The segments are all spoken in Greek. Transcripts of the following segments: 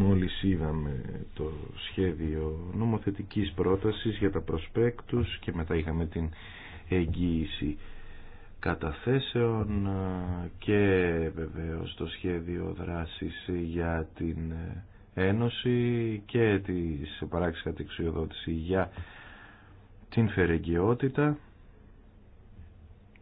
Μόλις είδαμε το σχέδιο νομοθετικής πρότασης για τα προσπέκτους και μετά είχαμε την εγγύηση καταθέσεων και βεβαίως το σχέδιο δράσης για την Ένωση και τη παράξης κατεξιοδότηση για την φερεγγιότητα.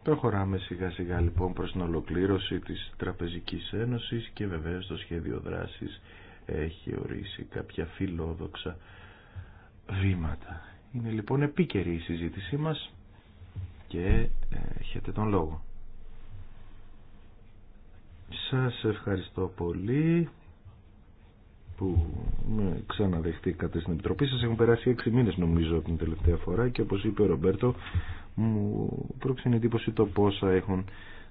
Προχωράμε σιγά σιγά λοιπόν προς την ολοκλήρωση της Τραπεζικής Ένωσης και βεβαίως το σχέδιο δράσης έχει ορίσει κάποια φιλόδοξα βήματα. Είναι λοιπόν επίκαιρη η συζήτησή μας και ε, έχετε τον λόγο. Σας ευχαριστώ πολύ που με ξαναδεχτήκατε στην Επιτροπή σας. Έχουν περάσει έξι μήνες νομίζω από την τελευταία φορά και όπως είπε ο Ρομπέρτο μου πρόξενε εντύπωση το πόσα έχουν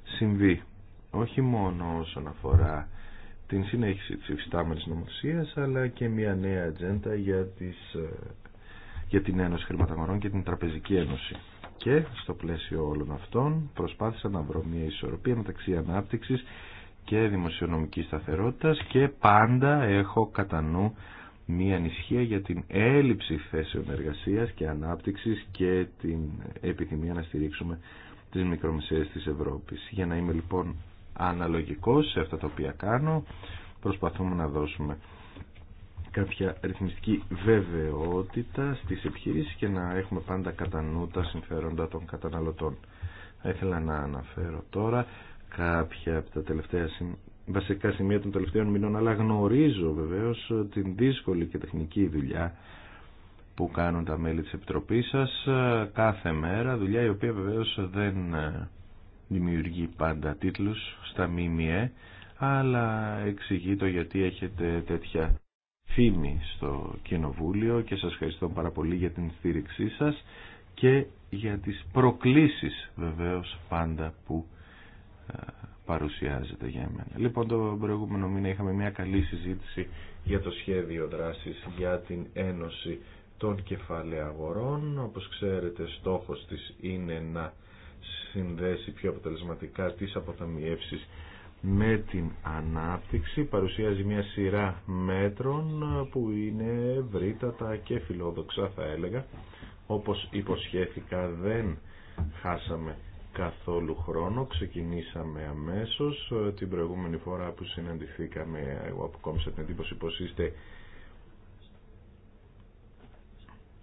συμβεί. Όχι μόνο όσον αφορά την συνέχιση της υφιστάμενης νομοθεσίας αλλά και μια νέα ατζέντα για, τις, ε, για την Ένωση Χρηματαγορών και την Τραπεζική Ένωση. Και στο πλαίσιο όλων αυτών προσπάθησα να βρω μια ισορροπία μεταξύ ανάπτυξης και δημοσιονομικής σταθερότητας και πάντα έχω κατά νου μια ανησυχία για την έλλειψη θέσεων εργασίας και ανάπτυξης και την επιθυμία να στηρίξουμε τις μικρομεσαίες της Ευρώπης. Για να είμαι λοιπόν αναλογικός σε αυτά τα οποία κάνω. Προσπαθούμε να δώσουμε κάποια ρυθμιστική βεβαιότητα στις επιχειρήσεις και να έχουμε πάντα κατά νου τα συμφέροντα των καταναλωτών. Θα ήθελα να αναφέρω τώρα κάποια από τα τελευταία βασικά σημεία των τελευταίων μηνών, αλλά γνωρίζω βεβαίως την δύσκολη και τεχνική δουλειά που κάνουν τα μέλη της Επιτροπής σας κάθε μέρα, δουλειά η οποία βεβαίως δεν ε, δημιουργεί πάντα τίτλους στα ΜΜΕ αλλά εξηγεί το γιατί έχετε τέτοια φήμη στο Κοινοβούλιο και σας ευχαριστώ πάρα πολύ για την στήριξή σας και για τις προκλήσεις βεβαίως πάντα που παρουσιάζεται για εμένα. Λοιπόν, το προηγούμενο μήνα είχαμε μια καλή συζήτηση για το σχέδιο δράσης για την Ένωση των Κεφαλαίων Αγορών. Όπως ξέρετε, στόχος της είναι να συνδέσει πιο αποτελεσματικά τις αποταμιεύσεις με την ανάπτυξη παρουσιάζει μια σειρά μέτρων που είναι ευρύτατα και φιλόδοξα θα έλεγα όπως υποσχέθηκα δεν χάσαμε καθόλου χρόνο ξεκινήσαμε αμέσως την προηγούμενη φορά που συναντηθήκαμε εγώ αποκόμισα την εντύπωση πως είστε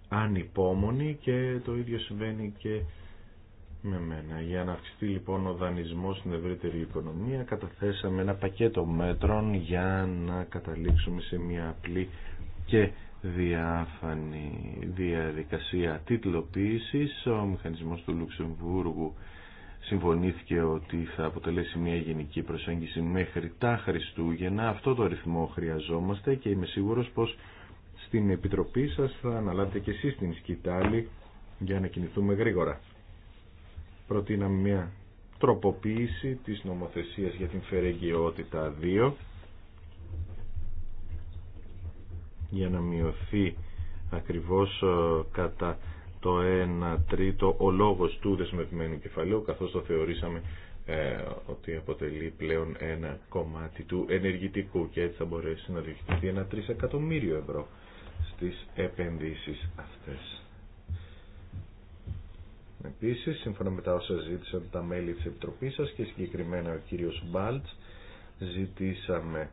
ανυπόμονοι και το ίδιο συμβαίνει και με μένα. Για να αυξηθεί λοιπόν ο δανεισμός στην ευρύτερη οικονομία καταθέσαμε ένα πακέτο μέτρων για να καταλήξουμε σε μια απλή και διάφανη διαδικασία τίτλοποίησης. Ο μηχανισμός του Λουξεμβούργου συμφωνήθηκε ότι θα αποτελέσει μια γενική προσέγγιση μέχρι τα Χριστούγεννα. Αυτό το ρυθμό χρειαζόμαστε και είμαι σίγουρος πως στην Επιτροπή σας θα αναλάβετε και εσείς την σκητάλη για να κινηθούμε γρήγορα προτείναμε μια τροποποίηση της νομοθεσίας για την φερεγγιότητα 2 για να μειωθεί ακριβώς ε, κατά το 1 τρίτο ο λόγος του δεσμευμένου κεφαλαίου καθώς το θεωρήσαμε ε, ότι αποτελεί πλέον ένα κομμάτι του ενεργητικού και έτσι θα μπορέσει να διοικηθεί ένα 3 εκατομμύριο ευρώ στις επενδύσεις αυτές. Επίσης, σύμφωνα με τα όσα ζήτησαν τα μέλη τη Επιτροπής σα και συγκεκριμένα ο κύριο Μπάλτς, ζητήσαμε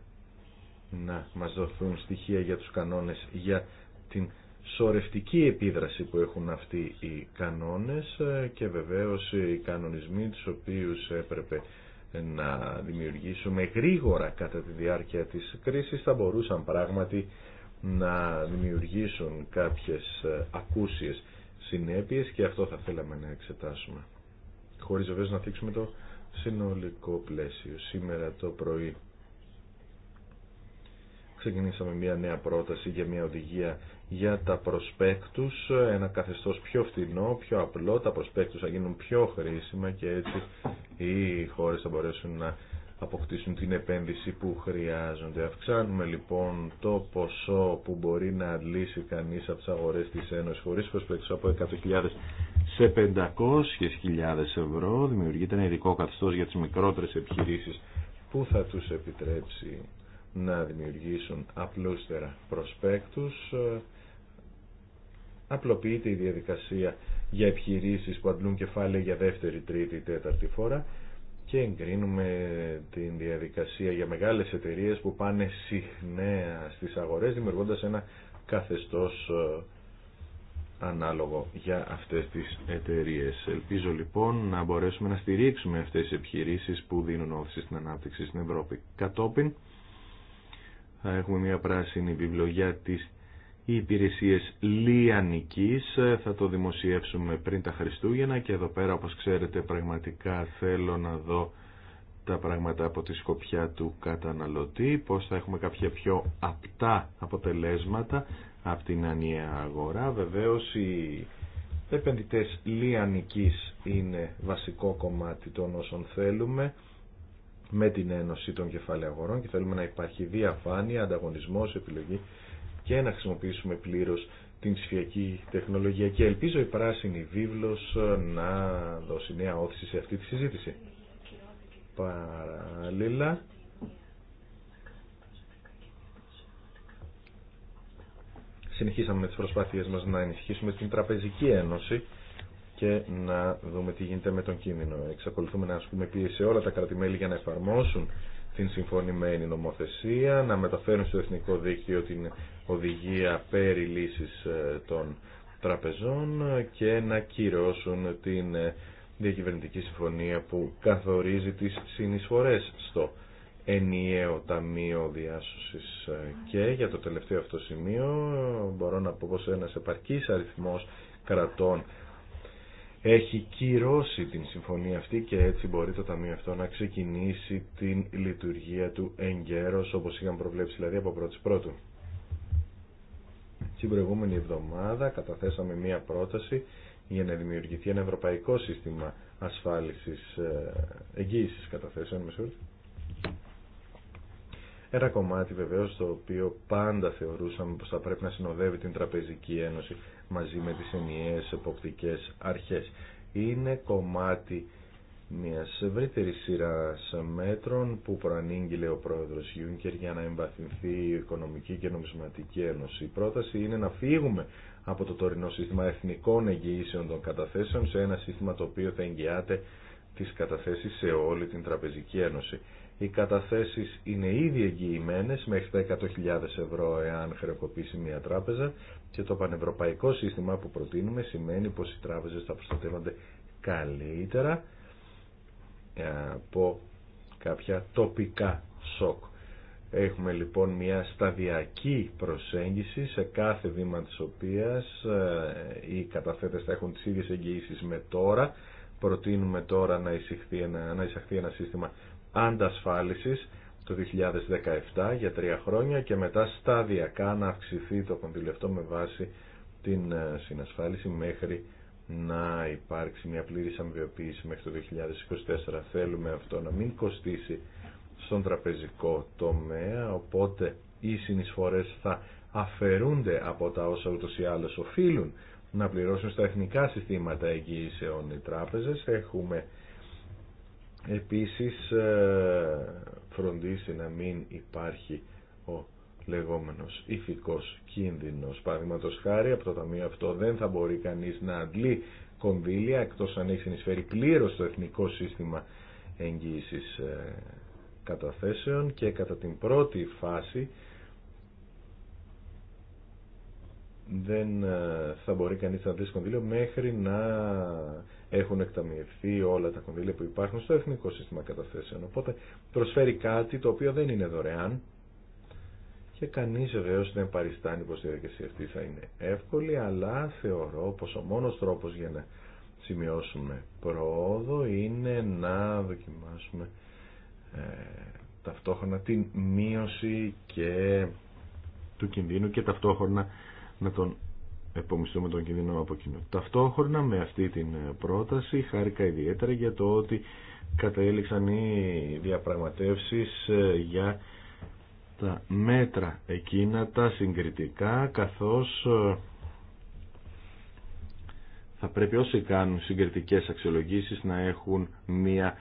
να μα δοθούν στοιχεία για τους κανόνες για την σορευτική επίδραση που έχουν αυτοί οι κανόνες ε, και βεβαίως οι κανονισμοί τους οποίους έπρεπε να δημιουργήσουμε γρήγορα κατά τη διάρκεια της κρίσης θα μπορούσαν πράγματι να δημιουργήσουν κάποιες ε, ακούσιες συνέπειες και αυτό θα θέλαμε να εξετάσουμε. Χωρίς βέβαια να θίξουμε το συνολικό πλαίσιο. Σήμερα το πρωί ξεκινήσαμε μια νέα πρόταση για μια οδηγία για τα προσπέκτους, ένα καθεστώς πιο φτηνό, πιο απλό, τα προσπέκτους θα γίνουν πιο χρήσιμα και έτσι οι χώρες θα μπορέσουν να αποκτήσουν την επένδυση που χρειάζονται. Αυξάνουμε λοιπόν το ποσό που μπορεί να αντλήσει κανείς από τις αγορές της Ένωσης χωρίς προσπέξεις από 100.000 σε 500.000 ευρώ. Δημιουργείται ένα ειδικό καθεστώς για τις μικρότερες επιχειρήσεις που θα τους επιτρέψει να δημιουργήσουν απλούστερα προσπέκτους. Απλοποιείται η διαδικασία για επιχειρήσεις που αντλούν κεφάλαια για δεύτερη, τρίτη, τέταρτη φορά και εγκρίνουμε την διαδικασία για μεγάλες εταιρείες που πάνε συχνά στις αγορές δημιουργώντας ένα καθεστώς ε, ανάλογο για αυτές τις εταιρείες. Ελπίζω λοιπόν να μπορέσουμε να στηρίξουμε αυτές τις επιχειρήσεις που δίνουν όθηση στην ανάπτυξη στην Ευρώπη. Κατόπιν θα έχουμε μια πράσινη βιβλιογιά της οι υπηρεσίες Λιανικής ε, θα το δημοσιεύσουμε πριν τα Χριστούγεννα και εδώ πέρα όπως ξέρετε πραγματικά θέλω να δω τα πράγματα από τη σκοπιά του καταναλωτή, πώς θα έχουμε κάποια πιο απτά αποτελέσματα από την ανιαία αγορά. Βεβαίως οι επενδυτές Λιανικής είναι βασικό κομμάτι των όσων θέλουμε με την Ένωση των Κεφαλαίων Αγορών και θέλουμε να υπάρχει διαφάνεια, ανταγωνισμός, επιλογή και να χρησιμοποιήσουμε πλήρως την ψηφιακή τεχνολογία και ελπίζω η πράσινη βίβλος ε, να δώσει νέα όθηση σε αυτή τη συζήτηση. Παράλληλα, συνεχίσαμε με τις προσπάθειες μας να ενισχύσουμε την Τραπεζική Ένωση και να δούμε τι γίνεται με τον κίνδυνο. Εξακολουθούμε να ασκούμε πίεση σε όλα τα κρατημέλη για να εφαρμόσουν την συμφωνημένη νομοθεσία, να μεταφέρουν στο Εθνικό Δίκαιο την οδηγία περί λύσης ε, των τραπεζών και να κυρώσουν την ε, διακυβερνητική συμφωνία που καθορίζει τις συνεισφορές στο ενιαίο ταμείο διάσωσης ε, και για το τελευταίο αυτό σημείο μπορώ να πω πως ένας επαρκής αριθμός κρατών έχει κυρώσει την συμφωνία αυτή και έτσι μπορεί το Ταμείο αυτό να ξεκινήσει την λειτουργία του εγκαίρως όπως είχαν προβλέψει δηλαδή από πρώτης πρώτου. Την προηγούμενη εβδομάδα καταθέσαμε μία πρόταση για να δημιουργηθεί ένα ευρωπαϊκό σύστημα ασφάλισης ε, εγγύησης καταθέσεων. Ένα κομμάτι βεβαίως το οποίο πάντα θεωρούσαμε πως θα πρέπει να συνοδεύει την Τραπεζική Ένωση μαζί με τις ενιαίες εποπτικές αρχές. Είναι κομμάτι μιας ευρύτερης σειράς μέτρων που προανήγγειλε ο πρόεδρος Γιούνκερ για να εμβαθυνθεί η Οικονομική και Νομισματική Ένωση. Η πρόταση είναι να φύγουμε από το τωρινό σύστημα εθνικών εγγυήσεων των καταθέσεων σε ένα σύστημα το οποίο θα εγγυάται τις καταθέσεις σε όλη την Τραπεζική Ένωση. Οι καταθέσεις είναι ήδη εγγυημένες μέχρι τα 100.000 ευρώ εάν χρεοκοπήσει μια τράπεζα και το πανευρωπαϊκό σύστημα που προτείνουμε σημαίνει πως οι τράπεζες θα προστατεύονται καλύτερα ε, από κάποια τοπικά σοκ. Έχουμε λοιπόν μια σταδιακή προσέγγιση σε κάθε βήμα της οποίας ε, οι καταθέτες θα έχουν τις ίδιες εγγυήσεις με τώρα. Προτείνουμε τώρα να εισαχθεί ένα, να εισαχθεί ένα σύστημα αντασφάλισης το 2017 για τρία χρόνια και μετά σταδιακά να αυξηθεί το κοντιλευτό με βάση την ε, συνασφάλιση μέχρι να υπάρξει μια πλήρης αμοιβιοποίηση μέχρι το 2024. Θέλουμε αυτό να μην κοστίσει στον τραπεζικό τομέα, οπότε οι συνεισφορές θα αφαιρούνται από τα όσα ούτως ή άλλως οφείλουν να πληρώσουν στα εθνικά συστήματα εγγύησεων οι τράπεζες. Έχουμε επίσης ε, φροντίσει να μην υπάρχει ο λεγόμενος ηθικός κίνδυνος. Παραδείγματο χάρη από το ταμείο αυτό δεν θα μπορεί κανείς να αντλεί κονδύλια εκτός αν έχει συνεισφέρει πλήρω το εθνικό σύστημα εγγύησης ε, καταθέσεων και κατά την πρώτη φάση δεν ε, θα μπορεί κανείς να αντλήσει κονδύλιο μέχρι να έχουν εκταμιευθεί όλα τα κονδύλια που υπάρχουν στο Εθνικό Σύστημα Καταθέσεων. Οπότε προσφέρει κάτι το οποίο δεν είναι δωρεάν και κανείς βεβαίω δεν παριστάνει πως η διαδικασία αυτή θα είναι εύκολη, αλλά θεωρώ πως ο μόνος τρόπος για να σημειώσουμε πρόοδο είναι να δοκιμάσουμε ε, ταυτόχρονα την μείωση και του κινδύνου και ταυτόχρονα να τον επομιστούμε τον κίνδυνο από κοινό. Ταυτόχρονα με αυτή την ε, πρόταση χάρηκα ιδιαίτερα για το ότι κατέληξαν οι διαπραγματεύσεις ε, για τα μέτρα εκείνα τα συγκριτικά καθώς ε, θα πρέπει όσοι κάνουν συγκριτικές αξιολογήσεις να έχουν μία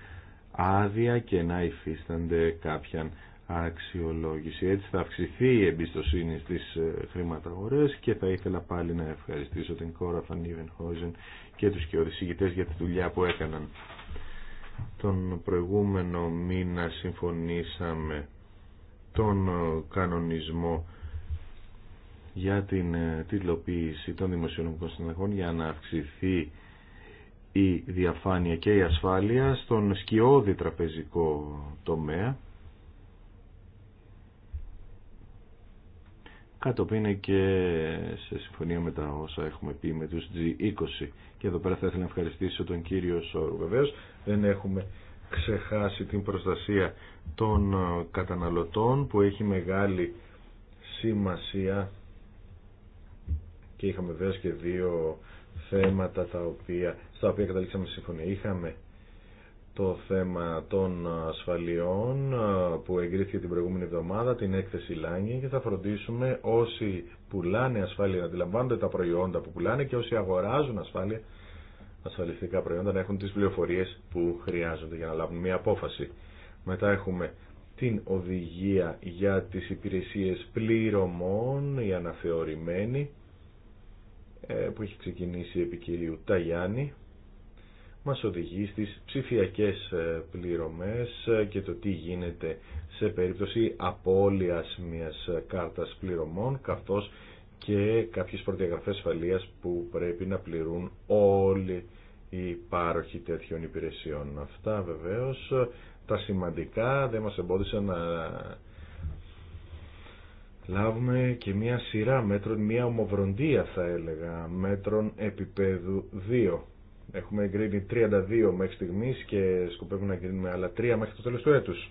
άδεια και να υφίστανται κάποιαν αξιολόγηση. Έτσι θα αυξηθεί η εμπιστοσύνη στις ε, χρηματαγορές και θα ήθελα πάλι να ευχαριστήσω την Κόρα Φανίβεν Χόζεν και τους και για τη δουλειά που έκαναν. Τον προηγούμενο μήνα συμφωνήσαμε τον ε, κανονισμό για την ε, τυλοποίηση των δημοσιονομικών συνταγών για να αυξηθεί η διαφάνεια και η ασφάλεια στον σκιώδη τραπεζικό τομέα Κατόπιν είναι και σε συμφωνία με τα όσα έχουμε πει με τους G20. Και εδώ πέρα θα ήθελα να ευχαριστήσω τον κύριο Σόρου. Βεβαίω, δεν έχουμε ξεχάσει την προστασία των ε, καταναλωτών που έχει μεγάλη σημασία και είχαμε βέβαια και δύο θέματα τα οποία, στα οποία καταλήξαμε συμφωνία. Είχαμε το θέμα των ασφαλιών που εγκρίθηκε την προηγούμενη εβδομάδα, την έκθεση Λάγκη και θα φροντίσουμε όσοι πουλάνε ασφάλεια να αντιλαμβάνονται τα προϊόντα που πουλάνε και όσοι αγοράζουν ασφάλεια ασφαλιστικά προϊόντα να έχουν τις πληροφορίες που χρειάζονται για να λάβουν μια απόφαση. Μετά έχουμε την οδηγία για τις υπηρεσίες πληρωμών, η αναθεωρημένη, ε, που έχει ξεκινήσει επί κυρίου Ταγιάννη μας οδηγεί στις ψηφιακές ε, πληρωμές ε, και το τι γίνεται σε περίπτωση απώλειας μιας ε, κάρτας πληρωμών καθώς και κάποιες προδιαγραφές ασφαλεία που πρέπει να πληρούν όλοι οι πάροχοι τέτοιων υπηρεσιών. Αυτά βεβαίως τα σημαντικά δεν μας εμπόδισαν να λάβουμε και μια σειρά μέτρων, μια ομοβροντία θα έλεγα, μέτρων επίπεδου 2 Έχουμε εγκρίνει 32 μέχρι στιγμή και σκοπεύουμε να εγκρίνουμε άλλα 3 μέχρι το τέλος του έτους.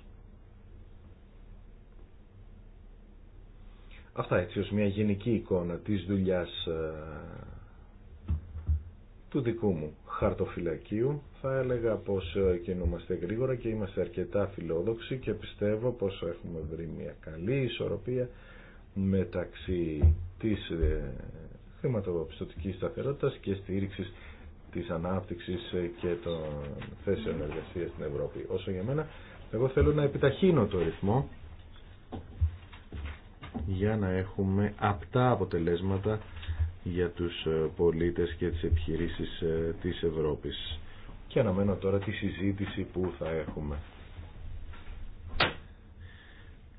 Αυτά έτσι ως μια γενική εικόνα της δουλειάς ε, του δικού μου χαρτοφυλακίου. Θα έλεγα πως ε, κινούμαστε γρήγορα και είμαστε αρκετά φιλόδοξοι και πιστεύω πως έχουμε βρει μια καλή ισορροπία μεταξύ της ε, χρηματοπιστωτικής σταθερότητας και στήριξης Τη ανάπτυξη και των θέσεων εργασία στην Ευρώπη. Όσο για μένα, εγώ θέλω να επιταχύνω το ρυθμό για να έχουμε απτά αποτελέσματα για τους πολίτες και τις επιχειρήσεις ε, της Ευρώπης. Και αναμένω τώρα τη συζήτηση που θα έχουμε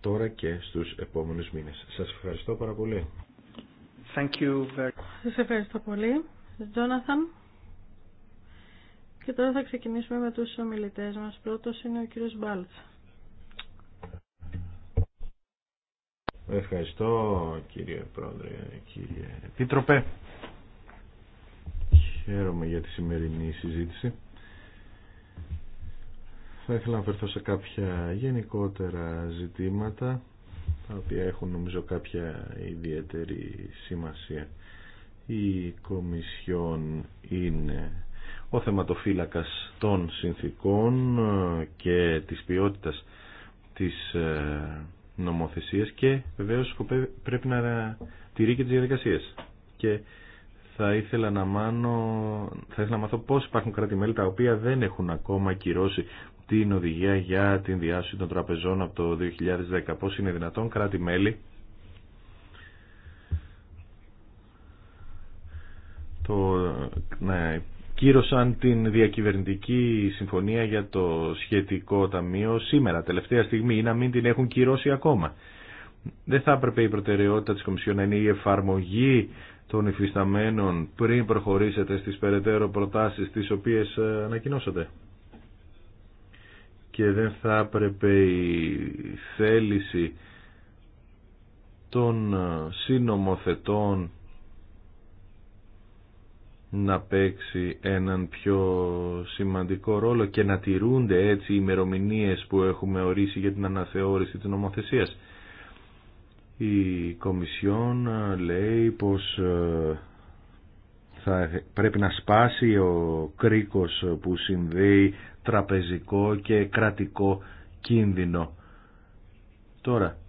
τώρα και στους επόμενους μήνες. Σας ευχαριστώ πάρα πολύ. Thank you very... Σας ευχαριστώ πολύ. Jonathan. Και τώρα θα ξεκινήσουμε με τους ομιλητές μας. Πρώτος είναι ο κύριος Μπάλτσα. Ευχαριστώ κύριε Πρόεδρε, κύριε Επίτροπε. Χαίρομαι για τη σημερινή συζήτηση. Θα ήθελα να αφαιρθώ σε κάποια γενικότερα ζητήματα τα οποία έχουν νομίζω κάποια ιδιαίτερη σημασία. Η Κομισιόν είναι ο θεματοφύλακας των συνθήκων ε, και της ποιότητας της ε, νομοθεσίας και βεβαίως πρέπει να τηρεί και τις διαδικασίες. Και θα ήθελα να, μάνω, θα ήθελα να μάθω πώς υπάρχουν κράτη-μέλη τα οποία δεν έχουν ακόμα κυρώσει την οδηγία για την διάσωση των τραπεζών από το 2010. Πώς είναι δυνατόν κράτη-μέλη το, κύρωσαν την διακυβερνητική συμφωνία για το σχετικό ταμείο σήμερα, τελευταία στιγμή, ή να μην την έχουν κυρώσει ακόμα. Δεν θα έπρεπε η προτεραιότητα της Κομισιόν να είναι η εφαρμογή των υφισταμένων πριν προχωρήσετε στις περαιτέρω προτάσεις τις οποίες ε, ανακοινώσατε. Και δεν θα έπρεπε η θέληση των ε, συνομοθετών να παίξει έναν πιο σημαντικό ρόλο και να τηρούνται έτσι οι ημερομηνίε που έχουμε ορίσει για την αναθεώρηση της νομοθεσίας. Η Κομισιόν λέει πως ε, θα πρέπει να σπάσει ο κρίκος που συνδέει τραπεζικό και κρατικό κίνδυνο. Τώρα,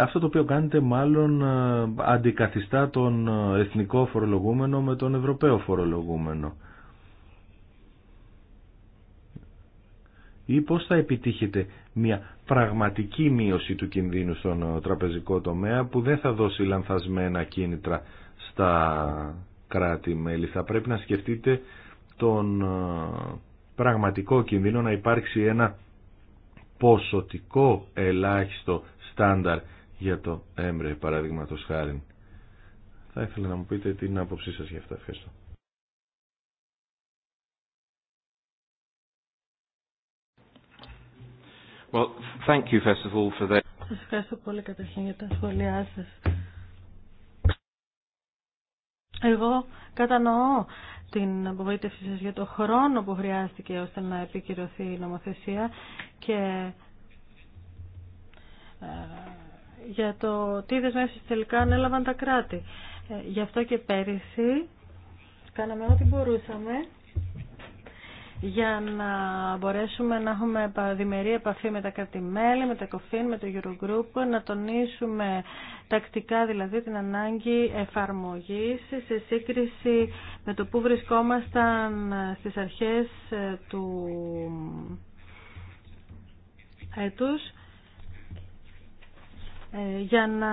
αυτό το οποίο κάνετε μάλλον ε, αντικαθιστά τον ε, εθνικό φορολογούμενο με τον ευρωπαίο φορολογούμενο. Ή πώς θα επιτύχετε μια πραγματική μείωση του κινδύνου στον ε, τραπεζικό τομέα που δεν θα δώσει λανθασμένα κίνητρα στα κράτη-μέλη. Θα πρέπει να σκεφτείτε τον πραγματικό κινδύνο να υπάρξει ένα ποσοτικό ελάχιστο στάνταρ για το έμπρε παραδείγματο χάρη. Θα ήθελα να μου πείτε την άποψή σας για αυτά. Ευχαριστώ. Well, thank you first of all for that. Σας ευχαριστώ πολύ καταρχήν για τα σχόλιά σας. Εγώ κατανοώ την απογοήτευσή σας για το χρόνο που χρειάστηκε ώστε να επικυρωθεί η νομοθεσία και ε, για το τι δεσμεύσεις τελικά ανέλαβαν τα κράτη. Ε, γι' αυτό και πέρυσι κάναμε ό,τι μπορούσαμε για να μπορέσουμε να έχουμε διμερή επαφή με τα κρατημέλη, με τα κοφίν, με το Eurogroup, να τονίσουμε τακτικά δηλαδή την ανάγκη εφαρμογής σε σύγκριση με το που βρισκόμασταν ε, στις αρχές του έτους ε, για να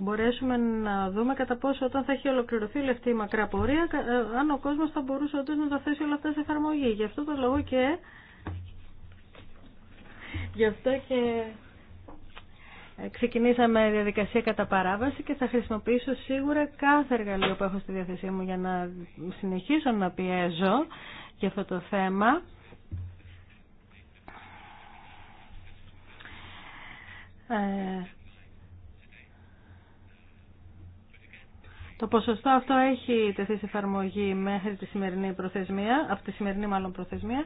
μπορέσουμε να δούμε κατά πόσο όταν θα έχει ολοκληρωθεί η αυτή η μακρά πορεία, ε, αν ο κόσμος θα μπορούσε όντως να τα θέσει όλα αυτά σε εφαρμογή. Γι' αυτό το λόγο και... Γι' αυτό και... Ξεκινήσαμε διαδικασία κατά παράβαση και θα χρησιμοποιήσω σίγουρα κάθε εργαλείο που έχω στη διάθεσή μου για να συνεχίσω να πιέζω για αυτό το θέμα. Ε, το ποσοστό αυτό έχει τεθεί σε εφαρμογή μέχρι τη σημερινή προθεσμία, από τη σημερινή μάλλον προθεσμία,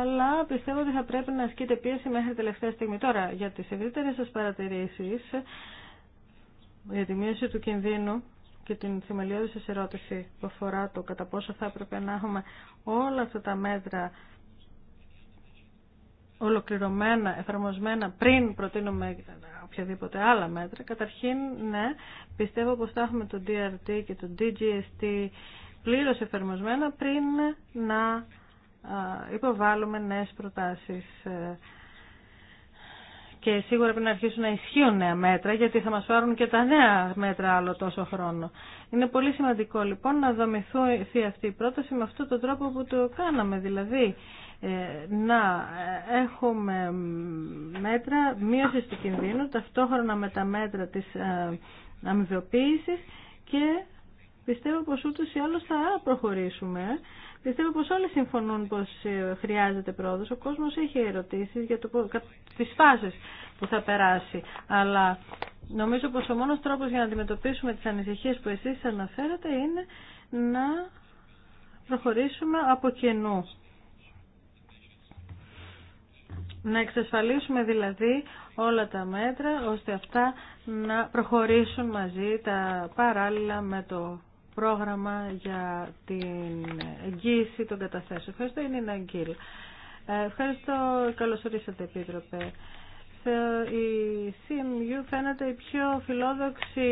αλλά πιστεύω ότι θα πρέπει να ασκείται πίεση μέχρι τελευταία στιγμή. Τώρα, για τις ευρύτερες σας παρατηρήσεις, για τη μείωση του κινδύνου και την θεμελιώδη σας ερώτηση που αφορά το κατά πόσο θα έπρεπε να έχουμε όλα αυτά τα μέτρα ολοκληρωμένα, εφαρμοσμένα πριν προτείνουμε οποιαδήποτε άλλα μέτρα. Καταρχήν, ναι, πιστεύω πως θα έχουμε το DRT και το DGST πλήρως εφαρμοσμένα πριν να υποβάλουμε νέες προτάσεις. Και σίγουρα πρέπει να αρχίσουν να ισχύουν νέα μέτρα, γιατί θα μας φάρουν και τα νέα μέτρα άλλο τόσο χρόνο. Είναι πολύ σημαντικό λοιπόν να δομηθεί αυτή η πρόταση με αυτόν τον τρόπο που το κάναμε, δηλαδή ε, να ε, έχουμε μέτρα μείωσης του κινδύνου ταυτόχρονα με τα μέτρα της ε, αμοιβιοποίησης και πιστεύω πως ούτως ή άλλως θα προχωρήσουμε. Πιστεύω πως όλοι συμφωνούν πως χρειάζεται πρόοδος. Ο κόσμος έχει ερωτήσεις για το, τις φάσεις που θα περάσει. Αλλά νομίζω πως ο μόνος τρόπος για να αντιμετωπίσουμε τις ανησυχίες που εσείς αναφέρατε είναι να προχωρήσουμε από κενού. Να εξασφαλίσουμε δηλαδή όλα τα μέτρα ώστε αυτά να προχωρήσουν μαζί τα παράλληλα με το πρόγραμμα για την εγγύηση των καταθέσεων. Ευχαριστώ, είναι Ναγκίλ. Ε, ευχαριστώ, καλώς ορίσατε, Επίτροπε η CMU φαίνεται η πιο φιλόδοξη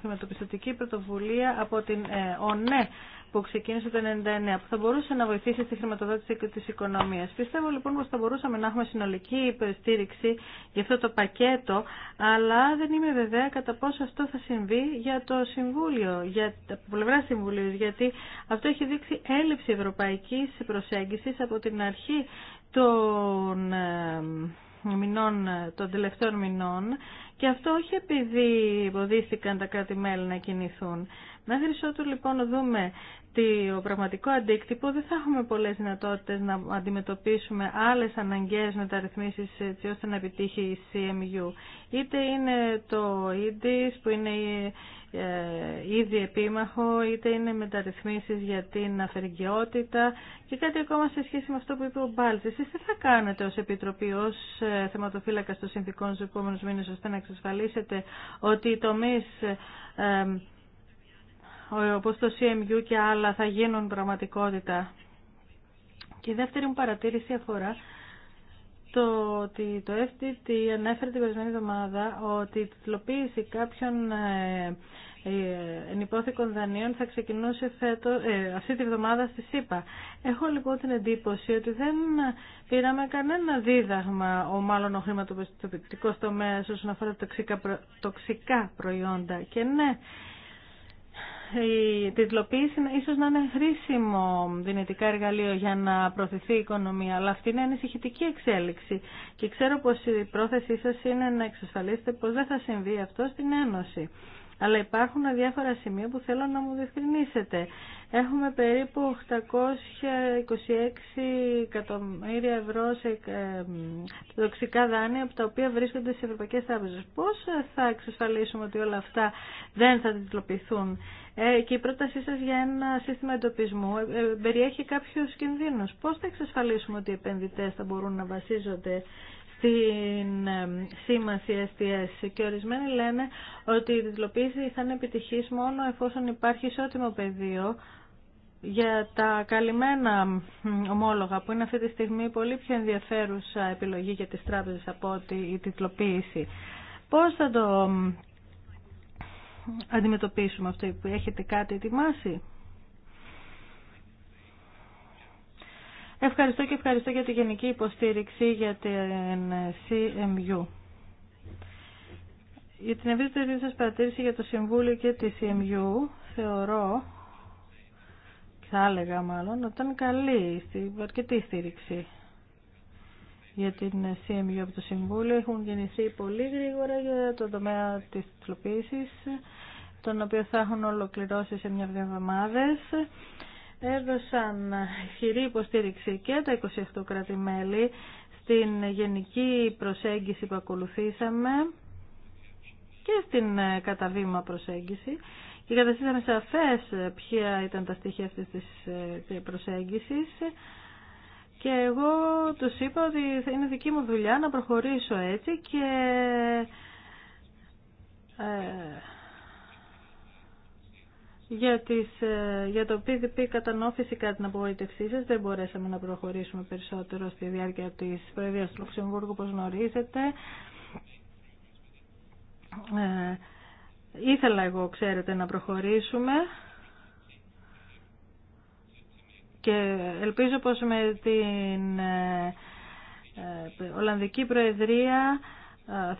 χρηματοπιστωτική πρωτοβουλία από την ε, ΟΝΕ που ξεκίνησε το 1999, που θα μπορούσε να βοηθήσει στη χρηματοδότηση τη οικονομία. Πιστεύω λοιπόν πω θα μπορούσαμε να έχουμε συνολική υποστήριξη για αυτό το πακέτο, αλλά δεν είμαι βεβαία κατά πόσο αυτό θα συμβεί για το Συμβούλιο, για, τα πλευρά Συμβουλίου, γιατί αυτό έχει δείξει έλλειψη ευρωπαϊκή προσέγγιση από την αρχή των ε, μηνών, των τελευταίων μηνών και αυτό όχι επειδή εμποδίστηκαν τα κράτη-μέλη να κινηθούν. Μέχρι ότου λοιπόν δούμε ο πραγματικό αντίκτυπο δεν θα έχουμε πολλέ δυνατότητε να αντιμετωπίσουμε άλλε αναγκαίε μεταρρυθμίσει έτσι ώστε να επιτύχει η CMU. Είτε είναι το EDIS που είναι ε, ήδη επίμαχο, είτε είναι μεταρρυθμίσεις για την αφεργειότητα και κάτι ακόμα σε σχέση με αυτό που είπε ο Μπάλτς. Εσείς τι θα κάνετε ως Επιτροπή, ως ε, θεματοφύλακα των συνθήκων στους επόμενους μήνες ώστε να εξασφαλίσετε ότι οι τομείς όπως το CMU και άλλα θα γίνουν πραγματικότητα. Και η δεύτερη μου παρατήρηση αφορά το ότι το FTT ανέφερε την περασμένη εβδομάδα ότι η τυπλοποίηση κάποιων ε, ε, ενυπόθηκων δανείων θα ξεκινούσε φέτο, ε, αυτή τη βδομάδα στη ΣΥΠΑ. Έχω λοιπόν την εντύπωση ότι δεν πήραμε κανένα δίδαγμα, ο μάλλον ο χρηματοπιστωτικό τομέα όσον αφορά τοξικά, προ... τοξικά προϊόντα. Και ναι, η τιτλοποίηση ίσως να είναι χρήσιμο δυνητικά εργαλείο για να προωθηθεί η οικονομία, αλλά αυτή είναι ανησυχητική εξέλιξη και ξέρω πως η πρόθεσή σας είναι να εξασφαλίσετε πως δεν θα συμβεί αυτό στην Ένωση. Αλλά υπάρχουν διάφορα σημεία που θέλω να μου διευκρινίσετε. Έχουμε περίπου 826 εκατομμύρια ευρώ σε τοξικά δάνεια από τα οποία βρίσκονται σε ευρωπαϊκές τράπεζες. Πώς θα εξασφαλίσουμε ότι όλα αυτά δεν θα τυπλοποιηθούν. Ε, και η πρότασή σας για ένα σύστημα εντοπισμού ε, ε, περιέχει κάποιους κινδύνους. Πώς θα εξασφαλίσουμε ότι οι επενδυτές θα μπορούν να βασίζονται στην σήμανση STS και ορισμένοι λένε ότι η δυσλοποίηση θα είναι επιτυχής μόνο εφόσον υπάρχει ισότιμο πεδίο για τα καλυμμένα ομόλογα που είναι αυτή τη στιγμή πολύ πιο ενδιαφέρουσα επιλογή για τις τράπεζες από ότι η τιτλοποίηση. Πώς θα το αντιμετωπίσουμε αυτό που έχετε κάτι ετοιμάσει. Ευχαριστώ και ευχαριστώ για τη γενική υποστήριξη για την CMU. Για την ευρύτερη σας παρατήρηση για το Συμβούλιο και τη CMU, θεωρώ, θα έλεγα μάλλον, ότι ήταν καλή, αρκετή στήριξη για την CMU από το Συμβούλιο. Έχουν γεννηθεί πολύ γρήγορα για το τομέα της τυπλοποίησης, τον οποίο θα έχουν ολοκληρώσει σε μια-δυο εβδομάδες έδωσαν ισχυρή υποστήριξη και τα 28 κράτη-μέλη στην γενική προσέγγιση που ακολουθήσαμε και στην ε, καταβήμα προσέγγιση και καταστήσαμε σαφές ε, ποια ήταν τα στοιχεία αυτής ε, της προσέγγισης και εγώ τους είπα ότι θα είναι δική μου δουλειά να προχωρήσω έτσι και για, τις, ε, για το PDP κατά κάτι την απογοήτευσή σα. Δεν μπορέσαμε να προχωρήσουμε περισσότερο στη διάρκεια της Προεδρίας του Λουξεμβούργου, όπως γνωρίζετε. Ε, ήθελα εγώ, ξέρετε, να προχωρήσουμε και ελπίζω πως με την ε, ε, Ολλανδική Προεδρία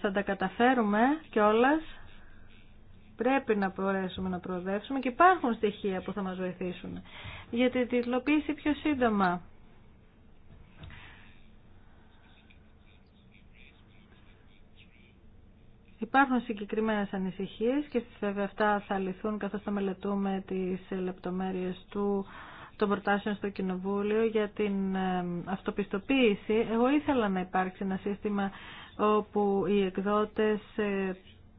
θα τα καταφέρουμε κιόλας Πρέπει να μπορέσουμε να προοδεύσουμε και υπάρχουν στοιχεία που θα μας βοηθήσουν. Για τη τυπλοποίηση πιο σύντομα. Υπάρχουν συγκεκριμένες ανησυχίες και βέβαια αυτά θα λυθούν καθώς θα μελετούμε τις λεπτομέρειες του των προτάσεων στο Κοινοβούλιο για την ε, αυτοπιστοποίηση. Εγώ ήθελα να υπάρξει ένα σύστημα όπου οι εκδότες ε,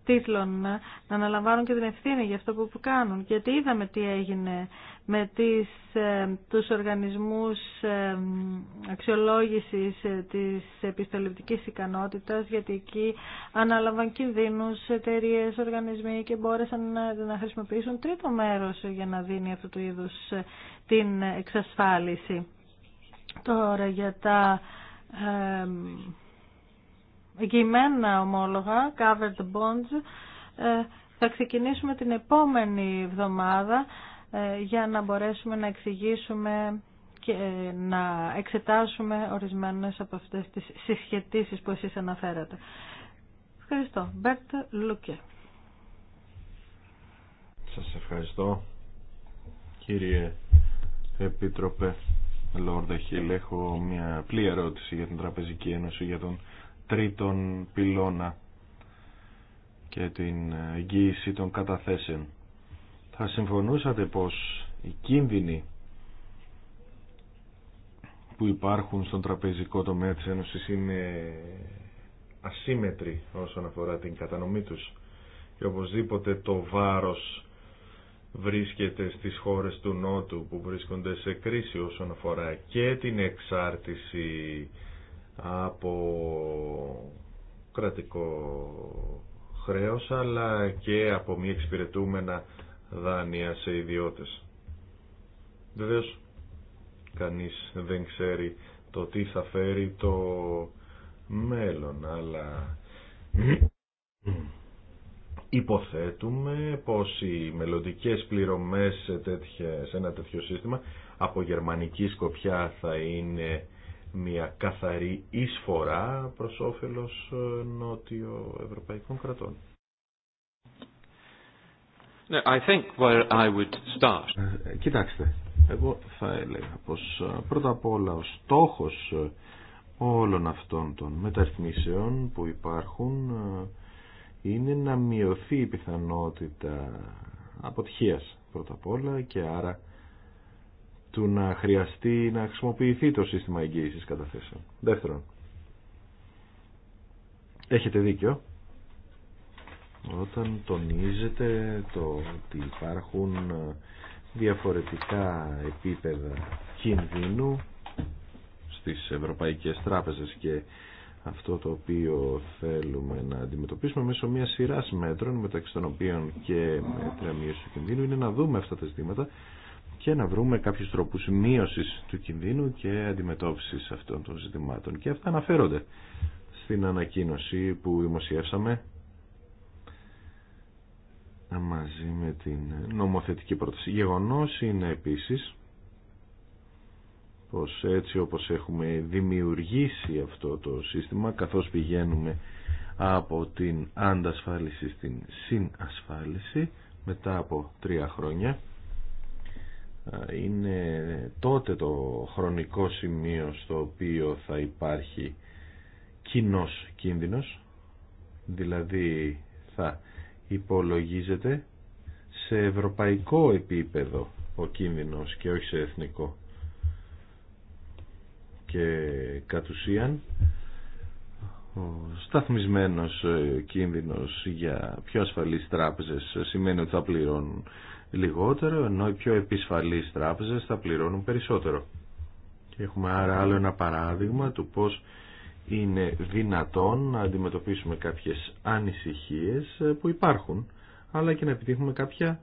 τίτλων να αναλαμβάνουν και την ευθύνη για αυτό που κάνουν. Γιατί είδαμε τι έγινε με τις, ε, τους οργανισμούς ε, αξιολόγησης ε, της ικανότητα, ικανότητας, γιατί εκεί ανάλαβαν κινδύνους εταιρείε, οργανισμοί και μπόρεσαν να, να χρησιμοποιήσουν τρίτο μέρος για να δίνει αυτού του είδους την εξασφάλιση. Τώρα για τα εγγυημένα ομόλογα, covered bonds, ε, θα ξεκινήσουμε την επόμενη εβδομάδα ε, για να μπορέσουμε να εξηγήσουμε και ε, να εξετάσουμε ορισμένες από αυτές τις συσχετήσεις που εσείς αναφέρατε. Ευχαριστώ. Μπέρτ Λούκε. Σας ευχαριστώ κύριε Επίτροπε Λόρδε Χιλ. Έχω μια απλή ερώτηση για την Τραπεζική Ένωση για τον τρίτον πυλώνα και την εγγύηση των καταθέσεων. Θα συμφωνούσατε πως οι κίνδυνοι που υπάρχουν στον τραπεζικό τομέα της Ένωσης είναι ασύμετροι όσον αφορά την κατανομή τους και οπωσδήποτε το βάρος βρίσκεται στις χώρες του Νότου που βρίσκονται σε κρίση όσον αφορά και την εξάρτηση από κρατικό χρέος αλλά και από μη εξυπηρετούμενα δάνεια σε ιδιώτες. Βεβαίω κανείς δεν ξέρει το τι θα φέρει το μέλλον αλλά υποθέτουμε πως οι μελλοντικές πληρωμές σε, σε ένα τέτοιο σύστημα από γερμανική σκοπιά θα είναι μια καθαρή εισφορά προς όφελος ε, νότιο-ευρωπαϊκών κρατών. I think where ε, κοιτάξτε, εγώ θα έλεγα πως ε, πρώτα απ' όλα ο στόχος όλων αυτών των μεταρρυθμίσεων που υπάρχουν είναι να μειωθεί η πιθανότητα αποτυχίας πρώτα απ' όλα και άρα του να χρειαστεί να χρησιμοποιηθεί το σύστημα εγγύησης καταθέσεων. Δεύτερον, έχετε δίκιο όταν τονίζετε το ότι υπάρχουν ε, διαφορετικά επίπεδα κινδύνου στις ευρωπαϊκές τράπεζες και αυτό το οποίο θέλουμε να αντιμετωπίσουμε μέσω μια σειρά μέτρων μεταξύ των οποίων και μέτρα μείωση του κινδύνου είναι να δούμε αυτά τα ζητήματα και να βρούμε κάποιους τρόπους μείωσης του κινδύνου και αντιμετώπισης αυτών των ζητημάτων. Και αυτά αναφέρονται στην ανακοίνωση που δημοσιεύσαμε μαζί με την νομοθετική πρόταση. Γεγονός είναι επίσης πως έτσι όπως έχουμε δημιουργήσει αυτό το σύστημα καθώς πηγαίνουμε από την αντασφάλιση στην συνασφάλιση μετά από τρία χρόνια είναι τότε το χρονικό σημείο στο οποίο θα υπάρχει κοινός κίνδυνος δηλαδή θα υπολογίζεται σε ευρωπαϊκό επίπεδο ο κίνδυνος και όχι σε εθνικό και κατ' ουσίαν ο σταθμισμένος κίνδυνος για πιο ασφαλείς τράπεζες σημαίνει ότι θα πληρώνουν λιγότερο, ενώ οι πιο επισφαλείς τράπεζες θα πληρώνουν περισσότερο. Και έχουμε άρα άλλο ένα παράδειγμα του πώς είναι δυνατόν να αντιμετωπίσουμε κάποιες ανησυχίες που υπάρχουν, αλλά και να επιτύχουμε κάποια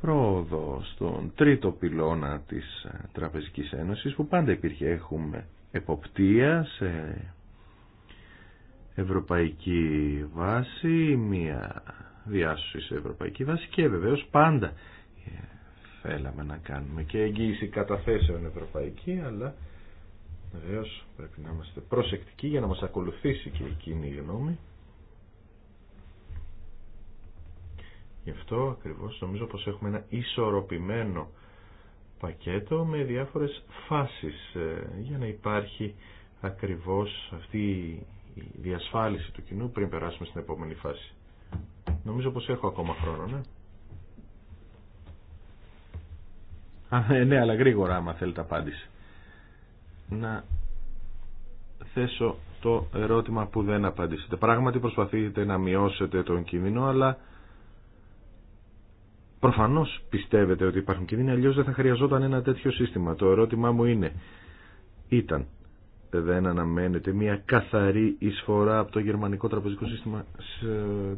πρόοδο στον τρίτο πυλώνα της Τραπεζικής Ένωσης που πάντα υπήρχε. Έχουμε εποπτεία σε ευρωπαϊκή βάση, μια διάσωση σε ευρωπαϊκή βάση και βεβαίως πάντα θέλαμε να κάνουμε και εγγύηση καταθέσεων ευρωπαϊκή αλλά βεβαίω πρέπει να είμαστε προσεκτικοί για να μας ακολουθήσει και η κοινή γνώμη γι' αυτό ακριβώς νομίζω πως έχουμε ένα ισορροπημένο πακέτο με διάφορες φάσεις ε, για να υπάρχει ακριβώς αυτή η διασφάλιση του κοινού πριν περάσουμε στην επόμενη φάση. Νομίζω πως έχω ακόμα χρόνο, ναι. Α, ε, ναι, αλλά γρήγορα άμα θέλετε απάντηση. Να θέσω το ερώτημα που δεν απαντήσετε. Πράγματι προσπαθείτε να μειώσετε τον κίνδυνο, αλλά προφανώς πιστεύετε ότι υπάρχουν κίνδυνοι, αλλιώς δεν θα χρειαζόταν ένα τέτοιο σύστημα. Το ερώτημά μου είναι, ήταν δεν αναμένεται μια καθαρή εισφορά από το γερμανικό τραπεζικό σύστημα,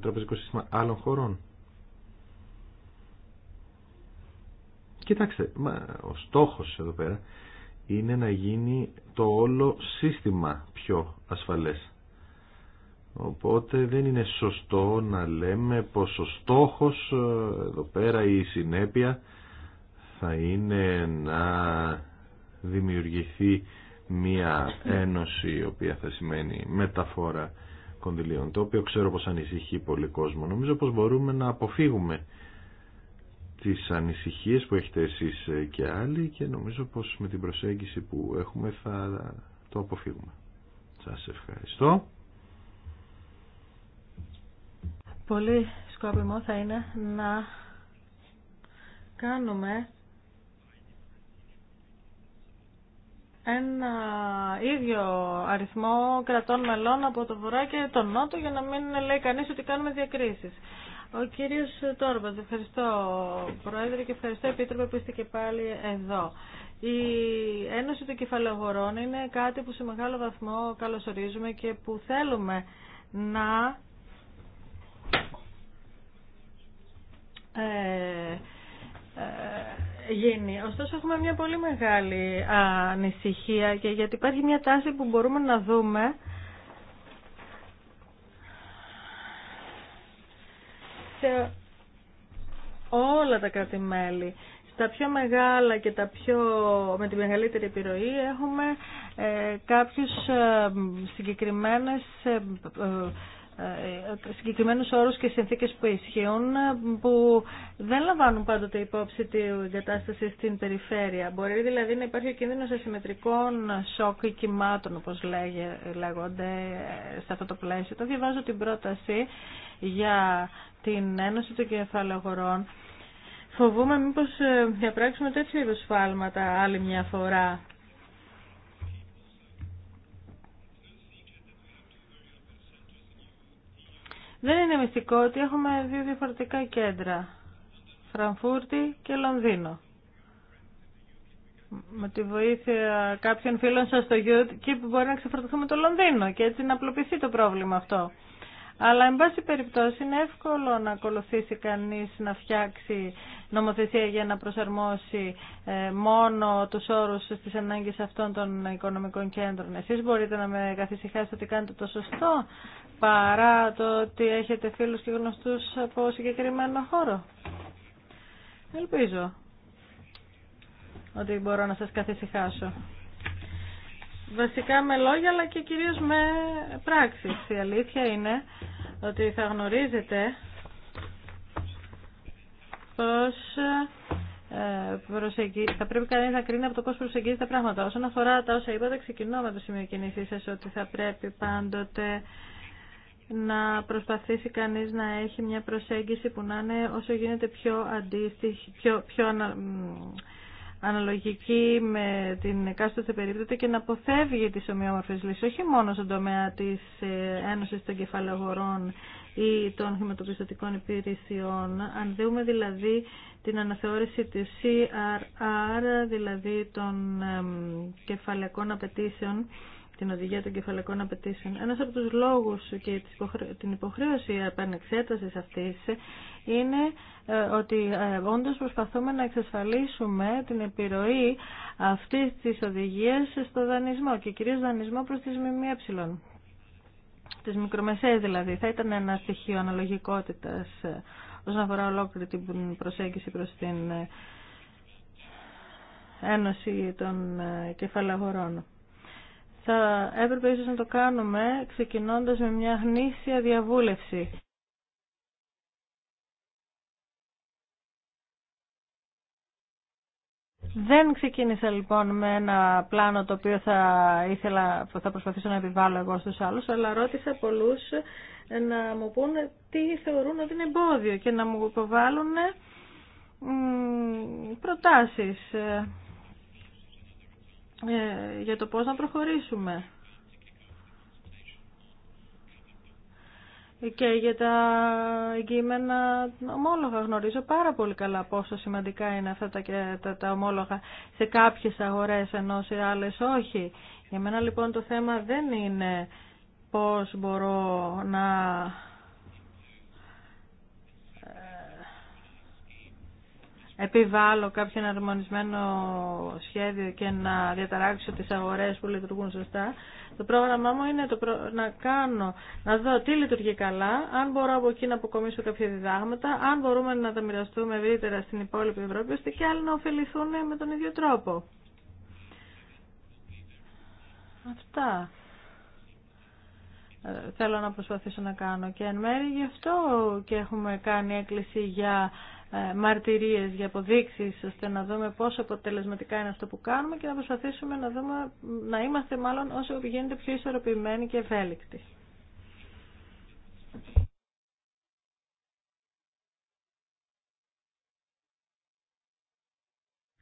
τραπεζικό σύστημα άλλων χωρών. Κοιτάξτε, μα, ο στόχος εδώ πέρα είναι να γίνει το όλο σύστημα πιο ασφαλές. Οπότε δεν είναι σωστό να λέμε πως ο στόχος ε, εδώ πέρα η συνέπεια θα είναι να δημιουργηθεί μία ένωση η οποία θα σημαίνει μεταφόρα κονδυλίων, το οποίο ξέρω πως ανησυχεί πολύ κόσμο. Νομίζω πως μπορούμε να αποφύγουμε τις ανησυχίες που έχετε εσείς ε, και άλλοι και νομίζω πως με την προσέγγιση που έχουμε θα το αποφύγουμε. Σας ευχαριστώ. Πολύ σκόπιμο θα είναι να κάνουμε ένα ίδιο αριθμό κρατών μελών από το βορρά και τον νότο για να μην λέει κανείς ότι κάνουμε διακρίσεις. Ο κύριος Τόρμπας, ευχαριστώ Πρόεδρε και ευχαριστώ Επίτροπε που είστε και πάλι εδώ. Η Ένωση των Κεφαλαιογορών είναι κάτι που σε μεγάλο βαθμό καλωσορίζουμε και που θέλουμε να ε, ε, γίνει. Ωστόσο έχουμε μια πολύ μεγάλη ανησυχία και γιατί υπάρχει μια τάση που μπορούμε να δούμε σε όλα τα κράτη-μέλη. Στα πιο μεγάλα και τα πιο, με τη μεγαλύτερη επιρροή έχουμε ε, κάποιους ε, ε, ε ε, συγκεκριμένου όρου και συνθήκε που ισχύουν που δεν λαμβάνουν πάντοτε υπόψη την κατάσταση στην περιφέρεια. Μπορεί δηλαδή να υπάρχει ο κίνδυνος ασυμμετρικών σοκ ή κυμάτων όπως λέγονται σε αυτό το πλαίσιο. Το διαβάζω την πρόταση για την Ένωση των Κεφαλαγορών. Φοβούμαι μήπως ε, διαπράξουμε τέτοιου είδους φάλματα άλλη μια φορά Δεν είναι μυστικό ότι έχουμε δύο διαφορετικά κέντρα, Φραγκφούρτη και Λονδίνο. Με τη βοήθεια κάποιων φίλων σας στο που μπορεί να ξεφορτωθούμε το Λονδίνο και έτσι να απλοποιηθεί το πρόβλημα αυτό. Αλλά, εν πάση περιπτώσει, είναι εύκολο να ακολουθήσει κανείς να φτιάξει νομοθεσία για να προσαρμόσει ε, μόνο τους όρους στις ανάγκες αυτών των οικονομικών κέντρων. Εσείς μπορείτε να με καθησυχάσετε ότι κάνετε το σωστό παρά το ότι έχετε φίλους και γνωστούς από συγκεκριμένο χώρο. Ελπίζω ότι μπορώ να σας καθησυχάσω. Βασικά με λόγια αλλά και κυρίως με πράξεις. Η αλήθεια είναι ότι θα γνωρίζετε πως ε, θα πρέπει κανείς να κρίνει από το πώς προσεγγίζει τα πράγματα. Όσον αφορά τα όσα είπατε, ξεκινώ με το σημείο σας ότι θα πρέπει πάντοτε να προσπαθήσει κανείς να έχει μια προσέγγιση που να είναι όσο γίνεται πιο αντίστοιχη, πιο, πιο αναλογική με την εκάστοτε περίπτωση και να αποφεύγει τις ομοιόμορφες λύσεις, όχι μόνο στον τομέα της ε, Ένωσης των Κεφαλαγορών ή των χρηματοπιστωτικών υπηρεσιών. Αν δούμε δηλαδή την αναθεώρηση της CRR, δηλαδή των ε, κεφαλαικών απαιτήσεων, την οδηγία των κεφαλαικών απαιτήσεων. Ένα από τους λόγου και την υποχρέωση επανεξέταση αυτή είναι ε, ότι ε, όντω προσπαθούμε να εξασφαλίσουμε την επιρροή αυτής της οδηγίας στο δανεισμό και κυρίω δανεισμό προς τι ΜΜΕ. τι μικρομεσαίε δηλαδή. Θα ήταν ένα στοιχείο αναλογικότητας ε, όσον αφορά ολόκληρη την προσέγγιση προς την Ένωση των Κεφαλαγορών θα έπρεπε ίσως να το κάνουμε ξεκινώντας με μια γνήσια διαβούλευση. Δεν ξεκίνησα λοιπόν με ένα πλάνο το οποίο θα, ήθελα, θα προσπαθήσω να επιβάλλω εγώ στους άλλους, αλλά ρώτησα πολλούς να μου πούν τι θεωρούν ότι είναι εμπόδιο και να μου υποβάλουν προτάσεις. Ε, για το πώς να προχωρήσουμε. Και για τα εγκείμενα ομόλογα γνωρίζω πάρα πολύ καλά πόσο σημαντικά είναι αυτά τα, τα, τα ομόλογα σε κάποιες αγορές ενώ σε άλλες όχι. Για μένα λοιπόν το θέμα δεν είναι πώς μπορώ να επιβάλλω κάποιο εναρμονισμένο σχέδιο και να διαταράξω τις αγορές που λειτουργούν σωστά. Το πρόγραμμά μου είναι το να κάνω, να δω τι λειτουργεί καλά, αν μπορώ από εκεί να αποκομίσω κάποια διδάγματα, αν μπορούμε να τα μοιραστούμε ευρύτερα στην υπόλοιπη Ευρώπη, ώστε και άλλοι να ωφεληθούν με τον ίδιο τρόπο. Αυτά ε, θέλω να προσπαθήσω να κάνω και εν μέρη γι' αυτό και έχουμε κάνει έκκληση για ε, μαρτυρίες, για αποδείξεις, ώστε να δούμε πόσο αποτελεσματικά είναι αυτό που κάνουμε και να προσπαθήσουμε να, δούμε, να είμαστε μάλλον όσο γίνεται πιο ισορροπημένοι και ευέλικτοι.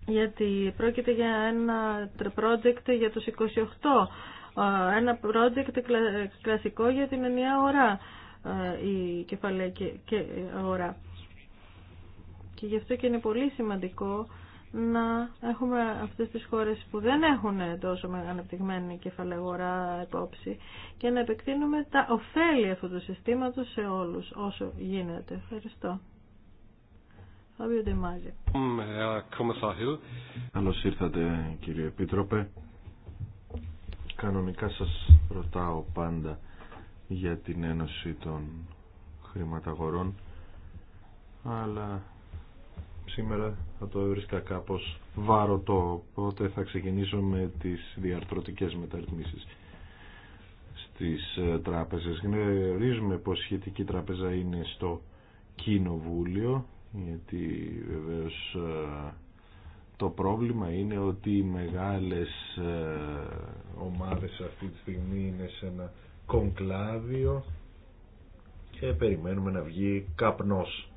γιατί πρόκειται για ένα project για τους 28, ε, ένα project κλασικό για την ενιαία ώρα, ε, η κεφαλαία και, και ώρα. Και γι' αυτό και είναι πολύ σημαντικό να έχουμε αυτές τις χώρες που δεν έχουν τόσο αναπτυγμένη κεφαλαγορά υπόψη και να επεκτείνουμε τα ωφέλη αυτού του συστήματος σε όλους όσο γίνεται. Ευχαριστώ. Καλώ ήρθατε κύριε Επίτροπε. Κανονικά σας ρωτάω πάντα για την Ένωση των Χρηματαγορών αλλά σήμερα θα το έβρισκα κάπως βάρωτο, οπότε θα ξεκινήσω με τις διαρθρωτικές μεταρρυθμίσεις στις ε, τράπεζες. Γνωρίζουμε πως η σχετική τράπεζα είναι στο κοινοβούλιο, γιατί βεβαίως ε, το πρόβλημα είναι ότι οι μεγάλες ε, ομάδες αυτή τη στιγμή είναι σε ένα κονκλάβιο και περιμένουμε να βγει καπνός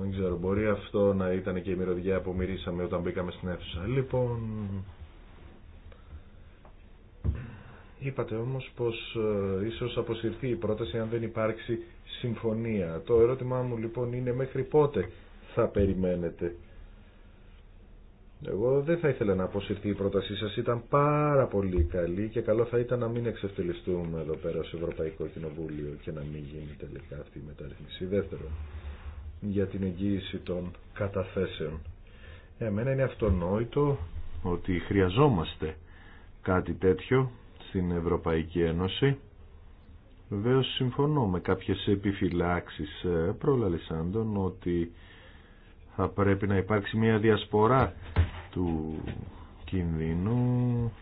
δεν ξέρω, μπορεί αυτό να ήταν και η μυρωδιά που μυρίσαμε όταν μπήκαμε στην αίθουσα. Λοιπόν, είπατε όμως πως ε, ίσως αποσυρθεί η πρόταση αν δεν υπάρξει συμφωνία. Το ερώτημά μου λοιπόν είναι μέχρι πότε θα περιμένετε. Εγώ δεν θα ήθελα να αποσυρθεί η πρότασή σας, ήταν πάρα πολύ καλή και καλό θα ήταν να μην εξευτελιστούμε εδώ πέρα στο Ευρωπαϊκό Κοινοβούλιο και να μην γίνει τελικά αυτή η μεταρρύθμιση. δεύτερο για την εγγύηση των καταθέσεων. Εμένα είναι αυτονόητο ότι χρειαζόμαστε κάτι τέτοιο στην Ευρωπαϊκή Ένωση. Βεβαίω συμφωνώ με κάποιες επιφυλάξεις ε, προλαλισσάντων ότι θα πρέπει να υπάρξει μια διασπορά του κινδύνου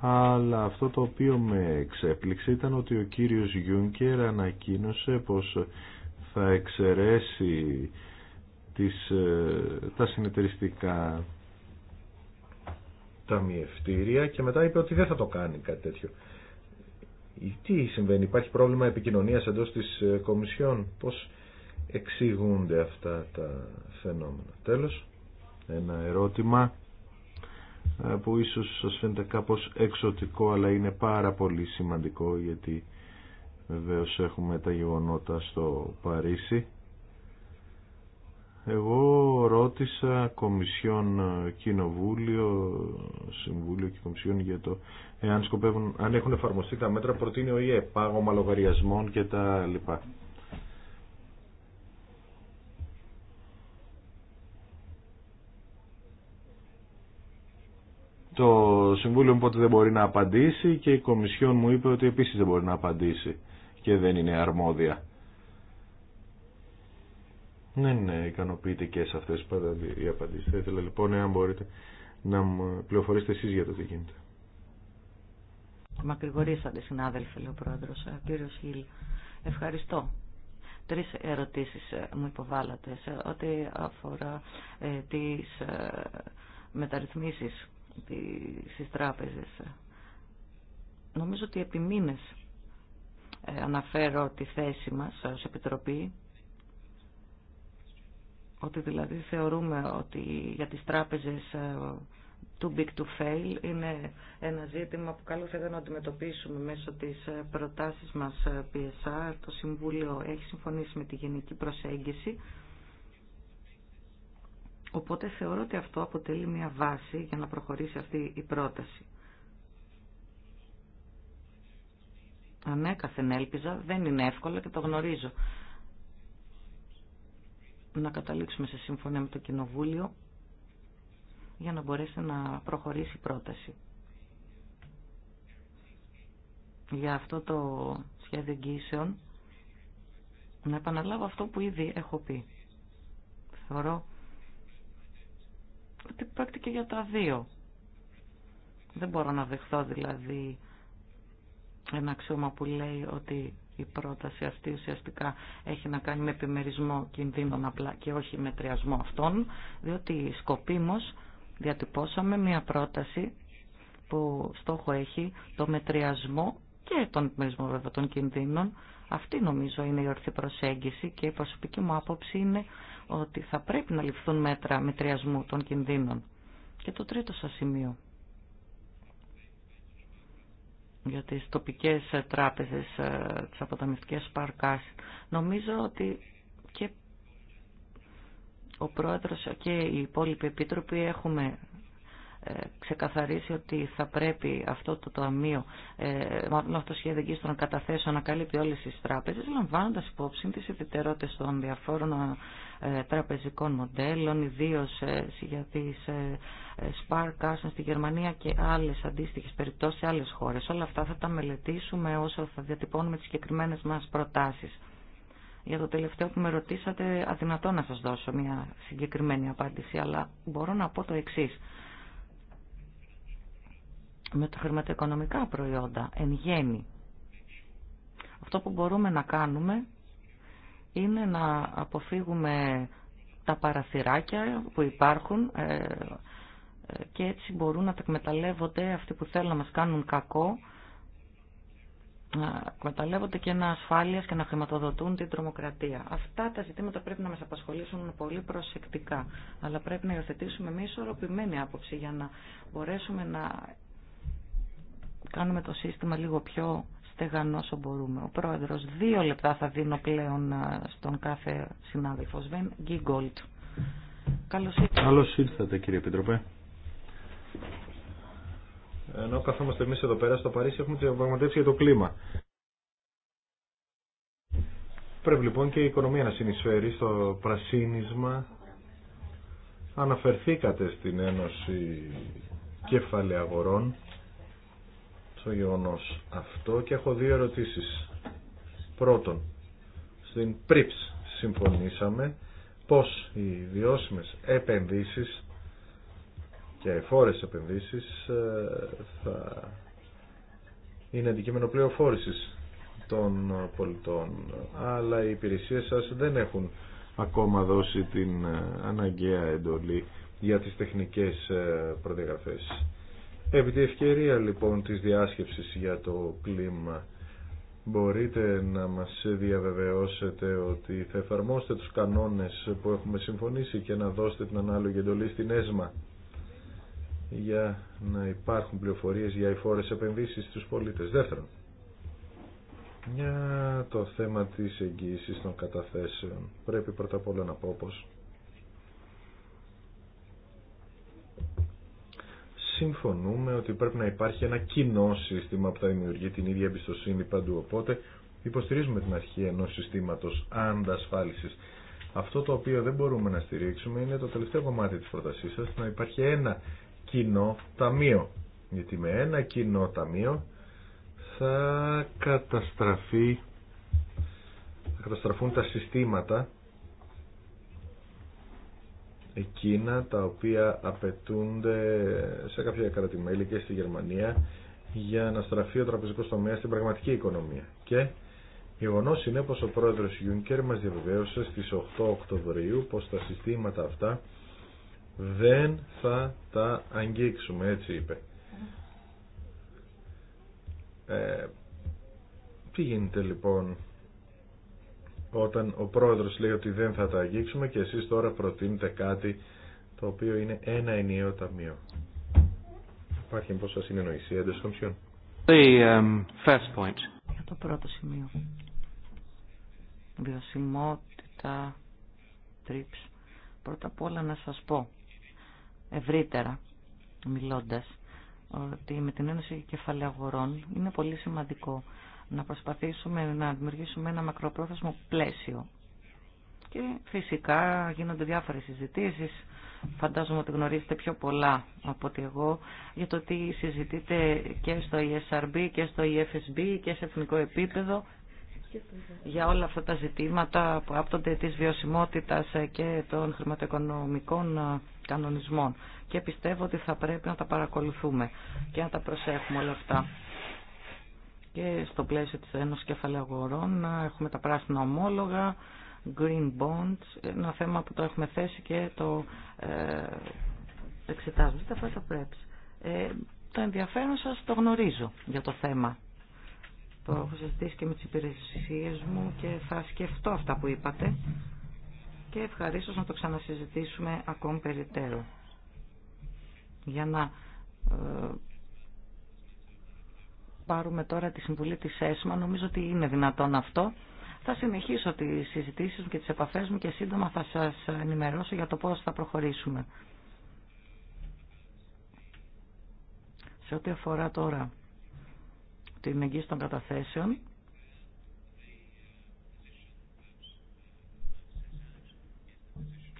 αλλά αυτό το οποίο με εξέπληξε ήταν ότι ο κύριος Γιούνκερ ανακοίνωσε πως θα εξαιρέσει τις, ε, τα συνεταιριστικά ταμιευτήρια και μετά είπε ότι δεν θα το κάνει κάτι τέτοιο. Ε, τι συμβαίνει, υπάρχει πρόβλημα επικοινωνίας εντός της ε, Κομισιόν, πώς εξηγούνται αυτά τα φαινόμενα. Τέλος, ένα ερώτημα που ίσως σας φαίνεται κάπως εξωτικό αλλά είναι πάρα πολύ σημαντικό γιατί Βεβαίως έχουμε τα γεγονότα στο Παρίσι. Εγώ ρώτησα Κομισιόν Κοινοβούλιο, Συμβούλιο και Κομισιόν για το εάν σκοπεύουν, αν έχουν εφαρμοστεί τα μέτρα προτείνει ο ΙΕ, πάγωμα λογαριασμών και τα λοιπά. Το Συμβούλιο μου ότι δεν μπορεί να απαντήσει και η Κομισιόν μου είπε ότι επίσης δεν μπορεί να απαντήσει και δεν είναι αρμόδια. Ναι, ναι, ικανοποιείται και σε αυτές οι απαντήσεις. Θα ήθελα λοιπόν, εάν μπορείτε, να μου πληροφορήσετε εσείς για το τι γίνεται. Μακρηγορήσατε, συνάδελφε, λέει ο πρόεδρος. Ε, Κύριο Χίλ, ευχαριστώ. Τρεις ερωτήσεις ε, μου υποβάλλατε σε ό,τι αφορά ε, τις ε, μεταρρυθμίσεις στις τράπεζες. Νομίζω ότι επί αναφέρω τη θέση μας ως Επιτροπή ότι δηλαδή θεωρούμε ότι για τις τράπεζες ε, too big to fail είναι ένα ζήτημα που καλό θα ήταν να αντιμετωπίσουμε μέσω της ε, προτάσεις μας ε, PSR. Το Συμβούλιο έχει συμφωνήσει με τη γενική προσέγγιση. Οπότε θεωρώ ότι αυτό αποτελεί μια βάση για να προχωρήσει αυτή η πρόταση. ανέκαθεν ναι, έλπιζα, δεν είναι εύκολο και το γνωρίζω. Να καταλήξουμε σε συμφωνία με το Κοινοβούλιο για να μπορέσει να προχωρήσει η πρόταση. Για αυτό το σχέδιο εγγύσεων να επαναλάβω αυτό που ήδη έχω πει. Θεωρώ ότι πρόκειται και για τα δύο. Δεν μπορώ να δεχθώ δηλαδή ένα αξίωμα που λέει ότι η πρόταση αυτή ουσιαστικά έχει να κάνει με επιμερισμό κινδύνων απλά και όχι με τριασμό αυτών, διότι σκοπίμως διατυπώσαμε μια πρόταση που στόχο έχει το μετριασμό και τον επιμερισμό βέβαια των κινδύνων. Αυτή νομίζω είναι η ορθή προσέγγιση και η προσωπική μου άποψη είναι ότι θα πρέπει να ληφθούν μέτρα μετριασμού των κινδύνων. Και το τρίτο σας σημείο για τις τοπικές ε, τράπεζες, ε, τις αποταμιστικές παρκάς. Νομίζω ότι και ο Πρόεδρος και οι υπόλοιποι επίτροποι έχουμε ε, ξεκαθαρίσει ότι θα πρέπει αυτό το ταμείο, μάλλον αυτό το σχέδιο στο να καταθέσω να καλύπτει όλες τις τράπεζες, λαμβάνοντα υπόψη τις ιδιαιτερότητε των διαφόρων ε, τραπεζικών μοντέλων, ιδίω ε, για τι ε, Sparkassen στη Γερμανία και άλλε αντίστοιχε περιπτώσει σε άλλε χώρε. Όλα αυτά θα τα μελετήσουμε όσο θα διατυπώνουμε τι συγκεκριμένε μα προτάσει. Για το τελευταίο που με ρωτήσατε, αδυνατό να σας δώσω μια συγκεκριμένη απάντηση, αλλά μπορώ να πω το εξής. Με τα χρηματοοικονομικά προϊόντα, εν γέννη, αυτό που μπορούμε να κάνουμε είναι να αποφύγουμε τα παραθυράκια που υπάρχουν ε, ε, και έτσι μπορούν να τα εκμεταλλεύονται αυτοί που θέλουν να μας κάνουν κακό να εκμεταλλεύονται και να ασφάλειας και να χρηματοδοτούν την τρομοκρατία. Αυτά τα ζητήματα πρέπει να μας απασχολήσουν πολύ προσεκτικά, αλλά πρέπει να υιοθετήσουμε μια ισορροπημένη άποψη για να μπορέσουμε να κάνουμε το σύστημα λίγο πιο στεγανό όσο μπορούμε. Ο πρόεδρος, δύο λεπτά θα δίνω πλέον ε, στον κάθε συνάδελφο Σβέν Γκίγκολτ. Καλώς ήρθατε. Καλώ ήρθατε κύριε Επιτροπέ. Ενώ καθόμαστε εμείς εδώ πέρα στο Παρίσι έχουμε διαπραγματεύσει για το κλίμα. Πρέπει λοιπόν και η οικονομία να συνεισφέρει στο πρασίνισμα. Αναφερθήκατε στην Ένωση Κεφαλαίου Αγορών στο γεγονό αυτό και έχω δύο ερωτήσεις. Πρώτον, στην ΠΡΙΠΣ συμφωνήσαμε πως οι βιώσιμες επενδύσεις και εφόρες επενδύσεις ε, θα είναι αντικείμενο πληροφόρησης των πολιτών αλλά οι υπηρεσίες σας δεν έχουν ακόμα δώσει την ε, αναγκαία εντολή για τις τεχνικές ε, προδιαγραφές Επί τη ευκαιρία λοιπόν της διάσκεψης για το κλίμα μπορείτε να μας διαβεβαιώσετε ότι θα εφαρμόσετε τους κανόνες που έχουμε συμφωνήσει και να δώσετε την ανάλογη εντολή στην ΕΣΜΑ για να υπάρχουν πληροφορίες για φόρες επενδύσεις στους πολίτες. Δεύτερον, για το θέμα της εγγύησης των καταθέσεων πρέπει πρώτα απ' όλα να πω πως συμφωνούμε ότι πρέπει να υπάρχει ένα κοινό σύστημα που θα δημιουργεί την ίδια εμπιστοσύνη παντού. Οπότε υποστηρίζουμε την αρχή ενός συστήματος αντασφάλιση. Αυτό το οποίο δεν μπορούμε να στηρίξουμε είναι το τελευταίο κομμάτι της πρότασή σα να υπάρχει ένα κοινό ταμείο. Γιατί με ένα κοινό ταμείο θα καταστραφεί θα καταστραφούν τα συστήματα εκείνα τα οποία απαιτούνται σε κάποια κρατημέλη και στη Γερμανία για να στραφεί ο τραπεζικός τομέας στην πραγματική οικονομία. Και η γεγονό είναι πως ο πρόεδρος Γιούνκερ μας διαβεβαίωσε στις 8 Οκτωβρίου πως τα συστήματα αυτά δεν θα τα αγγίξουμε, έτσι είπε. Ε, τι γίνεται λοιπόν όταν ο πρόεδρος λέει ότι δεν θα τα αγγίξουμε και εσείς τώρα προτείνετε κάτι το οποίο είναι ένα ενιαίο ταμείο. Υπάρχει πως σας είναι νοησία εντός um, Για το πρώτο σημείο. Βιωσιμότητα, τρίψ. Πρώτα απ' όλα να σας πω ευρύτερα μιλώντας ότι με την Ένωση Κεφαλαίου Αγορών είναι πολύ σημαντικό να προσπαθήσουμε να δημιουργήσουμε ένα μακροπρόθεσμο πλαίσιο. Και φυσικά γίνονται διάφορες συζητήσεις, φαντάζομαι ότι γνωρίζετε πιο πολλά από ότι εγώ, για το τι συζητείτε και στο ESRB και στο EFSB και σε εθνικό επίπεδο για όλα αυτά τα ζητήματα που άπτονται της βιωσιμότητας και των χρηματοοικονομικών κανονισμών. Και πιστεύω ότι θα πρέπει να τα παρακολουθούμε και να τα προσέχουμε όλα αυτά και στο πλαίσιο της Ένωσης Κεφαλαίου Αγορών έχουμε τα πράσινα ομόλογα, green bonds, ένα θέμα που το έχουμε θέσει και το ε, εξετάζουμε. Τα το πρέπει. Ε, το ενδιαφέρον σας το γνωρίζω για το θέμα. Το έχω συζητήσει και με τις υπηρεσίες μου και θα σκεφτώ αυτά που είπατε και ευχαρίστως να το ξανασυζητήσουμε ακόμη περιττέρω για να ε, πάρουμε τώρα τη συμβουλή της ΕΣΜΑ, νομίζω ότι είναι δυνατόν αυτό. Θα συνεχίσω τις συζητήσει μου και τις επαφές μου και σύντομα θα σας ενημερώσω για το πώς θα προχωρήσουμε. Σε ό,τι αφορά τώρα την εγγύηση των καταθέσεων,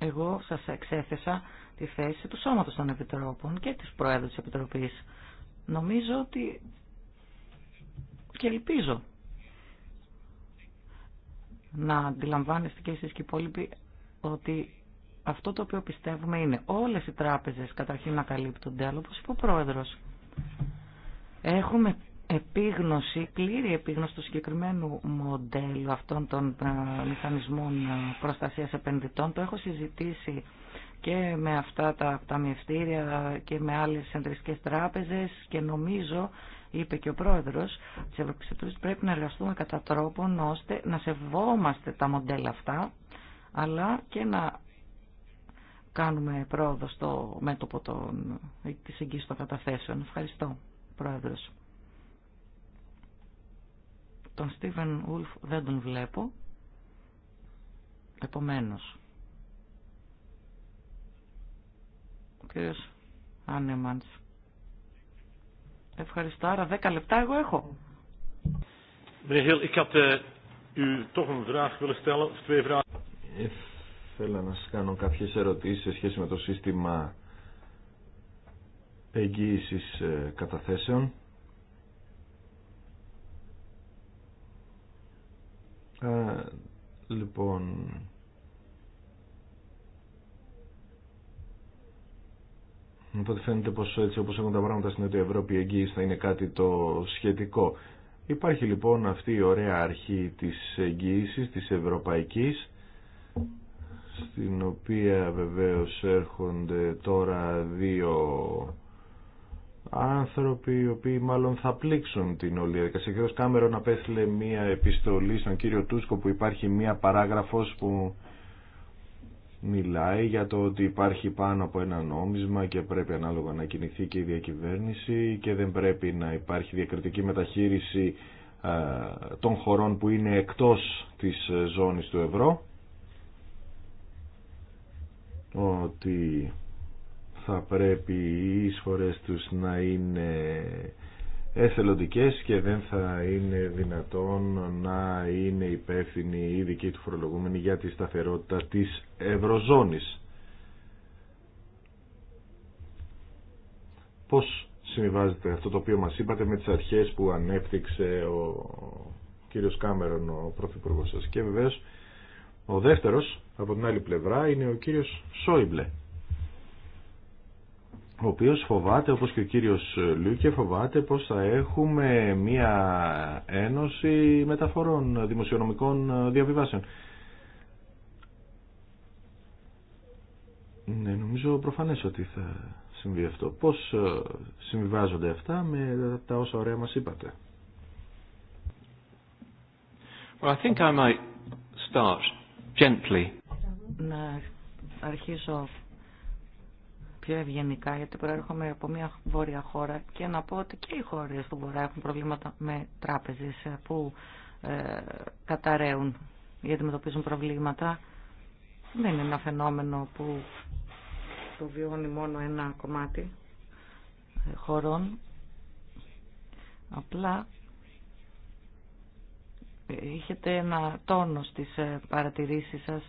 εγώ σας εξέθεσα τη θέση του Σώματος των Επιτρόπων και της Προέδρου τη Επιτροπής. Νομίζω ότι και ελπίζω να αντιλαμβάνεστε και εσείς και οι υπόλοιποι ότι αυτό το οποίο πιστεύουμε είναι όλες οι τράπεζες καταρχήν να καλύπτονται, αλλά όπως είπε ο Πρόεδρος, έχουμε επίγνωση, πλήρη επίγνωση του συγκεκριμένου μοντέλου αυτών των ε, μηχανισμών ε, προστασίας επενδυτών. Το έχω συζητήσει και με αυτά τα ταμιευτήρια και με άλλες εντρικές τράπεζες και νομίζω είπε και ο πρόεδρος τη Ευρωπαϊκή πρέπει να εργαστούμε κατά τρόπον ώστε να σεβόμαστε τα μοντέλα αυτά, αλλά και να κάνουμε πρόοδο στο μέτωπο τη της των καταθέσεων. Ευχαριστώ, πρόεδρος. Τον Στίβεν Ουλφ δεν τον βλέπω. Επομένω. ο κύριος Άνεμαντς Ευχαριστώ. Άρα 10 λεπτά εγώ έχω. Eh, Θέλω να σα κάνω κάποιε ερωτήσει σε σχέση με το σύστημα εγγύηση ε, καταθέσεων. λοιπόν, Οπότε φαίνεται πως έτσι όπως έχουν τα πράγματα στην Νότια Ευρώπη η εγγύηση θα είναι κάτι το σχετικό. Υπάρχει λοιπόν αυτή η ωραία αρχή της εγγύησης, της ευρωπαϊκής, στην οποία βεβαίως έρχονται τώρα δύο άνθρωποι οι οποίοι μάλλον θα πλήξουν την όλη διαδικασία. Ο κ. Κάμερον απέστειλε μία επιστολή στον κύριο Τούσκο που υπάρχει μία παράγραφος που μιλάει για το ότι υπάρχει πάνω από ένα νόμισμα και πρέπει ανάλογα να κινηθεί και η διακυβέρνηση και δεν πρέπει να υπάρχει διακριτική μεταχείριση ε, των χωρών που είναι εκτός της ζώνης του ευρώ ότι θα πρέπει οι εισφορές τους να είναι εθελοντικές και δεν θα είναι δυνατόν να είναι υπεύθυνοι οι δικοί του φορολογούμενοι για τη σταθερότητα της Ευρωζώνης. Πώς συμβάζεται αυτό το οποίο μας είπατε με τις αρχές που ανέπτυξε ο κύριος Κάμερον, ο πρωθυπουργός σας. Και βεβαίως ο δεύτερος από την άλλη πλευρά είναι ο κύριος Σόιμπλε ο οποίος φοβάται, όπως και ο κύριος Λούκε, φοβάται πως θα έχουμε μία ένωση μεταφορών δημοσιονομικών διαβιβάσεων. Ναι, νομίζω προφανές ότι θα συμβεί αυτό. Πώς ε, συμβιβάζονται αυτά με τα όσα ωραία μας είπατε. Well, I think I Να αρχίσω πιο ευγενικά, γιατί προέρχομαι από μια βόρεια χώρα και να πω ότι και οι χώρες του Βορρά έχουν προβλήματα με τράπεζες που ε, καταραίουν ή αντιμετωπίζουν προβλήματα. Δεν είναι ένα φαινόμενο που το βιώνει μόνο ένα κομμάτι ε, χωρών. Απλά είχετε ένα τόνο στις ε, παρατηρήσεις σας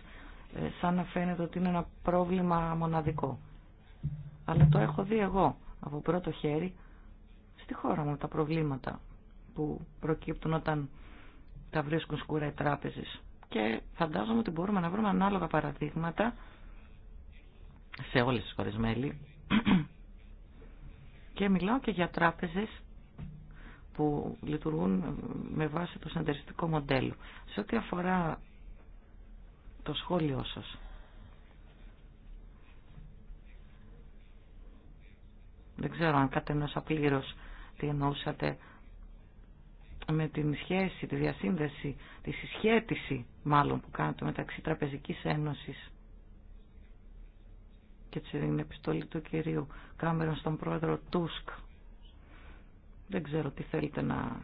ε, σαν να φαίνεται ότι είναι ένα πρόβλημα μοναδικό αλλά το έχω δει εγώ από πρώτο χέρι στη χώρα μου τα προβλήματα που προκύπτουν όταν τα βρίσκουν σκούρα οι τράπεζες. Και φαντάζομαι ότι μπορούμε να βρούμε ανάλογα παραδείγματα σε όλες τις χώρες μέλη. και μιλάω και για τράπεζες που λειτουργούν με βάση το συντεριστικό μοντέλο. Σε ό,τι αφορά το σχόλιο σας, Δεν ξέρω αν κατενόσα πλήρω τι εννοούσατε με την σχέση, τη διασύνδεση, τη συσχέτιση μάλλον που κάνετε μεταξύ Τραπεζικής Ένωσης και την επιστολή του κυρίου Κάμερον στον πρόεδρο Τούσκ. Δεν ξέρω τι θέλετε να,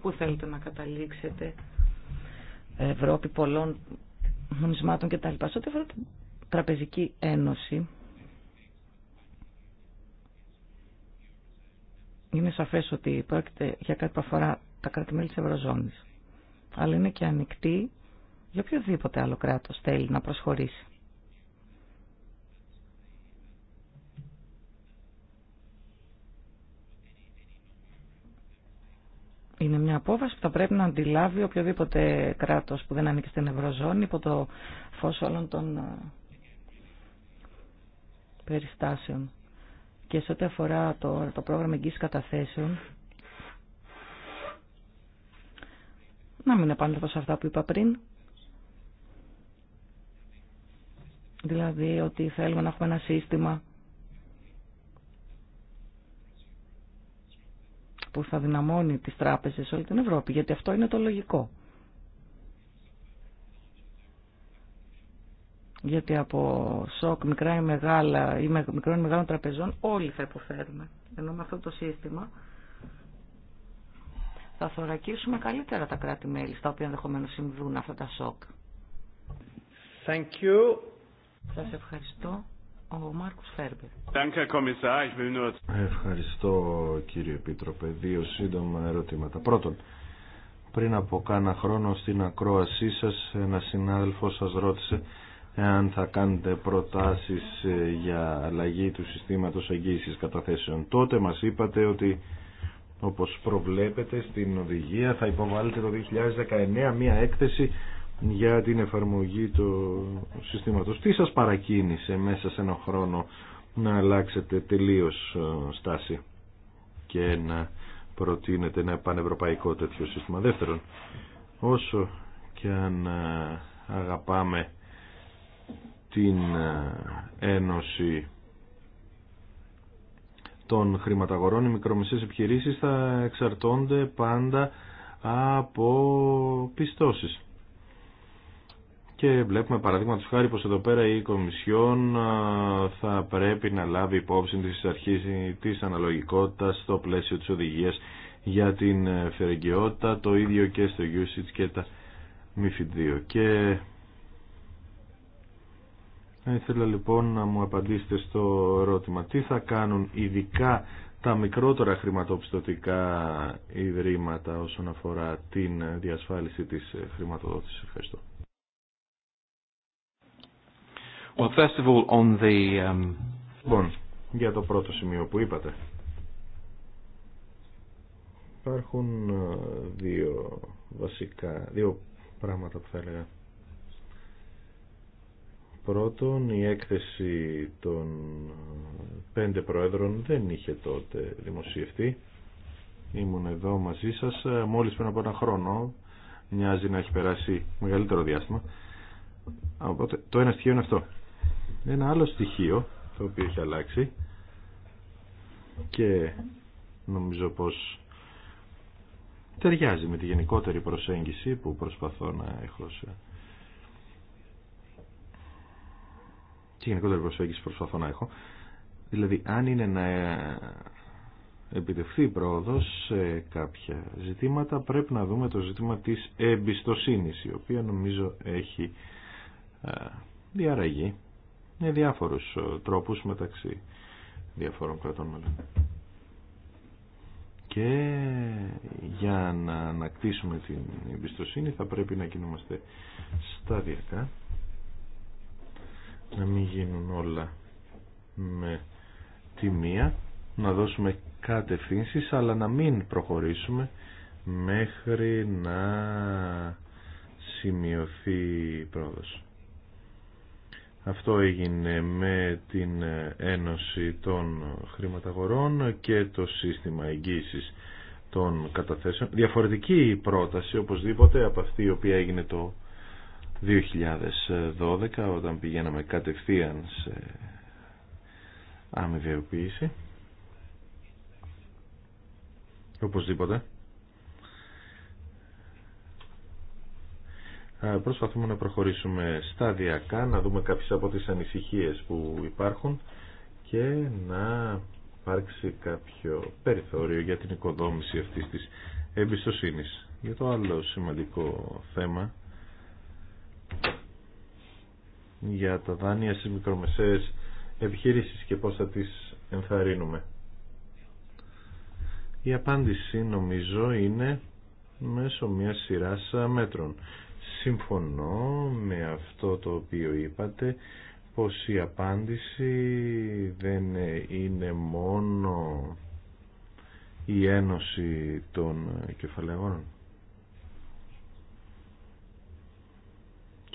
πού θέλετε να καταλήξετε. Ευρώπη πολλών νομισμάτων κτλ. Σε ό,τι αφορά την Τραπεζική Ένωση, Είναι σαφέ ότι πρόκειται για κάτι που αφορά τα κράτη-μέλη της Ευρωζώνης. Αλλά είναι και ανοιχτή για οποιοδήποτε άλλο κράτος θέλει να προσχωρήσει. Είναι μια απόφαση που θα πρέπει να αντιλάβει οποιοδήποτε κράτος που δεν ανήκει στην Ευρωζώνη υπό το φως όλων των ε, περιστάσεων και σε ό,τι αφορά το, το πρόγραμμα εγγύησης καταθέσεων να μην επανέλθω σε αυτά που είπα πριν δηλαδή ότι θέλουμε να έχουμε ένα σύστημα που θα δυναμώνει τις τράπεζες όλη την Ευρώπη γιατί αυτό είναι το λογικό Γιατί από σοκ μικρά ή μεγάλα ή μικρών ή μεγάλων τραπεζών όλοι θα υποφέρουμε. Ενώ με αυτό το σύστημα θα θωρακίσουμε καλύτερα τα κράτη-μέλη στα οποία ενδεχομένως συμβούν αυτά τα σοκ. Thank you. Σας ευχαριστώ. Ο Μάρκος Φέρμπερ. Ευχαριστώ κύριε Επίτροπε. Δύο σύντομα ερωτήματα. Πρώτον, πριν από κάνα χρόνο στην ακρόασή σας ένα συνάδελφος σας ρώτησε αν θα κάνετε προτάσεις ε, για αλλαγή του συστήματος εγγύησης καταθέσεων. Τότε μας είπατε ότι όπως προβλέπετε στην οδηγία θα υποβάλλετε το 2019 μία έκθεση για την εφαρμογή του συστήματος. Τι σας παρακίνησε μέσα σε ένα χρόνο να αλλάξετε τελείως ε, στάση και να προτείνετε ένα πανευρωπαϊκό τέτοιο σύστημα. Δεύτερον, όσο και αν ε, αγαπάμε την ε, Ένωση των χρηματαγορών οι μικρομεσαίες επιχειρήσεις θα εξαρτώνται πάντα από πιστώσεις. Και βλέπουμε παραδείγμα του χάρη πως εδώ πέρα η Κομισιόν ε, θα πρέπει να λάβει υπόψη της αρχής της αναλογικότητας στο πλαίσιο της οδηγίας για την ε, φερεγγιότητα, το ίδιο και στο usage και τα MIFID 2. Και θα ήθελα λοιπόν να μου απαντήσετε στο ερώτημα. Τι θα κάνουν ειδικά τα μικρότερα χρηματοπιστωτικά ιδρύματα όσον αφορά την διασφάλιση της χρηματοδότησης. Ευχαριστώ. Well, first of all, on the, um... Λοιπόν, για το πρώτο σημείο που είπατε. Υπάρχουν ε, δύο βασικά, δύο πράγματα που θα έλεγα Πρώτον, η έκθεση των πέντε προέδρων δεν είχε τότε δημοσιευτεί. Ήμουν εδώ μαζί σας ε, μόλις πριν από ένα χρόνο. Μοιάζει να έχει περάσει μεγαλύτερο διάστημα. Οπότε, το ένα στοιχείο είναι αυτό. Ένα άλλο στοιχείο το οποίο έχει αλλάξει και νομίζω πως ταιριάζει με τη γενικότερη προσέγγιση που προσπαθώ να έχω και γενικότερα προσέγγιση προσπαθώ να έχω. Δηλαδή, αν είναι να επιτευχθεί η πρόοδος σε κάποια ζητήματα, πρέπει να δούμε το ζήτημα τη εμπιστοσύνη, η οποία νομίζω έχει διαραγεί με διάφορους τρόπους μεταξύ διαφόρων κρατών μελών. Και για να ανακτήσουμε την εμπιστοσύνη θα πρέπει να κινούμαστε σταδιακά να μην γίνουν όλα με τιμία να δώσουμε κατευθύνσεις αλλά να μην προχωρήσουμε μέχρι να σημειωθεί η πρόοδος. Αυτό έγινε με την Ένωση των Χρηματαγορών και το σύστημα εγγύησης των καταθέσεων. Διαφορετική πρόταση οπωσδήποτε από αυτή η οποία έγινε το 2012 όταν πηγαίναμε κατευθείαν σε αμοιβιοποίηση οπωσδήποτε ε, προσπαθούμε να προχωρήσουμε σταδιακά να δούμε κάποιες από τις ανησυχίες που υπάρχουν και να υπάρξει κάποιο περιθώριο για την οικοδόμηση αυτής της εμπιστοσύνης για το άλλο σημαντικό θέμα για τα δάνεια στις μικρομεσαίες επιχειρήσεις και πώς θα τις ενθαρρύνουμε. Η απάντηση νομίζω είναι μέσω μιας σειράς μέτρων. Συμφωνώ με αυτό το οποίο είπατε πως η απάντηση δεν είναι μόνο η ένωση των κεφαλαίων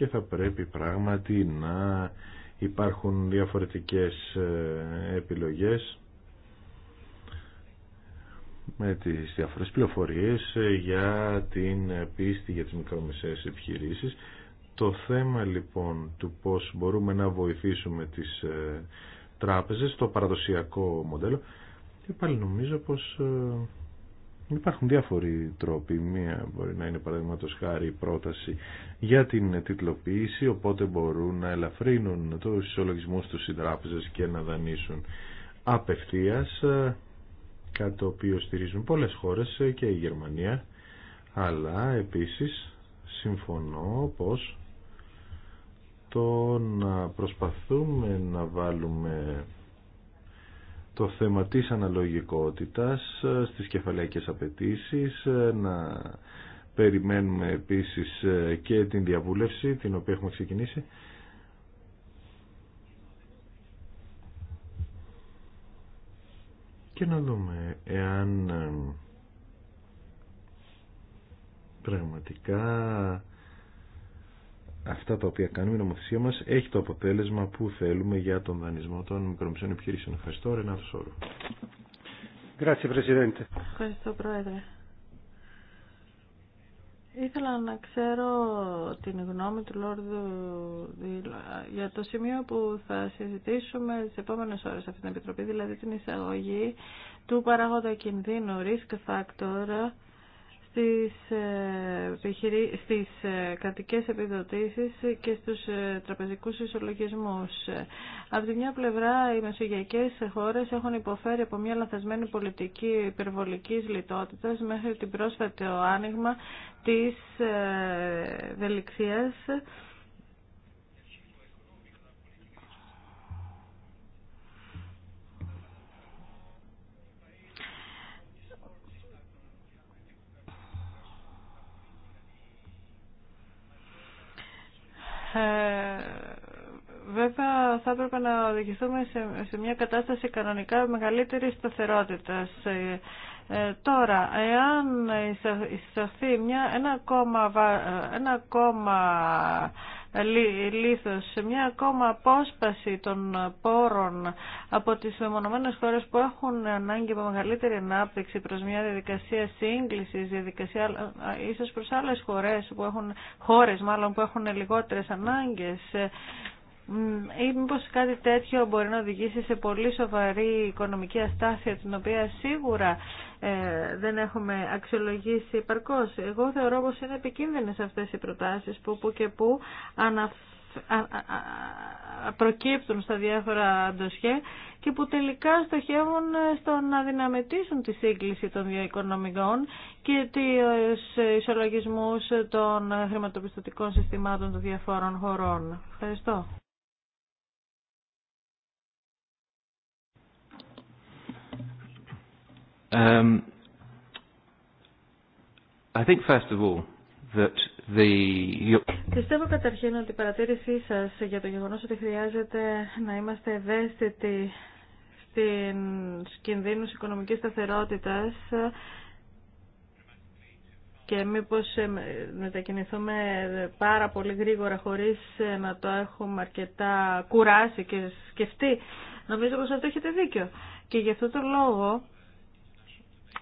και θα πρέπει πράγματι να υπάρχουν διαφορετικές ε, επιλογές με τις διάφορες πληροφορίες ε, για την πίστη για τις μικρομεσαίες επιχειρήσεις. Το θέμα λοιπόν του πώς μπορούμε να βοηθήσουμε τις ε, τράπεζες, το παραδοσιακό μοντέλο και πάλι νομίζω πως μπορουμε να βοηθησουμε τις τραπεζες στο παραδοσιακο μοντελο και παλι νομιζω πως Υπάρχουν διάφοροι τρόποι. Μία μπορεί να είναι παραδείγματο χάρη η πρόταση για την τιτλοποίηση, οπότε μπορούν να ελαφρύνουν του ισολογισμού του οι τράπεζε και να δανείσουν απευθεία, ε, κάτι το οποίο στηρίζουν πολλέ χώρε ε, και η Γερμανία. Αλλά επίση συμφωνώ πω το να προσπαθούμε να βάλουμε το θέμα της αναλογικότητας ε, στις κεφαλαϊκές απαιτήσει, ε, να περιμένουμε επίσης ε, και την διαβούλευση την οποία έχουμε ξεκινήσει. Και να δούμε εάν πραγματικά αυτά τα οποία κάνουμε, η νομοθεσία μας έχει το αποτέλεσμα που θέλουμε για τον δανεισμό των μικρομεσαίων επιχειρήσεων. Ευχαριστώ, Ρενάτο Σόρου. Ευχαριστώ, Πρόεδρε. Ήθελα να ξέρω την γνώμη του Λόρδου για το σημείο που θα συζητήσουμε τις επόμενες ώρες αυτήν την Επιτροπή, δηλαδή την εισαγωγή του παράγοντα κινδύνου, risk factor, στις, ε, στις ε, κρατικές επιδοτήσεις και στους ε, τραπεζικούς ισολογισμούς. Από τη μια πλευρά οι μεσογειακές χώρες έχουν υποφέρει από μια λαθασμένη πολιτική υπερβολικής λιτότητας μέχρι την πρόσφατη άνοιγμα της ευελιξίας Ε, βέβαια θα έπρεπε να οδηγηθούμε σε, μια κατάσταση κανονικά μεγαλύτερη σταθερότητας. Ε, ε, τώρα, εάν εισαχθεί μια, ένα ακόμα, ένα ακόμα Λίθος, σε μια ακόμα απόσπαση των πόρων από τις μεμονωμένες χώρες που έχουν ανάγκη από μεγαλύτερη ανάπτυξη προς μια διαδικασία σύγκλησης, διαδικασία ίσως προς άλλες χώρες που έχουν, χώρες μάλλον που έχουν λιγότερες ανάγκες ή μήπω κάτι τέτοιο μπορεί να οδηγήσει σε πολύ σοβαρή οικονομική αστάθεια την οποία σίγουρα ε, δεν έχουμε αξιολογήσει υπαρκώ. Εγώ θεωρώ πω είναι επικίνδυνες αυτές οι προτάσεις που, που και που προκύπτουν στα διάφορα ντοσιέ και που τελικά στοχεύουν στο να δυναμετήσουν τη σύγκληση των οικονομικών και τους ισολογισμούς των χρηματοπιστωτικών συστημάτων των διαφόρων χωρών. Ευχαριστώ. Um, I think first of all that the... Πιστεύω καταρχήν ότι η παρατήρησή σας για το γεγονός ότι χρειάζεται να είμαστε ευαίσθητοι στην κινδύνου οικονομικής σταθερότητας και μήπως ε, μετακινηθούμε πάρα πολύ γρήγορα χωρίς ε, να το έχουμε αρκετά κουράσει και σκεφτεί. Νομίζω πως αυτό έχετε δίκιο. Και γι' αυτό το λόγο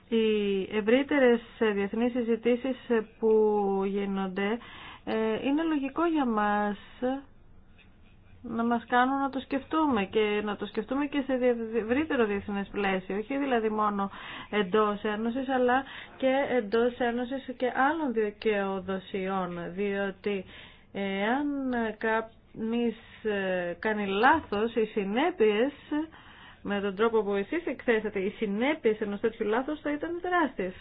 οι ευρύτερες διεθνείς συζητήσεις που γίνονται ε, είναι λογικό για μας να μας κάνουν να το σκεφτούμε και να το σκεφτούμε και σε ευρύτερο διεθνές πλαίσιο, όχι δηλαδή μόνο εντός Ένωσης αλλά και εντός Ένωσης και άλλων δικαιοδοσιών, διότι αν κάποιος ε, κάνει λάθος, οι συνέπειες με τον τρόπο που εσείς εκθέσατε, οι συνέπειες ενός τέτοιου λάθους θα ήταν τεράστιες.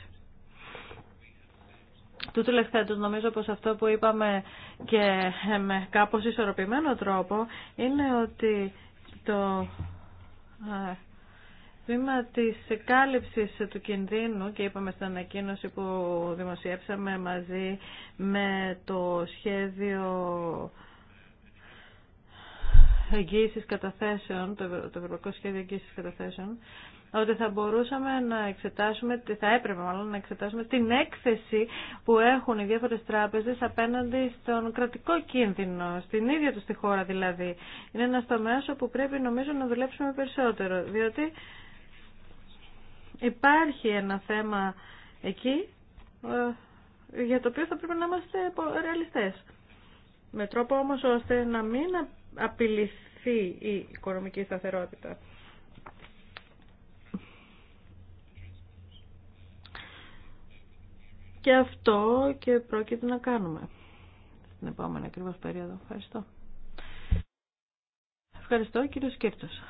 Τούτου τελευταίου νομίζω πως αυτό που είπαμε και με κάπως ισορροπημένο τρόπο είναι ότι το ε, βήμα της κάλυψης του κινδύνου και είπαμε στην ανακοίνωση που δημοσιεύσαμε μαζί με το σχέδιο εγγύησης καταθέσεων, το, το Ευρωπαϊκό Σχέδιο Εγγύησης Καταθέσεων, ότι θα μπορούσαμε να εξετάσουμε, θα έπρεπε μάλλον να εξετάσουμε την έκθεση που έχουν οι διάφορες τράπεζες απέναντι στον κρατικό κίνδυνο, στην ίδια του τη χώρα δηλαδή. Είναι ένα τομέα όπου πρέπει νομίζω να δουλέψουμε περισσότερο, διότι υπάρχει ένα θέμα εκεί ε, για το οποίο θα πρέπει να είμαστε ρεαλιστές. Με τρόπο όμως ώστε να μην απειληθεί η οικονομική σταθερότητα. Και αυτό και πρόκειται να κάνουμε στην επόμενη ακριβώ περίοδο. Ευχαριστώ. Ευχαριστώ κύριο Σκύρτος.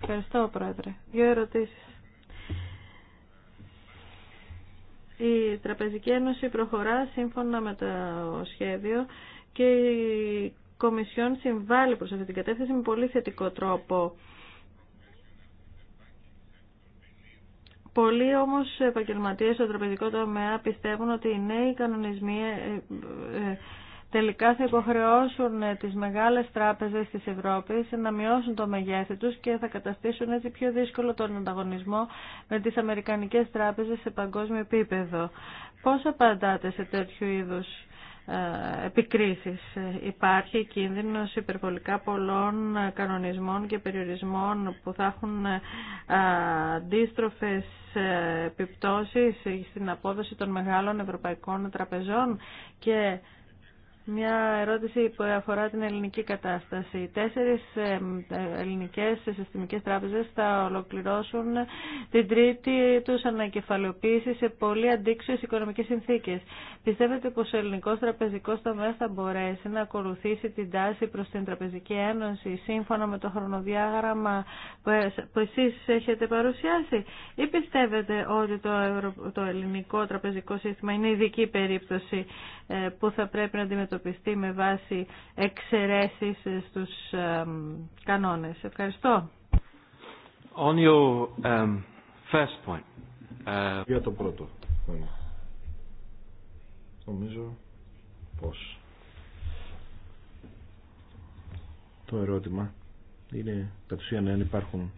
Ευχαριστώ, Πρόεδρε. Δύο ερωτήσεις. Η Τραπεζική Ένωση προχωρά σύμφωνα με το σχέδιο και η Κομισιόν συμβάλλει προς αυτή την κατεύθυνση με πολύ θετικό τρόπο. Πολλοί όμως επαγγελματίε στο τραπεζικό τομέα πιστεύουν ότι οι νέοι κανονισμοί ε, ε, ε, τελικά θα υποχρεώσουν τις μεγάλες τράπεζες της Ευρώπης να μειώσουν το μεγέθη τους και θα καταστήσουν έτσι πιο δύσκολο τον ανταγωνισμό με τις αμερικανικές τράπεζες σε παγκόσμιο επίπεδο. Πώς απαντάτε σε τέτοιου είδους ε, επικρίσεις. Ε, υπάρχει κίνδυνος υπερβολικά πολλών ε, κανονισμών και περιορισμών που θα έχουν αντίστροφε επιπτώσεις στην απόδοση των μεγάλων ευρωπαϊκών τραπεζών και μια ερώτηση που αφορά την ελληνική κατάσταση. Τέσσερις ε, ε, ελληνικές συστημικές τράπεζες θα ολοκληρώσουν την τρίτη τους ανακεφαλαιοποίηση σε πολύ αντίξιες οικονομικές συνθήκες. Πιστεύετε πως ο ελληνικός τραπεζικός τομέας θα μπορέσει να ακολουθήσει την τάση προς την Τραπεζική Ένωση σύμφωνα με το χρονοδιάγραμμα που εσείς έχετε παρουσιάσει ή πιστεύετε ότι το ελληνικό τραπεζικό σύστημα είναι ειδική περίπτωση ε, που θα πρέπει να αντιμετωπίσουμε αντιμετωπιστεί με βάση εξαιρέσεις στους κανόνες. Ευχαριστώ. On um, first point. Ε, Για το πρώτο. Νομίζω πως το ερώτημα είναι κατ' ουσίαν αν υπάρχουν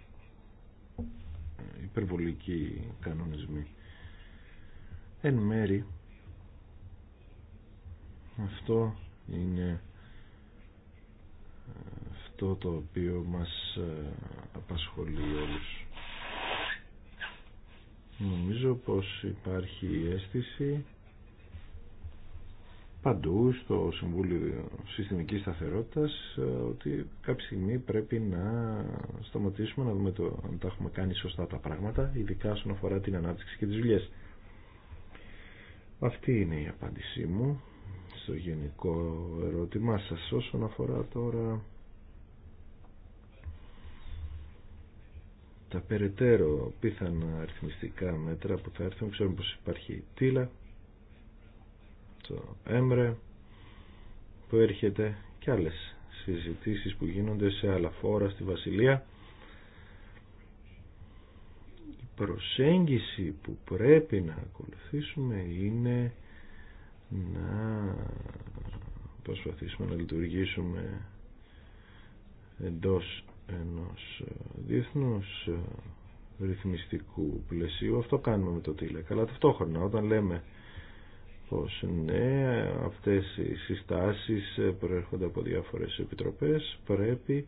ε, υπερβολικοί κανονισμοί. Εν μέρη αυτό είναι ε, αυτό το οποίο μας ε, απασχολεί όλους. Νομίζω πως υπάρχει η αίσθηση παντού στο Συμβούλιο Συστημικής Σταθερότητας ε, ότι κάποια στιγμή πρέπει να σταματήσουμε να δούμε το, αν τα έχουμε κάνει σωστά τα πράγματα ειδικά όσον αφορά την ανάπτυξη και τις δουλειές. Αυτή είναι η απάντησή μου το γενικό ερώτημά σας όσον αφορά τώρα τα περαιτέρω πιθανά αριθμιστικά μέτρα που θα έρθουν ξέρουμε πως υπάρχει η Τίλα το Έμρε που έρχεται και άλλες συζητήσεις που γίνονται σε άλλα φόρα στη Βασιλεία η προσέγγιση που πρέπει να ακολουθήσουμε είναι να προσπαθήσουμε να λειτουργήσουμε εντός ενός ε, διεθνούς ε, ρυθμιστικού πλαισίου. Αυτό κάνουμε με το ΤΗΛΕΚ. Αλλά ταυτόχρονα όταν λέμε πως ναι, αυτές οι συστάσεις ε, προέρχονται από διάφορες επιτροπές, πρέπει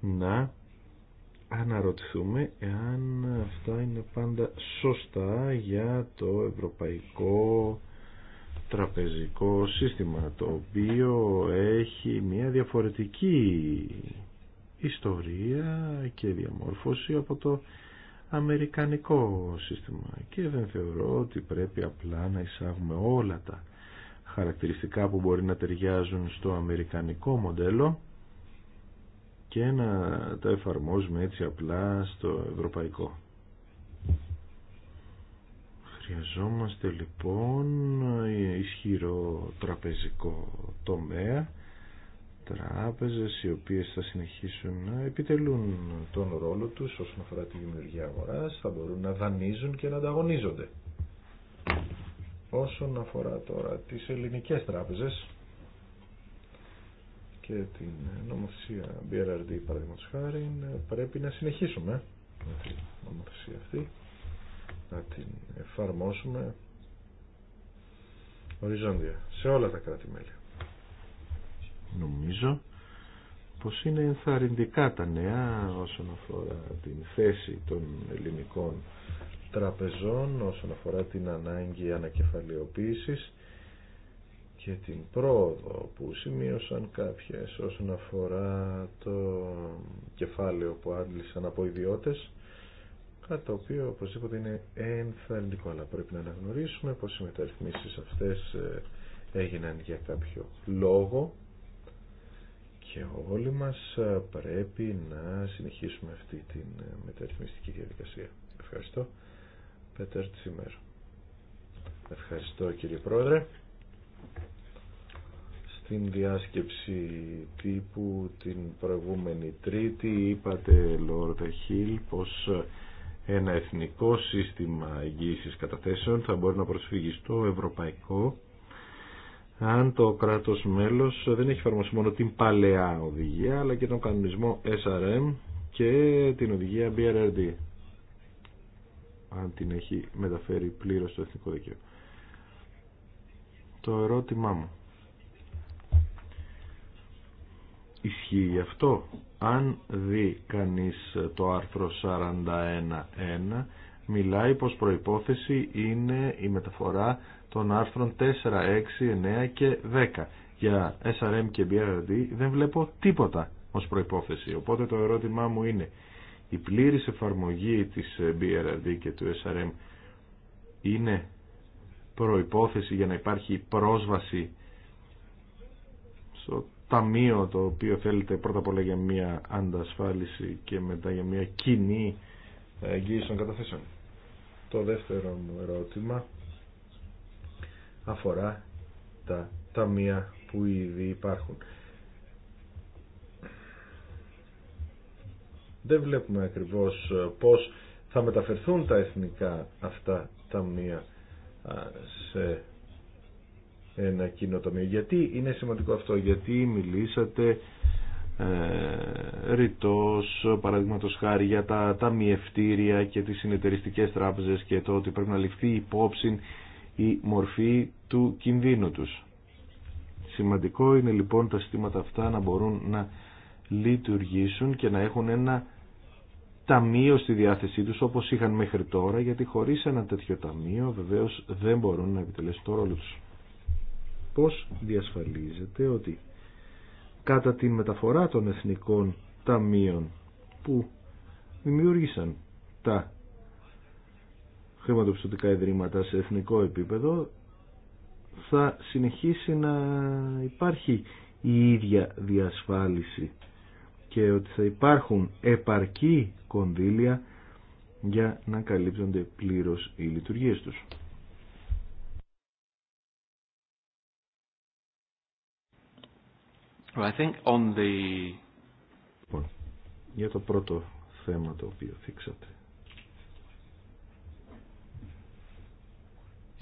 να αναρωτηθούμε εάν αυτά είναι πάντα σωστά για το ευρωπαϊκό τραπεζικό σύστημα το οποίο έχει μια διαφορετική ιστορία και διαμόρφωση από το αμερικανικό σύστημα και δεν θεωρώ ότι πρέπει απλά να εισάγουμε όλα τα χαρακτηριστικά που μπορεί να ταιριάζουν στο αμερικανικό μοντέλο και να τα εφαρμόζουμε έτσι απλά στο ευρωπαϊκό. Χρειαζόμαστε λοιπόν ε, ισχυρό τραπεζικό τομέα, τράπεζες οι οποίες θα συνεχίσουν να επιτελούν τον ρόλο τους όσον αφορά τη δημιουργία αγοράς, θα μπορούν να δανείζουν και να ανταγωνίζονται. Όσον αφορά τώρα τις ελληνικές τράπεζες και την νομοθεσία BRRD παραδείγματος χάρη, πρέπει να συνεχίσουμε με την νομοθεσία αυτή να την εφαρμόσουμε οριζόντια σε όλα τα κράτη-μέλη. Νομίζω πως είναι ενθαρρυντικά τα νέα όσον αφορά την θέση των ελληνικών τραπεζών, όσον αφορά την ανάγκη ανακεφαλαιοποίησης και την πρόοδο που σημείωσαν κάποιες όσον αφορά το κεφάλαιο που άντλησαν από ιδιώτες το οποίο οπωσδήποτε είναι ενθαρρυντικό, αλλά πρέπει να αναγνωρίσουμε πως οι μεταρρυθμίσεις αυτές ε, έγιναν για κάποιο λόγο και όλοι μας ε, πρέπει να συνεχίσουμε αυτή τη ε, μεταρρυθμιστική διαδικασία. Ευχαριστώ. Πέτερ Τσιμέρ. Ευχαριστώ κύριε Πρόεδρε. Στην διάσκεψη τύπου την προηγούμενη Τρίτη είπατε Λόρδε Χίλ πως ένα εθνικό σύστημα εγγύησης καταθέσεων θα μπορεί να προσφύγει στο ευρωπαϊκό αν το κράτος μέλος δεν έχει εφαρμοσει μόνο την παλαιά οδηγία αλλά και τον κανονισμό SRM και την οδηγία BRRD αν την έχει μεταφέρει πλήρως στο εθνικό δικαίωμα. Το ερώτημά μου ισχύει αυτό. Αν δει κανείς το άρθρο 41.1 μιλάει πως προϋπόθεση είναι η μεταφορά των άρθρων 4, 6, 9 και 10. Για SRM και BRD δεν βλέπω τίποτα ως προϋπόθεση. Οπότε το ερώτημά μου είναι η πλήρης εφαρμογή της BRD και του SRM είναι προϋπόθεση για να υπάρχει πρόσβαση στο ταμείο το οποίο θέλετε πρώτα απ' όλα για μια αντασφάλιση και μετά για μια κοινή εγγύηση των καταθέσεων. Το δεύτερο μου ερώτημα αφορά τα ταμεία που ήδη υπάρχουν. Δεν βλέπουμε ακριβώς πώς θα μεταφερθούν τα εθνικά αυτά ταμεία ε, σε ένα κοινό Γιατί είναι σημαντικό αυτό, γιατί μιλήσατε ε, ρητός παραδείγματος χάρη για τα ταμιευτήρια και τις συνεταιριστικές τράπεζες και το ότι πρέπει να ληφθεί υπόψη η μορφή του κινδύνου τους. Σημαντικό είναι λοιπόν τα συστήματα αυτά να μπορούν να λειτουργήσουν και να έχουν ένα ταμείο στη διάθεσή τους όπως είχαν μέχρι τώρα γιατί χωρίς ένα τέτοιο ταμείο βεβαίως δεν μπορούν να επιτελέσουν το ρόλο τους πώς διασφαλίζεται ότι κατά τη μεταφορά των εθνικών ταμείων που δημιούργησαν τα χρηματοπιστωτικά ιδρύματα σε εθνικό επίπεδο θα συνεχίσει να υπάρχει η ίδια διασφάλιση και ότι θα υπάρχουν επαρκή κονδύλια για να καλύπτονται πλήρως οι λειτουργίες τους. Well, I think on the... Λοιπόν, για το πρώτο θέμα το οποίο θίξατε.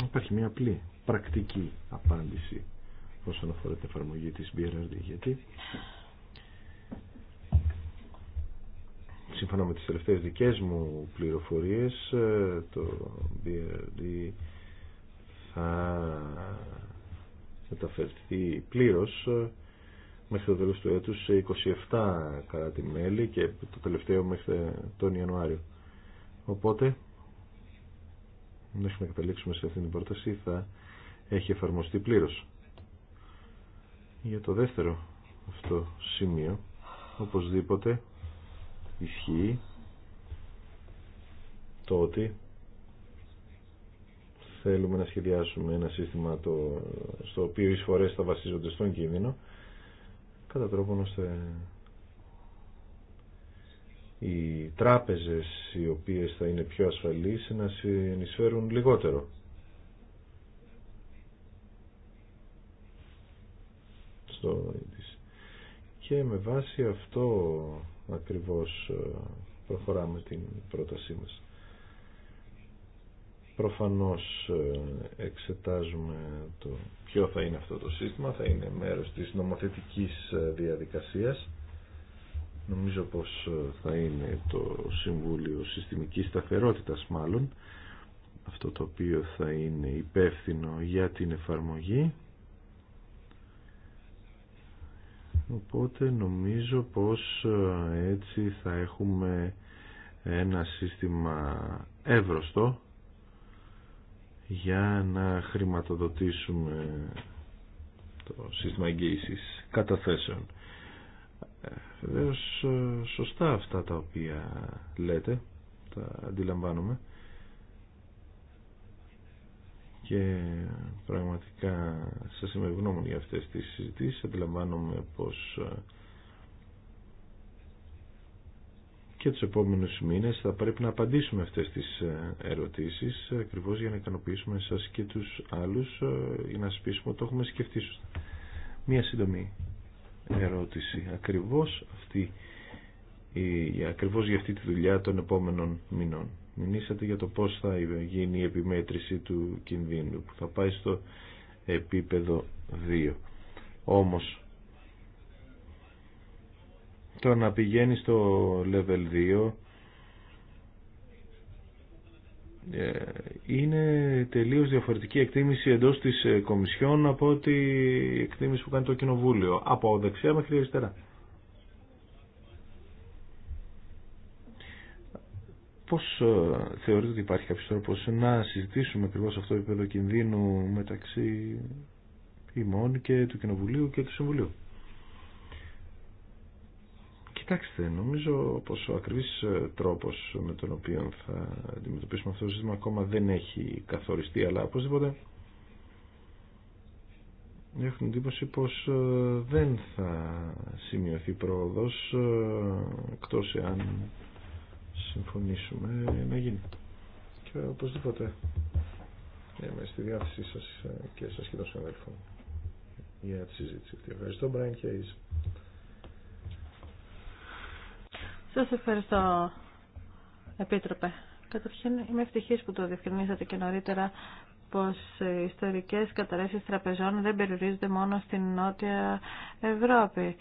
Υπάρχει μια απλή πρακτική απάντηση όσον αφορά την εφαρμογή της BRRD γιατί σύμφωνα με τις τελευταίες δικές μου πληροφορίες ε, το BRD θα μεταφερθεί πλήρως ε, μέχρι το τέλος του έτους σε 27 τη μελη και το τελευταίο μέχρι τον Ιανουάριο. Οπότε, μέχρι να καταλήξουμε σε αυτήν την πρόταση θα έχει εφαρμοστεί πλήρως. Για το δεύτερο αυτό σημείο, οπωσδήποτε ισχύει το ότι θέλουμε να σχεδιάσουμε ένα σύστημα το, στο οποίο οι εισφορές θα βασίζονται στον κίνδυνο κατά τρόπον ώστε οι τράπεζες οι οποίες θα είναι πιο ασφαλείς να συνεισφέρουν λιγότερο. Στο... Και με βάση αυτό ακριβώς ε, προχωράμε την πρότασή μας. Προφανώς ε, εξετάζουμε το ποιο θα είναι αυτό το σύστημα, θα είναι μέρος της νομοθετικής ε, διαδικασίας. Νομίζω πως ε, θα είναι το Συμβούλιο Συστημικής Σταθερότητας μάλλον, αυτό το οποίο θα είναι υπεύθυνο για την εφαρμογή. Οπότε νομίζω πως έτσι θα έχουμε ένα σύστημα εύρωστο για να χρηματοδοτήσουμε το σύστημα εγγύησης καταθέσεων. Ε, Βεβαίω ε, σωστά αυτά τα οποία λέτε, τα αντιλαμβάνομαι και πραγματικά σας είμαι ευγνώμων για αυτές τις συζητήσεις. Αντιλαμβάνομαι πως ε, και τους επόμενους μήνες θα πρέπει να απαντήσουμε αυτές τις ε, ερωτήσεις ακριβώς για να ικανοποιήσουμε εσάς και τους άλλους για ε, να σας πείσουμε ότι το έχουμε σκεφτεί σωστά. Μία σύντομη ερώτηση. Ακριβώς, αυτή, η, ακριβώς για αυτή τη δουλειά των επόμενων μηνών. Μιλήσατε για το πώς θα γίνει η επιμέτρηση του κινδύνου που θα πάει στο επίπεδο 2. Όμως το να πηγαίνει στο level 2 ε, είναι τελείως διαφορετική εκτίμηση εντός της ε, Κομισιόν από ότι εκτίμηση που κάνει το Κοινοβούλιο από δεξιά μέχρι αριστερά. Πώς ε, θεωρείτε ότι υπάρχει κάποιος τρόπος να συζητήσουμε ακριβώ αυτό το επίπεδο κινδύνου μεταξύ ημών και του Κοινοβουλίου και του Συμβουλίου. Κοιτάξτε, νομίζω πως ο ακριβής ε, τρόπος με τον οποίο θα αντιμετωπίσουμε αυτό το ζήτημα ακόμα δεν έχει καθοριστεί, αλλά οπωσδήποτε έχουν την εντύπωση πως ε, δεν θα σημειωθεί πρόοδος ε, εκτός εάν συμφωνήσουμε να γίνει. Και οπωσδήποτε είμαι στη διάθεσή σας και σας και των συναδέλφων για τη συζήτηση Ευχαριστώ, Brian Case. Σας ευχαριστώ, Επίτροπε. Καταρχήν είμαι ευτυχής που το διευκρινίσατε και νωρίτερα πως οι ιστορικές καταρρεύσεις τραπεζών δεν περιορίζονται μόνο στην Νότια Ευρώπη.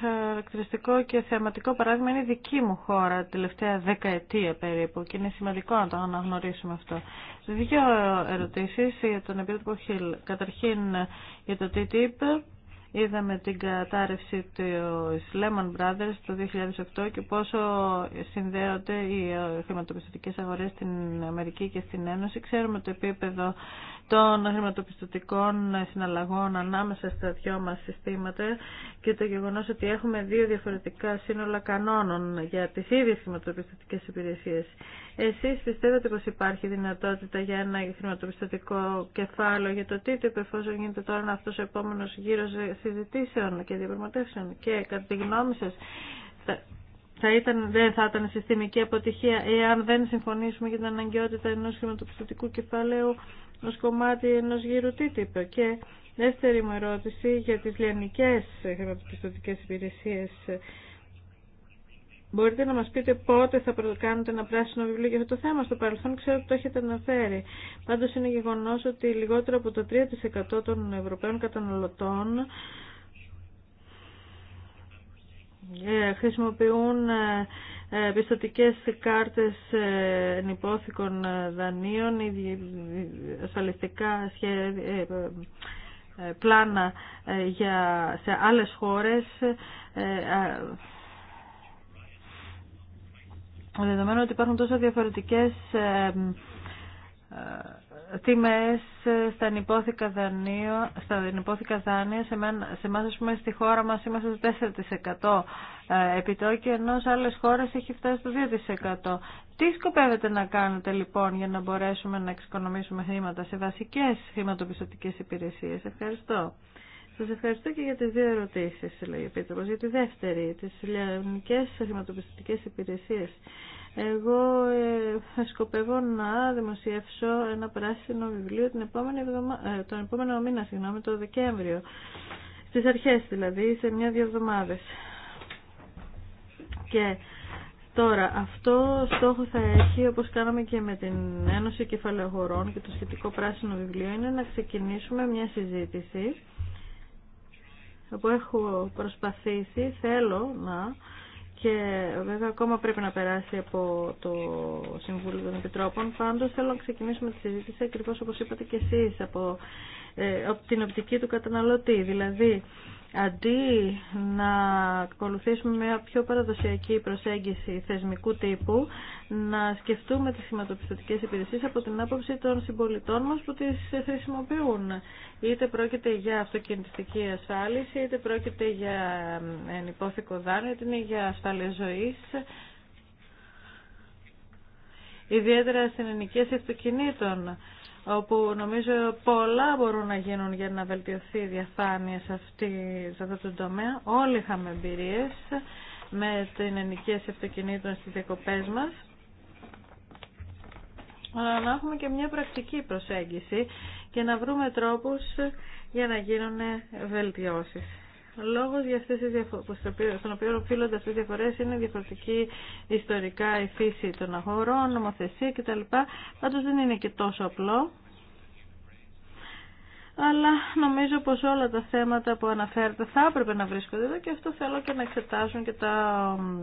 Χαρακτηριστικό και θεαματικό παράδειγμα είναι η δική μου χώρα τελευταία δεκαετία περίπου και είναι σημαντικό να το αναγνωρίσουμε αυτό. Δύο ερωτήσεις για τον Επίτροπο Χιλ. Καταρχήν για το TTIP Είδαμε την κατάρρευση του Lehman Brothers το 2008 και πόσο συνδέονται οι χρηματοπιστωτικές αγορές στην Αμερική και στην Ένωση. Ξέρουμε το επίπεδο των χρηματοπιστωτικών συναλλαγών ανάμεσα στα δυο μας συστήματα και το γεγονός ότι έχουμε δύο διαφορετικά σύνολα κανόνων για τις ίδιες χρηματοπιστωτικές υπηρεσίες. Εσείς πιστεύετε πως υπάρχει δυνατότητα για ένα χρηματοπιστωτικό κεφάλαιο για το τίτλο εφόσον γίνεται τώρα αυτός ο επόμενος γύρος συζητήσεων και διαπραγματεύσεων και κατά τη γνώμη σας θα ήταν, δεν θα ήταν συστημική αποτυχία εάν δεν συμφωνήσουμε για την αναγκαιότητα ενός χρηματοπιστωτικού κεφαλαίου ως κομμάτι ενός γύρου TTIP. Και δεύτερη μου ερώτηση για τις λιανικές χρηματοπιστωτικές υπηρεσίες. Μπορείτε να μας πείτε πότε θα κάνετε ένα πράσινο βιβλίο για αυτό το θέμα. Στο παρελθόν ξέρω ότι το έχετε αναφέρει. Πάντως είναι γεγονός ότι λιγότερο από το 3% των Ευρωπαίων καταναλωτών ε, χρησιμοποιούν ε, ε, πιστοτικές κάρτες νηπόθηκων δανείων, ασφαλιστικά πλάνα για, σε άλλες χώρες δεδομένου ότι υπάρχουν τόσο διαφορετικές τιμές στα ενυπόθηκα δανείο, στα ανυπόθηκα δάνεια, σε, μένα, σε εμάς πούμε στη χώρα μας είμαστε στο 4% ε, επιτόκιο, ενώ σε άλλες χώρες έχει φτάσει στο 2%. Τι σκοπεύετε να κάνετε λοιπόν για να μπορέσουμε να εξοικονομήσουμε χρήματα σε βασικές χρηματοπιστωτικές υπηρεσίες. Ευχαριστώ. Σας ευχαριστώ και για τις δύο ερωτήσεις, λέει ο Επίτροπο. Για τη δεύτερη, τις ελληνικέ χρηματοπιστωτικές υπηρεσίες. Εγώ ε, σκοπεύω να δημοσιεύσω ένα πράσινο βιβλίο την επόμενη εβδομα... Ε, τον επόμενο μήνα, συγγνώμη, το Δεκέμβριο. Στις αρχές δηλαδή, σε μια-δύο εβδομάδες. Και Τώρα, αυτό στόχο θα έχει, όπως κάναμε και με την Ένωση Κεφαλαιοχωρών και το σχετικό πράσινο βιβλίο, είναι να ξεκινήσουμε μια συζήτηση που έχω προσπαθήσει, θέλω να και βέβαια ακόμα πρέπει να περάσει από το Συμβούλιο των Επιτρόπων. Πάντως θέλω να ξεκινήσουμε τη συζήτηση ακριβώς όπως είπατε και εσείς από, ε, από την οπτική του καταναλωτή. Δηλαδή αντί να ακολουθήσουμε μια πιο παραδοσιακή προσέγγιση θεσμικού τύπου, να σκεφτούμε τις σηματοπιστωτικές υπηρεσίες από την άποψη των συμπολιτών μας που τις χρησιμοποιούν. Είτε πρόκειται για αυτοκινητική ασφάλιση, είτε πρόκειται για ενυπόθηκο δάνειο, είτε είναι για ασφάλεια ζωής. Ιδιαίτερα στην ενοικίαση αυτοκινήτων όπου νομίζω πολλά μπορούν να γίνουν για να βελτιωθεί η διαφάνεια σε, αυτή, σε αυτό το τομέα. Όλοι είχαμε εμπειρίες με την ενοικίαση αυτοκινήτων στις διακοπές μας. Αλλά να έχουμε και μια πρακτική προσέγγιση και να βρούμε τρόπους για να γίνουν βελτιώσεις. Λόγο για αυτές τις διαφορές στον οποίο οφείλονται αυτέ τι διαφορέ είναι διαφορετική ιστορικά η φύση των αγορών, νομοθεσία κτλ. Πάντω δεν είναι και τόσο απλό. Αλλά νομίζω πω όλα τα θέματα που αναφέρετε θα έπρεπε να βρίσκονται εδώ και αυτό θέλω και να εξετάσουν και τα,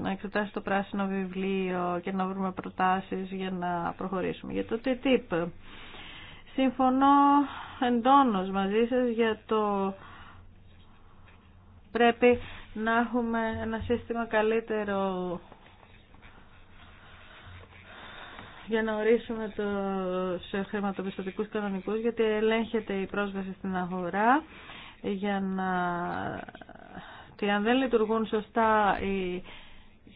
να εξετάσει το πράσινο βιβλίο και να βρούμε προτάσει για να προχωρήσουμε. Για το TTIP. Συμφωνώ εντόνως μαζί σας για το πρέπει να έχουμε ένα σύστημα καλύτερο για να ορίσουμε τους χρηματοπιστωτικούς κανονικούς, γιατί ελέγχεται η πρόσβαση στην αγορά για να... Και αν δεν λειτουργούν σωστά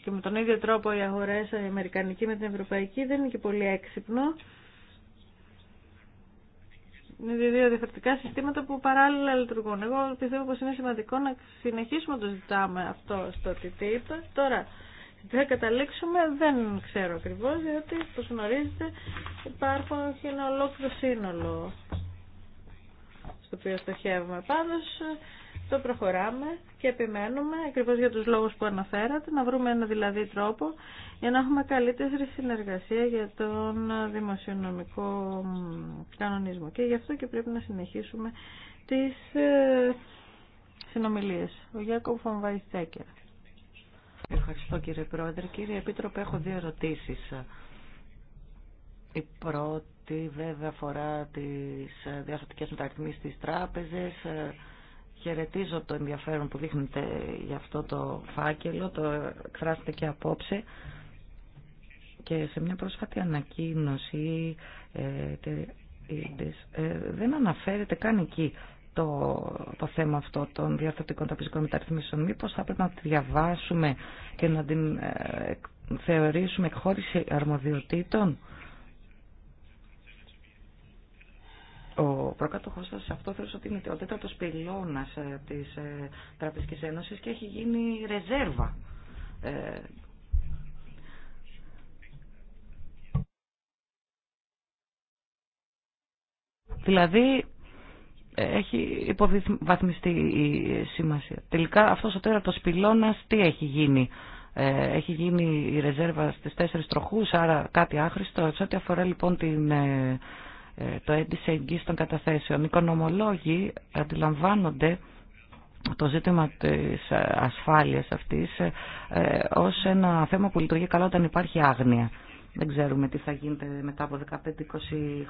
και με τον ίδιο τρόπο οι αγορές, η αμερικανική με την ευρωπαϊκή, δεν είναι και πολύ έξυπνο. Είναι δύο διαφορετικά συστήματα που παράλληλα λειτουργούν. Εγώ πιστεύω πως είναι σημαντικό να συνεχίσουμε να το ζητάμε αυτό στο TTIP. Τώρα, τι θα καταλήξουμε δεν ξέρω ακριβώς, διότι, όπως γνωρίζετε, υπάρχουν και ένα ολόκληρο σύνολο στο οποίο στοχεύουμε. Πάντως, το προχωράμε και επιμένουμε ακριβώς για τους λόγους που αναφέρατε να βρούμε ένα δηλαδή τρόπο για να έχουμε καλύτερη συνεργασία για τον δημοσιονομικό κανονισμό και γι' αυτό και πρέπει να συνεχίσουμε τις ε, συνομιλίες. Ο Γιάκο Φαμβαϊστέκερ. Ευχαριστώ κύριε Πρόεδρε. Κύριε Επίτροπε έχω δύο ερωτήσει Η πρώτη βέβαια αφορά τις ε, διαφορετικές μεταρρυθμίσεις στις τράπεζες ε, Χαιρετίζω το ενδιαφέρον που δείχνετε για αυτό το φάκελο, το εκφράσετε και απόψε. Και σε μια πρόσφατη ανακοίνωση ε, ε, ε, δεν αναφέρεται καν εκεί το, το θέμα αυτό των διαθετικών ταπεισικών μεταρρυθμίσεων. Μήπως θα πρέπει να τη διαβάσουμε και να την θεωρήσουμε εκχώρηση αρμοδιοτήτων Ο προκάτοχός σας αυτό θεωρούσε ότι είναι ο τέταρτος πυλώνας ε, της ε, Τραπεζικής Ένωσης και έχει γίνει ρεζέρβα. Ε, δηλαδή έχει υποβαθμιστεί η σημασία. Τελικά αυτός ο τέταρτος πυλώνας τι έχει γίνει. έχει γίνει η ρεζέρβα στις τέσσερις τροχούς, άρα κάτι άχρηστο. Σε ό,τι αφορά λοιπόν την ε, το έντισε εγγύηση των καταθέσεων. Οι οικονομολόγοι αντιλαμβάνονται το ζήτημα της ασφάλειας αυτής ε, ως ένα θέμα που λειτουργεί καλά όταν υπάρχει άγνοια. Δεν ξέρουμε τι θα γίνεται μετά από 15-20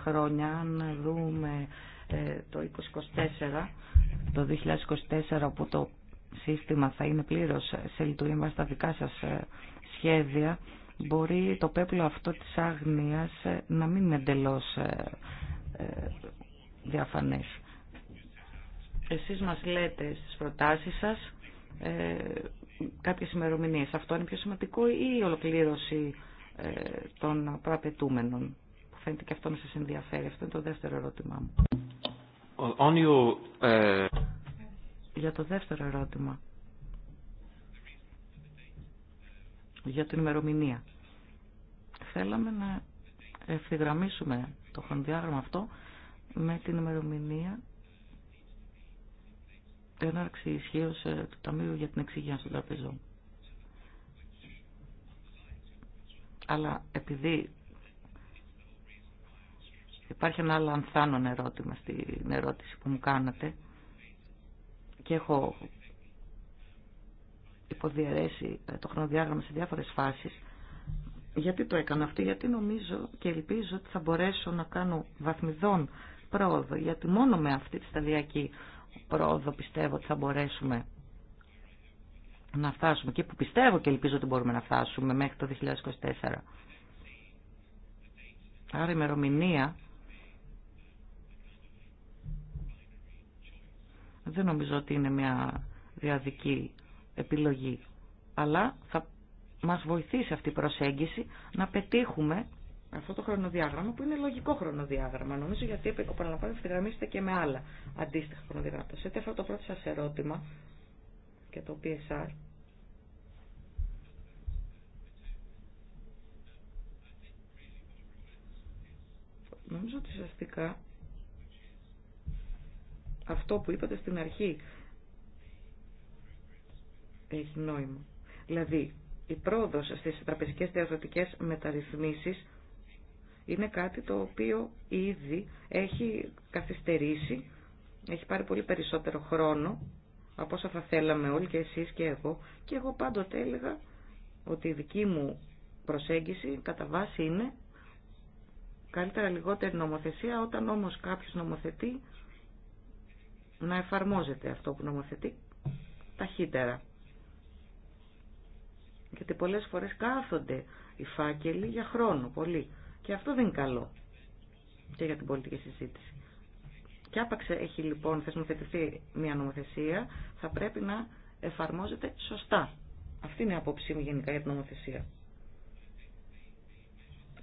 χρόνια. Αν δούμε ε, το 2024, το 2024 που το σύστημα θα είναι πλήρως σε λειτουργία στα δικά σας σχέδια, μπορεί το πέπλο αυτό της άγνοιας ε, να μην είναι εντελώς ε, ε, διαφανές. Εσείς μας λέτε στις προτάσεις σας ε, κάποιες ημερομηνίε. Αυτό είναι πιο σημαντικό ή η ολοκλήρωση των προαπαιτούμενων. Που φαίνεται και αυτό να σας ενδιαφέρει. Αυτό είναι το δεύτερο ερώτημά μου. Για το δεύτερο ερώτημα. για την ημερομηνία. Θέλαμε να ευθυγραμμίσουμε το χρονοδιάγραμμα αυτό με την ημερομηνία έναρξη ισχύω ε, του Ταμείου για την εξηγία στον Τραπεζών. Αλλά επειδή υπάρχει ένα άλλο ανθάνων ερώτημα στην ερώτηση που μου κάνατε και έχω υποδιαιρέσει ε, το χρονοδιάγραμμα σε διάφορες φάσεις. Γιατί το έκανα αυτό, γιατί νομίζω και ελπίζω ότι θα μπορέσω να κάνω βαθμιδόν πρόοδο, γιατί μόνο με αυτή τη σταδιακή πρόοδο πιστεύω ότι θα μπορέσουμε να φτάσουμε και που πιστεύω και ελπίζω ότι μπορούμε να φτάσουμε μέχρι το 2024. Άρα η ημερομηνία δεν νομίζω ότι είναι μια διαδική επιλογή. Αλλά θα μας βοηθήσει αυτή η προσέγγιση να πετύχουμε αυτό το χρονοδιάγραμμα που είναι λογικό χρονοδιάγραμμα. Νομίζω γιατί επαναλαμβάνω ευθυγραμμίστε και με άλλα αντίστοιχα χρονοδιάγραμματα. Σε αυτό το πρώτο σας ερώτημα και το PSR. Νομίζω ότι ουσιαστικά αυτό που είπατε στην αρχή έχει νόημα. Δηλαδή, η πρόοδος στις τραπεζικές διαδοτικές μεταρρυθμίσεις είναι κάτι το οποίο ήδη έχει καθυστερήσει, έχει πάρει πολύ περισσότερο χρόνο από όσα θα θέλαμε όλοι και εσείς και εγώ. Και εγώ πάντοτε έλεγα ότι η δική μου προσέγγιση κατά βάση είναι καλύτερα λιγότερη νομοθεσία όταν όμως κάποιος νομοθετεί να εφαρμόζεται αυτό που νομοθετεί ταχύτερα. Γιατί πολλές φορές κάθονται οι φάκελοι για χρόνο, πολύ. Και αυτό δεν είναι καλό και για την πολιτική συζήτηση. Και άπαξε έχει λοιπόν θεσμοθετηθεί μια νομοθεσία, θα πρέπει να εφαρμόζεται σωστά. Αυτή είναι η απόψη μου γενικά για την νομοθεσία.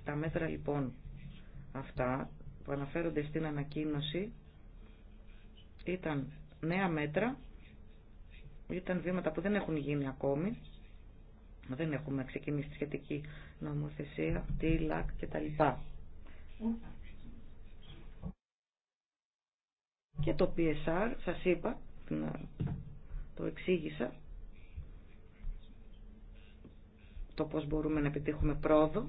Τα μέτρα λοιπόν αυτά που αναφέρονται στην ανακοίνωση ήταν νέα μέτρα, ήταν βήματα που δεν έχουν γίνει ακόμη δεν έχουμε ξεκινήσει τη σχετική νομοθεσία, τη κτλ. Και το PSR, σας είπα, ε, το εξήγησα, το πώς μπορούμε να επιτύχουμε πρόοδο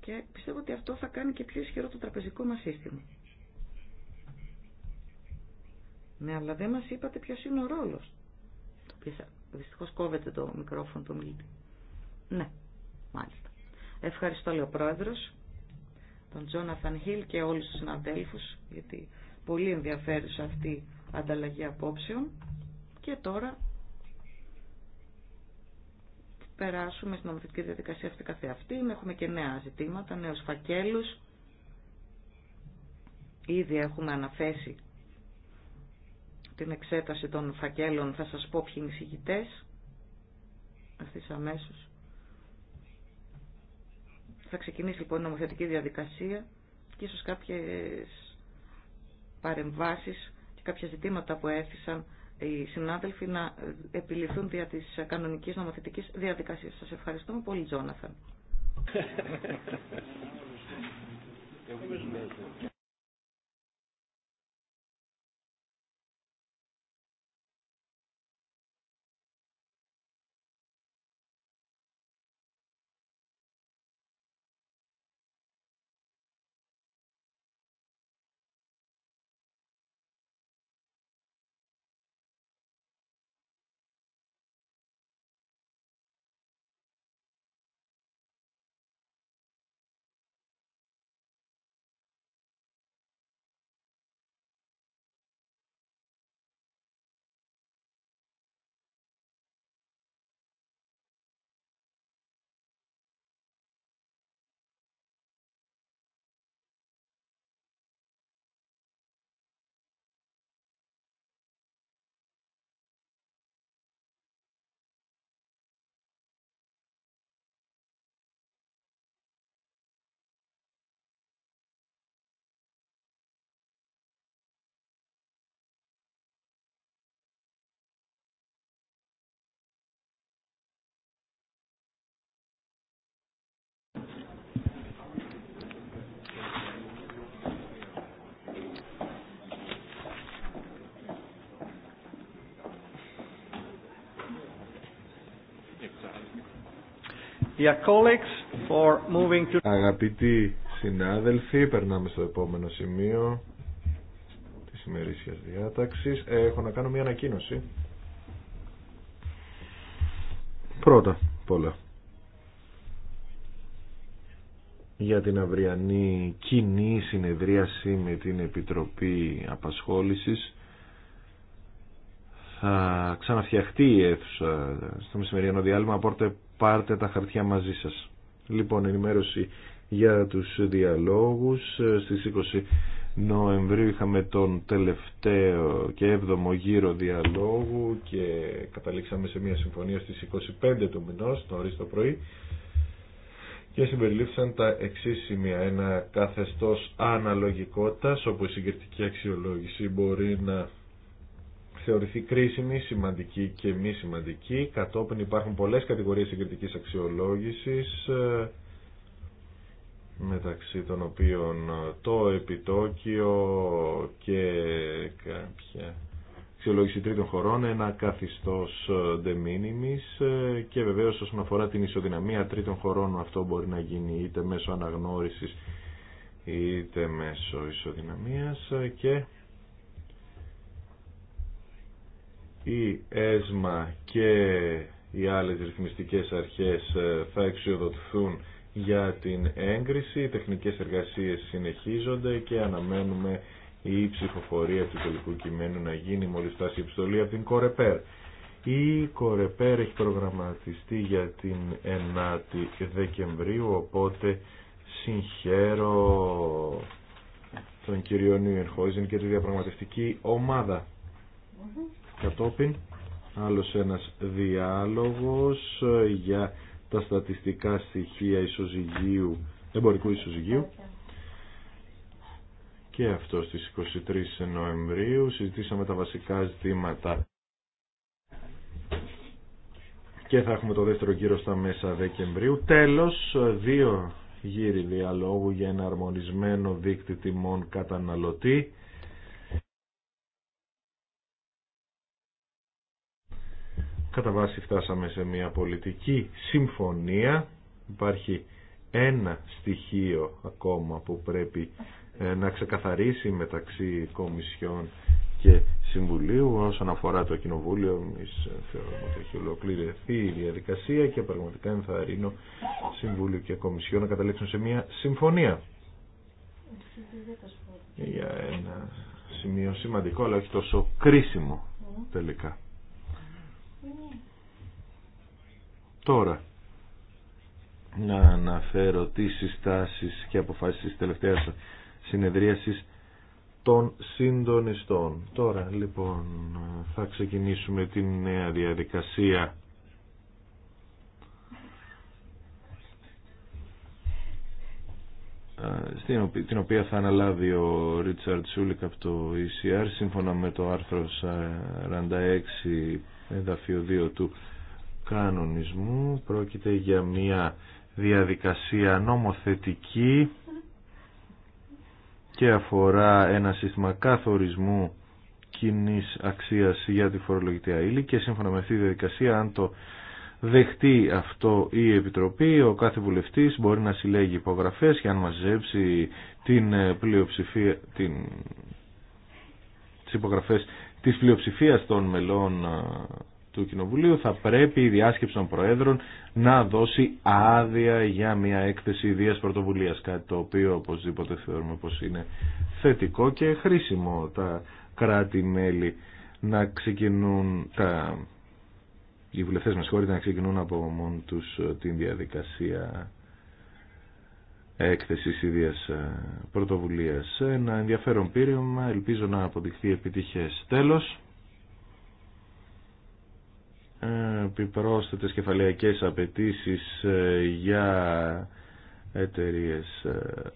και πιστεύω ότι αυτό θα κάνει και πιο ισχυρό το τραπεζικό μας σύστημα. Ναι, αλλά δεν μας είπατε ποιος είναι ο ρόλος. Το PSR. Δυστυχώ κόβεται το μικρόφωνο του μιλητή. Ναι, μάλιστα. Ευχαριστώ, λέει ο πρόεδρο, τον Τζόναθαν Χιλ και όλου του συναδέλφου, γιατί πολύ ενδιαφέρουσα αυτή η ανταλλαγή απόψεων. Και τώρα περάσουμε στην νομοθετική διαδικασία αυτή καθεαυτή. Έχουμε και νέα ζητήματα, νέου φακέλου. Ήδη έχουμε αναθέσει την εξέταση των φακέλων θα σας πω ποιοι είναι οι συγητές. Αυτής αμέσως. Θα ξεκινήσει λοιπόν η νομοθετική διαδικασία και ίσως κάποιες παρεμβάσεις και κάποια ζητήματα που έθισαν οι συνάδελφοι να επιληθούν δια της κανονικής νομοθετικής διαδικασίας. Σας ευχαριστούμε πολύ, Τζόναθαν. Αγαπητοί συνάδελφοι, περνάμε στο επόμενο σημείο της ημερήσιας διάταξης. Έχω να κάνω μια ανακοίνωση. Πρώτα απ' όλα, για την αυριανή κοινή συνεδρίαση με την Επιτροπή Απασχόλησης θα ξαναφτιαχτεί η αίθουσα στο μεσημεριανό διάλειμμα από πάρτε τα χαρτιά μαζί σας. Λοιπόν, ενημέρωση για τους διαλόγους. Στις 20 Νοεμβρίου είχαμε τον τελευταίο και έβδομο γύρο διαλόγου και καταλήξαμε σε μια συμφωνία στις 25 του μηνός, νωρίς το πρωί και συμπεριλήφθησαν τα εξή σημεία. Ένα καθεστώς αναλογικότητας όπου η συγκριτική αξιολόγηση μπορεί να θεωρηθεί κρίσιμη, σημαντική και μη σημαντική. Κατόπιν υπάρχουν πολλές κατηγορίες συγκριτικής αξιολόγησης, ε, μεταξύ των οποίων το επιτόκιο και κάποια αξιολόγηση τρίτων χωρών, ένα καθιστός de minimis ε, και βεβαίως όσον αφορά την ισοδυναμία τρίτων χωρών αυτό μπορεί να γίνει είτε μέσω αναγνώρισης είτε μέσω ισοδυναμίας ε, και η ΕΣΜΑ και οι άλλες ρυθμιστικές αρχές ε, θα εξοδοτηθούν για την έγκριση. Οι τεχνικές εργασίες συνεχίζονται και αναμένουμε η ψηφοφορία του τελικού κειμένου να γίνει μόλις φτάσει επιστολή από την Κορεπέρ. Η Κορεπέρ έχει προγραμματιστεί για την 9η Δεκεμβρίου, οπότε συγχαίρω τον κύριο Νιουενχόιζεν και τη διαπραγματευτική ομάδα. Κατόπιν άλλος ένας διάλογος ε, για τα στατιστικά στοιχεία ισοζυγίου, εμπορικού ισοζυγίου και αυτό στις 23 Νοεμβρίου συζητήσαμε τα βασικά ζητήματα και θα έχουμε το δεύτερο γύρο στα μέσα Δεκεμβρίου. Τέλος, δύο γύρι διαλόγου για ένα αρμονισμένο δίκτυ τιμών καταναλωτή Κατά βάση φτάσαμε σε μια πολιτική συμφωνία. Υπάρχει ένα στοιχείο ακόμα που πρέπει ε, να ξεκαθαρίσει μεταξύ Κομισιών και Συμβουλίου όσον αφορά το Κοινοβούλιο. Εμεί ε, θεωρούμε ότι έχει ολοκληρωθεί η διαδικασία και πραγματικά ενθαρρύνω Συμβούλιο και Κομισιό να καταλήξουν σε μια συμφωνία. Για ένα σημείο σημαντικό αλλά όχι τόσο κρίσιμο τελικά. Τώρα, να αναφέρω τι συστάσεις και αποφάσεις της τελευταίας συνεδρίασης των συντονιστών. Τώρα, λοιπόν, θα ξεκινήσουμε την νέα διαδικασία την οποία θα αναλάβει ο Ρίτσαρτ Σούλικ από το ECR σύμφωνα με το άρθρο 46 εδαφείο 2 του κανονισμού. Πρόκειται για μια διαδικασία νομοθετική και αφορά ένα σύστημα καθορισμού κοινή αξίας για τη φορολογητή αήλη και σύμφωνα με αυτή τη διαδικασία αν το δεχτεί αυτό η Επιτροπή, ο κάθε βουλευτής μπορεί να συλλέγει υπογραφές και αν μαζέψει την ε, πλειοψηφία, την... τις υπογραφές της πλειοψηφίας των μελών ε, του Κοινοβουλίου θα πρέπει η διάσκεψη των Προέδρων να δώσει άδεια για μια έκθεση ιδίας πρωτοβουλίας κάτι το οποίο οπωσδήποτε θεωρούμε πως είναι θετικό και χρήσιμο τα κράτη-μέλη να ξεκινούν τα... οι βουλευτές με να ξεκινούν από μόνο τους ε, την διαδικασία έκθεσης ίδιας ε, πρωτοβουλίας. Ένα ενδιαφέρον πείραμα, ελπίζω να αποδειχθεί επιτυχές. Τέλος επιπρόσθετες κεφαλαιακές απαιτήσεις ε, για εταιρείε ε,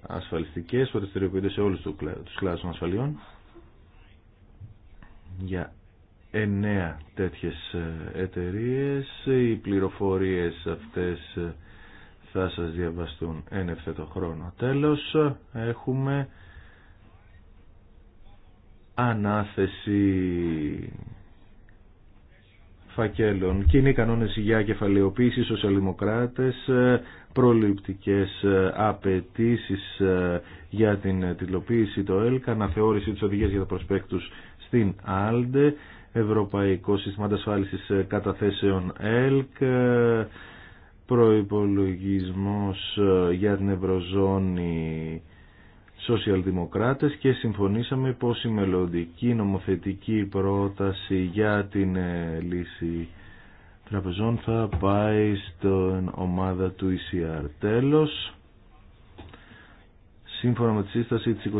ασφαλιστικές που αριστεριοποιούνται σε όλους τους κλάδους ασφαλιών για εννέα τέτοιες ε, εταιρείε. Οι πληροφορίες αυτές θα σας διαβαστούν εν το χρόνο. Τέλος έχουμε ανάθεση φακέλων. Κοινοί κανόνες για κεφαλαιοποίηση, σοσιαλδημοκράτε, ε, προληπτικέ ε, απαιτήσει ε, για την τηλεοποίηση το ΕΛΚ, αναθεώρηση τη οδηγία για τα προσπέκτου στην ΑΛΔΕ, Ευρωπαϊκό Σύστημα Αντασφάλισης Καταθέσεων ΕΛΚ, προπολογισμό για την Ευρωζώνη σοσιαλδημοκράτες και συμφωνήσαμε πως η μελλοντική νομοθετική πρόταση για την ε, λύση τραπεζών θα πάει στην ομάδα του ECR. Τέλος, σύμφωνα με τη σύσταση της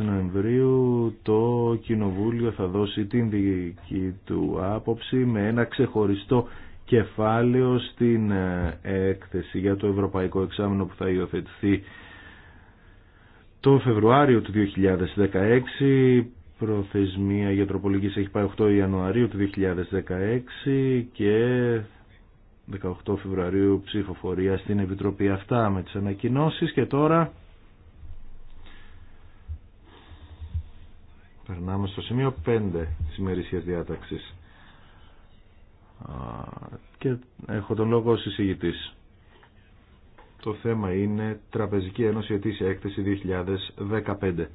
26 Νοεμβρίου, το Κοινοβούλιο θα δώσει την δική του άποψη με ένα ξεχωριστό κεφάλαιο στην ε, έκθεση για το Ευρωπαϊκό Εξάμεινο που θα υιοθετηθεί το Φεβρουάριο του 2016 προθεσμία για τροπολογής έχει πάει 8 Ιανουαρίου του 2016 και 18 Φεβρουαρίου ψηφοφορία στην Επιτροπή αυτά με τις ανακοινώσεις και τώρα περνάμε στο σημείο 5 της ημερησίας διάταξης και έχω τον λόγο ως το θέμα είναι Τραπεζική Ένωση Ετήσια Έκθεση 2015.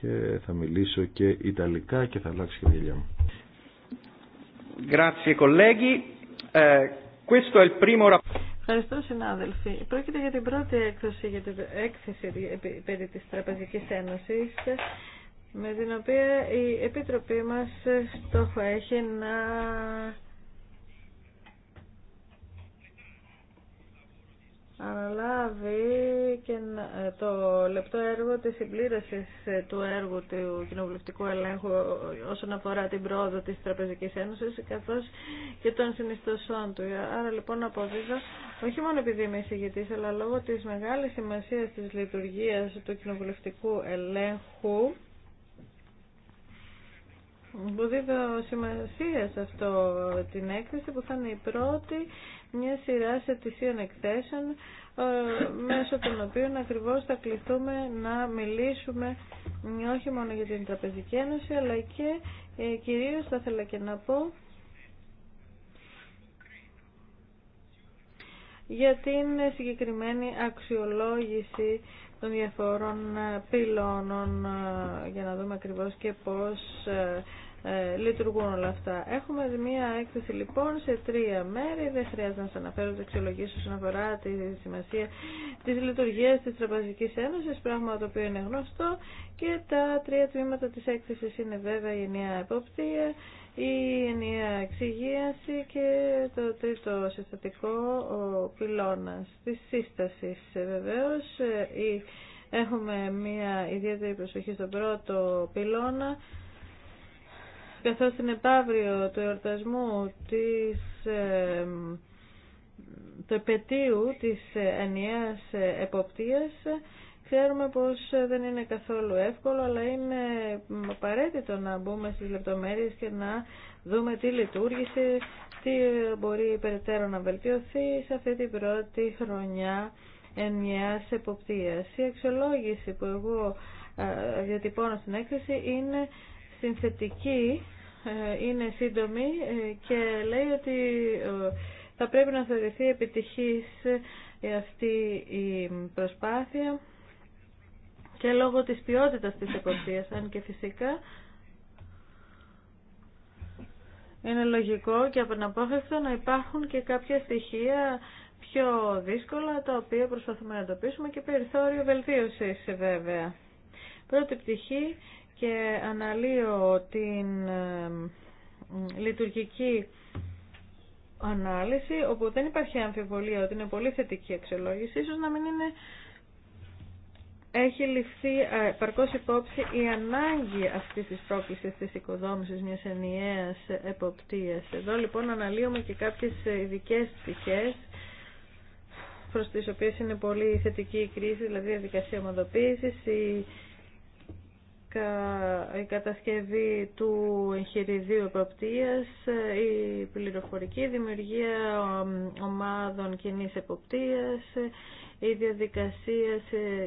Και θα μιλήσω και Ιταλικά και θα αλλάξει και η δουλειά μου. Ε, Ευχαριστώ συνάδελφοι. Πρόκειται για την πρώτη έκθεση, για την έκθεση περί της Τραπεζικής Ένωσης με την οποία η Επιτροπή μας στόχο έχει να αναλάβει και ε, το λεπτό έργο της συμπλήρωσης ε, του έργου του Κοινοβουλευτικού Ελέγχου όσον αφορά την πρόοδο της Τραπεζικής Ένωσης καθώς και των συνιστοσών του. Άρα λοιπόν αποδίδω όχι μόνο επειδή είμαι εισηγητής αλλά λόγω της μεγάλης σημασίας της λειτουργίας του Κοινοβουλευτικού Ελέγχου που δίδω σημασία σε αυτό την έκθεση που θα είναι η πρώτη μια σειρά ετησίων εκθέσεων ε, μέσω των οποίων ακριβώς θα κληθούμε να μιλήσουμε όχι μόνο για την Τραπεζική Ένωση αλλά και ε, κυρίως θα ήθελα και να πω για την συγκεκριμένη αξιολόγηση των διαφορών πυλώνων ε, για να δούμε ακριβώς και πώς ε, λειτουργούν όλα αυτά. Έχουμε μία έκθεση λοιπόν σε τρία μέρη. Δεν χρειάζεται να σα αναφέρω τι αξιολογήσει όσον αφορά τη σημασία τη λειτουργία τη Τραπεζική Ένωση, πράγμα το οποίο είναι γνωστό. Και τα τρία τμήματα τη έκθεση είναι βέβαια η ενιαία εποπτεία, η ενιαία εξυγίαση και το τρίτο συστατικό, ο πυλώνα τη σύσταση. Βεβαίω, ε, έχουμε μία ιδιαίτερη προσοχή στον πρώτο πυλώνα καθώς την επαύριο του εορτασμού της, ε, του επαιτίου της ενιαίας εποπτείας, Ξέρουμε πως δεν είναι καθόλου εύκολο, αλλά είναι απαραίτητο να μπούμε στις λεπτομέρειες και να δούμε τι λειτουργήσε, τι μπορεί περαιτέρω να βελτιωθεί σε αυτή την πρώτη χρονιά ενιαίας εποπτείας. Η εξολόγηση που εγώ ε, διατυπώνω στην έκθεση είναι συνθετική είναι σύντομη ε, και λέει ότι ε, θα πρέπει να θεωρηθεί επιτυχής ε, αυτή η προσπάθεια και λόγω της ποιότητας της εποχής, αν και φυσικά είναι λογικό και απαναπόφευκτο να υπάρχουν και κάποια στοιχεία πιο δύσκολα τα οποία προσπαθούμε να εντοπίσουμε και περιθώριο βελτίωσης βέβαια. Πρώτη πτυχή και αναλύω την λειτουργική ανάλυση, όπου δεν υπάρχει αμφιβολία ότι είναι πολύ θετική αξιολόγηση, ίσως να μην είναι έχει ληφθεί ε, παρκώς υπόψη η ανάγκη αυτής της πρόκλησης της οικοδόμησης μιας ενιαίας εποπτείας. Εδώ λοιπόν αναλύουμε και κάποιες ειδικέ πτυχές προς τις οποίες είναι πολύ θετική η κρίση, δηλαδή η διαδικασία ομοδοποίησης, ε, η κατασκευή του εγχειριδίου εποπτείας, ε, η πληροφορική δημιουργία ε, ομάδων κοινής εποπτείας, η διαδικασία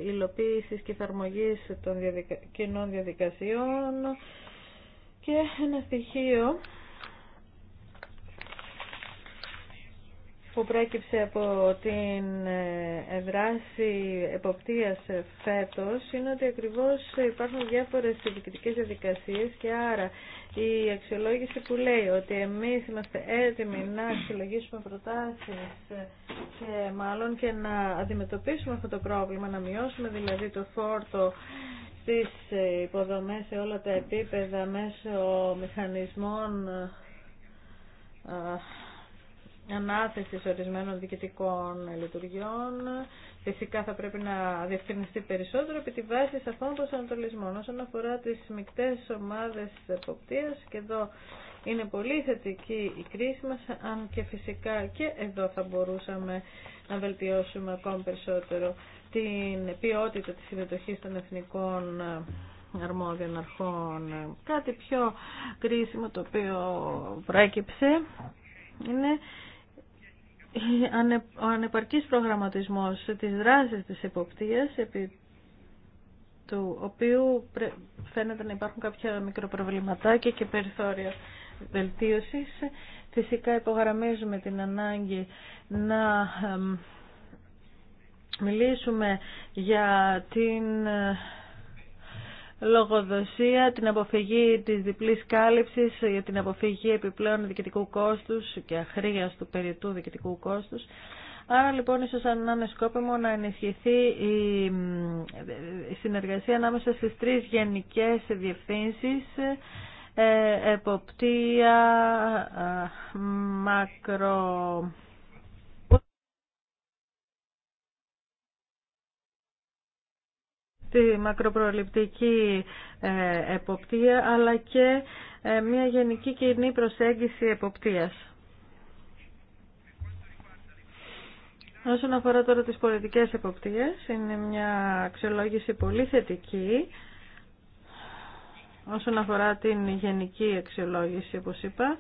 υλοποίησης και εφαρμογής των κοινών διαδικασιών και ένα στοιχείο που προέκυψε από την ε, δράση εποπτείας φέτος είναι ότι ακριβώς υπάρχουν διάφορες διοικητικές διαδικασίες και άρα η αξιολόγηση που λέει ότι εμείς είμαστε έτοιμοι να αξιολογήσουμε προτάσεις και μάλλον και να αντιμετωπίσουμε αυτό το πρόβλημα, να μειώσουμε δηλαδή το φόρτο στις υποδομές σε όλα τα επίπεδα μέσω μηχανισμών Ανάθεση ορισμένων διοικητικών λειτουργιών. Φυσικά θα πρέπει να διευκρινιστεί περισσότερο επί τη βάση των προσανατολισμών. Όσον αφορά τι μεικτέ ομάδε εποπτεία, και εδώ είναι πολύ θετική η κρίση μα, αν και φυσικά και εδώ θα μπορούσαμε να βελτιώσουμε ακόμη περισσότερο την ποιότητα της συμμετοχή των εθνικών αρμόδιων αρχών. Κάτι πιο κρίσιμο το οποίο προέκυψε είναι ε, ο ανεπαρκής προγραμματισμός της δράσης της εποπτείας επί του οποίου φαίνεται να υπάρχουν κάποια μικροπροβληματάκια και περιθώρια βελτίωσης. Φυσικά υπογραμμίζουμε την ανάγκη να μιλήσουμε για την λογοδοσία, την αποφυγή της διπλής κάλυψης, για την αποφυγή επιπλέον διοικητικού κόστους και αχρίας του περιττού διοικητικού κόστους. Άρα λοιπόν ίσως αν είναι σκόπιμο να ενισχυθεί η συνεργασία ανάμεσα στις τρεις γενικές διευθύνσεις ε, εποπτεία, ε, μακρο τη μακροπροληπτική ε, εποπτεία αλλά και ε, μια γενική κοινή προσέγγιση εποπτείας. Όσον αφορά τώρα τις πολιτικές εποπτείες, είναι μια αξιολόγηση πολύ θετική όσον αφορά την γενική αξιολόγηση, όπως είπα,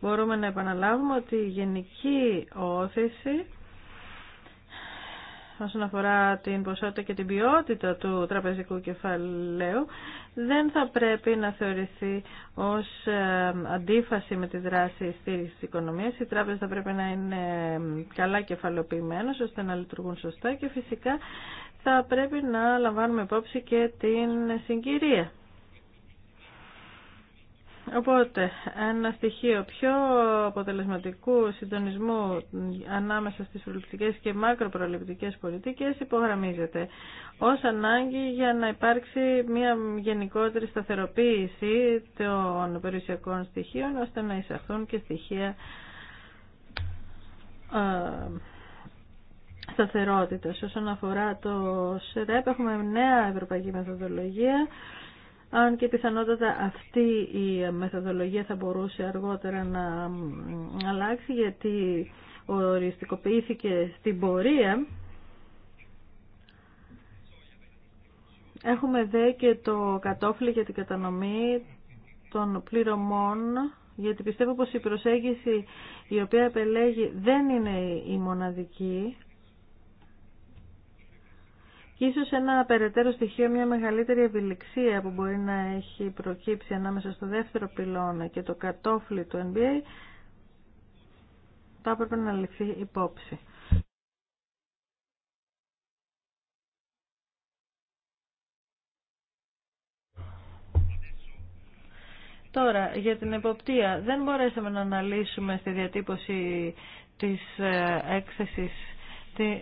μπορούμε να επαναλάβουμε ότι η γενική όθηση όσον αφορά την ποσότητα και την ποιότητα του τραπεζικού κεφαλαίου δεν θα πρέπει να θεωρηθεί ως ε, αντίφαση με τη δράση στήριξης της οικονομίας. Οι τράπεζα θα πρέπει να είναι καλά κεφαλοποιημένες ώστε να λειτουργούν σωστά και φυσικά θα πρέπει να λαμβάνουμε υπόψη και την συγκυρία. Οπότε, ένα στοιχείο πιο αποτελεσματικού συντονισμού ανάμεσα στις προληπτικές και μακροπροληπτικές πολιτικές υπογραμμίζεται ως ανάγκη για να υπάρξει μια γενικότερη σταθεροποίηση των περιουσιακών στοιχείων ώστε να εισαχθούν και στοιχεία ε, σταθερότητας. Όσον αφορά το ΣΕΡΕΠ έχουμε νέα ευρωπαϊκή μεθοδολογία αν και πιθανότατα αυτή η μεθοδολογία θα μπορούσε αργότερα να αλλάξει γιατί οριστικοποιήθηκε στην πορεία. Έχουμε δε και το κατόφλι για την κατανομή των πληρωμών γιατί πιστεύω πως η προσέγγιση η οποία επελέγει δεν είναι η μοναδική και ίσως ένα περαιτέρω στοιχείο, μια μεγαλύτερη ευηλιξία που μπορεί να έχει προκύψει ανάμεσα στο δεύτερο πυλώνα και το κατόφλι του NBA, θα έπρεπε να ληφθεί υπόψη. Τώρα, για την εποπτεία. Δεν μπορέσαμε να αναλύσουμε στη διατύπωση της ε, έκθεσης τη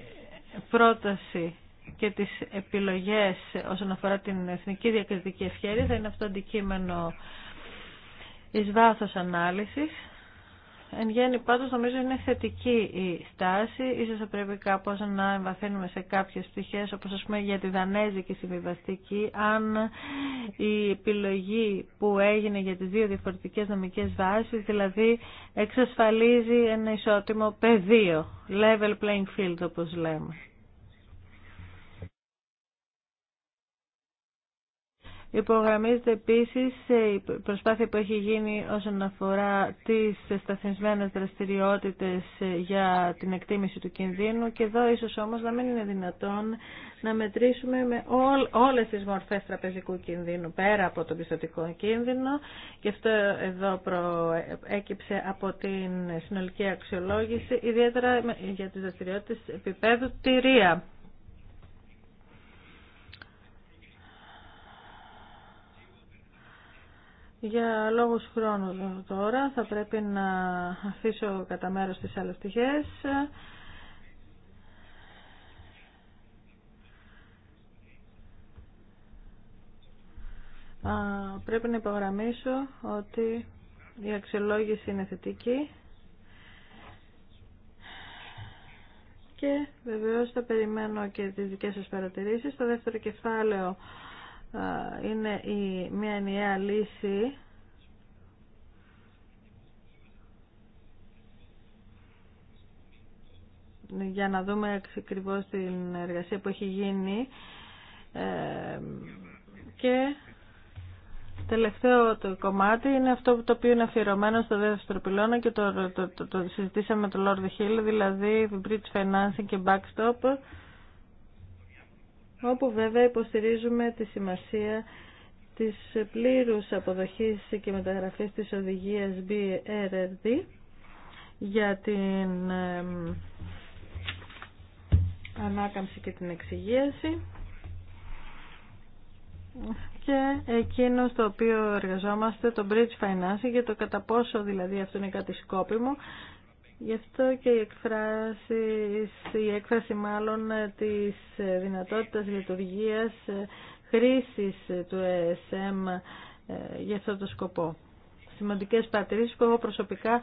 πρόταση και τις επιλογές όσον αφορά την εθνική διακριτική ευχέρεια θα είναι αυτό αντικείμενο εις βάθος ανάλυσης. Εν γέννη πάντως νομίζω είναι θετική η στάση, ίσως θα πρέπει κάπως να εμβαθύνουμε σε κάποιες πτυχές όπως ας πούμε για τη Δανέζικη συμβιβαστική αν η επιλογή που έγινε για τις δύο διαφορετικές νομικές βάσεις δηλαδή εξασφαλίζει ένα ισότιμο πεδίο, level playing field όπως λέμε. Υπογραμμίζεται επίση η προσπάθεια που έχει γίνει όσον αφορά τις σταθμισμένε δραστηριότητε ε, για την εκτίμηση του κινδύνου και εδώ ίσως όμως να μην είναι δυνατόν να μετρήσουμε με όλες τις μορφέ τραπεζικού κινδύνου πέρα από τον πιστοτικό κίνδυνο και αυτό εδώ προέκυψε από την συνολική αξιολόγηση ιδιαίτερα για τι δραστηριότητε επίπεδου ρία. Για λόγους χρόνου τώρα θα πρέπει να αφήσω κατά μέρος τις άλλες πτυχές. Πρέπει να υπογραμμίσω ότι η αξιολόγηση είναι θετική και βεβαίως θα περιμένω και τις δικές σας παρατηρήσεις. Στο δεύτερο κεφάλαιο είναι η, μια ενιαία λύση για να δούμε ακριβώ την εργασία που έχει γίνει ε, και τελευταίο το κομμάτι είναι αυτό το οποίο είναι αφιερωμένο στο δεύτερο πυλώνα και το, το, το, το συζητήσαμε με τον Λόρδο Χίλ, δηλαδή bridge financing και backstop όπου βέβαια υποστηρίζουμε τη σημασία της πλήρους αποδοχής και μεταγραφής της οδηγίας BRRD για την ανάκαμψη και την εξυγίαση και εκείνο στο οποίο εργαζόμαστε, το Bridge Financing, για το κατά πόσο δηλαδή αυτό είναι κάτι σκόπιμο Γι' αυτό και η έκφραση, η έκφραση μάλλον της δυνατότητας λειτουργίας ε, χρήσης του ESM ε ε, για αυτό το σκοπό. Σημαντικές παρατηρήσεις που εγώ προσωπικά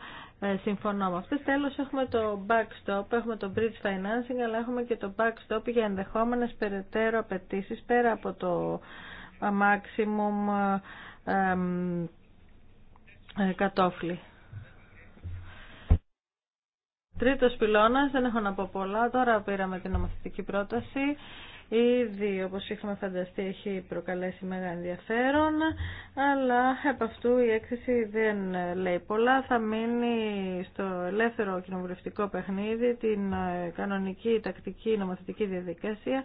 συμφωνώ με αυτές. Τέλος έχουμε το backstop, έχουμε το bridge financing, αλλά έχουμε και το backstop για ενδεχόμενες περαιτέρω απαιτήσει πέρα από το maximum κατόφλι. Τρίτο πυλώνα, δεν έχω να πω πολλά. Τώρα πήραμε την νομοθετική πρόταση. Ήδη, όπως είχαμε φανταστεί, έχει προκαλέσει μεγάλο ενδιαφέρον, αλλά από αυτού η έκθεση δεν λέει πολλά. Θα μείνει στο ελεύθερο κοινοβουλευτικό παιχνίδι την κανονική τακτική νομοθετική διαδικασία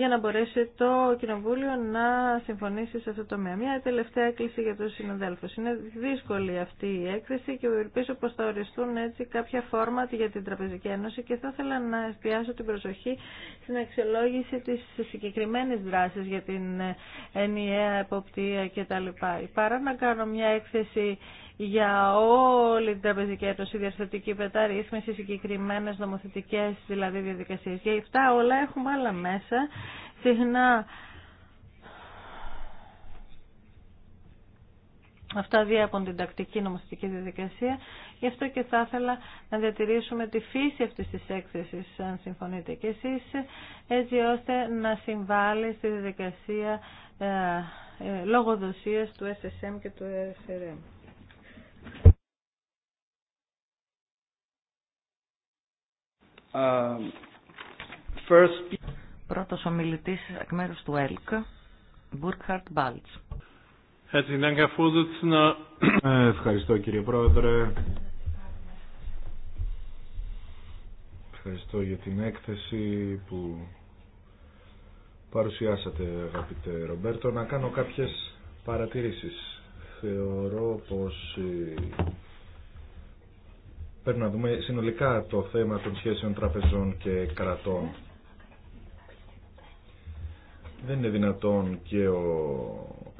για να μπορέσει το Κοινοβούλιο να συμφωνήσει σε αυτό το τομέα. Μια τελευταία έκκληση για τους συναδέλφους. Είναι δύσκολη αυτή η έκθεση και ελπίζω πως θα οριστούν έτσι κάποια φόρμα για την Τραπεζική Ένωση και θα ήθελα να εστιάσω την προσοχή στην αξιολόγηση της συγκεκριμένης δράσης για την ενιαία εποπτεία κτλ. Παρά να κάνω μια έκθεση για όλη την Τραπεζική έπτωση, διαστατική σε συγκεκριμένε νομοθετικέ δηλαδή διαδικασίε. Για αυτά όλα έχουμε άλλα μέσα. Συχνά Αυτά διέπουν την τακτική νομοθετική διαδικασία. Γι' αυτό και θα ήθελα να διατηρήσουμε τη φύση αυτή τη έκθεση, αν συμφωνείτε κι εσεί, έτσι ώστε να συμβάλλει στη διαδικασία ε, ε, του SSM και του SRM. Um, Πρώτος ομιλητής εκ μέρους του ΕΛΚ, Burkhard Balz. Ευχαριστώ κύριε Πρόεδρε. Ευχαριστώ για την έκθεση που παρουσιάσατε αγαπητέ Ρομπέρτο. Να κάνω κάποιες παρατηρήσεις. Θεωρώ πως Πρέπει να δούμε συνολικά το θέμα των σχέσεων τραπεζών και κρατών. Δεν είναι δυνατόν και ο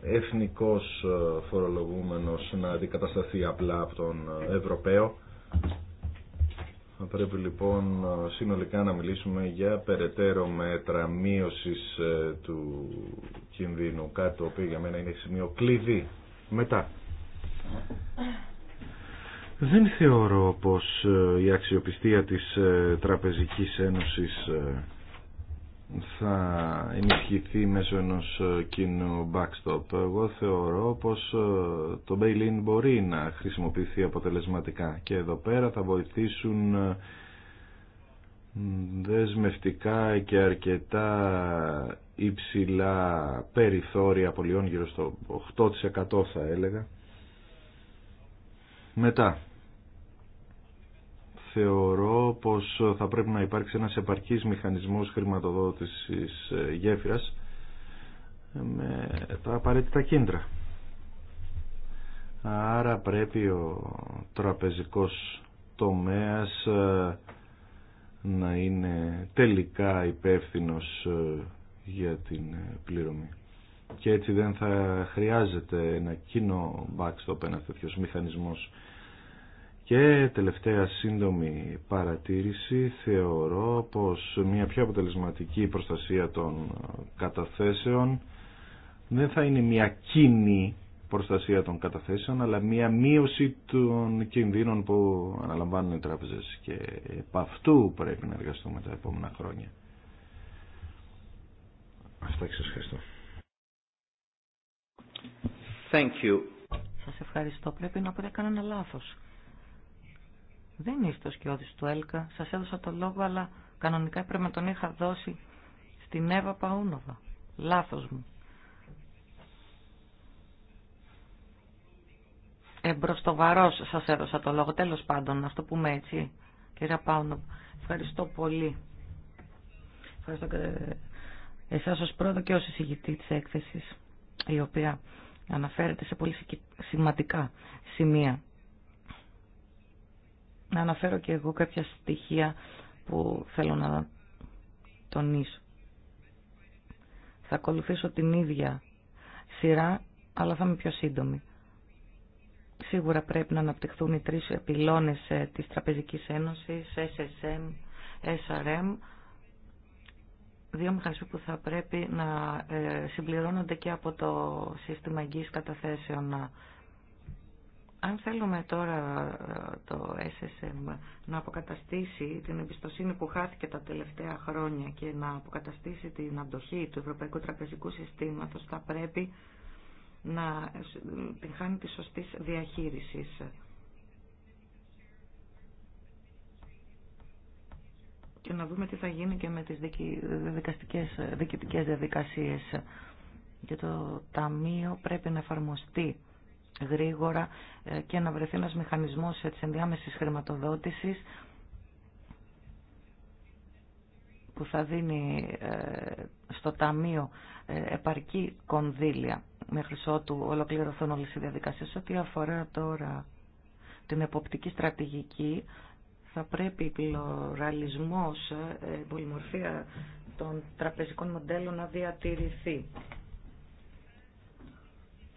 εθνικός ε, φορολογούμενος να αντικατασταθεί απλά από τον ε, Ευρωπαίο. Θα πρέπει λοιπόν ε, συνολικά να μιλήσουμε για περαιτέρω μέτρα μείωσης του κινδύνου, κάτι το οποίο για μένα είναι σημείο κλειδί. Μετά, δεν θεωρώ πως ε, η αξιοπιστία της ε, Τραπεζικής Ένωσης ε, θα ενισχυθεί μέσω ενός κοινού backstop. Εγώ θεωρώ πως το bail-in μπορεί να χρησιμοποιηθεί αποτελεσματικά και εδώ πέρα θα βοηθήσουν δεσμευτικά και αρκετά υψηλά περιθώρια απολειών γύρω στο 8% θα έλεγα μετά, θεωρώ πως θα πρέπει να υπάρξει ένας επαρκής μηχανισμός χρηματοδότησης ε, γέφυρας ε, με τα απαραίτητα κίντρα. Άρα πρέπει ο τραπεζικός τομέας ε, να είναι τελικά υπεύθυνος για την πληρωμή και έτσι δεν θα χρειάζεται ένα κοινό backstop, ένα τέτοιο μηχανισμός. Και τελευταία σύντομη παρατήρηση, θεωρώ πως μια πιο αποτελεσματική προστασία των καταθέσεων δεν θα είναι μια κοινή προστασία των καταθέσεων, αλλά μια μείωση των κινδύνων που αναλαμβάνουν οι τράπεζες και επ' αυτού πρέπει να εργαστούμε τα επόμενα χρόνια. Αυτά και ευχαριστώ. Thank you. Σας ευχαριστώ. Πρέπει να πρέπει να έκανα ένα λάθος. Δεν είστε ο σκιώδης του ΕΛΚΑ. Σας έδωσα το λόγο, αλλά κανονικά πρέπει να τον είχα δώσει στην Εύα Παούνοβα. Λάθος μου. βαρός. σας έδωσα το λόγο. Τέλος πάντων, να το πούμε έτσι. Κυρία Πάουνοβα, ευχαριστώ πολύ. Ευχαριστώ και εσάς ως πρώτο και ως εισηγητή της έκθεσης η οποία αναφέρεται σε πολύ σημαντικά σημεία. Να αναφέρω και εγώ κάποια στοιχεία που θέλω να τονίσω. Θα ακολουθήσω την ίδια σειρά, αλλά θα είμαι πιο σύντομη. Σίγουρα πρέπει να αναπτυχθούν οι τρεις επιλώνες ε, της Τραπεζικής Ένωσης, SSM, SRM, δύο μηχανισμοί που θα πρέπει να ε, συμπληρώνονται και από το σύστημα εγγύης καταθέσεων. Αν θέλουμε τώρα ε, το SSM να αποκαταστήσει την εμπιστοσύνη που χάθηκε τα τελευταία χρόνια και να αποκαταστήσει την αντοχή του Ευρωπαϊκού Τραπεζικού Συστήματος, θα πρέπει να ε, την χάνει τη σωστή διαχείρισης. και να δούμε τι θα γίνει και με τις δικαστικές, διαδικασίες. Και το Ταμείο πρέπει να εφαρμοστεί γρήγορα ε, και να βρεθεί ένας μηχανισμός ε, της ενδιάμεσης χρηματοδότησης που θα δίνει ε, στο Ταμείο επαρκή κονδύλια μέχρι ότου ολοκληρωθούν όλες οι διαδικασίες. Ό,τι αφορά τώρα την εποπτική στρατηγική, θα πρέπει ε, η πολυμορφία των τραπεζικών μοντέλων να διατηρηθεί.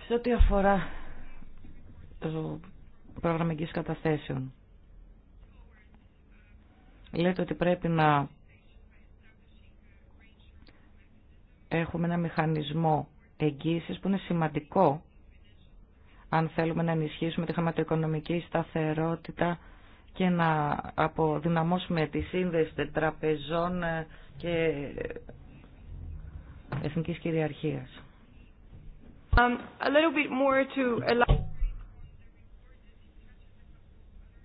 Σε ό,τι αφορά το πρόγραμμα εγγύης καταθέσεων, λέτε ότι πρέπει να έχουμε ένα μηχανισμό εγγύησης που είναι σημαντικό αν θέλουμε να ενισχύσουμε τη χρηματοοικονομική σταθερότητα και να αποδυναμώσουμε τη σύνδεση τραπεζών ε, και εθνικής κυριαρχίας. Um, a little bit more to...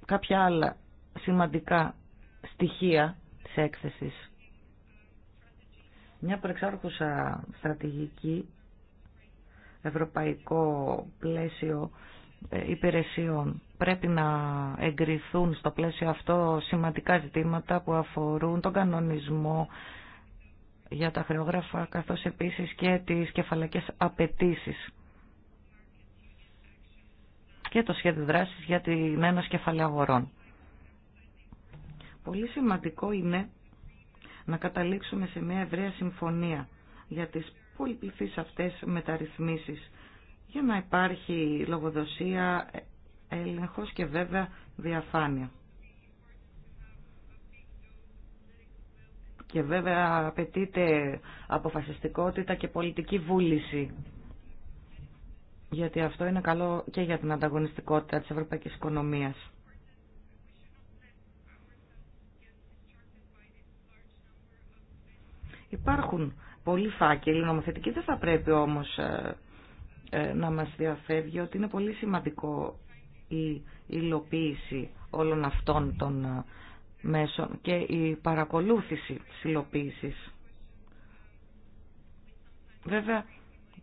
Κάποια άλλα σημαντικά στοιχεία της έκθεσης. Μια προεξάρχουσα στρατηγική ευρωπαϊκό πλαίσιο υπηρεσιών. Πρέπει να εγκριθούν στο πλαίσιο αυτό σημαντικά ζητήματα που αφορούν τον κανονισμό για τα χρεόγραφα, καθώς επίσης και τις κεφαλακές απαιτήσει και το σχέδιο δράσης για την Ένωση Κεφαλαίου Αγορών. Πολύ σημαντικό είναι να καταλήξουμε σε μια ευρεία συμφωνία για τις πολυπληθείς αυτές μεταρρυθμίσεις για να υπάρχει λογοδοσία, έλεγχος και βέβαια διαφάνεια. Και βέβαια απαιτείται αποφασιστικότητα και πολιτική βούληση. Γιατί αυτό είναι καλό και για την ανταγωνιστικότητα της ευρωπαϊκής οικονομίας. Υπάρχουν πολλοί φάκελοι νομοθετικοί, δεν θα πρέπει όμως ε, ε, να μας διαφεύγει ότι είναι πολύ σημαντικό η υλοποίηση όλων αυτών των ε, μέσων και η παρακολούθηση της υλοποίησης. Βέβαια,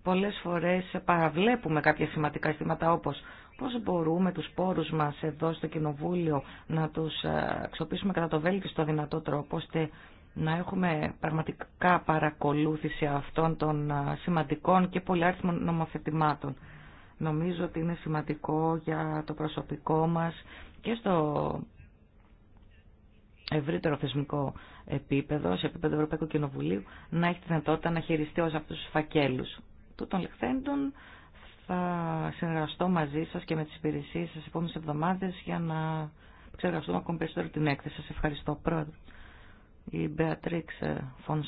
πολλές φορές παραβλέπουμε κάποια σημαντικά αισθήματα όπως πώς μπορούμε τους πόρους μας εδώ στο Κοινοβούλιο να τους ε, αξιοποιήσουμε κατά το βέλτιστο δυνατό τρόπο ώστε να έχουμε πραγματικά παρακολούθηση αυτών των σημαντικών και πολυάριθμων νομοθετημάτων. Νομίζω ότι είναι σημαντικό για το προσωπικό μας και στο ευρύτερο θεσμικό επίπεδο, σε επίπεδο Ευρωπαϊκού Κοινοβουλίου, να έχει τη δυνατότητα να χειριστεί ως αυτούς τους φακέλους. Τούτων λεχθέντων θα συνεργαστώ μαζί σας και με τις υπηρεσίες σας επόμενες εβδομάδες για να ξεργαστούμε ακόμη περισσότερο την έκθεση. Σας ευχαριστώ πρώτα η Μπεατρίξ ε, Φον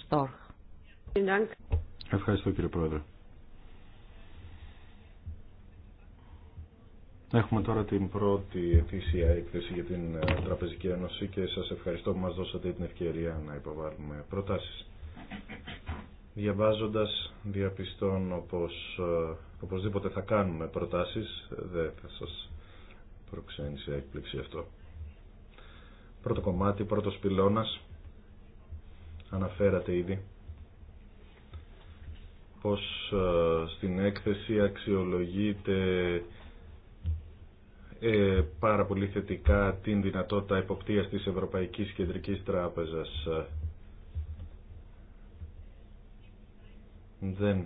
Ευχαριστώ κύριε Πρόεδρε. Έχουμε τώρα την πρώτη ετήσια έκθεση για την ε, Τραπεζική Ένωση και σας ευχαριστώ που μας δώσατε την ευκαιρία να υποβάλουμε προτάσεις. Διαβάζοντας διαπιστώνω πως ε, οπωσδήποτε θα κάνουμε προτάσεις, δεν θα σας προξένει σε έκπληξη αυτό. Πρώτο κομμάτι, πρώτος πυλώνας, αναφέρατε ήδη πως ε, στην έκθεση αξιολογείται ε, πάρα πολύ θετικά την δυνατότητα εποπτείας της Ευρωπαϊκής Κεντρικής Τράπεζας. Δεν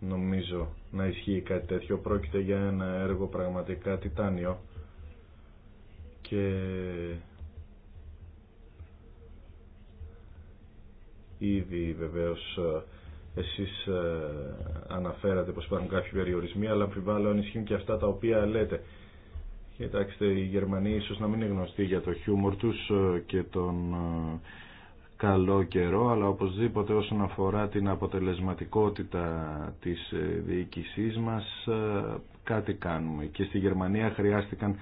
νομίζω να ισχύει κάτι τέτοιο. Πρόκειται για ένα έργο πραγματικά τιτάνιο και Ήδη βεβαίως ε, εσείς ε, αναφέρατε πως υπάρχουν κάποιοι περιορισμοί, αλλά αμφιβάλλω αν ισχύουν και αυτά τα οποία λέτε. Κοιτάξτε, οι Γερμανοί ίσως να μην είναι γνωστοί για το χιούμορ τους ε, και τον καλό καιρό, αλλά οπωσδήποτε όσον αφορά την αποτελεσματικότητα της διοίκησής μας, κάτι κάνουμε. Και στη Γερμανία χρειάστηκαν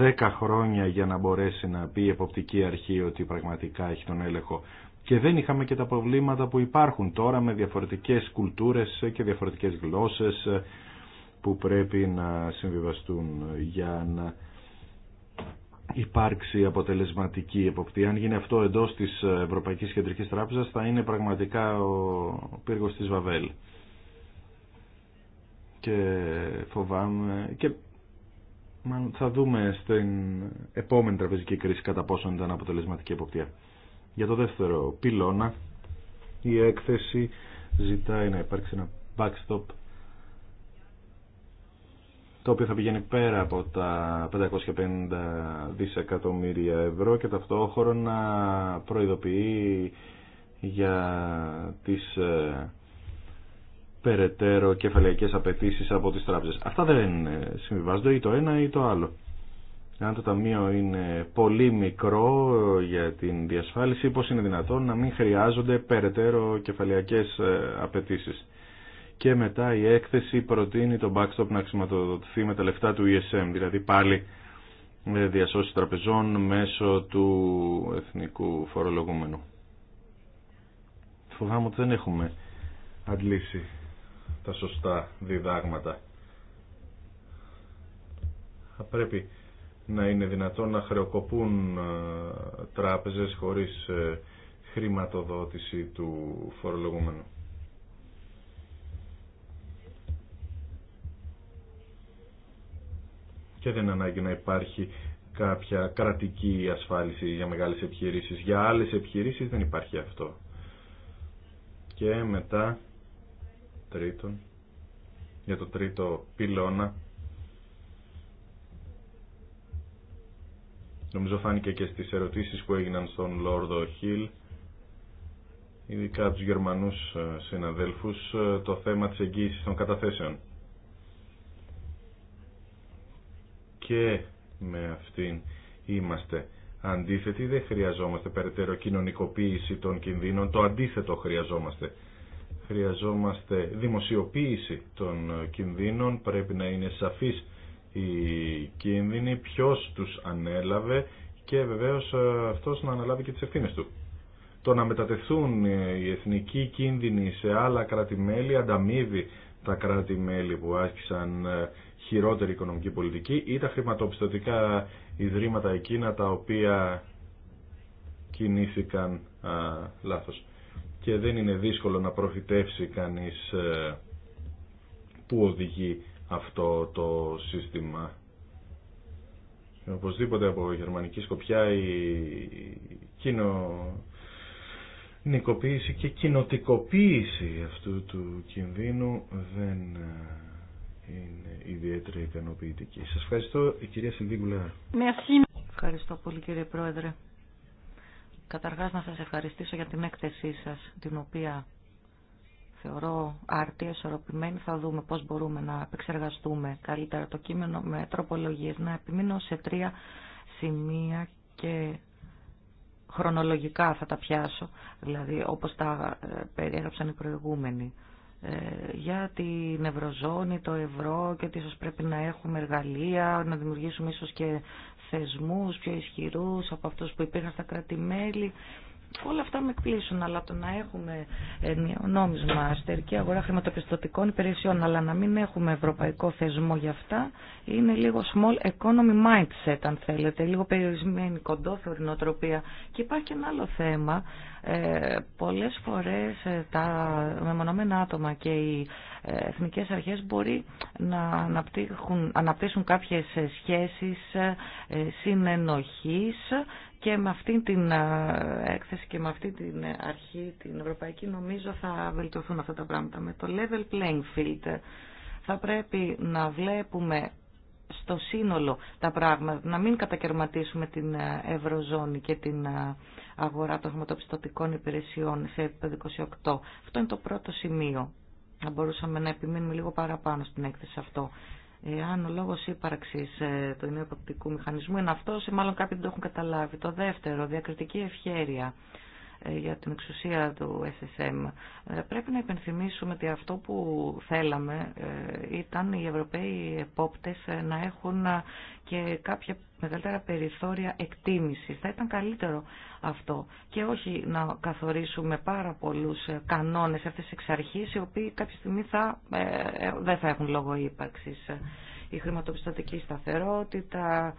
10 χρόνια για να μπορέσει να πει η εποπτική αρχή ότι πραγματικά έχει τον έλεγχο και δεν είχαμε και τα προβλήματα που υπάρχουν τώρα με διαφορετικές κουλτούρες και διαφορετικές γλώσσες που πρέπει να συμβιβαστούν για να υπάρξει αποτελεσματική εποπτεία. Αν γίνει αυτό εντός της Ευρωπαϊκής Κεντρικής Τράπεζας θα είναι πραγματικά ο πύργος της Βαβέλ. Και φοβάμαι και θα δούμε στην επόμενη τραπεζική κρίση κατά πόσο ήταν αποτελεσματική εποπτεία. Για το δεύτερο πυλώνα η έκθεση ζητάει να υπάρξει ένα backstop το οποίο θα πηγαίνει πέρα από τα 550 δισεκατομμύρια ευρώ και ταυτόχρονα προειδοποιεί για τις ε, περαιτέρω κεφαλαϊκές απαιτήσεις από τις τράπεζες. Αυτά δεν ε, συμβιβάζονται ή το ένα ή το άλλο αν το ταμείο είναι πολύ μικρό για την διασφάλιση, πώς είναι δυνατόν να μην χρειάζονται περαιτέρω κεφαλιακές ε, απαιτήσεις. Και μετά η έκθεση προτείνει το backstop να χρηματοδοτηθεί με τα λεφτά του ESM, δηλαδή πάλι με διασώσει τραπεζών μέσω του εθνικού φορολογούμενου. Φοβάμαι ότι δεν έχουμε αντλήσει τα σωστά διδάγματα. Θα πρέπει να είναι δυνατόν να χρεοκοπούν ε, τράπεζες χωρίς ε, χρηματοδότηση του φορολογούμενου. Και δεν ανάγκη να υπάρχει κάποια κρατική ασφάλιση για μεγάλες επιχειρήσεις. Για άλλες επιχειρήσεις δεν υπάρχει αυτό. Και μετά, τρίτον, για το τρίτο πυλώνα, Νομίζω φάνηκε και στις ερωτήσεις που έγιναν στον Λόρδο Χιλ, ειδικά από τους Γερμανούς ε, συναδέλφους, ε, το θέμα της εγγύησης των καταθέσεων. Και με αυτήν είμαστε αντίθετοι, δεν χρειαζόμαστε περαιτέρω κοινωνικοποίηση των κινδύνων, το αντίθετο χρειαζόμαστε. Χρειαζόμαστε δημοσιοποίηση των ε, κινδύνων, πρέπει να είναι σαφής οι κίνδυνοι, ποιο τους ανέλαβε και βεβαίω ε, αυτός να αναλάβει και τι ευθύνε του. Το να μετατεθούν ε, οι εθνικοί κίνδυνοι σε άλλα κράτη-μέλη ανταμείβει τα κράτη-μέλη που άσκησαν ε, χειρότερη οικονομική πολιτική ή τα χρηματοπιστωτικά ιδρύματα εκείνα τα οποία κινήθηκαν α, λάθος. Και δεν είναι δύσκολο να προφητεύσει κανείς που οδηγεί αυτό το σύστημα. Οπωσδήποτε από γερμανική σκοπιά η κοινο... και κοινοτικοποίηση αυτού του κινδύνου δεν ε, είναι ιδιαίτερα ικανοποιητική. Σας ευχαριστώ η κυρία Συνδίγουλα. Ευχαριστώ πολύ κύριε Πρόεδρε. Καταρχάς να σας ευχαριστήσω για την έκθεσή σας την οποία θεωρώ άρτια, ισορροπημένη. Θα δούμε πώς μπορούμε να επεξεργαστούμε καλύτερα το κείμενο με τροπολογίε. Να επιμείνω σε τρία σημεία και χρονολογικά θα τα πιάσω, δηλαδή όπως τα ε, περιέγραψαν οι προηγούμενοι. Ε, για την Ευρωζώνη, το ευρώ και ότι ίσως πρέπει να έχουμε εργαλεία, να δημιουργήσουμε ίσως και θεσμούς πιο ισχυρούς από αυτούς που υπήρχαν στα κρατημέλη. Όλα αυτά με εκπλήσουν, αλλά το να έχουμε ε, νόμισμα, αστερική αγορά χρηματοπιστωτικών υπηρεσιών, αλλά να μην έχουμε ευρωπαϊκό θεσμό για αυτά, είναι λίγο small economy mindset, αν θέλετε, λίγο περιορισμένη κοντόθωρη νοοτροπία. Και υπάρχει και ένα άλλο θέμα. Ε, πολλές φορές ε, τα μεμονωμένα άτομα και οι ε, εθνικές αρχές μπορεί να αναπτύσσουν κάποιες σχέσεις συνενοχής και με αυτή την ε, έκθεση και με αυτή την ε, αρχή, την ευρωπαϊκή, νομίζω θα βελτιωθούν αυτά τα πράγματα. Με το level playing field ε, θα πρέπει να βλέπουμε στο σύνολο τα πράγματα, να μην κατακαιρματίσουμε την Ευρωζώνη και την αγορά των χρηματοπιστωτικών υπηρεσιών σε επίπεδο 28. Αυτό είναι το πρώτο σημείο. να μπορούσαμε να επιμείνουμε λίγο παραπάνω στην έκθεση αυτό. Εάν ο λόγο ύπαρξη ε, του νέου μηχανισμού είναι αυτό, ε, μάλλον κάποιοι δεν το έχουν καταλάβει. Το δεύτερο, διακριτική ευχέρεια. Ε, για την εξουσία του SSM. Ε, πρέπει να υπενθυμίσουμε ότι αυτό που θέλαμε ε, ήταν οι Ευρωπαίοι επόπτες να έχουν και κάποια μεγαλύτερα περιθώρια εκτίμησης. Θα ήταν καλύτερο αυτό και όχι να καθορίσουμε πάρα πολλούς κανόνες αυτές εξ αρχής οι οποίοι κάποια στιγμή δεν θα έχουν λόγο ύπαρξης. Η χρηματοπιστωτική σταθερότητα,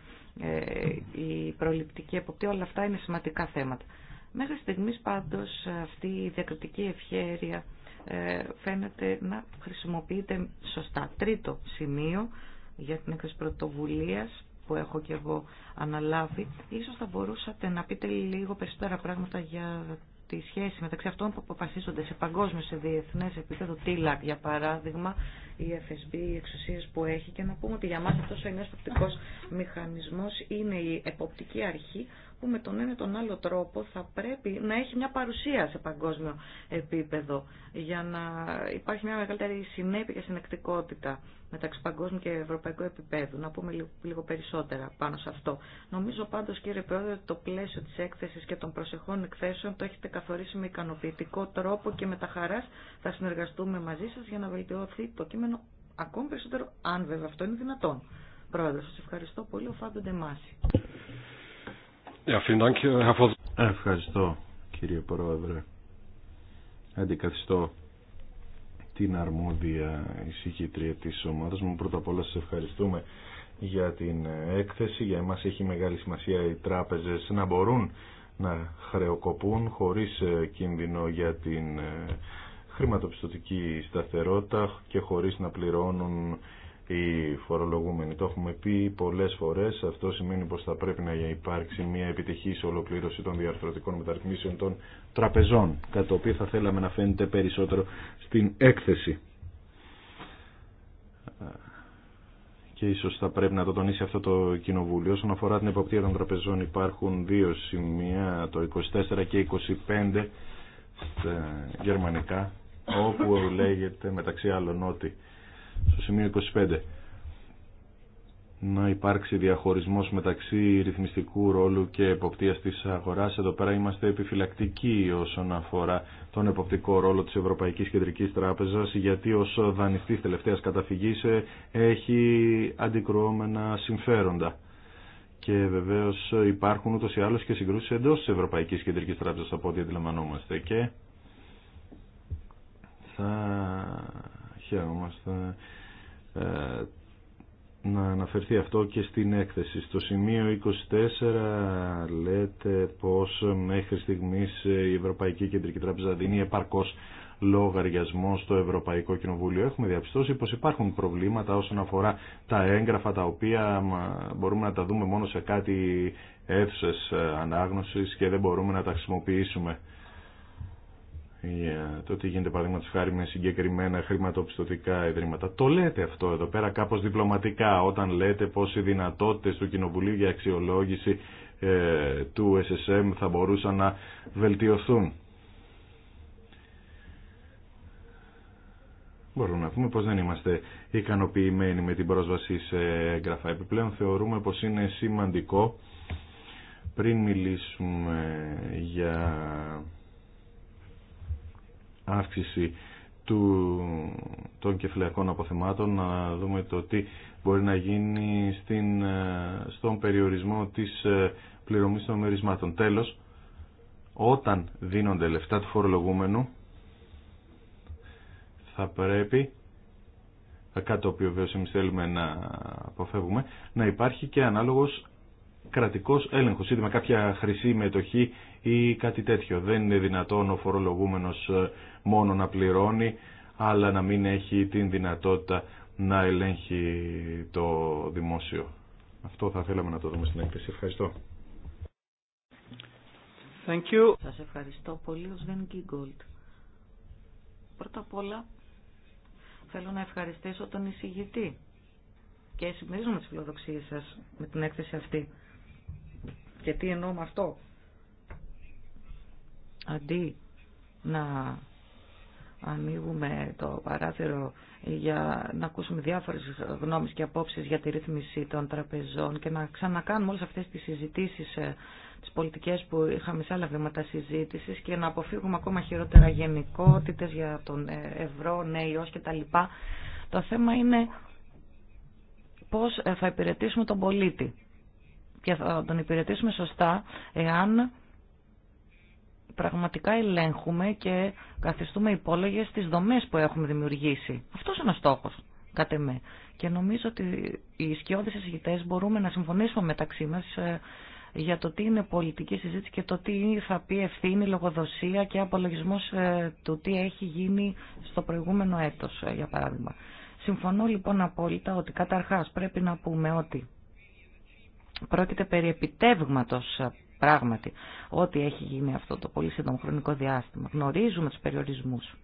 η προληπτική εποπτεία, όλα αυτά είναι σημαντικά θέματα. Μέχρι στιγμής πάντως αυτή η διακριτική ευχέρεια ε, φαίνεται να χρησιμοποιείται σωστά. Τρίτο σημείο για την έκθεση πρωτοβουλίας που έχω και εγώ αναλάβει. Ίσως θα μπορούσατε να πείτε λίγο περισσότερα πράγματα για τη σχέση μεταξύ αυτών που αποφασίζονται σε παγκόσμιο, σε διεθνέ επίπεδο, TILAC για παράδειγμα, η FSB, οι εξουσίε που έχει και να πούμε ότι για μα αυτό ο ενιαίο μηχανισμό είναι η εποπτική αρχή που με τον ένα τον άλλο τρόπο θα πρέπει να έχει μια παρουσία σε παγκόσμιο επίπεδο για να υπάρχει μια μεγαλύτερη συνέπεια και συνεκτικότητα μεταξύ παγκόσμιου και ευρωπαϊκού επίπεδου. Να πούμε λίγο, περισσότερα πάνω σε αυτό. Νομίζω πάντως κύριε Πρόεδρε ότι το πλαίσιο της έκθεσης και των προσεχών εκθέσεων το έχετε καθορίσει με ικανοποιητικό τρόπο και με τα χαράς θα συνεργαστούμε μαζί σας για να βελτιωθεί το κείμενο ακόμη περισσότερο αν βέβαια αυτό είναι δυνατόν. Πρόεδρε, σας ευχαριστώ πολύ ο Τεμάση. Äh, Ευχαριστώ κύριε Πρόεδρε. Αντικαθιστώ την αρμόδια εισηγήτρια της ομάδας μου. Πρώτα απ' όλα ευχαριστούμε για την έκθεση. Για εμάς έχει μεγάλη σημασία οι τράπεζες να μπορούν να χρεοκοπούν χωρίς ε, κίνδυνο για την ε, χρηματοπιστωτική σταθερότητα και χωρίς να πληρώνουν οι φορολογούμενοι. Το έχουμε πει πολλές φορές. Αυτό σημαίνει πως θα πρέπει να υπάρξει μια επιτυχής ολοκλήρωση των διαρθρωτικών μεταρρυθμίσεων των τραπεζών, κατά το οποίο θα θέλαμε να φαίνεται περισσότερο στην έκθεση. Και ίσως θα πρέπει να το τονίσει αυτό το κοινοβούλιο. Όσον αφορά την εποπτεία των τραπεζών υπάρχουν δύο σημεία, το 24 και 25 στα γερμανικά, όπου λέγεται μεταξύ άλλων ότι στο σημείο 25 να υπάρξει διαχωρισμός μεταξύ ρυθμιστικού ρόλου και εποπτείας της αγοράς. Εδώ πέρα είμαστε επιφυλακτικοί όσον αφορά τον εποπτικό ρόλο της Ευρωπαϊκής Κεντρικής Τράπεζας, γιατί ως δανειστής τελευταίας καταφυγής έχει αντικρουόμενα συμφέροντα. Και βεβαίως υπάρχουν ούτω ή άλλω και συγκρούσει εντό τη Ευρωπαϊκή Κεντρική Τράπεζα από ό,τι αντιλαμβανόμαστε. Και θα χαιρόμαστε ε, να αναφερθεί αυτό και στην έκθεση. Στο σημείο 24 λέτε πως μέχρι στιγμής η Ευρωπαϊκή Κεντρική Τράπεζα δίνει επαρκώς λογαριασμό στο Ευρωπαϊκό Κοινοβούλιο. Έχουμε διαπιστώσει πως υπάρχουν προβλήματα όσον αφορά τα έγγραφα τα οποία μπορούμε να τα δούμε μόνο σε κάτι αίθουσες ε, ανάγνωσης και δεν μπορούμε να τα χρησιμοποιήσουμε για το τι γίνεται παραδείγματος χάρη με συγκεκριμένα χρηματοπιστωτικά ιδρύματα. Το λέτε αυτό εδώ πέρα κάπως διπλωματικά όταν λέτε πως οι δυνατότητες του Κοινοβουλίου για αξιολόγηση ε, του SSM θα μπορούσαν να βελτιωθούν. Μπορούμε να πούμε πως δεν είμαστε ικανοποιημένοι με την πρόσβαση σε έγγραφα. Επιπλέον θεωρούμε πως είναι σημαντικό πριν μιλήσουμε για αύξηση του, των κεφαλαιακών αποθεμάτων, να δούμε το τι μπορεί να γίνει στην, ε, στον περιορισμό της ε, πληρωμής των μερισμάτων. Τέλος, όταν δίνονται λεφτά του φορολογούμενου, θα πρέπει, ε, κάτι το οποίο βέβαια θέλουμε να αποφεύγουμε, να υπάρχει και ανάλογος κρατικός έλεγχος, είτε με κάποια χρυσή μετοχή ή κάτι τέτοιο. Δεν είναι δυνατόν ο φορολογούμενος ε, μόνο να πληρώνει, αλλά να μην έχει την δυνατότητα να ελέγχει το δημόσιο. Αυτό θα θέλαμε να το δούμε στην έκθεση. Ευχαριστώ. Thank you. Σας ευχαριστώ πολύ, ο Σβέν Γκίγκολτ. Πρώτα απ' όλα, θέλω να ευχαριστήσω τον εισηγητή και συμμερίζομαι τις φιλοδοξίες σας με την έκθεση αυτή. Και τι εννοώ με αυτό αντί να ανοίγουμε το παράθυρο για να ακούσουμε διάφορες γνώμες και απόψεις για τη ρύθμιση των τραπεζών και να ξανακάνουμε όλες αυτές τις συζητήσεις ε, τις πολιτικές που είχαμε σε άλλα βήματα συζήτησης και να αποφύγουμε ακόμα χειρότερα γενικότητες για τον ε, ευρώ, νέος και τα λοιπά. Το θέμα είναι πώς ε, θα υπηρετήσουμε τον πολίτη και θα τον υπηρετήσουμε σωστά εάν πραγματικά ελέγχουμε και καθιστούμε υπόλογες τις δομές που έχουμε δημιουργήσει. Αυτός είναι ο στόχος, κατά με. Και νομίζω ότι οι ισχυώδεις εισηγητές μπορούμε να συμφωνήσουμε μεταξύ μα ε, για το τι είναι πολιτική συζήτηση και το τι θα πει ευθύνη, λογοδοσία και απολογισμό ε, του τι έχει γίνει στο προηγούμενο έτο, ε, για παράδειγμα. Συμφωνώ λοιπόν απόλυτα ότι καταρχά πρέπει να πούμε ότι πρόκειται περί επιτεύγματος Πράγματι, ό,τι έχει γίνει αυτό το πολύ σύντομο χρονικό διάστημα. Γνωρίζουμε τους περιορισμούς.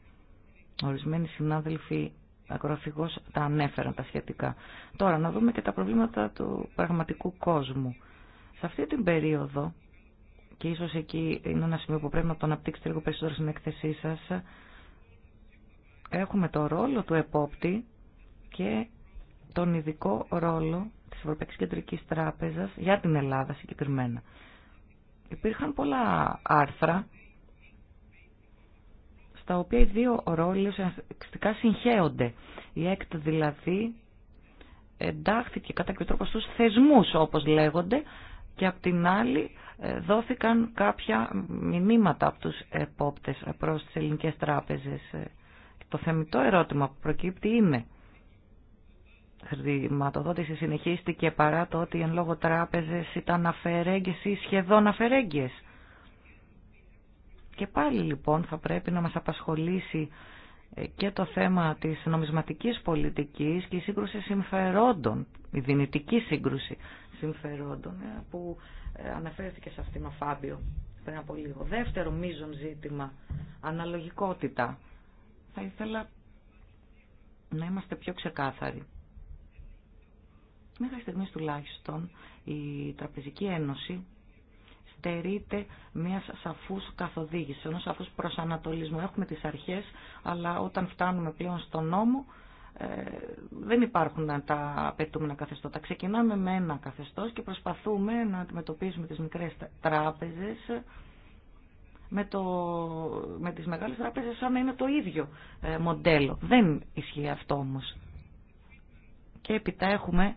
Ορισμένοι συνάδελφοι ακροαφηγώς τα ανέφεραν τα σχετικά. Τώρα να δούμε και τα προβλήματα του πραγματικού κόσμου. Σε αυτή την περίοδο, και ίσως εκεί είναι ένα σημείο που πρέπει να το αναπτύξετε λίγο περισσότερο στην έκθεσή σας, έχουμε το ρόλο του επόπτη και τον ειδικό ρόλο της Ευρωπαϊκής Κεντρικής Τράπεζας για την Ελλάδα συγκεκριμένα. Υπήρχαν πολλά άρθρα στα οποία οι δύο ρόλοι ουσιαστικά συγχέονται. Η ΕΚΤ δηλαδή εντάχθηκε κατά κάποιο τρόπο στους θεσμούς όπως λέγονται και απ' την άλλη ε, δόθηκαν κάποια μηνύματα από τους επόπτες προς τις ελληνικές τράπεζες. Ε, το θεμητό ερώτημα που προκύπτει είναι χρηματοδότηση συνεχίστηκε παρά το ότι εν λόγω τράπεζες ήταν αφαιρέγγες ή σχεδόν αφαιρέγγες. Και πάλι λοιπόν θα πρέπει να μας απασχολήσει ε, και το θέμα της νομισματικής πολιτικής και η σύγκρουση συμφερόντων, η δυνητική σύγκρουση συμφερόντων ε, που ε, αναφέρθηκε σε αυτήν ο Φάμπιο πριν από λίγο. Δεύτερο μείζον ζήτημα, αναλογικότητα. Θα ήθελα να είμαστε πιο ξεκάθαροι. Μέχρι στιγμή τουλάχιστον η Τραπεζική Ένωση στερείται μια σαφούς καθοδήγησης, ενός σαφούς προσανατολισμού. Έχουμε τις αρχές, αλλά όταν φτάνουμε πλέον στον νόμο ε, δεν υπάρχουν τα απαιτούμενα καθεστώτα. Ξεκινάμε με ένα καθεστώς και προσπαθούμε να αντιμετωπίσουμε τις μικρές τράπεζες με, το, με τις μεγάλες τράπεζες σαν να είναι το ίδιο ε, μοντέλο. Δεν ισχύει αυτό όμως. Και έπειτα έχουμε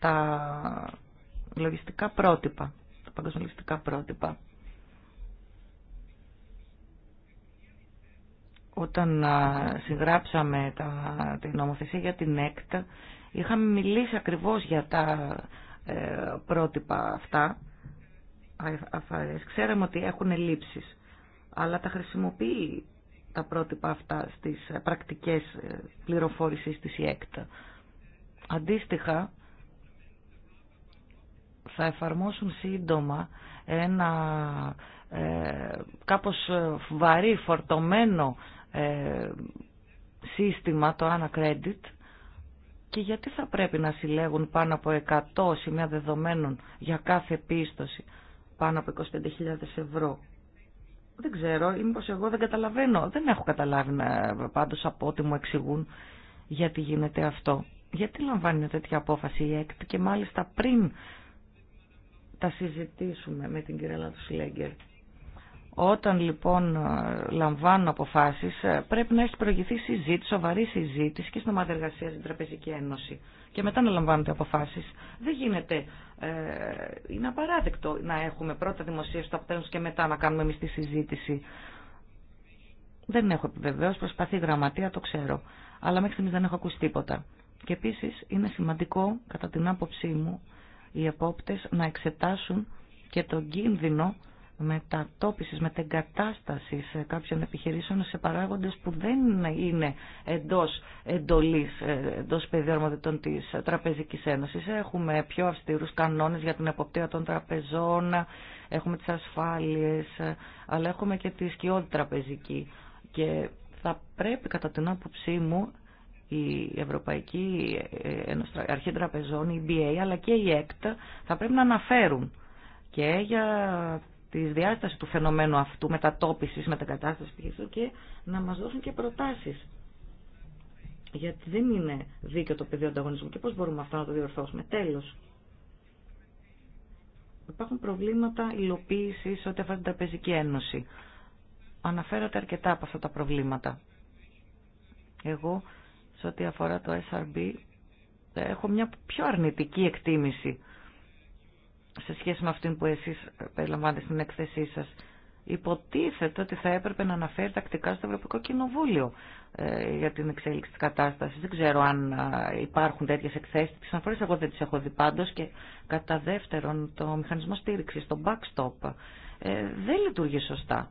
τα λογιστικά πρότυπα, τα παγκοσμιολογιστικά πρότυπα. Όταν συγγράψαμε τα, την νομοθεσία για την ΕΚΤΑ, είχαμε μιλήσει ακριβώς για τα ε, πρότυπα αυτά, Ξέραμε ότι έχουν ελλείψεις, αλλά τα χρησιμοποιεί τα πρότυπα αυτά στις ε, πρακτικές ε, πληροφόρησης της ΕΚΤΑ. Αντίστοιχα, θα εφαρμόσουν σύντομα ένα ε, κάπως ε, βαρύ, φορτωμένο ε, σύστημα, το Anacredit, και γιατί θα πρέπει να συλλέγουν πάνω από 100 σημεία δεδομένων για κάθε πίστοση πάνω από 25.000 ευρώ. Δεν ξέρω, ή μήπως εγώ δεν καταλαβαίνω. Δεν έχω καταλάβει πάντως από ό,τι μου εξηγούν γιατί γίνεται αυτό. Γιατί λαμβάνει τέτοια απόφαση η ΕΚΤ και μάλιστα πριν τα συζητήσουμε με την κυρία Σλέγκερ. Όταν λοιπόν λαμβάνουν αποφάσεις πρέπει να έχει προηγηθεί συζήτηση, σοβαρή συζήτηση και στην ομάδα εργασία στην Τραπεζική Ένωση και μετά να λαμβάνονται αποφάσεις. Δεν γίνεται, ε, είναι απαράδεκτο να έχουμε πρώτα δημοσίες στο αποτέλεσμα και μετά να κάνουμε εμείς τη συζήτηση. Δεν έχω επιβεβαίως, προσπαθεί η γραμματεία, το ξέρω. Αλλά μέχρι στιγμής δεν έχω ακούσει τίποτα. Και επίσης είναι σημαντικό, κατά την άποψή μου, οι επόπτες να εξετάσουν και τον κίνδυνο μετατόπισης, μετεγκατάστασης κάποιων επιχειρήσεων σε παράγοντες που δεν είναι εντός εντολής, ε, εντός παιδιόρμοδετών της Τραπεζικής Ένωσης. Έχουμε πιο αυστηρούς κανόνες για την εποπτεία των τραπεζών, έχουμε τις ασφάλειες, αλλά έχουμε και τη σκιώδη τραπεζική. Και θα πρέπει κατά την άποψή μου η Ευρωπαϊκή ε, Αρχή Τραπεζών, η EBA, αλλά και η ΕΚΤΑ e θα πρέπει να αναφέρουν και για τη διάσταση του φαινομένου αυτού μετατόπισης, μετακατάστασης πίσω και να μας δώσουν και προτάσεις. Γιατί δεν είναι δίκαιο το πεδίο ανταγωνισμού και πώς μπορούμε αυτό να το διορθώσουμε. Τέλος. Υπάρχουν προβλήματα υλοποίηση ό,τι αφορά την Τραπεζική Ένωση. Αναφέρατε αρκετά από αυτά τα προβλήματα. Εγώ σε ό,τι αφορά το SRB ε, έχω μια πιο αρνητική εκτίμηση σε σχέση με αυτήν που εσείς ε, περιλαμβάνετε στην έκθεσή σας. Υποτίθεται ότι θα έπρεπε να αναφέρει τακτικά στο Ευρωπαϊκό Κοινοβούλιο ε, για την εξέλιξη της κατάστασης. Δεν ξέρω αν υπάρχουν τέτοιες εκθέσεις. Τις αναφορές εγώ δεν τις έχω δει πάντως και κατά δεύτερον το μηχανισμό στήριξης, το backstop, δεν λειτουργεί σωστά.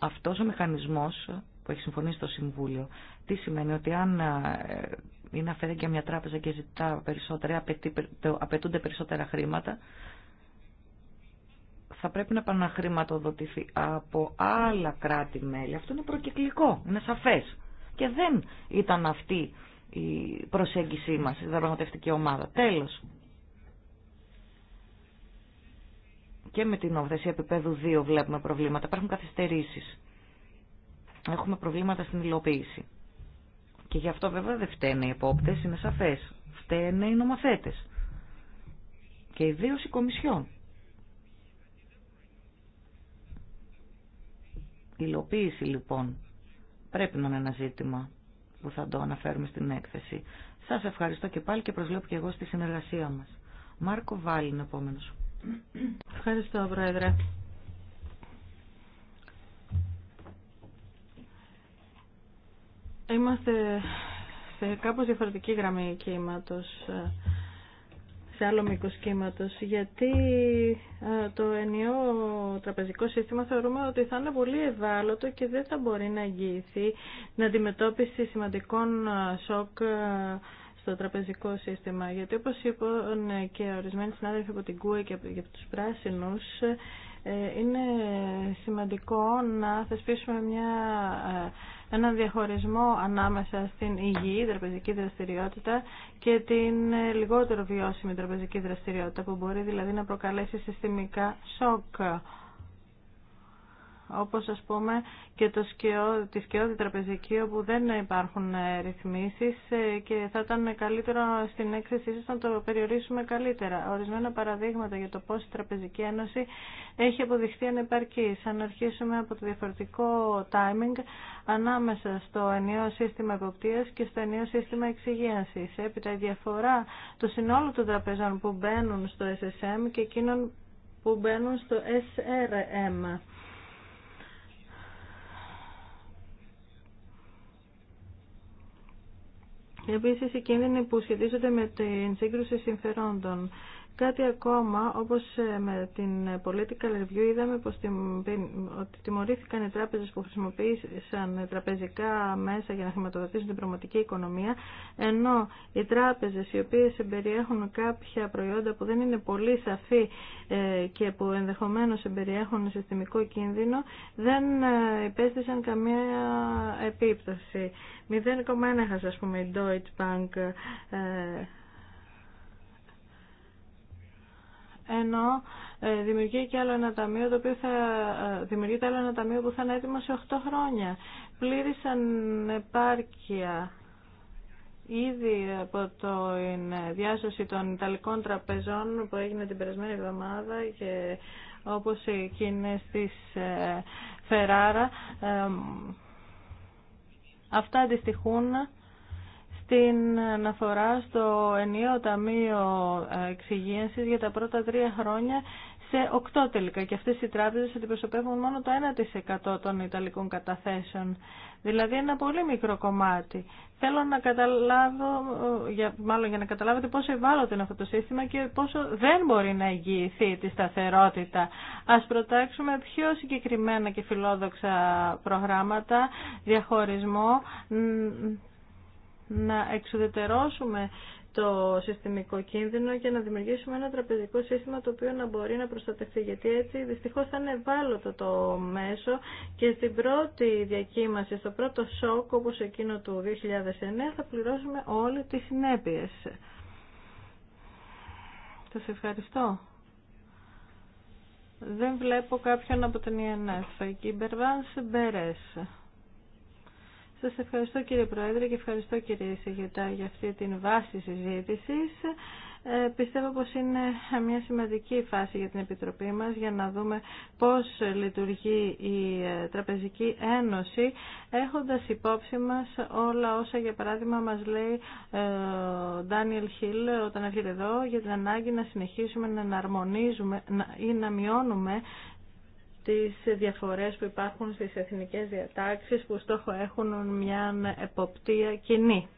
Αυτός ο μηχανισμός που έχει συμφωνήσει το Συμβούλιο. Τι σημαίνει ότι αν ε, είναι αφαιρέγγια μια τράπεζα και ζητά περισσότερα, απαιτούνται περισσότερα χρήματα, θα πρέπει να επαναχρηματοδοτηθεί από άλλα κράτη-μέλη. Αυτό είναι προκυκλικό, είναι σαφές. Και δεν ήταν αυτή η προσέγγιση μας, η δραματευτική ομάδα. Τέλος. Και με την οδεσία επίπεδου 2 βλέπουμε προβλήματα. Υπάρχουν καθυστερήσεις έχουμε προβλήματα στην υλοποίηση. Και γι' αυτό βέβαια δεν φταίνε οι επόπτε, είναι σαφέ. Φταίνε οι νομοθέτε. Και ιδίω οι κομισιόν. Η υλοποίηση λοιπόν πρέπει να είναι ένα ζήτημα που θα το αναφέρουμε στην έκθεση. Σα ευχαριστώ και πάλι και προσβλέπω και εγώ στη συνεργασία μα. Μάρκο Βάλιν επόμενο. Ευχαριστώ, Πρόεδρε. Είμαστε σε κάπως διαφορετική γραμμή κύματος, ε, σε άλλο μήκο κύματο, γιατί ε, το ενιαίο τραπεζικό σύστημα θεωρούμε ότι θα είναι πολύ ευάλωτο και δεν θα μπορεί να εγγυηθεί την αντιμετώπιση σημαντικών ε, σοκ στο τραπεζικό σύστημα. Γιατί όπως είπαν και ορισμένοι συνάδελφοι από την ΚΟΕ και από τους πράσινους, ε, είναι σημαντικό να θεσπίσουμε μια, ε, έναν διαχωρισμό ανάμεσα στην υγιή τραπεζική δραστηριότητα και την ε, λιγότερο βιώσιμη τραπεζική δραστηριότητα που μπορεί δηλαδή να προκαλέσει συστημικά σοκ όπως ας πούμε και το σκαιό, τη σκιώδη τραπεζική όπου δεν υπάρχουν ε, ρυθμίσεις ε, και θα ήταν καλύτερο στην έξεση ίσως να το περιορίσουμε καλύτερα. Ορισμένα παραδείγματα για το πώς η Τραπεζική Ένωση έχει αποδειχθεί ανεπαρκής. Αν αρχίσουμε από το διαφορετικό timing ανάμεσα στο ενιαίο σύστημα εποπτείας και στο ενιαίο σύστημα εξυγίανσης. Έπειτα η διαφορά του συνόλου των τραπεζών που μπαίνουν στο SSM και εκείνων που μπαίνουν στο SRM. Επίσης, οι κίνδυνοι που σχετίζονται με την σύγκρουση συμφερόντων. Κάτι ακόμα, όπως ε, με την Political Review είδαμε πως ότι τιμωρήθηκαν οι τράπεζες που χρησιμοποίησαν τραπεζικά μέσα για να χρηματοδοτήσουν την πραγματική οικονομία, ενώ οι τράπεζες οι οποίες εμπεριέχουν κάποια προϊόντα που δεν είναι πολύ σαφή ε, και που ενδεχομένως εμπεριέχουν συστημικό κίνδυνο, δεν ε, υπέστησαν καμία επίπτωση. 0,1 ας πούμε η Deutsche Bank ενώ ε, δημιουργεί και άλλο ένα ταμείο το οποίο θα ε, δημιουργείται άλλο ένα ταμείο που θα είναι έτοιμο σε 8 χρόνια. Πλήρησαν επάρκεια ήδη από την ε, διάσωση των Ιταλικών τραπεζών που έγινε την περασμένη εβδομάδα και όπως εκείνες της Φεράρα αυτά αντιστοιχούν την αναφορά στο ενίο ταμείο εξυγίανση για τα πρώτα τρία χρόνια σε οκτώ τελικά και αυτές οι τράπεζες αντιπροσωπεύουν μόνο το 1% των Ιταλικών καταθέσεων. Δηλαδή ένα πολύ μικρό κομμάτι. Θέλω να καταλάβω, για, μάλλον για να καταλάβετε πόσο ευάλωτο είναι αυτό το σύστημα και πόσο δεν μπορεί να εγγυηθεί τη σταθερότητα. Ας προτάξουμε πιο συγκεκριμένα και φιλόδοξα προγράμματα, διαχωρισμό, να εξουδετερώσουμε το συστημικό κίνδυνο και να δημιουργήσουμε ένα τραπεζικό σύστημα το οποίο να μπορεί να προστατευτεί. Γιατί έτσι δυστυχώ θα είναι ευάλωτο το μέσο και στην πρώτη διακύμαση, στο πρώτο σοκ όπω εκείνο του 2009, θα πληρώσουμε όλες τι συνέπειε. Σα ευχαριστώ. Δεν βλέπω κάποιον από την e ΙΕΝΕΦ. Κυμπερβάν Μπερές. Σα ευχαριστώ κύριε Πρόεδρε και ευχαριστώ κύριε Σεγιωτά για αυτή την βάση συζήτηση. Ε, πιστεύω πως είναι μια σημαντική φάση για την Επιτροπή μας για να δούμε πώς λειτουργεί η ε, Τραπεζική Ένωση έχοντας υπόψη μας όλα όσα για παράδειγμα μας λέει ε, ο Ντάνιελ Χιλ όταν έρχεται εδώ για την ανάγκη να συνεχίσουμε να εναρμονίζουμε ή να μειώνουμε τις διαφορές που υπάρχουν στις εθνικές διατάξεις που στόχο έχουν μια εποπτεία κοινή.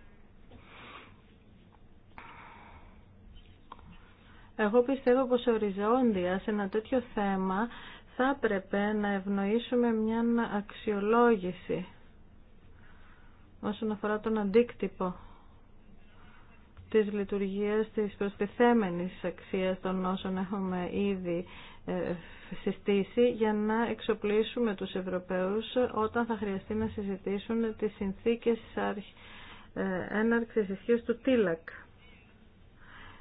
Εγώ πιστεύω πως οριζόντια σε ένα τέτοιο θέμα θα έπρεπε να ευνοήσουμε μια αξιολόγηση όσον αφορά τον αντίκτυπο της λειτουργίας της προστιθέμενης αξίας των όσων έχουμε ήδη ε, συστήσει για να εξοπλίσουμε τους Ευρωπαίους όταν θα χρειαστεί να συζητήσουν τις συνθήκες ε, έναρξης ισχύω του ΤΙΛΑΚ.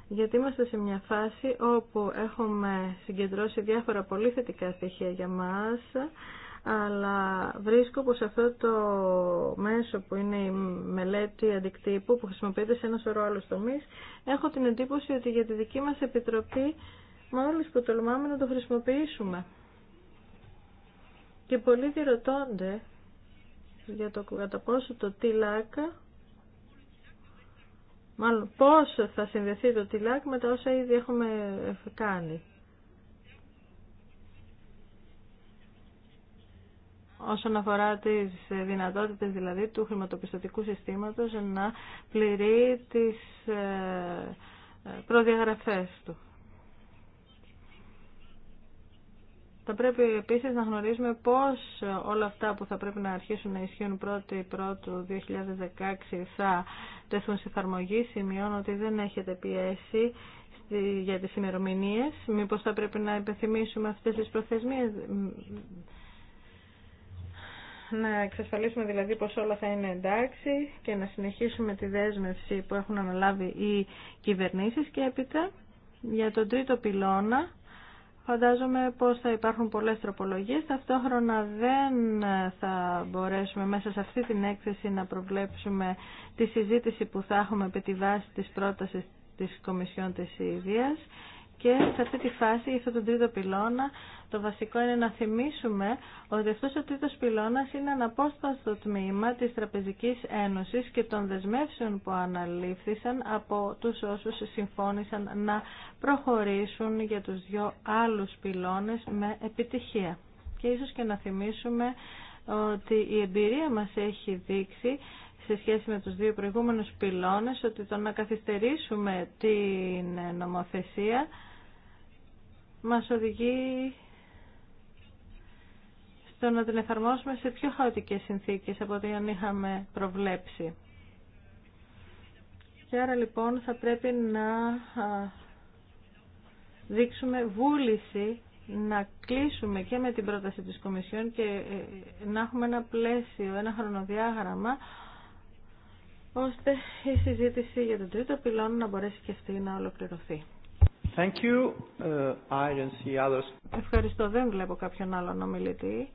Γιατί είμαστε σε μια φάση όπου έχουμε συγκεντρώσει διάφορα πολύ θετικά στοιχεία για μας, αλλά βρίσκω πως αυτό το μέσο που είναι η μελέτη αντικτύπου που χρησιμοποιείται σε ένα σωρό άλλους τομείς, έχω την εντύπωση ότι για τη δική μας επιτροπή μόλις που τολμάμε να το χρησιμοποιήσουμε. Και πολλοί διερωτώνται για το κατά πόσο το τυλάκα μάλλον πώς θα συνδεθεί το τιλάκ με τα όσα ήδη έχουμε κάνει. όσον αφορά τις δυνατότητες δηλαδή του χρηματοπιστωτικού συστήματος να πληρεί τις ε, ε, προδιαγραφές του. Θα πρέπει επίσης να γνωρίζουμε πώς όλα αυτά που θα πρέπει να αρχίσουν να ισχύουν 1η Πρώτου 2016 θα τεθούν σε εφαρμογή. Σημειώνω ότι δεν έχετε πιέσει για τις ημερομηνίε. Μήπως θα πρέπει να υπενθυμίσουμε αυτές τις προθεσμίες. Να εξασφαλίσουμε δηλαδή πως όλα θα είναι εντάξει και να συνεχίσουμε τη δέσμευση που έχουν αναλάβει οι κυβερνήσεις και έπειτα για τον τρίτο πυλώνα Φαντάζομαι πως θα υπάρχουν πολλές τροπολογίες. Ταυτόχρονα δεν θα μπορέσουμε μέσα σε αυτή την έκθεση να προβλέψουμε τη συζήτηση που θα έχουμε επί τη βάση της πρότασης της Κομισιόν της Ιδίας. Και σε αυτή τη φάση, για αυτόν τον τρίτο πυλώνα, το βασικό είναι να θυμίσουμε ότι αυτός ο τρίτος πυλώνας είναι αναπόσπαστο τμήμα της Τραπεζικής Ένωσης και των δεσμεύσεων που αναλήφθησαν από τους όσους συμφώνησαν να προχωρήσουν για τους δύο άλλους πυλώνες με επιτυχία. Και ίσως και να θυμίσουμε ότι η εμπειρία μας έχει δείξει σε σχέση με τους δύο προηγούμενους πυλώνες ότι το να καθυστερήσουμε την νομοθεσία μας οδηγεί στο να την εφαρμόσουμε σε πιο χαοτικές συνθήκες από ό,τι αν είχαμε προβλέψει. Και άρα λοιπόν θα πρέπει να δείξουμε βούληση να κλείσουμε και με την πρόταση της Κομισιόν και ε, να έχουμε ένα πλαίσιο, ένα χρονοδιάγραμμα ώστε η συζήτηση για τον τρίτο πυλόν να μπορέσει και αυτή να ολοκληρωθεί. Thank you. Uh, Ευχαριστώ. Δεν βλέπω κάποιον άλλον ομιλητή.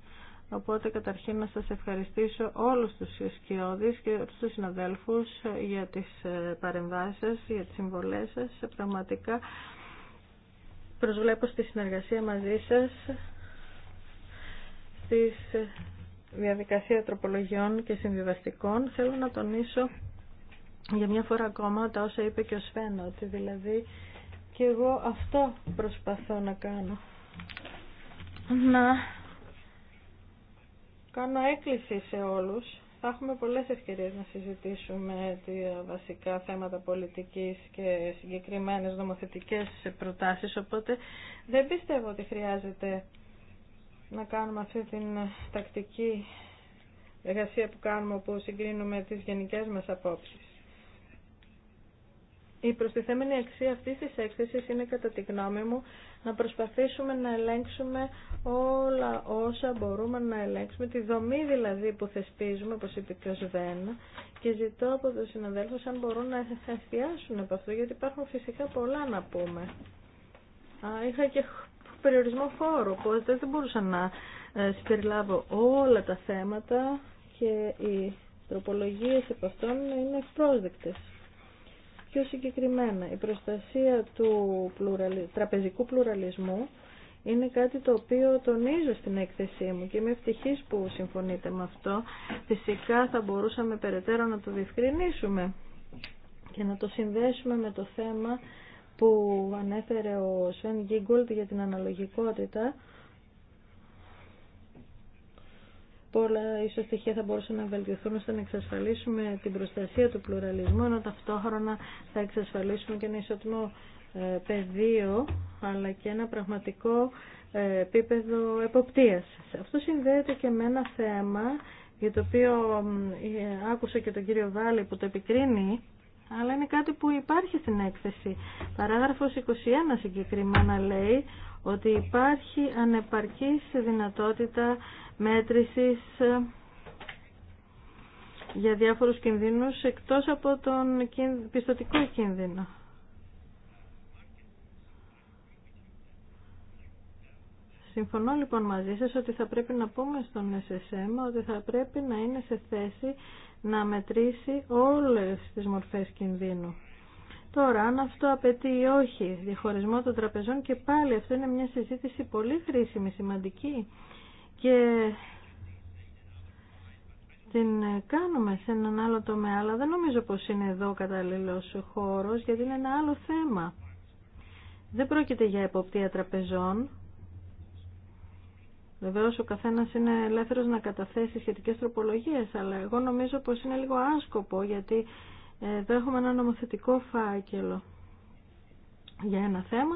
Οπότε καταρχήν να σας ευχαριστήσω όλους τους σκιώδεις και τους συναδέλφους ε, για τις ε, παρεμβάσεις για τις συμβολές σας. Ε, πραγματικά προσβλέπω στη συνεργασία μαζί σας στη διαδικασία τροπολογιών και συμβιβαστικών. Θέλω να τονίσω για μια φορά ακόμα τα όσα είπε και ο Σφένο, ότι δηλαδή και εγώ αυτό προσπαθώ να κάνω. Να κάνω έκκληση σε όλους. Θα έχουμε πολλές ευκαιρίες να συζητήσουμε τα βασικά θέματα πολιτικής και συγκεκριμένες νομοθετικές προτάσεις, οπότε δεν πιστεύω ότι χρειάζεται να κάνουμε αυτή την τακτική εργασία που κάνουμε, όπου συγκρίνουμε τις γενικές μας απόψεις. Η προστιθέμενη αξία αυτής της έκθεσης είναι κατά τη γνώμη μου να προσπαθήσουμε να ελέγξουμε όλα όσα μπορούμε να ελέγξουμε, τη δομή δηλαδή που θεσπίζουμε, όπως είπε και ο Σβέν, και ζητώ από τους συναδέλφους αν μπορούν να εστιάσουν από αυτό, γιατί υπάρχουν φυσικά πολλά να πούμε. Είχα και περιορισμό χώρου, οπότε δεν μπορούσα να ε, συμπεριλάβω όλα τα θέματα και οι τροπολογίες από αυτόν είναι πρόσδεκτες. Πιο συγκεκριμένα, η προστασία του τραπεζικού πλουραλισμού είναι κάτι το οποίο τονίζω στην έκθεσή μου και είμαι ευτυχής που συμφωνείτε με αυτό. Φυσικά θα μπορούσαμε περαιτέρω να το διευκρινίσουμε και να το συνδέσουμε με το θέμα που ανέφερε ο Σέν Γίγκολτ για την αναλογικότητα πολλά ίσως στοιχεία θα μπορούσαν να βελτιωθούν ώστε να εξασφαλίσουμε την προστασία του πλουραλισμού ενώ ταυτόχρονα θα εξασφαλίσουμε και ένα ισότιμο ε, πεδίο αλλά και ένα πραγματικό ε, επίπεδο εποπτείας. Αυτό συνδέεται και με ένα θέμα για το οποίο ε, άκουσα και τον κύριο Βάλη που το επικρίνει αλλά είναι κάτι που υπάρχει στην έκθεση. Παράγραφος 21 συγκεκριμένα λέει ότι υπάρχει ανεπαρκής δυνατότητα μέτρησης ε, για διάφορους κινδύνους εκτός από τον πιστοτικό κίνδυνο. Συμφωνώ λοιπόν μαζί σας ότι θα πρέπει να πούμε στον SSM ότι θα πρέπει να είναι σε θέση να μετρήσει όλες τις μορφές κινδύνου. Τώρα, αν αυτό απαιτεί ή όχι διαχωρισμό των τραπεζών και πάλι αυτό είναι μια συζήτηση πολύ χρήσιμη, σημαντική και την κάνουμε σε έναν άλλο τομέα, αλλά δεν νομίζω πως είναι εδώ κατάλληλος ο χώρος, γιατί είναι ένα άλλο θέμα. Δεν πρόκειται για εποπτεία τραπεζών. Βεβαίω ο καθένα είναι ελεύθερο να καταθέσει σχετικέ τροπολογίε, αλλά εγώ νομίζω πω είναι λίγο άσκοπο γιατί εδώ έχουμε ένα νομοθετικό φάκελο για ένα θέμα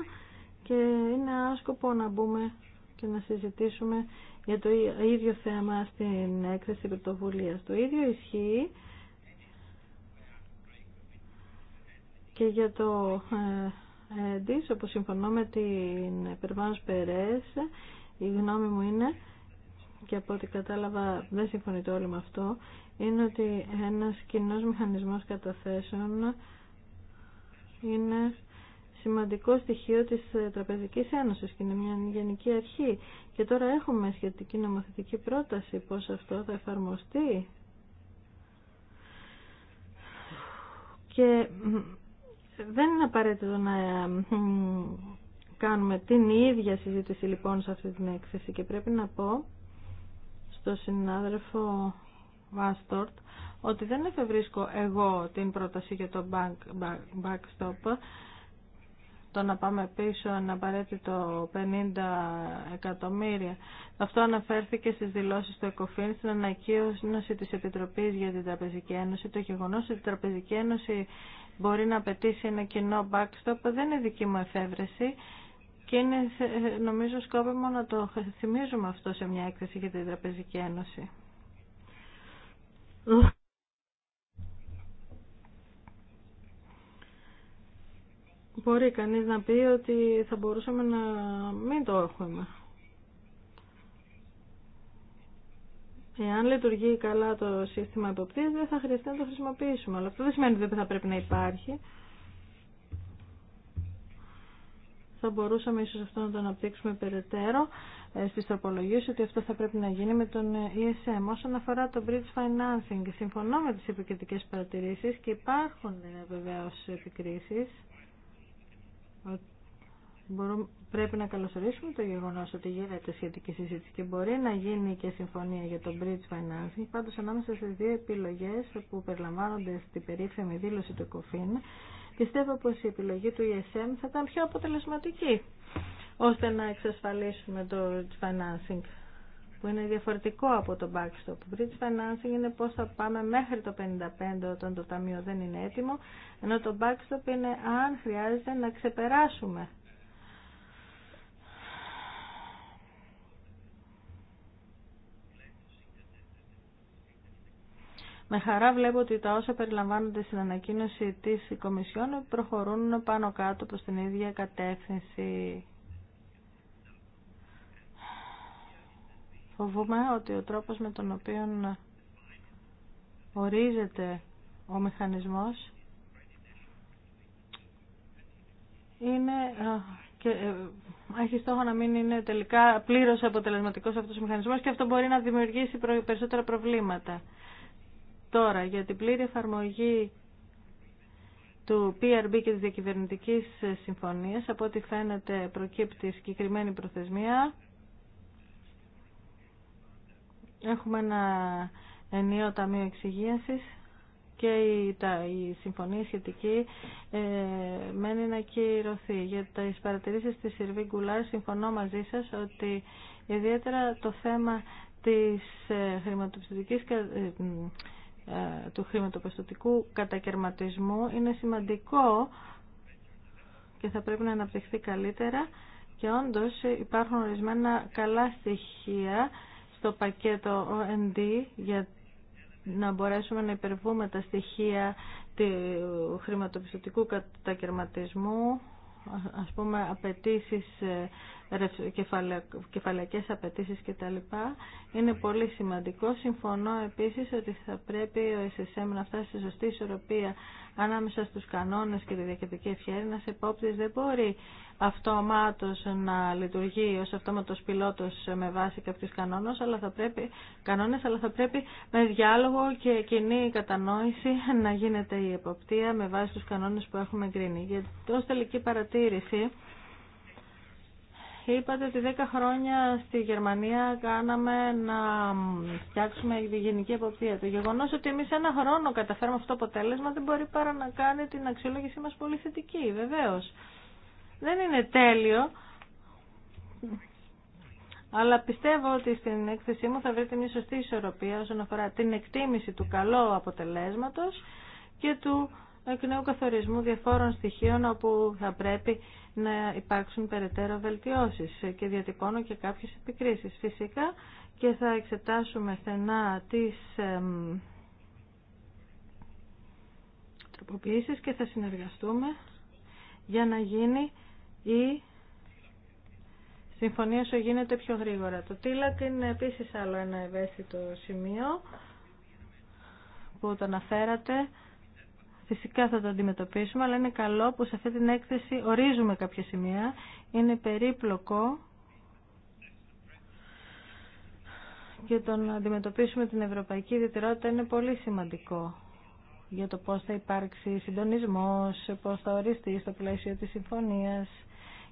και είναι άσκοπο να μπούμε και να συζητήσουμε για το ίδιο θέμα στην έκθεση πρωτοβουλία. Το ίδιο ισχύει και για το ΕΝΤΙΣ, όπως συμφωνώ με την Περβάνος Περές, η γνώμη μου είναι, και από ό,τι κατάλαβα δεν συμφωνείτε όλοι με αυτό, είναι ότι ένας κοινός μηχανισμός καταθέσεων είναι σημαντικό στοιχείο της ε, Τραπεζικής Ένωσης και είναι μια γενική αρχή. Και τώρα έχουμε σχετική νομοθετική πρόταση πώς αυτό θα εφαρμοστεί. Και δεν είναι απαραίτητο να κάνουμε την ίδια συζήτηση λοιπόν σε αυτή την έκθεση και πρέπει να πω στο συνάδελφο Βάστορτ ότι δεν εφευρίσκω εγώ την πρόταση για το backstop το να πάμε πίσω είναι απαραίτητο 50 εκατομμύρια. Αυτό αναφέρθηκε στις δηλώσεις του ΕΚΟΦΗΝ στην ανακοίνωση της Επιτροπής για την Τραπεζική Ένωση. Το γεγονός ότι η Τραπεζική Ένωση μπορεί να απαιτήσει ένα κοινό backstop δεν είναι δική μου εφεύρεση. Και είναι ε, νομίζω σκόπιμο να το θυμίζουμε αυτό σε μια έκθεση για την Τραπεζική Ένωση. μπορεί κανείς να πει ότι θα μπορούσαμε να μην το έχουμε. Εάν λειτουργεί καλά το σύστημα εποπτείας δεν θα χρειαστεί να το χρησιμοποιήσουμε. Αλλά αυτό δεν σημαίνει ότι δεν θα πρέπει να υπάρχει. Θα μπορούσαμε ίσως αυτό να το αναπτύξουμε περαιτέρω ε, στις τροπολογίες ότι αυτό θα πρέπει να γίνει με τον ε, ESM. Όσον αφορά το bridge financing, συμφωνώ με τις επικριτικές παρατηρήσεις και υπάρχουν ε, βεβαίως επικρίσεις. Μπορούμε, πρέπει να καλωσορίσουμε το γεγονό ότι γίνεται σχετική συζήτηση και μπορεί να γίνει και συμφωνία για το bridge financing. Πάντω, ανάμεσα σε δύο επιλογέ που περιλαμβάνονται στην περίφημη δήλωση του ΕΚΟΦΗΝ, πιστεύω πω η επιλογή του ESM θα ήταν πιο αποτελεσματική ώστε να εξασφαλίσουμε το bridge financing που είναι διαφορετικό από το backstop. Bridge financing είναι πώς θα πάμε μέχρι το 55 όταν το ταμείο δεν είναι έτοιμο, ενώ το backstop είναι αν χρειάζεται να ξεπεράσουμε Με χαρά βλέπω ότι τα όσα περιλαμβάνονται στην ανακοίνωση της Κομισιόν προχωρούν πάνω κάτω προς την ίδια κατεύθυνση. Φοβούμαι ότι ο τρόπος με τον οποίο ορίζεται ο μηχανισμός είναι και ε, έχει στόχο να μην είναι τελικά πλήρως αποτελεσματικός αυτός ο μηχανισμός και αυτό μπορεί να δημιουργήσει περισσότερα προβλήματα. Τώρα, για την πλήρη εφαρμογή του PRB και της διακυβερνητικής ε, συμφωνίας, από ό,τι φαίνεται προκύπτει συγκεκριμένη προθεσμία, Έχουμε ένα ενίο ταμείο εξυγίασης και η, τα, η συμφωνία σχετική ε, μένει να κυρωθεί. Για τα παρατηρήσει της Συρβή Γκουλάρ συμφωνώ μαζί σας ότι ιδιαίτερα το θέμα της ε, χρηματοπιστωτικής ε, ε, του χρηματοπιστωτικού κατακαιρματισμού είναι σημαντικό και θα πρέπει να αναπτυχθεί καλύτερα και όντως υπάρχουν ορισμένα καλά στοιχεία το πακέτο OND για να μπορέσουμε να υπερβούμε τα στοιχεία του χρηματοπιστωτικού κατακαιρματισμού, ας πούμε απαιτήσεις ε, και απαιτήσει κτλ. Είναι πολύ σημαντικό. Συμφωνώ επίσης ότι θα πρέπει ο SSM να φτάσει στη σωστή ισορροπία ανάμεσα στους κανόνες και τη διακριτική ευχαίρεια σε επόπτης δεν μπορεί αυτομάτως να λειτουργεί ως αυτόματος πιλότος με βάση κάποιους κανόνες αλλά θα πρέπει, κανόνες, αλλά θα πρέπει με διάλογο και κοινή κατανόηση να γίνεται η εποπτεία με βάση τους κανόνες που έχουμε εγκρίνει. Γιατί τόσο τελική παρατήρηση Είπατε ότι 10 χρόνια στη Γερμανία κάναμε να φτιάξουμε τη γενική εποπτεία. Το γεγονός ότι εμείς ένα χρόνο καταφέρουμε αυτό το αποτέλεσμα δεν μπορεί παρά να κάνει την αξιολόγησή μας πολύ θετική, βεβαίως. Δεν είναι τέλειο, αλλά πιστεύω ότι στην έκθεσή μου θα βρείτε μια σωστή ισορροπία όσον αφορά την εκτίμηση του καλό αποτελέσματος και του εκ νέου καθορισμού διαφόρων στοιχείων όπου θα πρέπει να υπάρξουν περαιτέρω βελτιώσεις και διατυπώνω και κάποιες επικρίσεις φυσικά και θα εξετάσουμε στενά τις τροποποιήσεις και θα συνεργαστούμε για να γίνει η συμφωνία όσο γίνεται πιο γρήγορα. Το τίλακ είναι επίσης άλλο ένα ευαίσθητο σημείο που το αναφέρατε. Φυσικά θα το αντιμετωπίσουμε, αλλά είναι καλό που σε αυτή την έκθεση ορίζουμε κάποια σημεία. Είναι περίπλοκο και το να αντιμετωπίσουμε την ευρωπαϊκή ιδιαιτερότητα είναι πολύ σημαντικό για το πώς θα υπάρξει συντονισμός, πώς θα οριστεί στο πλαίσιο της συμφωνίας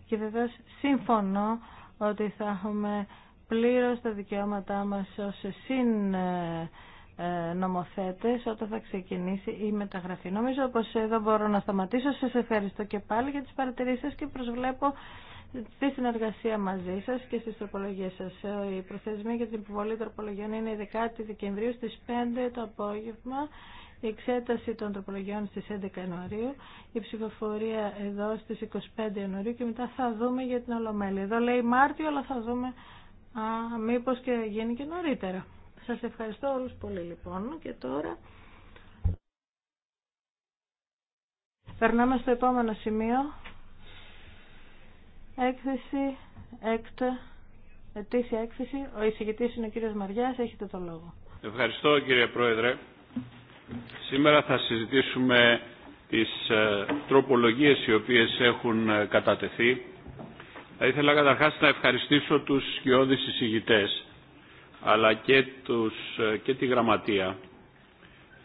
και βέβαια, συμφωνώ ότι θα έχουμε πλήρως τα δικαιώματά μας ως συν ε, ε, νομοθέτες όταν θα ξεκινήσει η μεταγραφή. Νομίζω πως εδώ μπορώ να σταματήσω. Σας ευχαριστώ και πάλι για τις παρατηρήσεις σας και προσβλέπω τη συνεργασία μαζί σας και στις τροπολογίες σας. Οι ε, προθεσμία για την υποβολή τροπολογιών είναι η 10 Δεκεμβρίου στις 5 το απόγευμα. Η εξέταση των τροπολογιών στις 11 Ιανουαρίου, η ψηφοφορία εδώ στις 25 Ιανουαρίου και μετά θα δούμε για την Ολομέλη. Εδώ λέει Μάρτιο, αλλά θα δούμε α, μήπως και γίνει και νωρίτερα. Σας ευχαριστώ όλους πολύ λοιπόν και τώρα περνάμε στο επόμενο σημείο. Έκθεση, έκτα, ετήσια έκθεση. Ο εισηγητής είναι ο κύριος Μαριάς, έχετε το λόγο. Ευχαριστώ κύριε Πρόεδρε. Σήμερα θα συζητήσουμε τις ε, τροπολογίες οι οποίες έχουν ε, κατατεθεί. Θα ήθελα καταρχάς να ευχαριστήσω τους σκιώδεις εισηγητές αλλά και, τους, ε, και τη Γραμματεία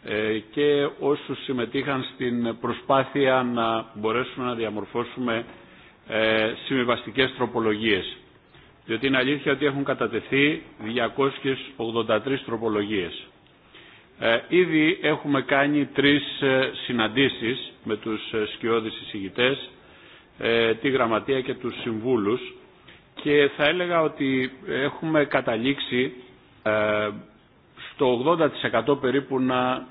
ε, και όσους συμμετείχαν στην προσπάθεια να μπορέσουμε να διαμορφώσουμε ε, συμβιβαστικές τροπολογίες. Διότι είναι αλήθεια ότι έχουν κατατεθεί 283 τροπολογίες. Ήδη έχουμε κάνει τρεις συναντήσεις με τους σκιώδεις εισηγητές, τη Γραμματεία και τους Συμβούλους και θα έλεγα ότι έχουμε καταλήξει ε, στο 80% περίπου να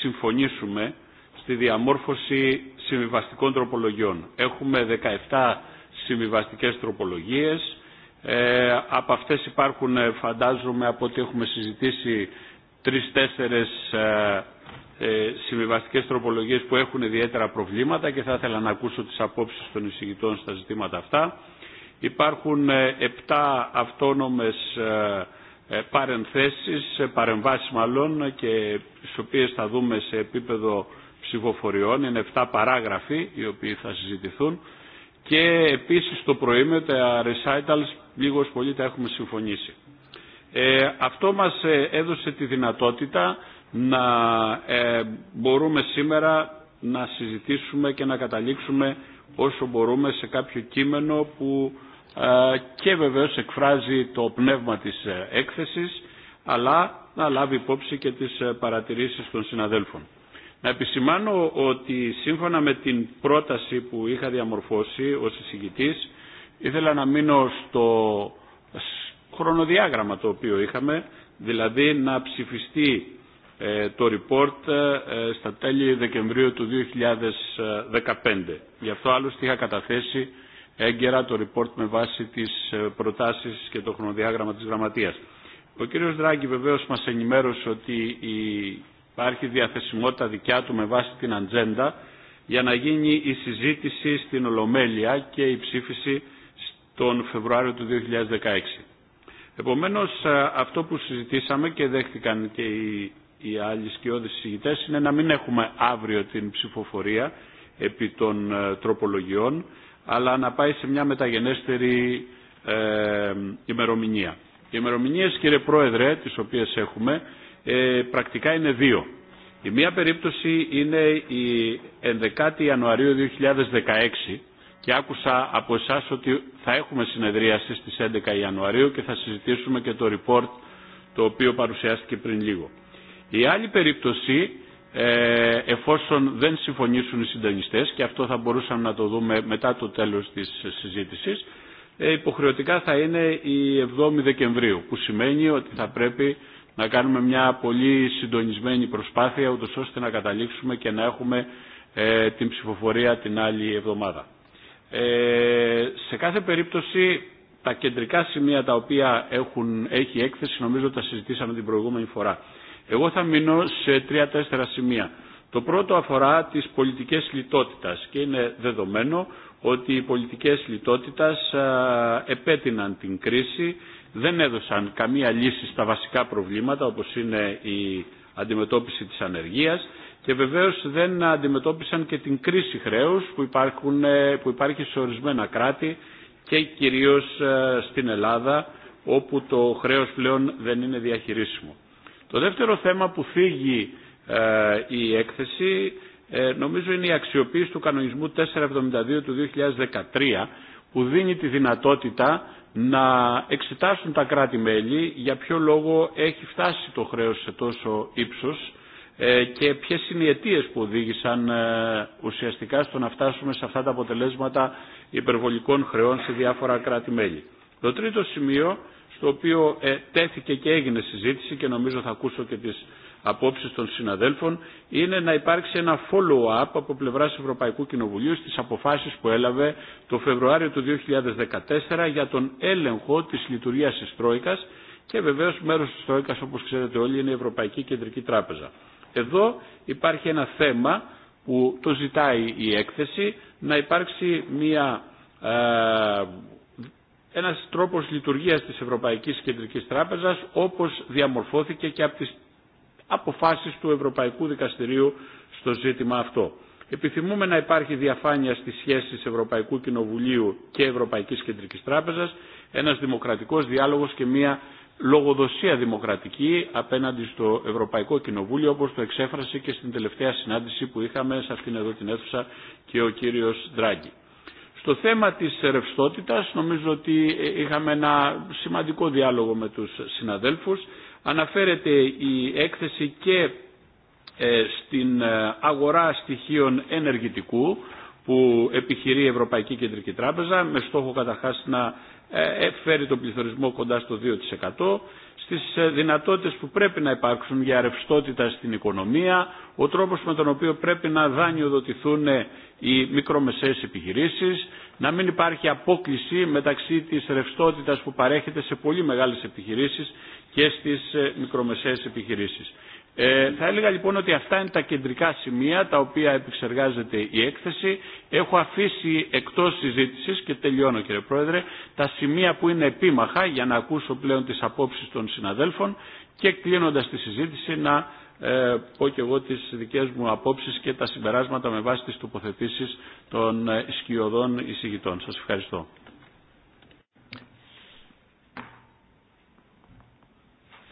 συμφωνήσουμε στη διαμόρφωση συμβιβαστικών τροπολογιών. Έχουμε 17 συμβιβαστικές τροπολογίες. Ε, από αυτές υπάρχουν, ε, φαντάζομαι, από ό,τι έχουμε συζητήσει, τρεις-τέσσερες ε, ε τροπολογίες που έχουν ιδιαίτερα προβλήματα και θα ήθελα να ακούσω τις απόψεις των εισηγητών στα ζητήματα αυτά. Υπάρχουν επτά αυτόνομες ε, παρενθέσεις, ε, παρεμβάσεις μάλλον και τις οποίες θα δούμε σε επίπεδο ψηφοφοριών. Είναι 7 παράγραφοι οι οποίοι θα συζητηθούν και επίσης το πρωί με τα ε, recitals λίγος πολύ τα έχουμε συμφωνήσει. Ε, αυτό μας έδωσε τη δυνατότητα να μπορούμε σήμερα να συζητήσουμε και να καταλήξουμε όσο μπορούμε σε κάποιο κείμενο που ε, και βεβαίως εκφράζει το πνεύμα της ε, έκθεσης αλλά να λάβει υπόψη και τις ε, παρατηρήσεις των συναδέλφων. Να επισημάνω ότι σύμφωνα με την πρόταση που είχα διαμορφώσει ως εισηγητής ήθελα να μείνω στο χρονοδιάγραμμα το οποίο είχαμε δηλαδή να ψηφιστεί το report στα τέλη Δεκεμβρίου του 2015. Γι' αυτό άλλωστε είχα καταθέσει έγκαιρα το report με βάση τις ε, προτάσεις και το χρονοδιάγραμμα της Γραμματείας. Ο κύριος Δράγκη βεβαίως μας ενημέρωσε ότι υπάρχει διαθεσιμότητα δικιά του με βάση την ατζέντα για να γίνει η συζήτηση στην Ολομέλεια και η ψήφιση τον Φεβρουάριο του 2016. Επομένως ε, αυτό που συζητήσαμε και δέχτηκαν και οι, άλλοι σκιώδεις συζητητές είναι να μην έχουμε αύριο την ψηφοφορία επί των ε, τροπολογιών αλλά να πάει σε μια μεταγενέστερη ε, ημερομηνία. Οι ημερομηνίε, κύριε Πρόεδρε, τι οποίε έχουμε, ε, πρακτικά είναι δύο. Η μία περίπτωση είναι η 11η Ιανουαρίου 2016 και άκουσα από εσά ότι θα έχουμε συνεδρίαση στις 11 Ιανουαρίου και θα συζητήσουμε και το report το οποίο παρουσιάστηκε πριν λίγο. Η άλλη περίπτωση ε, εφόσον δεν συμφωνήσουν οι συντονιστές και αυτό θα μπορούσαμε να το δούμε μετά το τέλος της συζήτησης ε, υποχρεωτικά θα είναι η 7η Δεκεμβρίου που σημαίνει ότι θα πρέπει να κάνουμε μια πολύ συντονισμένη προσπάθεια ούτως ώστε να καταλήξουμε και να έχουμε ε, την ψηφοφορία την άλλη εβδομάδα. σε κάθε περίπτωση τα κεντρικά σημεία τα οποία έχουν, έχει έκθεση νομίζω τα συζητήσαμε την προηγούμενη φορά. Εγώ θα μείνω σε τρία-τέσσερα σημεία. Το πρώτο αφορά τις πολιτικές λιτότητας και είναι δεδομένο ότι οι πολιτικές λιτότητας επέτειναν την κρίση, δεν έδωσαν καμία λύση στα βασικά προβλήματα όπως είναι η αντιμετώπιση της ανεργίας και βεβαίως δεν αντιμετώπισαν και την κρίση χρέους που, υπάρχουν, ε, που υπάρχει σε ορισμένα κράτη και κυρίως ε, στην Ελλάδα όπου το χρέος πλέον δεν είναι διαχειρίσιμο. Το δεύτερο θέμα που φύγει ε, η έκθεση ε, νομίζω είναι η αξιοποίηση του κανονισμού 472 του 2013 που δίνει τη δυνατότητα να εξετάσουν τα κράτη-μέλη για ποιο λόγο έχει φτάσει το χρέος σε τόσο ύψος ε, και ποιες είναι οι αιτίες που οδήγησαν ουσιαστικά στο να φτάσουμε σε αυτά τα αποτελέσματα υπερβολικών χρεών σε διάφορα κράτη-μέλη. Το τρίτο σημείο το οποίο ε, τέθηκε και έγινε συζήτηση και νομίζω θα ακούσω και τις απόψεις των συναδέλφων, είναι να υπάρξει ένα follow-up από πλευράς Ευρωπαϊκού Κοινοβουλίου στις αποφάσεις που έλαβε το Φεβρουάριο του 2014 για τον έλεγχο της λειτουργίας της Τρόικας και βεβαίως μέρος της Τρόικας όπως ξέρετε όλοι είναι η Ευρωπαϊκή Κεντρική Τράπεζα. Εδώ υπάρχει ένα θέμα που το ζητάει η έκθεση να υπάρξει μια ε, ένας τρόπος λειτουργίας της Ευρωπαϊκής Κεντρικής Τράπεζας όπως διαμορφώθηκε και από τις αποφάσεις του Ευρωπαϊκού Δικαστηρίου στο ζήτημα αυτό. Επιθυμούμε να υπάρχει διαφάνεια στις σχέσεις Ευρωπαϊκού Κοινοβουλίου και Ευρωπαϊκής Κεντρικής Τράπεζας, ένας δημοκρατικός διάλογος και μια λογοδοσία δημοκρατική απέναντι στο Ευρωπαϊκό Κοινοβούλιο όπως το εξέφρασε και στην τελευταία συνάντηση που είχαμε σε αυτήν εδώ την αίθουσα και ο κύριος το θέμα της ρευστότητα νομίζω ότι είχαμε ένα σημαντικό διάλογο με τους συναδέλφους. Αναφέρεται η έκθεση και ε, στην ε, αγορά στοιχείων ενεργητικού που επιχειρεί η Ευρωπαϊκή Κεντρική Τράπεζα με στόχο καταρχάς να ε, φέρει τον πληθωρισμό κοντά στο 2% στις ε, δυνατότητες που πρέπει να υπάρξουν για ρευστότητα στην οικονομία, ο τρόπος με τον οποίο πρέπει να δανειοδοτηθούν οι μικρομεσαίες επιχειρήσεις, να μην υπάρχει απόκληση μεταξύ της ρευστότητας που παρέχεται σε πολύ μεγάλες επιχειρήσεις και στις ε, μικρομεσαίες επιχειρήσεις. Ε, θα έλεγα λοιπόν ότι αυτά είναι τα κεντρικά σημεία τα οποία επεξεργάζεται η έκθεση. Έχω αφήσει εκτός συζήτησης και τελειώνω κύριε Πρόεδρε τα σημεία που είναι επίμαχα για να ακούσω πλέον τις απόψεις των συναδέλφων και κλείνοντας τη συζήτηση να ε, πω και εγώ τις δικές μου απόψεις και τα συμπεράσματα με βάση τις τοποθετήσεις των ε, σκιωδών εισηγητών. Σας ευχαριστώ.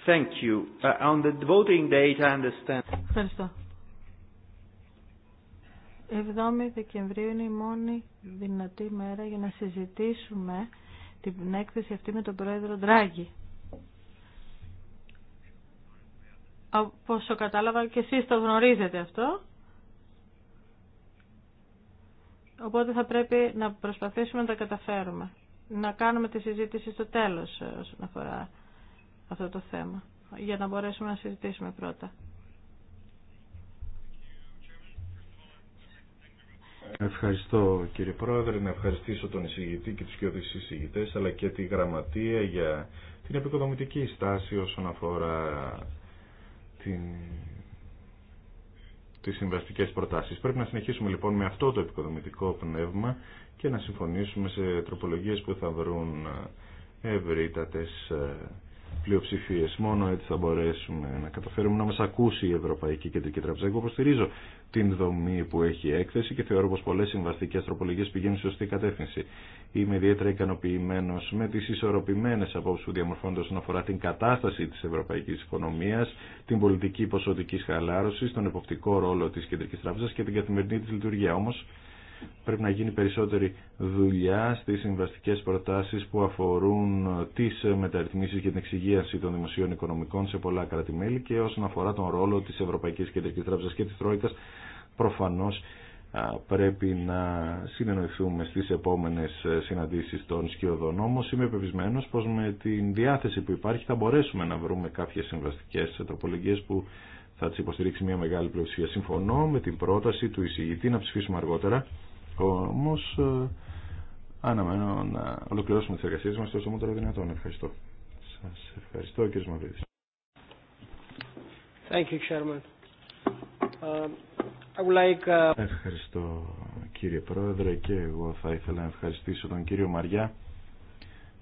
Thank you. Uh, on the voting I understand. Ευχαριστώ. 7η Δεκεμβρίου είναι μόνη δυνατή μέρα για να συζητήσουμε την έκθεση αυτή με τον πρόεδρο Ντράγκη. Όσο κατάλαβα και εσείς το γνωρίζετε αυτό. Οπότε θα πρέπει να προσπαθήσουμε να τα καταφέρουμε. Να κάνουμε τη συζήτηση στο τέλος ε, όσον αφορά αυτό το θέμα για να μπορέσουμε να συζητήσουμε πρώτα. Ευχαριστώ κύριε Πρόεδρε, να ευχαριστήσω τον εισηγητή και τους κοιόδης εισηγητές αλλά και τη γραμματεία για την επικοδομητική στάση όσον αφορά την... τις συμβαστικές προτάσεις. Πρέπει να συνεχίσουμε λοιπόν με αυτό το επικοδομητικό πνεύμα και να συμφωνήσουμε σε τροπολογίες που θα βρουν ευρύτατες ε, Πλειοψηφίε. Μόνο έτσι θα μπορέσουμε να καταφέρουμε να μα ακούσει η Ευρωπαϊκή Κεντρική Τράπεζα. Εγώ υποστηρίζω την δομή που έχει έκθεση και θεωρώ πω πολλέ συμβαστικέ τροπολογίε πηγαίνουν σε σωστή κατεύθυνση. Είμαι ιδιαίτερα ικανοποιημένο με τι ισορροπημένε απόψει που διαμορφώνονται όσον αφορά την κατάσταση τη Ευρωπαϊκή οικονομία, την πολιτική ποσοτική χαλάρωση, τον εποπτικό ρόλο τη κεντρική τράπεζα και την καθημερινή τη λειτουργία. όμω πρέπει να γίνει περισσότερη δουλειά στις συμβαστικές προτάσεις που αφορούν τις μεταρρυθμίσεις και την εξυγίαση των δημοσίων οικονομικών σε πολλά κράτη-μέλη και όσον αφορά τον ρόλο της Ευρωπαϊκής Κεντρικής Τράπεζας και της Τρόικας προφανώς πρέπει να συνεννοηθούμε στις επόμενες συναντήσεις των σκιωδών. Όμως είμαι πεπισμένος πως με την διάθεση που υπάρχει θα μπορέσουμε να βρούμε κάποιες συμβαστικές τροπολογίες που θα τις υποστηρίξει μια μεγάλη πλειοψηφία. Συμφωνώ με την πρόταση του εισηγητή να ψηφίσουμε αργότερα όμως ε, αναμένω να ολοκληρώσουμε τις εργασίες μας τόσο των δυνατόν. Ευχαριστώ. Σας ευχαριστώ κύριε Μαυρίδης. Thank you, Chairman. Um, I would like... Uh, ευχαριστώ κύριε Πρόεδρε και εγώ θα ήθελα να ευχαριστήσω τον κύριο Μαριά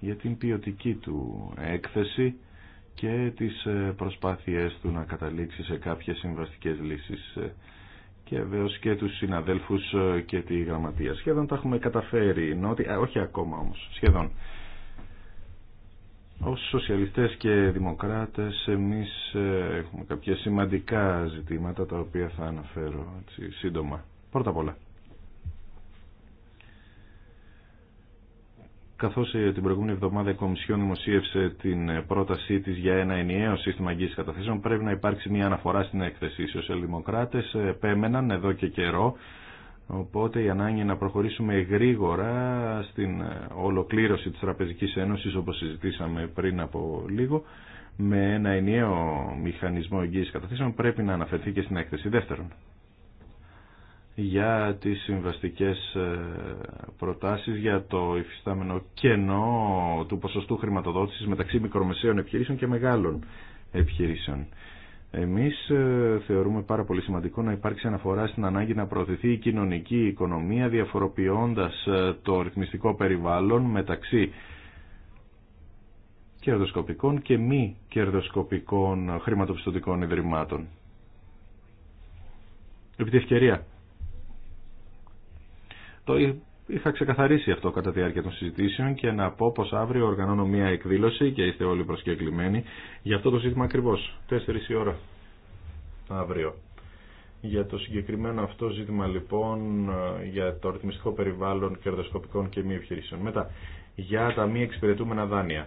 για την ποιοτική του έκθεση και τις ε, προσπάθειές του να καταλήξει σε κάποιες συμβαστικές λύσεις. Ε, και βεβαίω και τους συναδέλφους ε, και τη γραμματεία. Σχεδόν τα έχουμε καταφέρει, νότι, όχι ακόμα όμως, σχεδόν. Ω σοσιαλιστές και δημοκράτες εμείς ε, έχουμε κάποια σημαντικά ζητήματα τα οποία θα αναφέρω έτσι, σύντομα. Πρώτα απ' όλα. καθώς ε, την προηγούμενη εβδομάδα η Κομισιόν δημοσίευσε την ε, πρότασή τη για ένα ενιαίο σύστημα εγγύηση καταθέσεων, πρέπει να υπάρξει μια αναφορά στην έκθεση. Οι σοσιαλδημοκράτε, ε, επέμεναν εδώ και καιρό, οπότε η ανάγκη να προχωρήσουμε γρήγορα στην ολοκλήρωση της Τραπεζικής Ένωσης, όπως συζητήσαμε πριν από λίγο, με ένα ενιαίο μηχανισμό εγγύησης καταθέσεων πρέπει να αναφερθεί και στην έκθεση. Δεύτερον, για τις συμβαστικές ε, προτάσεις για το υφιστάμενο κενό του ποσοστού χρηματοδότησης μεταξύ μικρομεσαίων επιχειρήσεων και μεγάλων επιχειρήσεων. Εμείς ε, θεωρούμε πάρα πολύ σημαντικό να υπάρξει αναφορά στην ανάγκη να προωθηθεί η κοινωνική οικονομία διαφοροποιώντας ε, το ρυθμιστικό περιβάλλον μεταξύ κερδοσκοπικών και μη κερδοσκοπικών χρηματοπιστωτικών ιδρυμάτων. Επί τη ευκαιρία το είχα ξεκαθαρίσει αυτό κατά τη διάρκεια των συζητήσεων και να πω πως αύριο οργανώνω μία εκδήλωση και είστε όλοι προσκεκλημένοι για αυτό το ζήτημα ακριβώς. 4 η ώρα αύριο. Για το συγκεκριμένο αυτό ζήτημα λοιπόν για το ρυθμιστικό περιβάλλον κερδοσκοπικών και μη επιχειρήσεων. Μετά, για τα μη εξυπηρετούμενα δάνεια.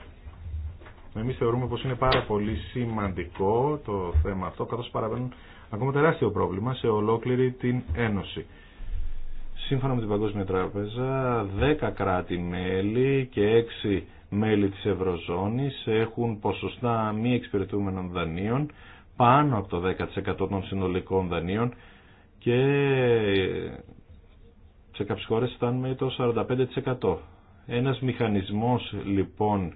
Εμείς θεωρούμε πως είναι πάρα πολύ σημαντικό το θέμα αυτό καθώς παραμένουν ακόμα τεράστιο πρόβλημα σε ολόκληρη την Ένωση. Σύμφωνα με την Παγκόσμια Τράπεζα, 10 κράτη-μέλη και 6 μέλη της Ευρωζώνης έχουν ποσοστά μη εξυπηρετούμενων δανείων πάνω από το 10% των συνολικών δανείων και ε, σε κάποιες χώρες φτάνουμε το 45%. Ένας μηχανισμός λοιπόν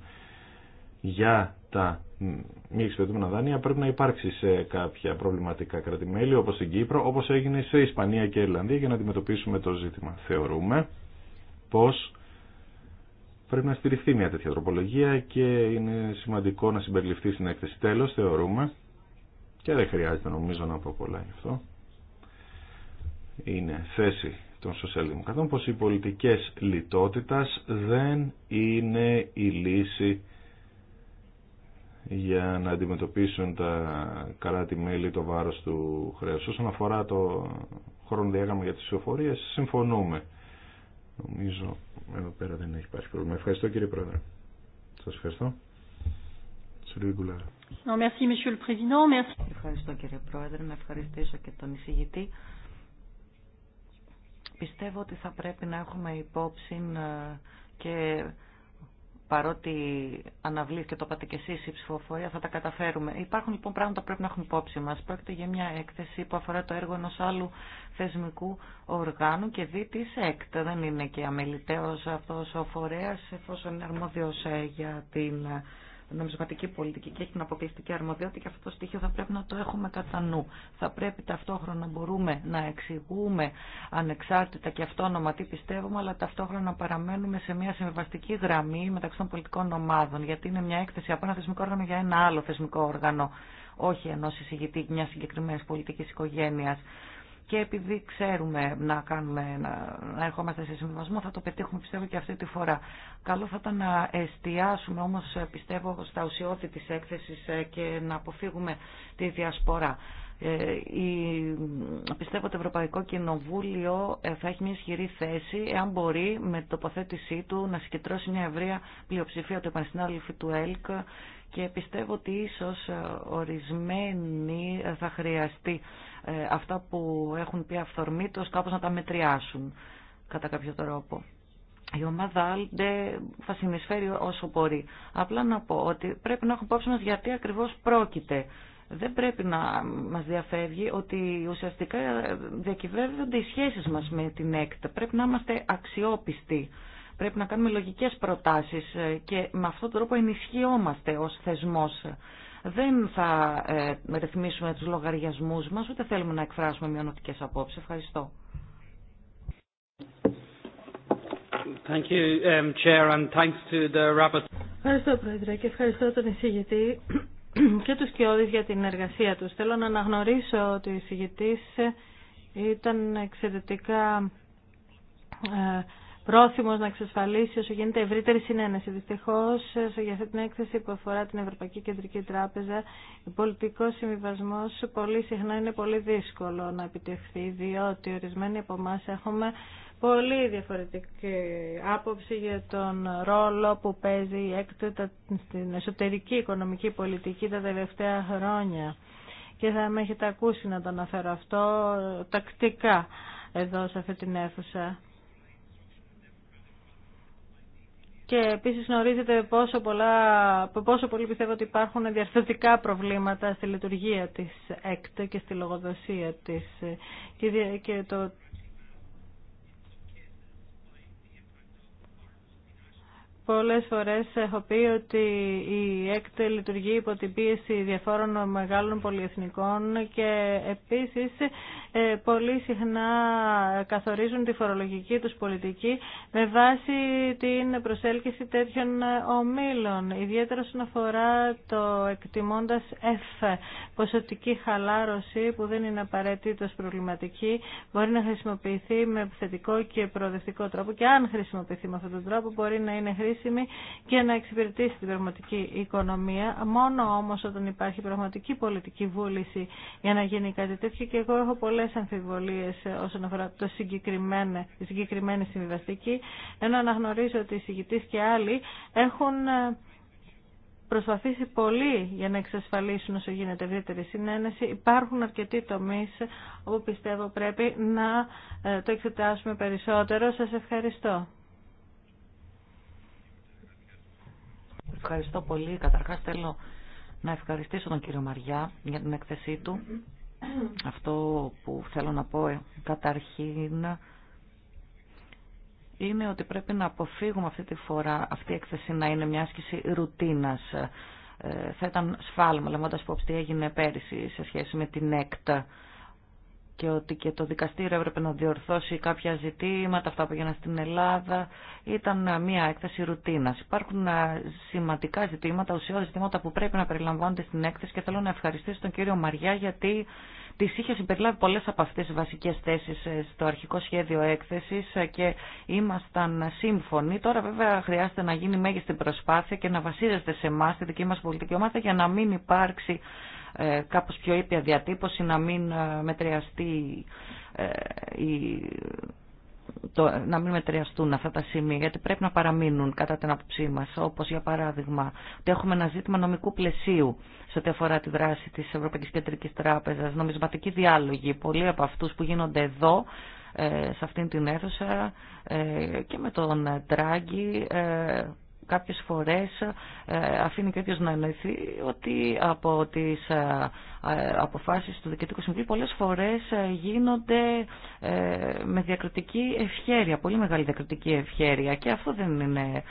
για τα μη εξυπηρετούμενα δάνεια πρέπει να υπάρξει σε κάποια προβληματικά κρατημέλη όπως στην Κύπρο, όπως έγινε σε Ισπανία και Ιρλανδία για να αντιμετωπίσουμε το ζήτημα. Θεωρούμε πως πρέπει να στηριχθεί μια τέτοια τροπολογία και είναι σημαντικό να συμπεριληφθεί στην έκθεση. Τέλος, θεωρούμε, και δεν χρειάζεται νομίζω να πω πολλά γι' αυτό, είναι θέση των σοσιαλδημοκρατών πως οι πολιτικές λιτότητας δεν είναι η λύση για να αντιμετωπίσουν τα τη μελη το βάρος του χρέους. Όσον αφορά το χρόνο διάγραμμα για τις ψηφοφορίες, συμφωνούμε. Νομίζω εδώ πέρα δεν έχει υπάρχει πρόβλημα. Ευχαριστώ κύριε Πρόεδρε. Σας ευχαριστώ. Ευχαριστώ κύριε Πρόεδρε. Να ευχαριστήσω και τον εισηγητή. Πιστεύω ότι θα πρέπει να έχουμε υπόψη ε, και παρότι αναβλήθηκε το είπατε και εσείς η ψηφοφορία, θα τα καταφέρουμε. Υπάρχουν λοιπόν πράγματα που πρέπει να έχουμε υπόψη μας. Πρόκειται για μια έκθεση που αφορά το έργο ενός άλλου θεσμικού οργάνου και δι της Δεν είναι και αμεληταίος αυτός ο φορέας, εφόσον είναι αρμόδιος ε, για την νομισματική πολιτική και έχει την αποκλειστική αρμοδιότητα και αυτό το στοιχείο θα πρέπει να το έχουμε κατά νου. Θα πρέπει ταυτόχρονα να μπορούμε να εξηγούμε ανεξάρτητα και αυτόνομα τι πιστεύουμε, αλλά ταυτόχρονα να παραμένουμε σε μια συμβαστική γραμμή μεταξύ των πολιτικών ομάδων, γιατί είναι μια έκθεση από ένα θεσμικό όργανο για ένα άλλο θεσμικό όργανο, όχι ενό εισηγητή μια συγκεκριμένη πολιτική οικογένεια και επειδή ξέρουμε να, κάνουμε, να, να ερχόμαστε σε συμβιβασμό θα το πετύχουμε πιστεύω και αυτή τη φορά. Καλό θα ήταν να εστιάσουμε όμως πιστεύω στα ουσιώδη της έκθεσης ε, και να αποφύγουμε τη διασπορά. Ε, πιστεύω ότι το Ευρωπαϊκό Κοινοβούλιο ε, θα έχει μια ισχυρή θέση εάν μπορεί με τοποθέτησή του να συγκεντρώσει μια ευρεία πλειοψηφία του επανσυνάδελφου του ΕΛΚ και πιστεύω ότι ίσως ε, ορισμένοι θα χρειαστεί αυτά που έχουν πει αυθορμήτως κάπως να τα μετριάσουν κατά κάποιο τρόπο. Η ομάδα Άλντε θα συνεισφέρει όσο μπορεί. Απλά να πω ότι πρέπει να έχουμε υπόψη μας γιατί ακριβώς πρόκειται δεν πρέπει να μας διαφεύγει ότι ουσιαστικά διακυβεύονται οι σχέσεις μας με την ΕΚΤ. Πρέπει να είμαστε αξιόπιστοι. Πρέπει να κάνουμε λογικές προτάσεις και με αυτόν τον τρόπο ενισχυόμαστε ως θεσμός. Δεν θα ε, ρυθμίσουμε τους λογαριασμούς μας, ούτε θέλουμε να εκφράσουμε μειονοτικές απόψεις. Ευχαριστώ. Thank you, um, Chair, and Ευχαριστώ, Πρόεδρε, και ευχαριστώ τον εισηγητή και τους κοιόδης για την εργασία τους. Θέλω να αναγνωρίσω ότι ο εισηγητής ήταν εξαιρετικά ε, πρόθυμος να εξασφαλίσει όσο γίνεται ευρύτερη συνένεση. Δυστυχώς για αυτή την έκθεση που αφορά την Ευρωπαϊκή Κεντρική Τράπεζα, ο πολιτικός συμβιβασμός πολύ συχνά είναι πολύ δύσκολο να επιτευχθεί, διότι ορισμένοι από εμά έχουμε πολύ διαφορετική άποψη για τον ρόλο που παίζει η έκτοτε στην εσωτερική οικονομική πολιτική τα τελευταία χρόνια. Και θα με έχετε ακούσει να το αναφέρω αυτό τακτικά εδώ σε αυτή την αίθουσα. Και επίσης γνωρίζετε πόσο, πολλά, πόσο πολύ πιστεύω ότι υπάρχουν διαρθρωτικά προβλήματα στη λειτουργία της ΕΚΤ και στη λογοδοσία της. Και, το Πολλές φορές έχω πει ότι η ΕΚΤ λειτουργεί υπό την πίεση διαφόρων μεγάλων πολυεθνικών και επίσης ε, πολύ συχνά καθορίζουν τη φορολογική τους πολιτική με βάση την προσέλκυση τέτοιων ομίλων, ιδιαίτερα όσον αφορά το εκτιμώντας F, ποσοτική χαλάρωση που δεν είναι απαραίτητο προβληματική, μπορεί να χρησιμοποιηθεί με θετικό και προοδευτικό τρόπο και αν χρησιμοποιηθεί με αυτόν τον τρόπο μπορεί να είναι χρήσιμο χρήσιμη και να εξυπηρετήσει την πραγματική οικονομία. Μόνο όμω όταν υπάρχει πραγματική πολιτική βούληση για να γίνει κάτι τέτοιο και εγώ έχω πολλέ αμφιβολίε όσον αφορά το συγκεκριμένο, τη συγκεκριμένη συμβιβαστική, ενώ αναγνωρίζω ότι οι συγκητής και άλλοι έχουν ε, προσπαθήσει πολύ για να εξασφαλίσουν όσο γίνεται ευρύτερη συνένεση. Υπάρχουν αρκετοί τομεί όπου πιστεύω πρέπει να ε, το εξετάσουμε περισσότερο. Σας ευχαριστώ. Ευχαριστώ πολύ. Καταρχάς θέλω να ευχαριστήσω τον κύριο Μαριά για την έκθεσή του. Αυτό που θέλω να πω ε, καταρχήν είναι ότι πρέπει να αποφύγουμε αυτή τη φορά αυτή η έκθεση να είναι μια άσκηση ρουτίνας. Ε, θα ήταν σφάλμα, λεμόντας υπόψη τι έγινε πέρυσι σε σχέση με την ΕΚΤΑ και ότι και το δικαστήριο έπρεπε να διορθώσει κάποια ζητήματα, αυτά που έγιναν στην Ελλάδα. Ήταν μια έκθεση ρουτίνα. Υπάρχουν ε, σημαντικά ζητήματα, ουσιώδη ζητήματα που πρέπει να περιλαμβάνονται στην έκθεση και θέλω να ευχαριστήσω τον κύριο Μαριά γιατί τις είχε συμπεριλάβει πολλέ από αυτέ τι βασικέ θέσει ε, στο αρχικό σχέδιο έκθεση ε, και ήμασταν σύμφωνοι. Τώρα βέβαια χρειάζεται να γίνει μέγιστη προσπάθεια και να βασίζεστε σε εμά, τη δική μα πολιτική ομάδα, για να μην υπάρξει ε, κάπως πιο ήπια διατύπωση, να μην ε, μετριαστεί ε, η το, να μην μετριαστούν αυτά τα σημεία, γιατί πρέπει να παραμείνουν κατά την άποψή μα. Όπω για παράδειγμα, ότι έχουμε ένα ζήτημα νομικού πλαισίου σε ό,τι αφορά τη δράση τη Ευρωπαϊκή Κεντρική Τράπεζα, νομισματική διάλογη. Πολλοί από αυτού που γίνονται εδώ, σε αυτήν την αίθουσα και με τον Τράγκη κάποιες φορές ε, αφήνει και να εννοηθεί ότι από τις ε, ε, αποφάσεις του Δικαιωτικού Συμβουλίου πολλές φορές γίνονται με διακριτική ευχέρεια, πολύ μεγάλη διακριτική ευχέρεια και αυτό δεν είναι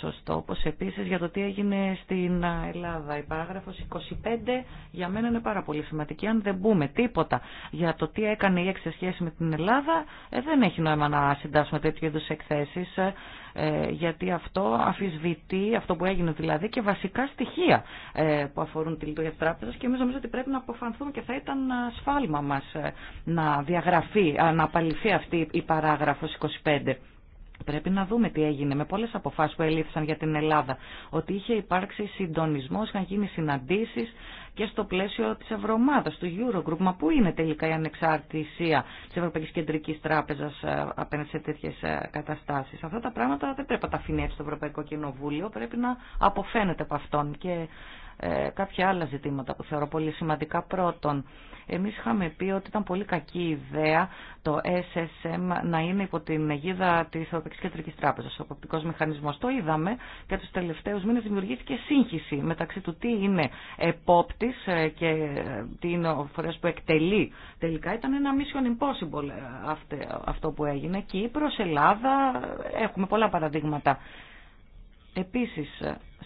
σωστό, όπως επίσης για το τι έγινε στην Ελλάδα. Η παράγραφος 25 για μένα είναι πάρα πολύ σημαντική. Αν δεν μπούμε τίποτα για το τι έκανε η έξι σχέση με την Ελλάδα, δεν έχει νόημα να συντάσσουμε τέτοιου είδους εκθέσεις. Ε, γιατί αυτό αφισβητεί, αυτό που έγινε δηλαδή, και βασικά στοιχεία ε, που αφορούν τη λειτουργία της τράπεζας και εμείς νομίζω ότι πρέπει να αποφανθούμε και θα ήταν ε, σφάλμα μας να διαγραφεί, να απαλληφθεί αυτή η παράγραφος 25. Πρέπει να δούμε τι έγινε με πολλές αποφάσεις που ελήφθησαν για την Ελλάδα. Ότι είχε υπάρξει συντονισμός, είχαν γίνει συναντήσεις και στο πλαίσιο της Ευρωομάδας, του Eurogroup. Μα πού είναι τελικά η ανεξάρτησία της Ευρωπαϊκής Κεντρικής Τράπεζας ε, απέναντι σε τέτοιες ε, καταστάσεις. Αυτά τα πράγματα δεν πρέπει να τα αφηνεύσει το Ευρωπαϊκό Κοινοβούλιο, πρέπει να αποφαίνεται από αυτόν. Και ε, κάποια άλλα ζητήματα που θεωρώ πολύ σημαντικά. Πρώτον, εμείς είχαμε πει ότι ήταν πολύ κακή ιδέα το SSM να είναι υπό την αιγίδα της Ευρωπαϊκής Κεντρικής Τράπεζας, ο αποπτικός μηχανισμός. Το είδαμε και τους τελευταίους μήνες δημιουργήθηκε σύγχυση μεταξύ του τι είναι επόπτης ε, και ε, τι είναι ο φορέας που εκτελεί. Τελικά ήταν ένα mission impossible αυτό που έγινε. Κύπρος, Ελλάδα, έχουμε πολλά παραδείγματα. Επίσης,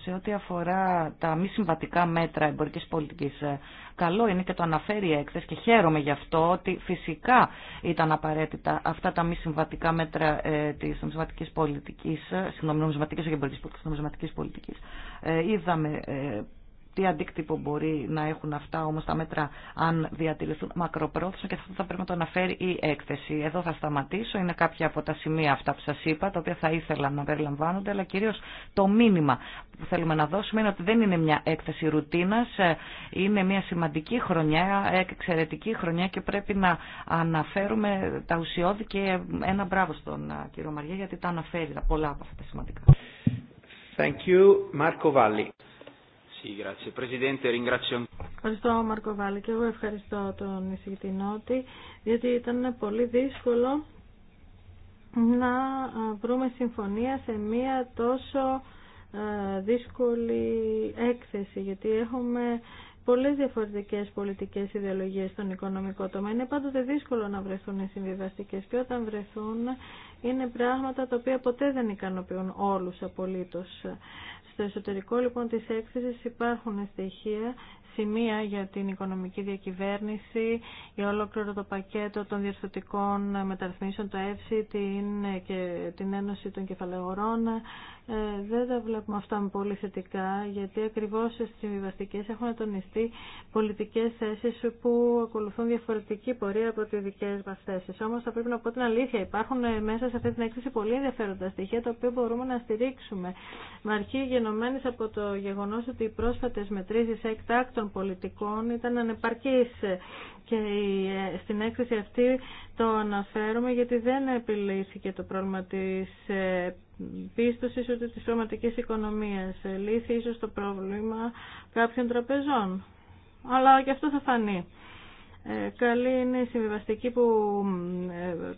σε ό,τι αφορά τα μη συμβατικά μέτρα εμπορική πολιτικής. Ε, καλό είναι και το αναφέρει η έκθεση και χαίρομαι γι' αυτό ότι φυσικά ήταν απαραίτητα αυτά τα μη συμβατικά μέτρα ε, της νομισματικής πολιτικής, ε, συγγνώμη, νομισματικής, όχι εμπορικής πολιτικής, ε, είδαμε τι αντίκτυπο μπορεί να έχουν αυτά όμως τα μέτρα αν διατηρηθούν μακροπρόθεσμα και αυτό θα πρέπει να το αναφέρει η έκθεση. Εδώ θα σταματήσω. Είναι κάποια από τα σημεία αυτά που σας είπα, τα οποία θα ήθελα να περιλαμβάνονται, αλλά κυρίως το μήνυμα που θέλουμε να δώσουμε είναι ότι δεν είναι μια έκθεση ρουτίνας, είναι μια σημαντική χρονιά, εξαιρετική χρονιά και πρέπει να αναφέρουμε τα ουσιώδη και ένα μπράβο στον κύριο Μαριέ γιατί τα αναφέρει πολλά από αυτά τα σημαντικά. Thank you, Marco Valli. Ευχαριστώ Μαρκο Βάλλη και εγώ ευχαριστώ τον εισηγητή γιατί ήταν πολύ δύσκολο να ε, βρούμε συμφωνία σε μία τόσο ε, δύσκολη έκθεση γιατί έχουμε πολλές διαφορετικές πολιτικές ιδεολογίες στον οικονομικό τομέα. Είναι πάντοτε δύσκολο να βρεθούν οι συμβιβαστικές και όταν βρεθούν είναι πράγματα τα οποία ποτέ δεν ικανοποιούν όλους απολύτως. Στο εσωτερικό λοιπόν της έκθεσης υπάρχουν στοιχεία σημεία για την οικονομική διακυβέρνηση, για ολόκληρο το πακέτο των διορθωτικών μεταρρυθμίσεων, το ΕΦΣΥ, την, και την Ένωση των Κεφαλαιογορών. Ε, δεν τα βλέπουμε αυτά με πολύ θετικά, γιατί ακριβώς στις συμβιβαστικές έχουν τονιστεί πολιτικές θέσεις που ακολουθούν διαφορετική πορεία από τις δικές μας θέσεις. Όμως θα πρέπει να πω την αλήθεια, υπάρχουν μέσα σε αυτή την έκθεση πολύ ενδιαφέροντα στοιχεία, τα οποία μπορούμε να στηρίξουμε. Με αρχή γενομένης από το γεγονός ότι οι πρόσφατες μετρήσεις εκτάκτων των πολιτικών ήταν ανεπαρκής και ε, στην έκθεση αυτή το αναφέρουμε γιατί δεν επιλύθηκε το πρόβλημα της ε, πίστοσης ούτε της πραγματικής οικονομίας. Ε, λύθη ίσως το πρόβλημα κάποιων τραπεζών. Αλλά και αυτό θα φανεί. καλή είναι η συμβιβαστική που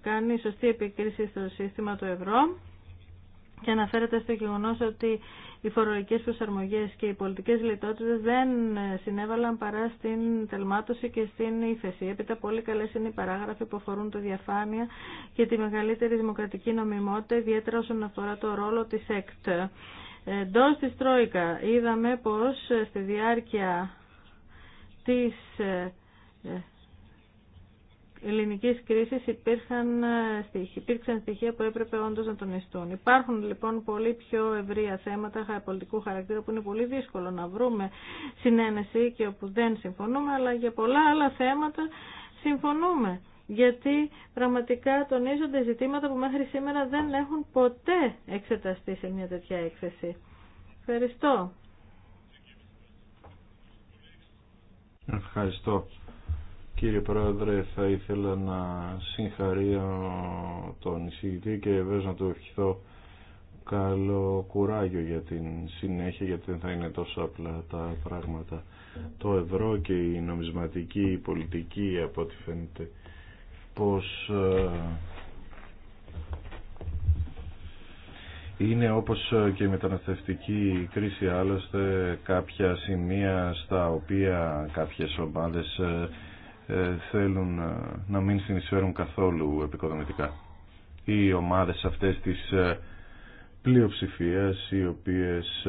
κάνει σωστή επικρίση στο σύστημα του ευρώ και αναφέρεται στο γεγονό ότι οι φορολογικές προσαρμογές και οι πολιτικές λιτότητες δεν συνέβαλαν παρά στην τελμάτωση και στην ύφεση. Έπειτα πολύ καλές είναι οι παράγραφοι που αφορούν το διαφάνεια και τη μεγαλύτερη δημοκρατική νομιμότητα, ιδιαίτερα όσον αφορά το ρόλο της ΕΚΤ. Εντό της Τρόικα είδαμε πως στη διάρκεια της ε, Ελληνική κρίση υπήρχαν ε, στοιχεία, υπήρξαν στοιχεία που έπρεπε όντως να τονιστούν. Υπάρχουν λοιπόν πολύ πιο ευρεία θέματα πολιτικού χαρακτήρα που είναι πολύ δύσκολο να βρούμε συνένεση και όπου δεν συμφωνούμε, αλλά για πολλά άλλα θέματα συμφωνούμε. Γιατί πραγματικά τονίζονται ζητήματα που μέχρι σήμερα δεν έχουν ποτέ εξεταστεί σε μια τέτοια έκθεση. Ευχαριστώ. Ευχαριστώ Κύριε Πρόεδρε, θα ήθελα να συγχαρείω τον εισηγητή και βέβαια να του ευχηθώ καλό κουράγιο για την συνέχεια γιατί δεν θα είναι τόσο απλά τα πράγματα. Το ευρώ και η νομισματική πολιτική από ό,τι φαίνεται πως ε, είναι όπως και η μεταναστευτική κρίση άλλωστε κάποια σημεία στα οποία κάποιες ομάδες ε, ε, θέλουν ε, να μην συνεισφέρουν καθόλου επικοδομητικά. Οι ομάδες αυτές της ε, πλειοψηφίας οι οποίες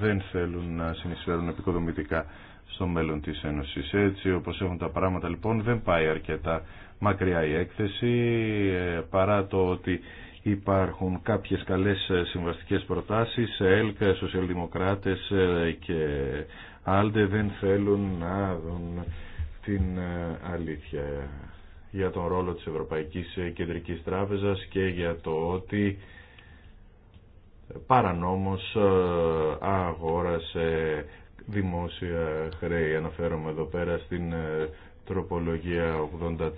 δεν θέλουν να συνεισφέρουν επικοδομητικά στο μέλλον της Ένωσης. Έτσι όπως έχουν τα πράγματα λοιπόν δεν πάει αρκετά μακριά η έκθεση παρά το ότι υπάρχουν κάποιες καλές συμβαστικές προτάσεις ΕΛΚ, Σοσιαλδημοκράτες και Άλτε δεν θέλουν να δουν την ε, αλήθεια για τον ρόλο της Ευρωπαϊκής ε, Κεντρικής Τράπεζας και για το ότι παρανόμως ε, αγόρασε δημόσια χρέη. Αναφέρομαι εδώ πέρα στην τροπολογία 83.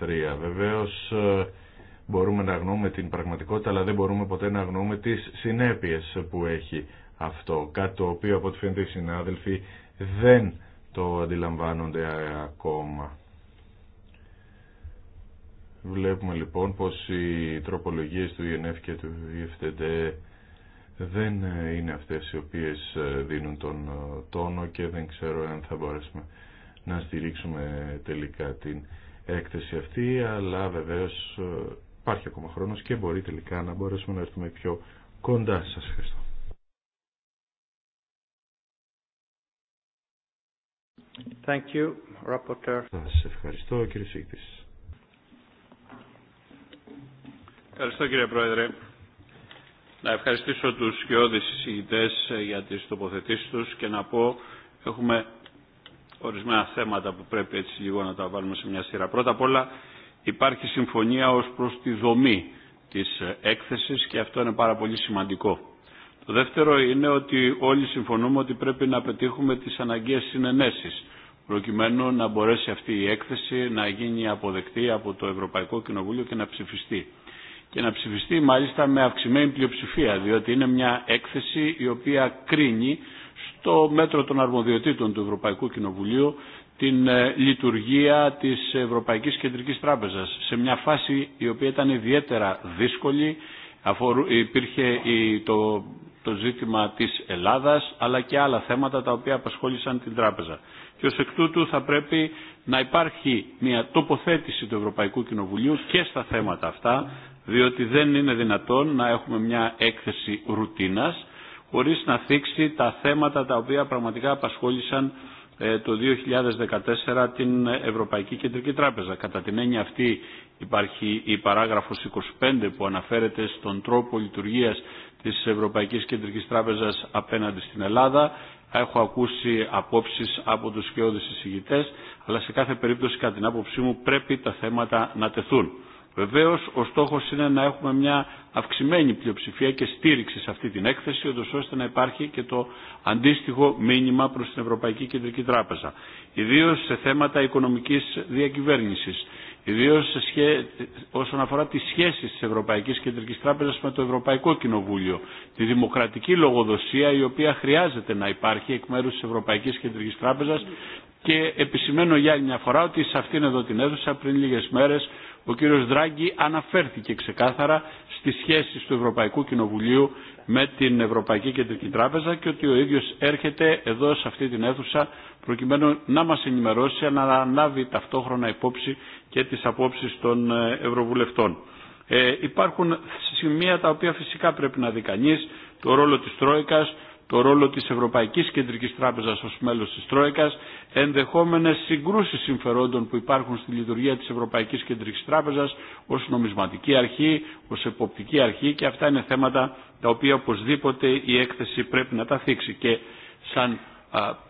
Βεβαίως μπορούμε να γνώμε την πραγματικότητα αλλά δεν μπορούμε ποτέ να γνώμε τις συνέπειες που έχει αυτό. Κάτι το οποίο από ό,τι φαίνεται οι συνάδελφοι δεν το αντιλαμβάνονται ακόμα. Βλέπουμε λοιπόν πως οι τροπολογίες του ΙΕΝΕΦ και του ΙΕΦΤΕΝΤΕ δεν είναι αυτές οι οποίες ε, δίνουν τον ε, τόνο και δεν ξέρω αν θα μπορέσουμε να στηρίξουμε τελικά την έκθεση αυτή, αλλά βεβαίως ε, υπάρχει ακόμα χρόνος και μπορεί τελικά να μπορέσουμε να έρθουμε πιο κοντά σας. Ευχαριστώ. Thank you, Σας ευχαριστώ, κύριε Σύκτης. Ευχαριστώ, κύριε Πρόεδρε. Να ευχαριστήσω τους σκιώδεις συζητητές ε, για τις τοποθετήσεις τους και να πω έχουμε ορισμένα θέματα που πρέπει έτσι λίγο να τα βάλουμε σε μια σειρά. Πρώτα απ' όλα υπάρχει συμφωνία ως προς τη δομή της ε, έκθεσης και αυτό είναι πάρα πολύ σημαντικό. Το δεύτερο είναι ότι όλοι συμφωνούμε ότι πρέπει να πετύχουμε τις αναγκαίες συνενέσεις προκειμένου να μπορέσει αυτή η έκθεση να γίνει αποδεκτή από το Ευρωπαϊκό Κοινοβούλιο και να ψηφιστεί. Και να ψηφιστεί μάλιστα με αυξημένη πλειοψηφία, διότι είναι μια έκθεση η οποία κρίνει στο μέτρο των αρμοδιοτήτων του Ευρωπαϊκού Κοινοβουλίου την ε, λειτουργία της Ευρωπαϊκής Κεντρικής Τράπεζας σε μια φάση η οποία ήταν ιδιαίτερα δύσκολη, αφορού, υπήρχε η, το το ζήτημα της Ελλάδας αλλά και άλλα θέματα τα οποία απασχόλησαν την τράπεζα. Και ως εκ τούτου θα πρέπει να υπάρχει μια τοποθέτηση του Ευρωπαϊκού Κοινοβουλίου και στα θέματα αυτά διότι δεν είναι δυνατόν να έχουμε μια έκθεση ρουτίνας χωρίς να θίξει τα θέματα τα οποία πραγματικά απασχόλησαν ε, το 2014 την Ευρωπαϊκή Κεντρική Τράπεζα. Κατά την έννοια αυτή υπάρχει η παράγραφος 25 που αναφέρεται στον τρόπο λειτουργίας της Ευρωπαϊκής Κεντρικής Τράπεζας απέναντι στην Ελλάδα. Έχω ακούσει απόψεις από τους σκιώδεις εισηγητές, αλλά σε κάθε περίπτωση κατά την άποψή μου πρέπει τα θέματα να τεθούν. Βεβαίως ο στόχος είναι να έχουμε μια αυξημένη πλειοψηφία και στήριξη σε αυτή την έκθεση, ώστε να υπάρχει και το αντίστοιχο μήνυμα προς την Ευρωπαϊκή Κεντρική Τράπεζα. Ιδίως σε θέματα οικονομικής διακυβέρνησης Ιδίω όσον αφορά τι σχέσει τη Ευρωπαϊκή Κεντρική Τράπεζα με το Ευρωπαϊκό Κοινοβούλιο. Τη δημοκρατική λογοδοσία η οποία χρειάζεται να υπάρχει εκ μέρου τη Ευρωπαϊκή Κεντρική Τράπεζα και επισημαίνω για άλλη μια φορά ότι σε αυτήν εδώ την αίθουσα πριν λίγε μέρε ο κύριος Δράγκη αναφέρθηκε ξεκάθαρα στις σχέσεις του Ευρωπαϊκού Κοινοβουλίου με την Ευρωπαϊκή Κεντρική Τράπεζα και ότι ο ίδιος έρχεται εδώ σε αυτή την αίθουσα προκειμένου να μας ενημερώσει αλλά να αναλάβει ταυτόχρονα υπόψη και τις απόψεις των ε, Ευρωβουλευτών. Ε, υπάρχουν σημεία τα οποία φυσικά πρέπει να δει κανείς, το ρόλο της Τρόικας, το ρόλο της Ευρωπαϊκής Κεντρικής Τράπεζας ως μέλος της Τρόικας, ενδεχόμενες συγκρούσεις συμφερόντων που υπάρχουν στη λειτουργία της Ευρωπαϊκής Κεντρικής Τράπεζας ως νομισματική αρχή, ως εποπτική αρχή και αυτά είναι θέματα τα οποία οπωσδήποτε η έκθεση πρέπει να τα θίξει. Και σαν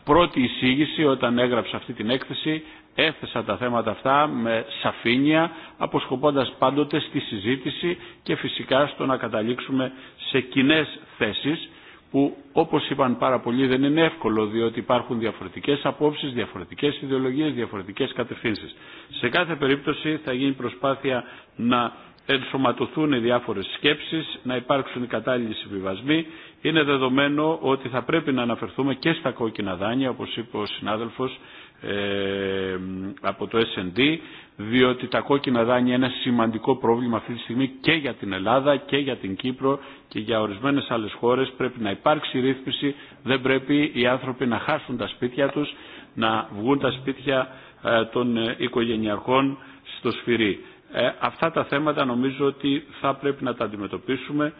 πρώτη εισήγηση όταν έγραψα αυτή την έκθεση έθεσα τα θέματα αυτά με σαφήνεια, αποσκοπώντας πάντοτε στη συζήτηση και φυσικά στο να καταλήξουμε σε κοινέ θέσεις που όπως είπαν πάρα πολλοί δεν είναι εύκολο διότι υπάρχουν διαφορετικές απόψεις, διαφορετικές ιδεολογίες, διαφορετικές κατευθύνσεις. Σε κάθε περίπτωση θα γίνει προσπάθεια να ενσωματωθούν οι διάφορες σκέψεις, να υπάρξουν οι κατάλληλοι συμβιβασμοί. Είναι δεδομένο ότι θα πρέπει να αναφερθούμε και στα κόκκινα δάνεια, όπως είπε ο συνάδελφος, ε, από το S&D διότι τα κόκκινα δάνεια είναι σημαντικό πρόβλημα αυτή τη στιγμή και για την Ελλάδα και για την Κύπρο και για ορισμένες άλλες χώρες. Πρέπει να υπάρξει ρύθμιση, δεν πρέπει οι άνθρωποι να χάσουν τα σπίτια τους, να βγουν τα σπίτια ε, των ε, οικογενειακών στο σφυρί. Ε, αυτά τα θέματα νομίζω ότι θα πρέπει να τα αντιμετωπίσουμε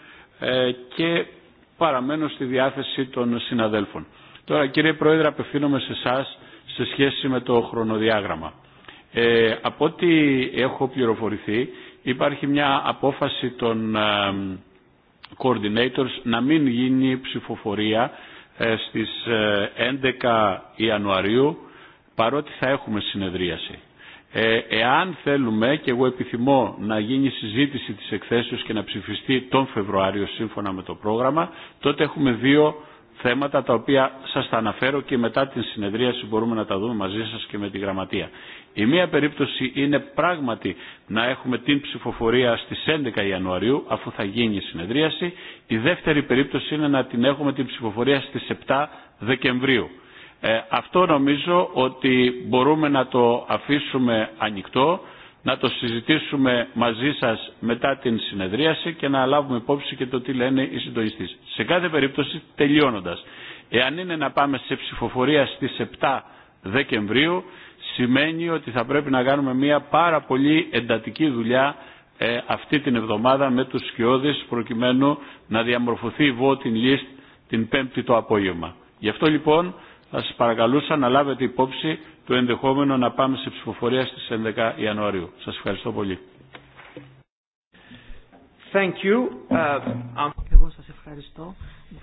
και παραμένω στη διάθεση των συναδέλφων. Τώρα κύριε Πρόεδρε απευθύνομαι σε εσά σε σχέση με το χρονοδιάγραμμα. Ε, από ό,τι έχω πληροφορηθεί υπάρχει μια απόφαση των ε, coordinators να μην γίνει ψηφοφορία ε, στις 11 ε, Ιανουαρίου παρότι θα έχουμε συνεδρίαση. Ε, εάν θέλουμε και εγώ επιθυμώ να γίνει συζήτηση της εκθέσεως και να ψηφιστεί τον Φεβρουάριο σύμφωνα με το πρόγραμμα τότε έχουμε δύο θέματα τα οποία σας τα αναφέρω και μετά την συνεδρίαση μπορούμε να τα δούμε μαζί σας και με τη γραμματεία. Η μία περίπτωση είναι πράγματι να έχουμε την ψηφοφορία στις 11 Ιανουαρίου αφού θα γίνει η συνεδρίαση. Η δεύτερη περίπτωση είναι να την έχουμε την ψηφοφορία στις 7 Δεκεμβρίου. Ε, αυτό νομίζω ότι μπορούμε να το αφήσουμε ανοιχτό να το συζητήσουμε μαζί σας μετά την συνεδρίαση και να λάβουμε υπόψη και το τι λένε οι συντονιστές. Σε κάθε περίπτωση τελειώνοντας, εάν είναι να πάμε σε ψηφοφορία στις 7 Δεκεμβρίου, σημαίνει ότι θα πρέπει να κάνουμε μια πάρα πολύ εντατική δουλειά ε, αυτή την εβδομάδα με τους σκιώδεις προκειμένου να διαμορφωθεί η voting list την 5η το απόγευμα. Γι' αυτό λοιπόν θα σας παρακαλούσα να λάβετε υπόψη το ενδεχόμενο να πάμε σε ψηφοφορία στις 11 Ιανουαρίου. Σας ευχαριστώ πολύ. Thank you. Uh, um, Εγώ σας ευχαριστώ.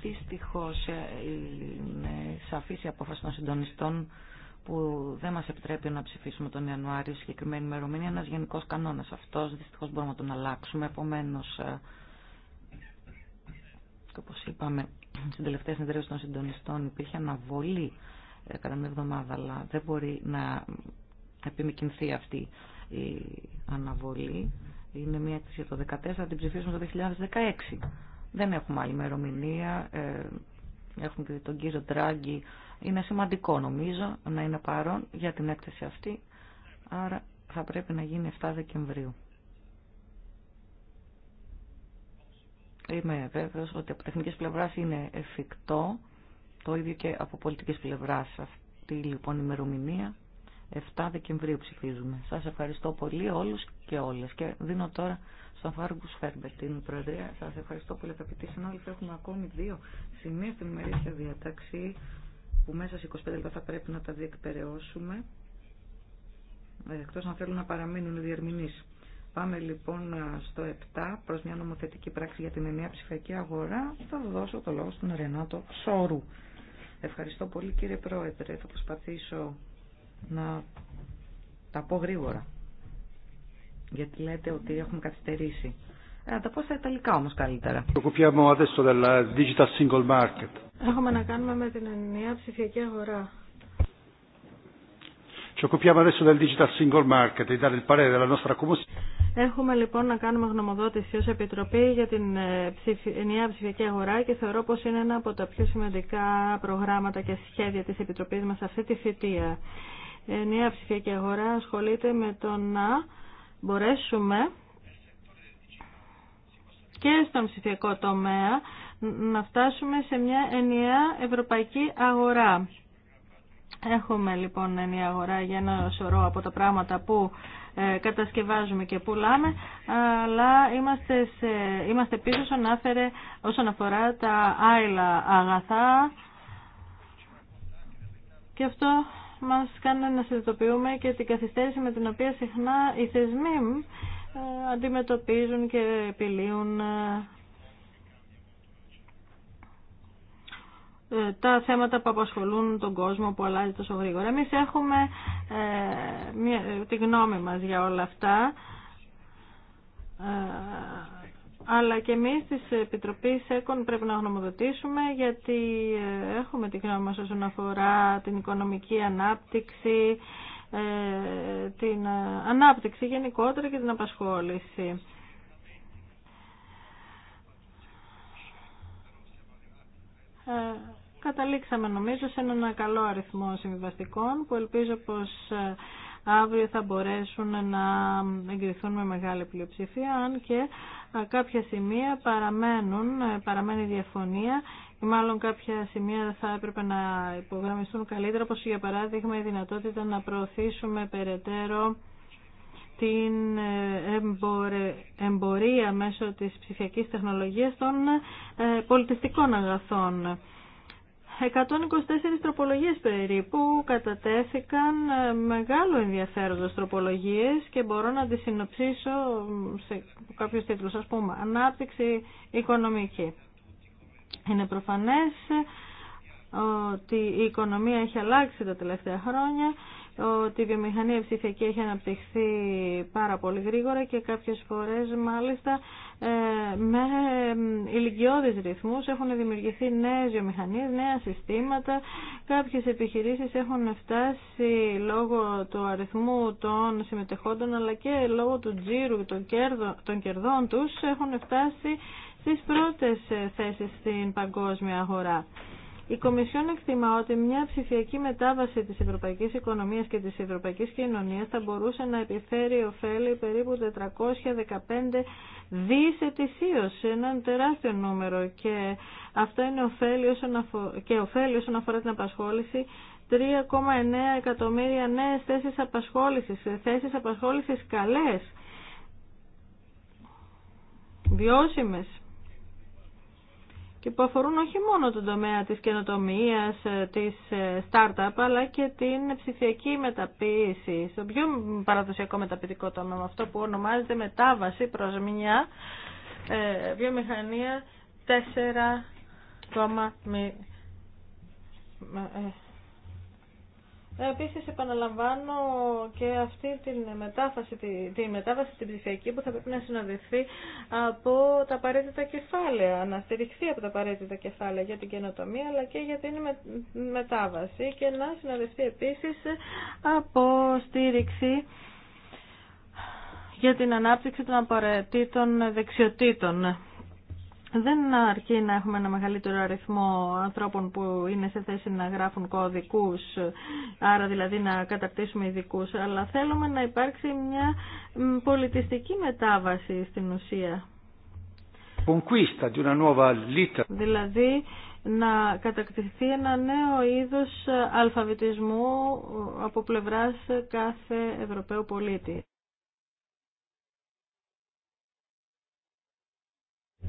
Δυστυχώς ε, είναι σαφής η απόφαση των συντονιστών που δεν μας επιτρέπει να ψηφίσουμε τον Ιανουάριο συγκεκριμένη ημερομηνία. Ένας γενικός κανόνας αυτός, δυστυχώς μπορούμε να τον αλλάξουμε. Επομένως, ε, όπως είπαμε, στην τελευταία συνεδρίαση των συντονιστών υπήρχε αναβολή κατά μια εβδομάδα, αλλά δεν μπορεί να επιμηκυνθεί αυτή η αναβολή. Είναι μια έκθεση για το 2014, την ψηφίσουμε το 2016. Δεν έχουμε άλλη ημερομηνία, ε, έχουμε και τον κύριο Τράγκη. Είναι σημαντικό νομίζω να είναι παρόν για την έκθεση αυτή, άρα θα πρέπει να γίνει 7 Δεκεμβρίου. Είμαι βέβαιος ότι από τεχνικής πλευράς είναι εφικτό το ίδιο και από πολιτικές πλευράς. Αυτή λοιπόν ημερομηνία 7 Δεκεμβρίου ψηφίζουμε. Σας ευχαριστώ πολύ όλους και όλες. Και δίνω τώρα στον Φάργκους Φέρμπερ την Προεδρία. Σας ευχαριστώ πολύ αγαπητοί συνάδελφοι. Έχουμε ακόμη δύο σημεία στην ημερήσια διατάξη που μέσα σε 25 λεπτά θα πρέπει να τα διεκπαιρεώσουμε. Ε, εκτός αν θέλουν να παραμείνουν οι διερμηνείς. Πάμε λοιπόν ε, στο 7 προς μια νομοθετική πράξη για την ενιαία ψηφιακή αγορά. Θα δώσω το λόγο στον Ρενάτο Σόρου. Ευχαριστώ πολύ κύριε Πρόεδρε. Θα προσπαθήσω να τα πω γρήγορα. Γιατί λέτε ότι έχουμε καθυστερήσει. Ε, να τα πω στα Ιταλικά όμως καλύτερα. digital single market. Έχουμε να κάνουμε με την ενιαία ψηφιακή αγορά. Ci occupiamo adesso del digital single market e dare il parere della nostra comunità. Έχουμε λοιπόν να κάνουμε γνωμοδότηση ως Επιτροπή για την ε, ενιαία ψηφιακή αγορά και θεωρώ πως είναι ένα από τα πιο σημαντικά προγράμματα και σχέδια της Επιτροπής μας αυτή τη θητεία. Η ενιαία ψηφιακή αγορά ασχολείται με το να μπορέσουμε και στον ψηφιακό τομέα να φτάσουμε σε μια ενιαία ευρωπαϊκή αγορά. Έχουμε λοιπόν ενιαία αγορά για ένα σωρό από τα πράγματα που ε, κατασκευάζουμε και πουλάμε, αλλά είμαστε, είμαστε πίσω όσον, άφερε, όσον αφορά τα άειλα αγαθά και αυτό μας κάνει να συνειδητοποιούμε και την καθυστέρηση με την οποία συχνά οι θεσμοί ε, αντιμετωπίζουν και επιλύουν ε, Ε, τα θέματα που απασχολούν τον κόσμο που αλλάζει τόσο γρήγορα. Εμείς έχουμε ε, μια, ε, τη γνώμη μας για όλα αυτά, αλλά και εμείς της Επιτροπής ΕΚΟΝ πρέπει να γνωμοδοτήσουμε γιατί έχουμε τη γνώμη μας όσον αφορά την οικονομική ανάπτυξη, την ανάπτυξη γενικότερα και την απασχόληση. Ε, καταλήξαμε νομίζω σε έναν καλό αριθμό συμβιβαστικών που ελπίζω πως ε, αύριο θα μπορέσουν να εγκριθούν με μεγάλη πλειοψηφία αν και ε, κάποια σημεία παραμένουν, παραμένει διαφωνία ή μάλλον κάποια σημεία θα έπρεπε να υπογραμμιστούν καλύτερα όπως για παράδειγμα η δυνατότητα να προωθήσουμε περαιτέρω την ε, εμπορία μέσω της ψηφιακής τεχνολογίας των ε, πολιτιστικών αγαθών. 124 τροπολογίες περίπου κατατέθηκαν ε, μεγάλο ενδιαφέροντος τροπολογίες και μπορώ να τις συνοψίσω σε κάποιους τίτλους, ας πούμε, ανάπτυξη οικονομική. Είναι προφανές ότι η οικονομία έχει αλλάξει τα τελευταία χρόνια ότι η βιομηχανία ψηφιακή έχει αναπτυχθεί πάρα πολύ γρήγορα και κάποιες φορές μάλιστα ε, με ηλικιώδεις ρυθμούς έχουν δημιουργηθεί νέες βιομηχανίες, νέα συστήματα. Κάποιες επιχειρήσεις έχουν φτάσει λόγω του αριθμού των συμμετεχόντων αλλά και λόγω του τζίρου των κερδών τους έχουν φτάσει στις πρώτες θέσεις στην παγκόσμια αγορά. Η Κομισιόν εκτιμά ότι μια ψηφιακή μετάβαση της ευρωπαϊκής οικονομίας και της ευρωπαϊκής κοινωνίας θα μπορούσε να επιφέρει ωφέλη περίπου 415 δις ετησίως, ένα τεράστιο νούμερο και αυτό είναι ωφέλη όσον αφορά, και ωφέλη όσον αφορά την απασχόληση 3,9 εκατομμύρια νέες θέσεις απασχόλησης, θέσεις απασχόλησης καλές, βιώσιμες και που αφορούν όχι μόνο τον τομέα της καινοτομίας, ε, της ε, startup, αλλά και την ψηφιακή μεταποίηση, στο πιο παραδοσιακό μεταποιητικό τομέα, αυτό που ονομάζεται μετάβαση προς μια ε, βιομηχανία 4,0. Επίση επαναλαμβάνω και αυτή τη μετάβαση, τη, μετάβαση στην ψηφιακή που θα πρέπει να συνοδευτεί από τα απαραίτητα κεφάλαια, να στηριχθεί από τα απαραίτητα κεφάλαια για την καινοτομία αλλά και για την μετάβαση και να συνοδευτεί επίση από στήριξη για την ανάπτυξη των απαραίτητων δεξιοτήτων. Δεν αρκεί να έχουμε ένα μεγαλύτερο αριθμό ανθρώπων που είναι σε θέση να γράφουν κωδικούς, άρα δηλαδή να κατακτήσουμε ειδικού, αλλά θέλουμε να υπάρξει μια πολιτιστική μετάβαση στην ουσία. Δηλαδή να κατακτηθεί ένα νέο είδος αλφαβητισμού από πλευράς κάθε Ευρωπαίου πολίτη.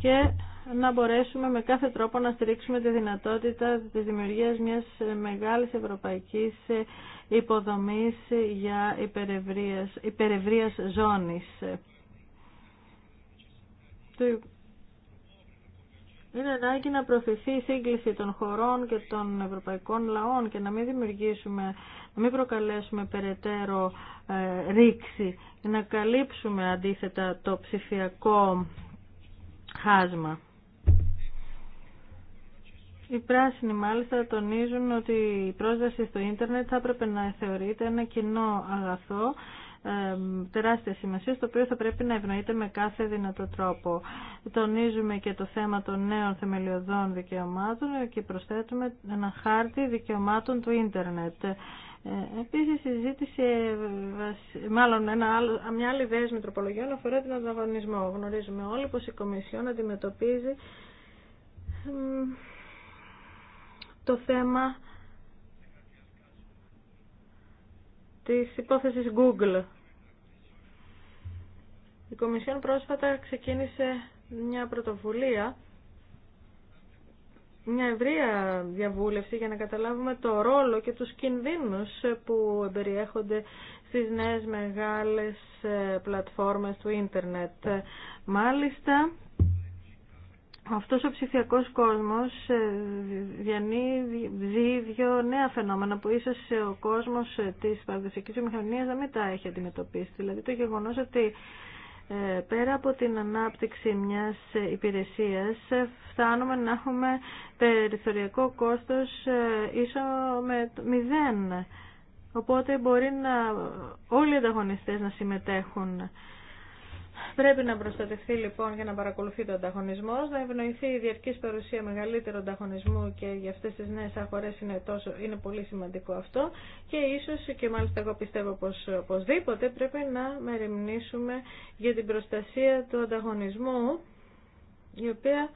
και να μπορέσουμε με κάθε τρόπο να στηρίξουμε τη δυνατότητα της δημιουργίας μιας μεγάλης ευρωπαϊκής υποδομής για υπερευρίας, υπερευρίας ζώνης. Είναι ανάγκη να προωθηθεί η σύγκληση των χωρών και των ευρωπαϊκών λαών και να μην δημιουργήσουμε, να μην προκαλέσουμε περαιτέρω ε, ρήξη, να καλύψουμε αντίθετα το ψηφιακό χάσμα. Οι πράσινοι μάλιστα τονίζουν ότι η πρόσβαση στο ίντερνετ θα έπρεπε να θεωρείται ένα κοινό αγαθό τεράστια σημασία, το οποίο θα πρέπει να ευνοείται με κάθε δυνατό τρόπο. Τονίζουμε και το θέμα των νέων θεμελιωδών δικαιωμάτων και προσθέτουμε ένα χάρτη δικαιωμάτων του ίντερνετ. Ε, η συζήτηση, ε, μάλλον ένα, μια άλλη δέσμη τροπολογιών αφορά την ανταγωνισμό. Γνωρίζουμε όλοι πως η Κομισιόν αντιμετωπίζει το θέμα της υπόθεση Google. Η Κομισιόν πρόσφατα ξεκίνησε μια πρωτοβουλία μια ευρεία διαβούλευση για να καταλάβουμε το ρόλο και τους κινδύνους που περιέχονται στις νέες μεγάλες ε, πλατφόρμες του ίντερνετ. Μάλιστα, αυτός ο ψηφιακός κόσμος ε, διανύει δύο νέα φαινόμενα που ίσως ο κόσμος ε, της παραδοσιακής μηχανίας δεν τα έχει αντιμετωπίσει. Δηλαδή το γεγονός ότι ε, πέρα από την ανάπτυξη μιας υπηρεσίας φτάνουμε να έχουμε περιθωριακό κόστος ε, ίσο με μηδέν. Οπότε μπορεί να όλοι οι ανταγωνιστές να συμμετέχουν Πρέπει να προστατευτεί λοιπόν για να παρακολουθεί το ανταγωνισμό, να ευνοηθεί η διαρκή παρουσία μεγαλύτερου ανταγωνισμού και για αυτέ τι νέε αγορέ είναι, τόσο, είναι πολύ σημαντικό αυτό και ίσω και μάλιστα εγώ πιστεύω πω οπωσδήποτε πρέπει να μεριμνήσουμε για την προστασία του ανταγωνισμού η οποία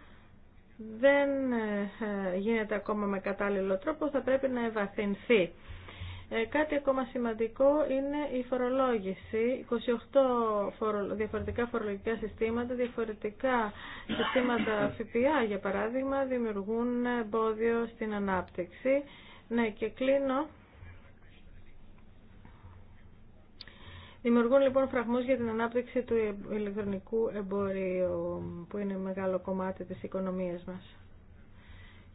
δεν ε, ε, γίνεται ακόμα με κατάλληλο τρόπο, θα πρέπει να ευαθυνθεί. Ε, κάτι ακόμα σημαντικό είναι η φορολόγηση. 28 διαφορετικά φορολογικά συστήματα, διαφορετικά συστήματα ΦΠΑ για παράδειγμα, δημιουργούν εμπόδιο στην ανάπτυξη. Ναι, και κλείνω. Δημιουργούν λοιπόν φραγμούς για την ανάπτυξη του ηλεκτρονικού εμπορίου, που είναι μεγάλο κομμάτι της οικονομίας μας.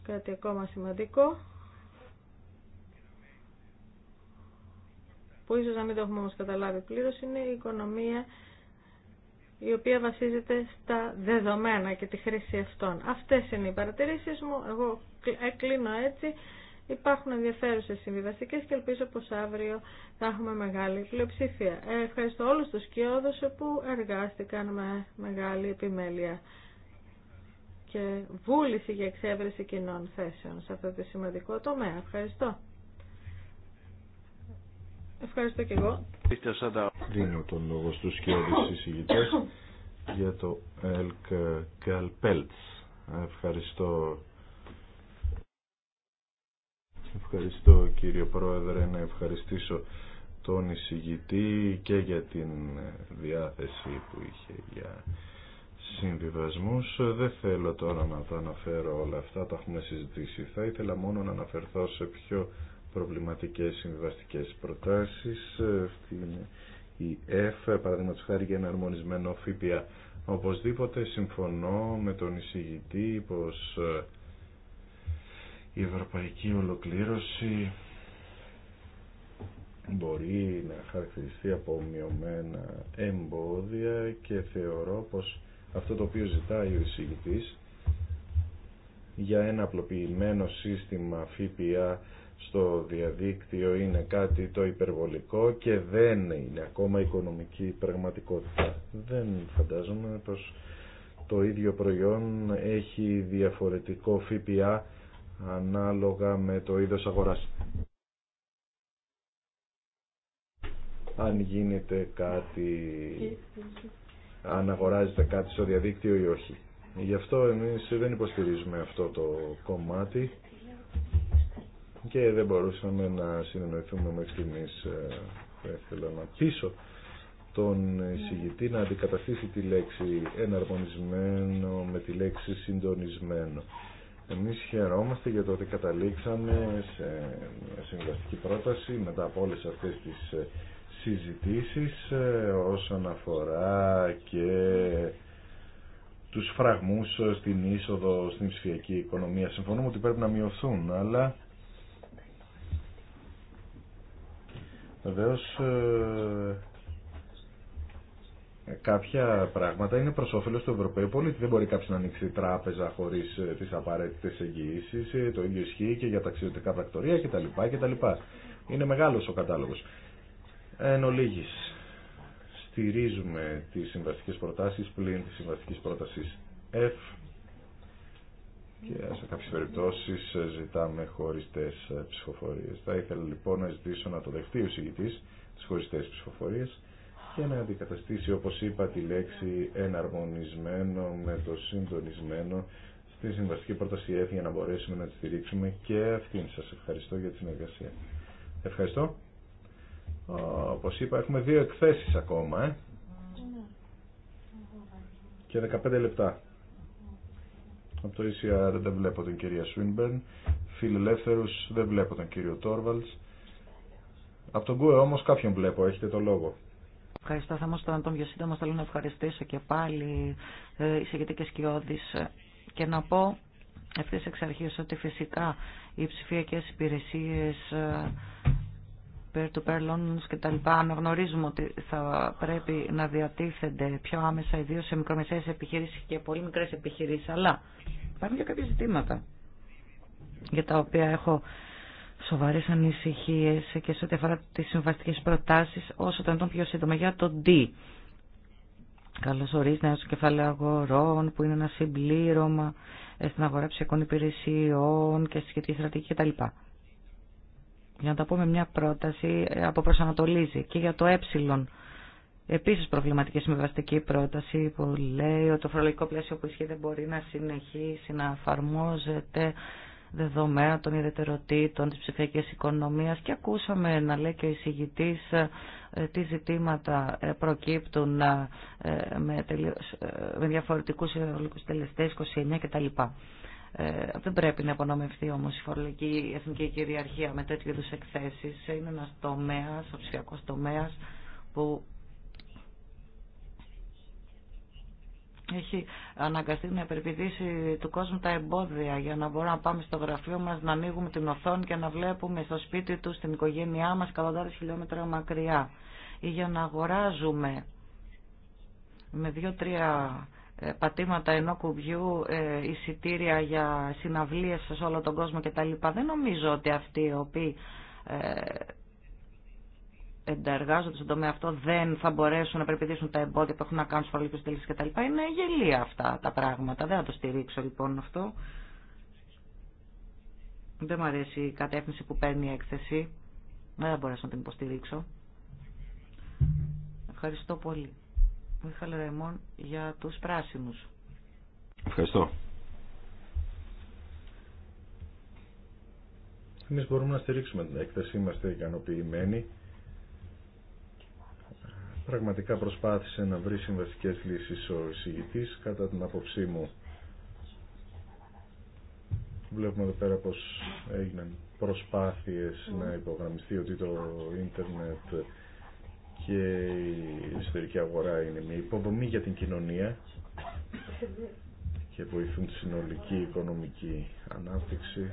Κάτι ακόμα σημαντικό. που ίσως να μην το έχουμε όμως καταλάβει πλήρως, είναι η οικονομία η οποία βασίζεται στα δεδομένα και τη χρήση αυτών. Αυτές είναι οι παρατηρήσεις μου. Εγώ ε, κλείνω έτσι. Υπάρχουν ενδιαφέρουσες συμβιβαστικές και ελπίζω πως αύριο θα έχουμε μεγάλη πλειοψηφία. Ε, ευχαριστώ όλους τους κοιόδους που εργάστηκαν με μεγάλη επιμέλεια και βούληση για εξέβρεση κοινών θέσεων σε αυτό το σημαντικό τομέα. Ευχαριστώ. Ευχαριστώ και εγώ. Δίνω τον λόγο στους κύριους για το ΕΛΚ Καλπέλτ. Ευχαριστώ. Ευχαριστώ Κύριο Πρόεδρε να ευχαριστήσω τον εισηγητή και για την διάθεση που είχε για συμβιβασμούς. Δεν θέλω τώρα να τα αναφέρω όλα αυτά, τα έχουμε συζητήσει. Θα ήθελα μόνο να αναφερθώ σε πιο προβληματικές συνδυαστικές προτάσεις. Ε, αυτή η ΕΦ, παραδείγματος χάρη για ένα αρμονισμένο ΦΠΑ. Οπωσδήποτε συμφωνώ με τον εισηγητή πως ε, η ευρωπαϊκή ολοκλήρωση μπορεί να χαρακτηριστεί από μειωμένα εμπόδια και θεωρώ πως αυτό το οποίο ζητάει ο εισηγητής για ένα απλοποιημένο σύστημα ΦΠΑ στο διαδίκτυο είναι κάτι το υπερβολικό και δεν είναι ακόμα οικονομική πραγματικότητα. Δεν φαντάζομαι πως το ίδιο προϊόν έχει διαφορετικό ΦΠΑ ανάλογα με το είδος αγοράς. Αν γίνεται κάτι, αν αγοράζεται κάτι στο διαδίκτυο ή όχι. Γι' αυτό εμείς δεν υποστηρίζουμε αυτό το κομμάτι και δεν μπορούσαμε να συνεννοηθούμε μέχρι στιγμής που ε, να πείσω τον εισηγητή να αντικαταστήσει τη λέξη εναρμονισμένο με τη λέξη συντονισμένο. Εμείς χαιρόμαστε για το ότι καταλήξαμε σε μια πρόταση μετά από όλες αυτές τις ε, συζητήσεις ε, όσον αφορά και τους φραγμούς στην είσοδο στην ψηφιακή οικονομία. Συμφωνούμε ότι πρέπει να μειωθούν, αλλά Βεβαίως ε, κάποια πράγματα είναι προ όφελο του Ευρωπαίου πολίτη. Δεν μπορεί κάποιος να ανοίξει τράπεζα χωρίς ε, τις απαραίτητες εγγυήσει. Ε, το ίδιο ισχύει και για ταξιδιωτικά πρακτορία κτλ. κτλ. Είναι μεγάλος ο κατάλογος. Εν ολίγης, στηρίζουμε τις συμβαστικέ προτάσεις πλην τη συμβαστική πρόταση F και σε κάποιες περιπτώσεις ε, ζητάμε χωριστές ε, ψηφοφορίες. Θα ήθελα λοιπόν να ζητήσω να το δεχτεί ο συγητής τις χωριστές ψηφοφορίες και να αντικαταστήσει όπως είπα τη λέξη εναρμονισμένο με το συντονισμένο στη συμβαστική πρόταση για να μπορέσουμε να τη στηρίξουμε και αυτήν. Σας ευχαριστώ για τη συνεργασία. Ευχαριστώ. Όπως είπα έχουμε δύο εκθέσεις ακόμα ε? Ναι. και 15 λεπτά από το ECR δεν βλέπω την κυρία Σουίνμπερν. Φιλελεύθερου, δεν βλέπω τον κύριο Τόρβαλτς. Από τον Κούε όμω κάποιον βλέπω, έχετε το λόγο. Ευχαριστώ, θα ήμασταν τον πιο σύντομα. Θέλω να ευχαριστήσω και πάλι ε, εισηγητή Σκιώδη ε, και να πω ευθύ εξ αρχή ότι φυσικά οι ψηφιακέ υπηρεσίε ε, υπέρ του Περλόνους και τα λοιπά, αναγνωρίζουμε ότι θα πρέπει να διατίθενται πιο άμεσα, ιδίω σε μικρομεσαίες επιχειρήσει και πολύ μικρέ επιχειρήσει. αλλά υπάρχουν και κάποια ζητήματα για τα οποία έχω σοβαρέ ανησυχίε και σε ό,τι αφορά τι συμβαστικέ προτάσει όσο το τον πιο σύντομα για το D. Καλώ ορίζει νέο κεφάλαιο αγορών που είναι ένα συμπλήρωμα στην αγορά ψυχικών υπηρεσιών και στη σχετική στρατηγική κτλ για να τα πούμε μια πρόταση από προσανατολίζει και για το ε. Επίσης προβληματική συμβαστική πρόταση που λέει ότι το φορολογικό πλαίσιο που ισχύει δεν μπορεί να συνεχίσει να εφαρμόζεται δεδομένα των ιδιαιτεροτήτων τη ψηφιακή οικονομίας και ακούσαμε να λέει και ο εισηγητή ε, τι ζητήματα ε, προκύπτουν ε, με, διαφορετικού με διαφορετικούς 29 κτλ. Ε, δεν πρέπει να απονομευτεί όμω η φορολογική εθνική κυριαρχία με τέτοιου είδου εκθέσει. Είναι ένα τομέα, ο ψηφιακό τομέα, που έχει αναγκαστεί να υπερπηδήσει του κόσμου τα εμπόδια για να μπορούμε να πάμε στο γραφείο μας, να ανοίγουμε την οθόνη και να βλέπουμε στο σπίτι του, στην οικογένειά μας, εκατοντάδες χιλιόμετρα μακριά. Ή για να αγοράζουμε με δύο-τρία ε, πατήματα ενώ κουμπιού, ε, εισιτήρια για συναυλίες σε όλο τον κόσμο κτλ. Δεν νομίζω ότι αυτοί οι οποίοι ε, ενταργάζονται στον τομέα αυτό δεν θα μπορέσουν να περιπηδήσουν τα εμπόδια που έχουν να κάνουν στους φορολογικούς τελείς κτλ. Είναι γελία αυτά τα πράγματα. Δεν θα το στηρίξω λοιπόν αυτό. Δεν μου αρέσει η κατεύθυνση που παίρνει η έκθεση. Δεν θα μπορέσω να την υποστηρίξω. Ευχαριστώ πολύ. Μιχαλ για τους πράσινους. Ευχαριστώ. Εμεί μπορούμε να στηρίξουμε την έκθεση, είμαστε ικανοποιημένοι. Πραγματικά προσπάθησε να βρει συμβαστικές λύσεις ο εισηγητής, κατά την απόψή μου. Βλέπουμε εδώ πέρα πως έγιναν προσπάθειες να υπογραμμιστεί ότι το ίντερνετ και η εσωτερική αγορά είναι μια υποδομή για την κοινωνία και βοηθούν τη συνολική οικονομική ανάπτυξη.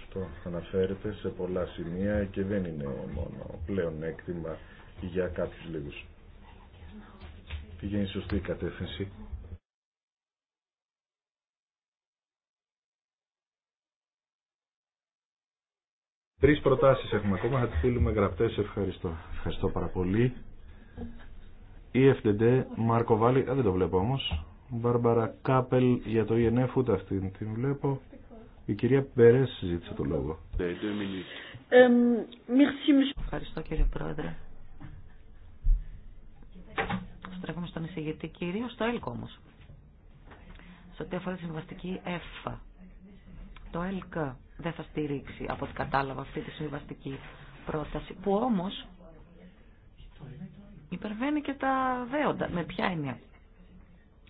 Αυτό αναφέρεται σε πολλά σημεία και δεν είναι μόνο πλέον έκτημα για κάποιους λίγους. Πηγαίνει σωστή κατεύθυνση Τρεις προτάσεις έχουμε ακόμα, θα τις στείλουμε γραπτές. Ευχαριστώ. Ευχαριστώ πάρα πολύ. Η Μάρκο Βάλλη, δεν το βλέπω όμως. Μπάρμπαρα Κάπελ για το ENF, ούτε αυτήν την βλέπω. Η κυρία Περές ζήτησε το λόγο. Ευχαριστώ κύριε Πρόεδρε. Στρέφουμε στον εισηγητή κυρίως, στο ΕΛΚ όμως. Σε ό,τι αφορά τη συμβαστική ΕΦΑ. Το ΕΛΚΑ δεν θα στηρίξει από ό,τι κατάλαβα αυτή τη συμβαστική πρόταση που όμως υπερβαίνει και τα δέοντα. Με ποια έννοια.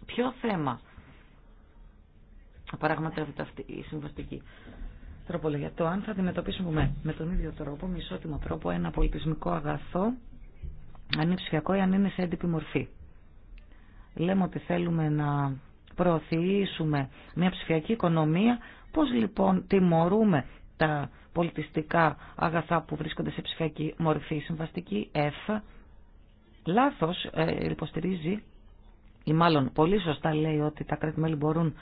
Ποιο θέμα πραγματεύεται αυτή η συμβαστική τροπολογία. Το αν θα αντιμετωπίσουμε με τον ίδιο τρόπο, με ισότιμο τρόπο, ένα πολιτισμικό αγαθό, αν είναι ψηφιακό ή αν είναι σε έντυπη μορφή. Λέμε ότι θέλουμε να προωθήσουμε μια ψηφιακή οικονομία Πώς λοιπόν τιμωρούμε τα πολιτιστικά αγαθά που βρίσκονται σε ψηφιακή μορφή. Συμβαστική F λάθος ε, υποστηρίζει ή μάλλον πολύ σωστά λέει ότι τα κρατη μπορούν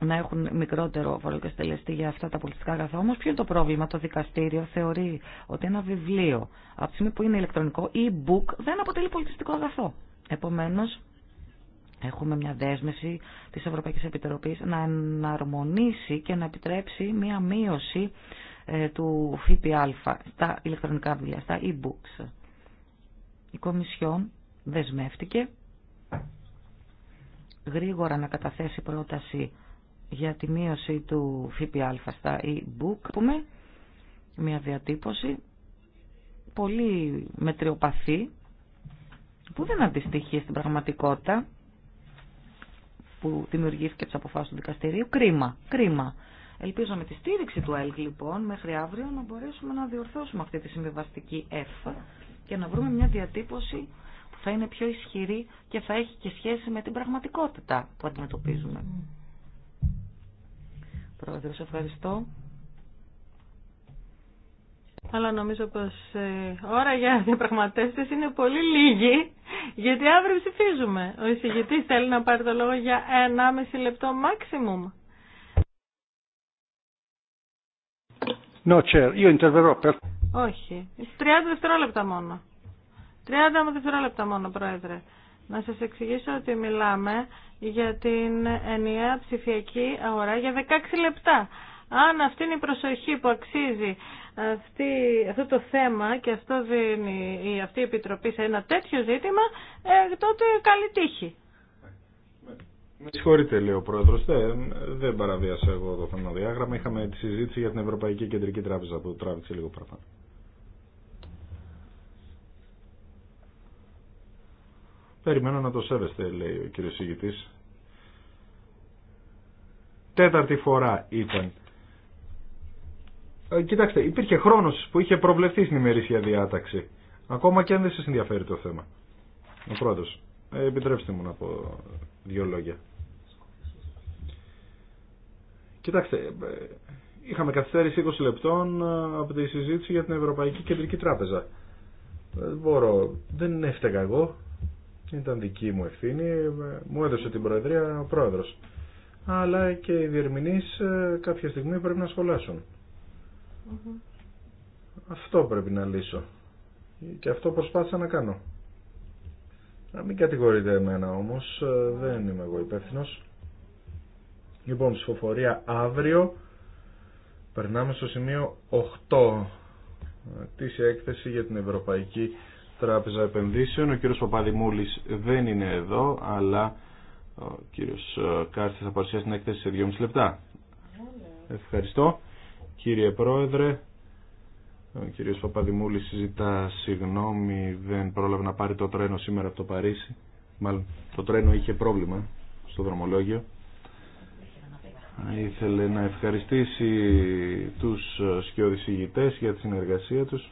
να έχουν μικρότερο φορολογικό για αυτά τα πολιτιστικά αγαθά. Όμως ποιο είναι το πρόβλημα. Το δικαστήριο θεωρεί ότι ένα βιβλίο, από τη στιγμή που είναι ηλεκτρονικό, e-book, δεν αποτελεί πολιτιστικό αγαθό. Επομένως, Έχουμε μια δέσμευση της Ευρωπαϊκής Επιτροπής να εναρμονίσει και να επιτρέψει μια μείωση ε, του ΦΠΑ στα ηλεκτρονικά βιβλία, στα e-books. Η Κομισιόν δεσμεύτηκε γρήγορα να καταθέσει πρόταση για τη μείωση του ΦΠΑ στα e-book. Πούμε, μια διατύπωση πολύ μετριοπαθή που δεν αντιστοιχεί στην πραγματικότητα που δημιουργήθηκε τι αποφάσει του δικαστηρίου. Κρίμα, κρίμα. Ελπίζω με τη στήριξη του ΕΛΚ λοιπόν μέχρι αύριο να μπορέσουμε να διορθώσουμε αυτή τη συμβιβαστική ΕΦ και να βρούμε μια διατύπωση που θα είναι πιο ισχυρή και θα έχει και σχέση με την πραγματικότητα που αντιμετωπίζουμε. Πρόεδρος, ευχαριστώ. Αλλά νομίζω πως η ε, ώρα για διαπραγματεύσει είναι πολύ λίγη, γιατί αύριο ψηφίζουμε. Ο εισηγητής θέλει να πάρει το λόγο για 1,5 λεπτό maximum. No, Io interverrò Όχι. 30 δευτερόλεπτα μόνο. 30 δευτερόλεπτα μόνο, Πρόεδρε. Να σας εξηγήσω ότι μιλάμε για την ενιαία ψηφιακή αγορά για 16 λεπτά. Αν αυτή είναι η προσοχή που αξίζει αυτή, αυτό το θέμα και αυτό δίνει η, αυτή η Επιτροπή σε ένα τέτοιο ζήτημα, ε, τότε καλή τύχη. Με συγχωρείτε, λέει ο πρόεδρο. Δεν, δεν παραβίασα εγώ το χρονοδιάγραμμα. Είχαμε τη συζήτηση για την Ευρωπαϊκή Κεντρική Τράπεζα που τράβηξε λίγο παραπάνω. Περιμένω να το σέβεστε, λέει ο κύριο Σιγητής. Τέταρτη φορά ήταν ε, κοιτάξτε, υπήρχε χρόνος που είχε προβλεφθεί στην ημερήσια διάταξη. Ακόμα και αν δεν σε ενδιαφέρει το θέμα. Ο πρόεδρος, ε, επιτρέψτε μου να πω δύο λόγια. Κοιτάξτε, ε, είχαμε καθυστέρηση 20 λεπτών από τη συζήτηση για την Ευρωπαϊκή Κεντρική Τράπεζα. Δεν μπορώ, δεν έφταιγα εγώ, ήταν δική μου ευθύνη, μου έδωσε την Προεδρία ο πρόεδρο. Αλλά και οι διερμηνεί κάποια στιγμή πρέπει να σχολάσουν. Αυτό πρέπει να λύσω. Και αυτό προσπάθησα να κάνω. Να μην κατηγορείτε εμένα όμως, ε, δεν είμαι εγώ υπεύθυνο. Λοιπόν, ψηφοφορία αύριο. Περνάμε στο σημείο 8 ε, της έκθεση για την Ευρωπαϊκή Τράπεζα Επενδύσεων. Ο κύριος Παπαδημούλης δεν είναι εδώ, αλλά ο κύριος ε, Κάρτη θα παρουσιάσει την έκθεση σε 2,5 λεπτά. Ευχαριστώ. Κύριε Πρόεδρε, ο κύριος Παπαδημούλης συζητά συγγνώμη, δεν πρόλαβε να πάρει το τρένο σήμερα από το Παρίσι. Μάλλον το τρένο είχε πρόβλημα στο δρομολόγιο. Ήθελε να ευχαριστήσει τους ηγητές για τη συνεργασία τους.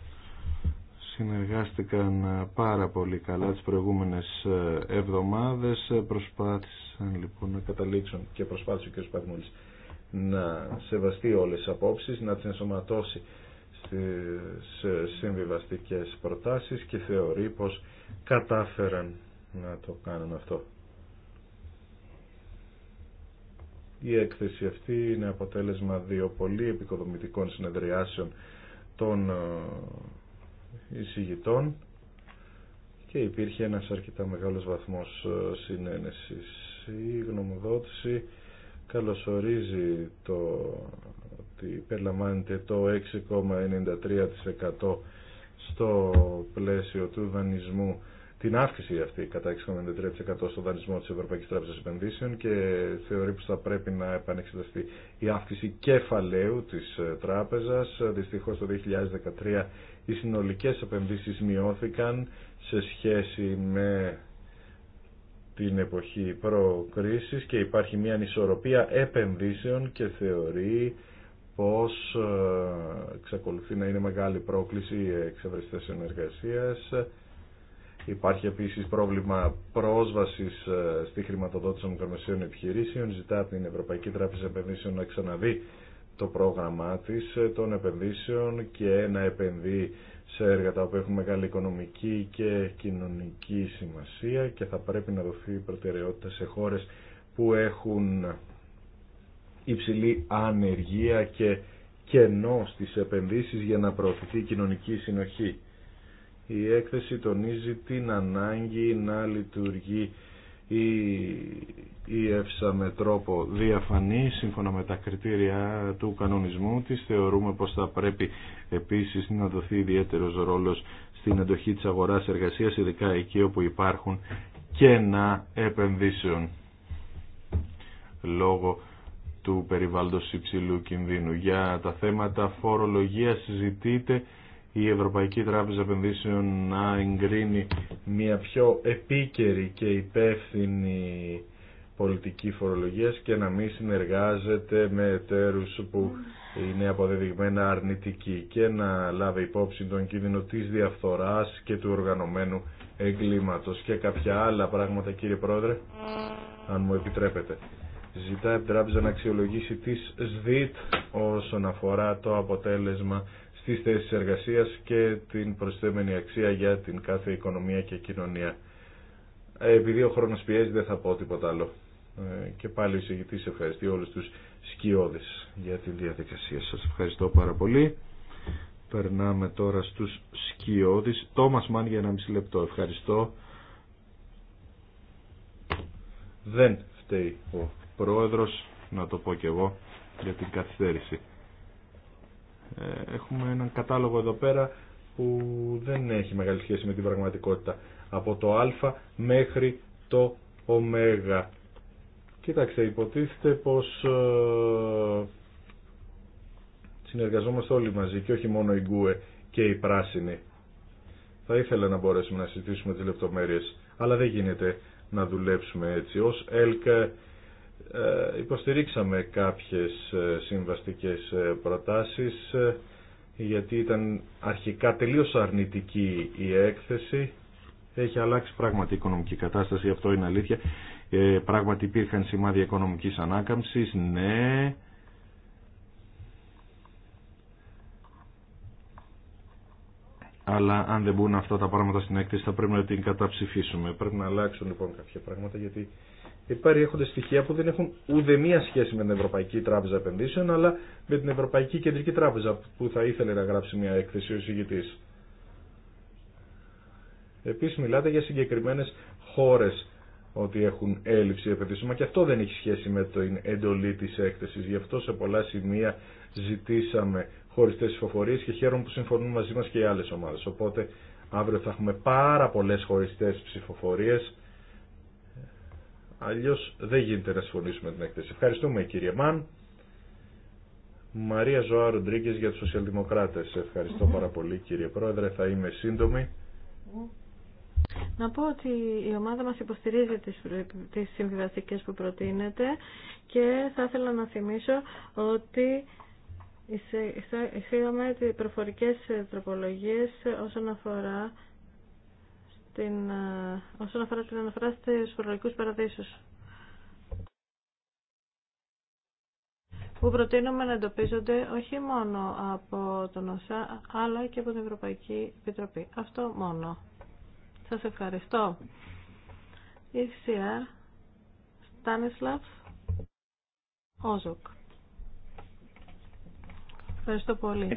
Συνεργάστηκαν πάρα πολύ καλά τις προηγούμενες εβδομάδες. Προσπάθησαν λοιπόν να καταλήξουν και προσπάθησε ο κ. Παπαδημούλης να σεβαστεί όλες τις απόψεις, να τις ενσωματώσει στις συμβιβαστικές προτάσεις και θεωρεί πως κατάφεραν να το κάνουν αυτό. Η έκθεση αυτή είναι αποτέλεσμα δύο πολύ επικοδομητικών συνεδριάσεων των ε, εισηγητών και υπήρχε ένας αρκετά μεγάλος βαθμός ε, συνένεσης. Η γνωμοδότηση καλωσορίζει το ότι περιλαμβάνεται το 6,93% στο πλαίσιο του δανεισμού την αύξηση αυτή κατά 6,93% στο δανεισμό της Ευρωπαϊκής Τράπεζας Επενδύσεων και θεωρεί πως θα πρέπει να επανεξεταστεί η αύξηση κεφαλαίου της ε, τράπεζας. Δυστυχώς το 2013 οι συνολικές επενδύσεις μειώθηκαν σε σχέση με την εποχή προκρίσης και υπάρχει μια ανισορροπία επενδύσεων και θεωρεί πως ε, εξακολουθεί να είναι μεγάλη πρόκληση εξευρεστές ενεργασίας. Υπάρχει επίσης πρόβλημα πρόσβασης ε, στη χρηματοδότηση των μικρομεσαίων επιχειρήσεων. Ζητά την Ευρωπαϊκή Τράπεζα Επενδύσεων να ξαναδεί το πρόγραμμά της ε, των επενδύσεων και να επενδύει σε έργα τα οποία έχουν μεγάλη οικονομική και κοινωνική σημασία και θα πρέπει να δοθεί προτεραιότητα σε χώρες που έχουν υψηλή ανεργία και κενό στις επενδύσεις για να προωθηθεί η κοινωνική συνοχή. Η έκθεση τονίζει την ανάγκη να λειτουργεί η ΕΦΣΑ με τρόπο διαφανή σύμφωνα με τα κριτήρια του κανονισμού της θεωρούμε πως θα πρέπει επίσης να δοθεί ιδιαίτερος ρόλος στην εντοχή της αγοράς εργασίας ειδικά εκεί όπου υπάρχουν κενά επενδύσεων λόγω του περιβάλλοντος υψηλού κινδύνου. Για τα θέματα φορολογίας συζητείται η Ευρωπαϊκή Τράπεζα Επενδύσεων να εγκρίνει μια πιο επίκαιρη και υπεύθυνη πολιτική φορολογίας και να μην συνεργάζεται με εταίρους που είναι αποδεδειγμένα αρνητικοί και να λάβει υπόψη τον κίνδυνο της διαφθοράς και του οργανωμένου εγκλήματος και κάποια άλλα πράγματα κύριε Πρόεδρε αν μου επιτρέπετε ζητάει η τράπεζα να αξιολογήσει τις ΣΔΙΤ όσον αφορά το αποτέλεσμα στις θέσεις εργασίας και την προσθέμενη αξία για την κάθε οικονομία και κοινωνία. Ε, επειδή ο χρόνος πιέζει δεν θα πω τίποτα άλλο. Ε, και πάλι ο εισηγητής ευχαριστεί όλους τους σκιώδες για την διαδικασία. Σας ευχαριστώ πάρα πολύ. Περνάμε τώρα στους σκιώδες. Τόμας Μάν για ένα μισή λεπτό. Ευχαριστώ. Δεν φταίει ο πρόεδρος, να το πω και εγώ, για την καθυστέρηση. Ε, έχουμε έναν κατάλογο εδώ πέρα που δεν έχει μεγάλη σχέση με την πραγματικότητα. Από το α μέχρι το ω. Κοίταξε, υποτίθεται πως ε, συνεργαζόμαστε όλοι μαζί και όχι μόνο η γκουε και η Πράσινη. Θα ήθελα να μπορέσουμε να συζητήσουμε τις λεπτομέρειες, αλλά δεν γίνεται να δουλέψουμε έτσι. Ως ε, υποστηρίξαμε κάποιες ε, συμβαστικές ε, προτάσεις γιατί ήταν αρχικά τελείως αρνητική η έκθεση. Έχει αλλάξει πράγματι η οικονομική κατάσταση, αυτό είναι αλήθεια. Ε, πράγματι υπήρχαν σημάδια οικονομικής ανάκαμψης, ναι. Αλλά αν δεν μπουν αυτά τα πράγματα στην έκθεση θα πρέπει να την καταψηφίσουμε. Πρέπει να αλλάξουν λοιπόν κάποια πράγματα γιατί Υπάρχουν στοιχεία που δεν έχουν ούτε μία σχέση με την Ευρωπαϊκή Τράπεζα Επενδύσεων, αλλά με την Ευρωπαϊκή Κεντρική Τράπεζα που θα ήθελε να γράψει μια έκθεση ο συγγητή, επίση μιλάτε για συγκεκριμένε χώρε ότι έχουν έλλειψη επενδύσεων, μα και αυτό δεν έχει σχέση με την εντολή τη έκθεση. Γι' αυτό σε πολλά σημεία ζητήσαμε χωριστέ ψηφοφορίε και χαίρομαι που συμφωνούν μαζί μα και οι άλλε ομάδε. Οπότε αύριο θα έχουμε πάρα πολλέ χωριστέ ψηφοφορίε. Αλλιώ δεν γίνεται να συμφωνήσουμε την έκθεση. Ευχαριστούμε κύριε Μαν. Μαρία Ζωά Ροντρίγκε για τους Σοσιαλδημοκράτες. Ευχαριστώ πάρα πολύ κύριε Πρόεδρε. Θα είμαι σύντομη. Να πω ότι η ομάδα μας υποστηρίζει τις, τις συμβιβαστικές που προτείνεται και θα ήθελα να θυμίσω ότι εισήγαμε προφορικές τροπολογίες όσον αφορά την, ε, όσον αφορά την αναφορά στους φορολογικούς παραδείσους. που προτείνουμε να εντοπίζονται όχι μόνο από τον ΩΣΑ, αλλά και από την Ευρωπαϊκή Επιτροπή. Αυτό μόνο. Σας ευχαριστώ. ECR, Stanislav, Όζοκ. Ευχαριστώ πολύ.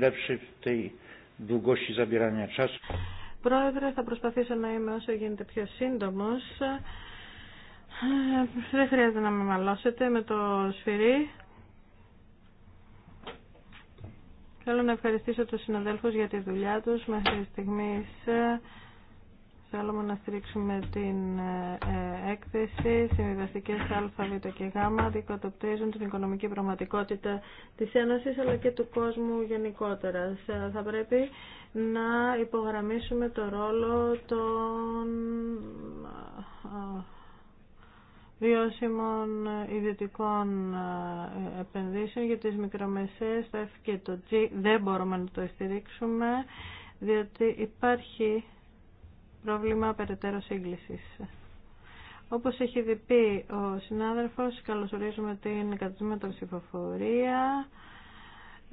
Πρόεδρε, θα προσπαθήσω να είμαι όσο γίνεται πιο σύντομος. Ε, δεν χρειάζεται να με μαλώσετε με το σφυρί. Θέλω να ευχαριστήσω τους συναδέλφους για τη δουλειά τους μέχρι στιγμής. Ε, θέλουμε να στηρίξουμε την ε, ε, έκθεση. Συμβιβαστικέ Α, Β και Γ δικοτοπτήσουν την οικονομική πραγματικότητα της Ένωσης αλλά και του κόσμου γενικότερα. Θα πρέπει να υπογραμμίσουμε το ρόλο των ε, βιώσιμων ιδιωτικών επενδύσεων για τις μικρομεσαίες, το F και το G δεν μπορούμε να το στηρίξουμε διότι υπάρχει πρόβλημα περαιτέρω σύγκληση. Όπως έχει πει ο συνάδελφος, καλωσορίζουμε την των ψηφοφορία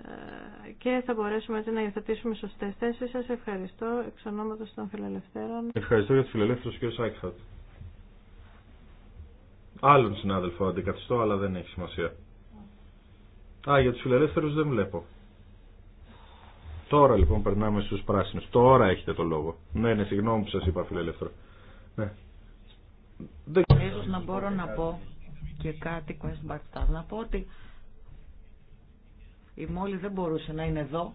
ε, και θα μπορέσουμε έτσι να υιοθετήσουμε σωστέ θέσει. Σα ευχαριστώ εξ ονόματο των φιλελευθέρων. Ευχαριστώ για του φιλελεύθερου κ. Σάιξατ. Άλλον συνάδελφο αντικαθιστώ, αλλά δεν έχει σημασία. Α, για του φιλελεύθερου δεν βλέπω. Τώρα λοιπόν περνάμε στου πράσινου. Τώρα έχετε το λόγο. Ναι, ναι, συγγνώμη που σα είπα ελεύθερο. Ναι. Ίσως να μπορώ να πω και κάτι Quest Να πω ότι η Μόλι δεν μπορούσε να είναι εδώ.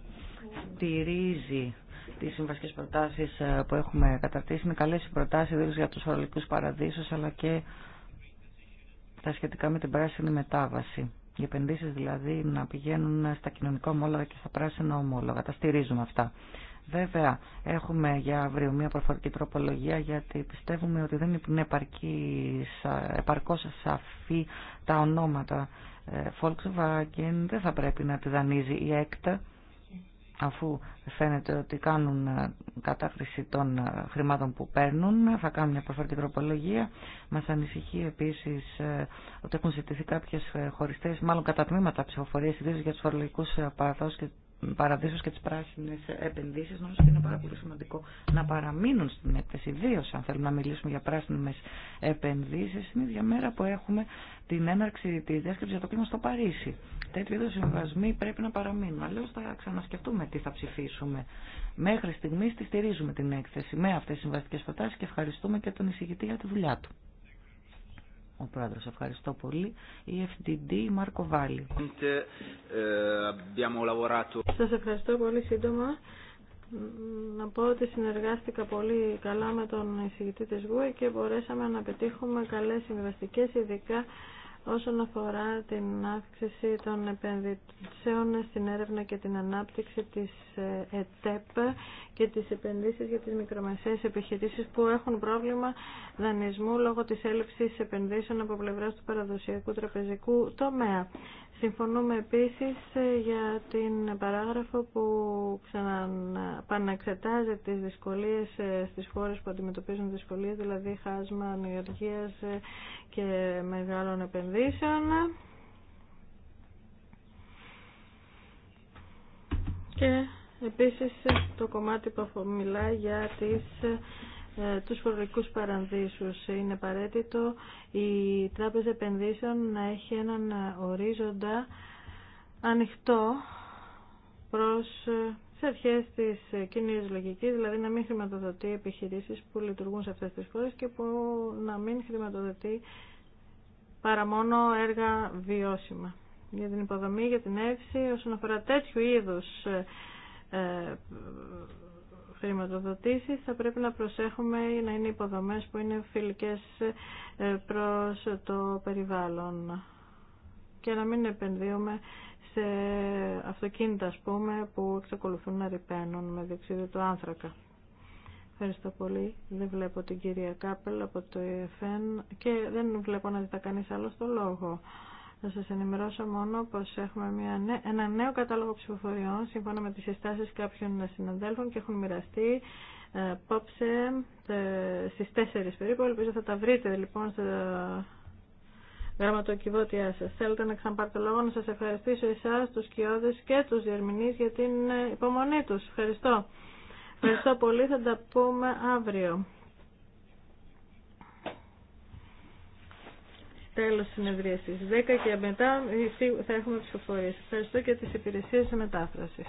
Στηρίζει τι συμβασικέ προτάσει ε, που έχουμε καταρτήσει. Είναι καλέ οι προτάσει για τους φορολογικούς παραδείσου αλλά και τα σχετικά με την πράσινη μετάβαση. Οι επενδύσεις δηλαδή να πηγαίνουν στα κοινωνικά ομόλογα και στα πράσινα ομόλογα. Τα στηρίζουμε αυτά. Βέβαια, έχουμε για αύριο μια προφορική τροπολογία γιατί πιστεύουμε ότι δεν είναι επαρκώ επαρκώς σαφή τα ονόματα ε, Volkswagen. Δεν θα πρέπει να τη δανείζει η ΕΚΤΑ αφού φαίνεται ότι κάνουν ε, κατάχρηση των ε, χρημάτων που παίρνουν, θα κάνουν μια προφορική τροπολογία. Μα ανησυχεί επίση ε, ότι έχουν ζητηθεί κάποιε χωριστέ, μάλλον κατά τμήματα ψηφοφορία, για του φορολογικού παραδείσου και τι και επενδύσει, επενδύσεις. Νομίζω ότι είναι πάρα πολύ σημαντικό να παραμείνουν στην έκθεση, ιδίω αν θέλουμε να μιλήσουμε για πράσινε επενδύσει. την ίδια μέρα που έχουμε την έναρξη τη διάσκεψη για το κλίμα στο Παρίσι τέτοιου είδου συμβασμοί πρέπει να παραμείνουν. Αλλιώ θα ξανασκεφτούμε τι θα ψηφίσουμε. Μέχρι στιγμή τη στηρίζουμε την έκθεση με αυτέ τι συμβαστικέ προτάσει και ευχαριστούμε και τον εισηγητή για τη δουλειά του. Ο πρόεδρο, ευχαριστώ πολύ. Η FDD Μάρκο Βάλλη. Σα ευχαριστώ πολύ σύντομα. Να πω ότι συνεργάστηκα πολύ καλά με τον εισηγητή της ΓΟΕ και μπορέσαμε να πετύχουμε καλές συμβαστικές, ειδικά όσον αφορά την αύξηση των επενδύσεων στην έρευνα και την ανάπτυξη της ε, ΕΤΕΠ και τις επενδύσεις για τις μικρομεσαίες επιχειρήσεις που έχουν πρόβλημα δανεισμού λόγω της έλευσης επενδύσεων από πλευράς του παραδοσιακού τραπεζικού τομέα. Συμφωνούμε επίσης ε, για την παράγραφο που ξαναπαναξετάζει τις δυσκολίες ε, στις χώρες που αντιμετωπίζουν δυσκολίες, δηλαδή χάσμα ανεργίας ε, και μεγάλων επενδύσεων. Και επίσης το κομμάτι που μιλάει για τις ε, τους φορολογικούς παρανδύσους. Είναι απαραίτητο η Τράπεζα Επενδύσεων να έχει έναν ορίζοντα ανοιχτό προς ε, τι αρχέ τη ε, κοινή λογική, δηλαδή να μην χρηματοδοτεί επιχειρήσει που λειτουργούν σε αυτέ τι χώρε και που να μην χρηματοδοτεί παρά μόνο έργα βιώσιμα. Για την υποδομή, για την έφηση, όσον αφορά τέτοιου είδου χρηματοδοτήσεις θα πρέπει να προσέχουμε να είναι υποδομές που είναι φιλικές ε, προς το περιβάλλον και να μην επενδύουμε σε αυτοκίνητα ας πούμε που εξακολουθούν να ρηπαίνουν με διοξείδιο του άνθρακα. Ευχαριστώ πολύ. Δεν βλέπω την κυρία Κάπελ από το ΕΦΕΝ και δεν βλέπω να ζητά κανεί άλλο το λόγο. Να σας ενημερώσω μόνο πως έχουμε μια, ένα νέο κατάλογο ψηφοφοριών σύμφωνα με τις συστάσεις κάποιων συναδέλφων και έχουν μοιραστεί ε, απόψε ε, στις 4 περίπου. Ελπίζω θα τα βρείτε λοιπόν στα γραμματοκιβώτιά σας. Θέλετε να ξαναπάρτε λόγο να σας ευχαριστήσω εσάς, τους κοιόδες και τους διερμηνείς για την ε, υπομονή τους. Ευχαριστώ. Ευχαριστώ πολύ. Θα τα πούμε αύριο. τέλος συνεδρίασης. 10 και μετά θα έχουμε ψηφοφορίες. Ευχαριστώ και τις υπηρεσίες μετάφρασης.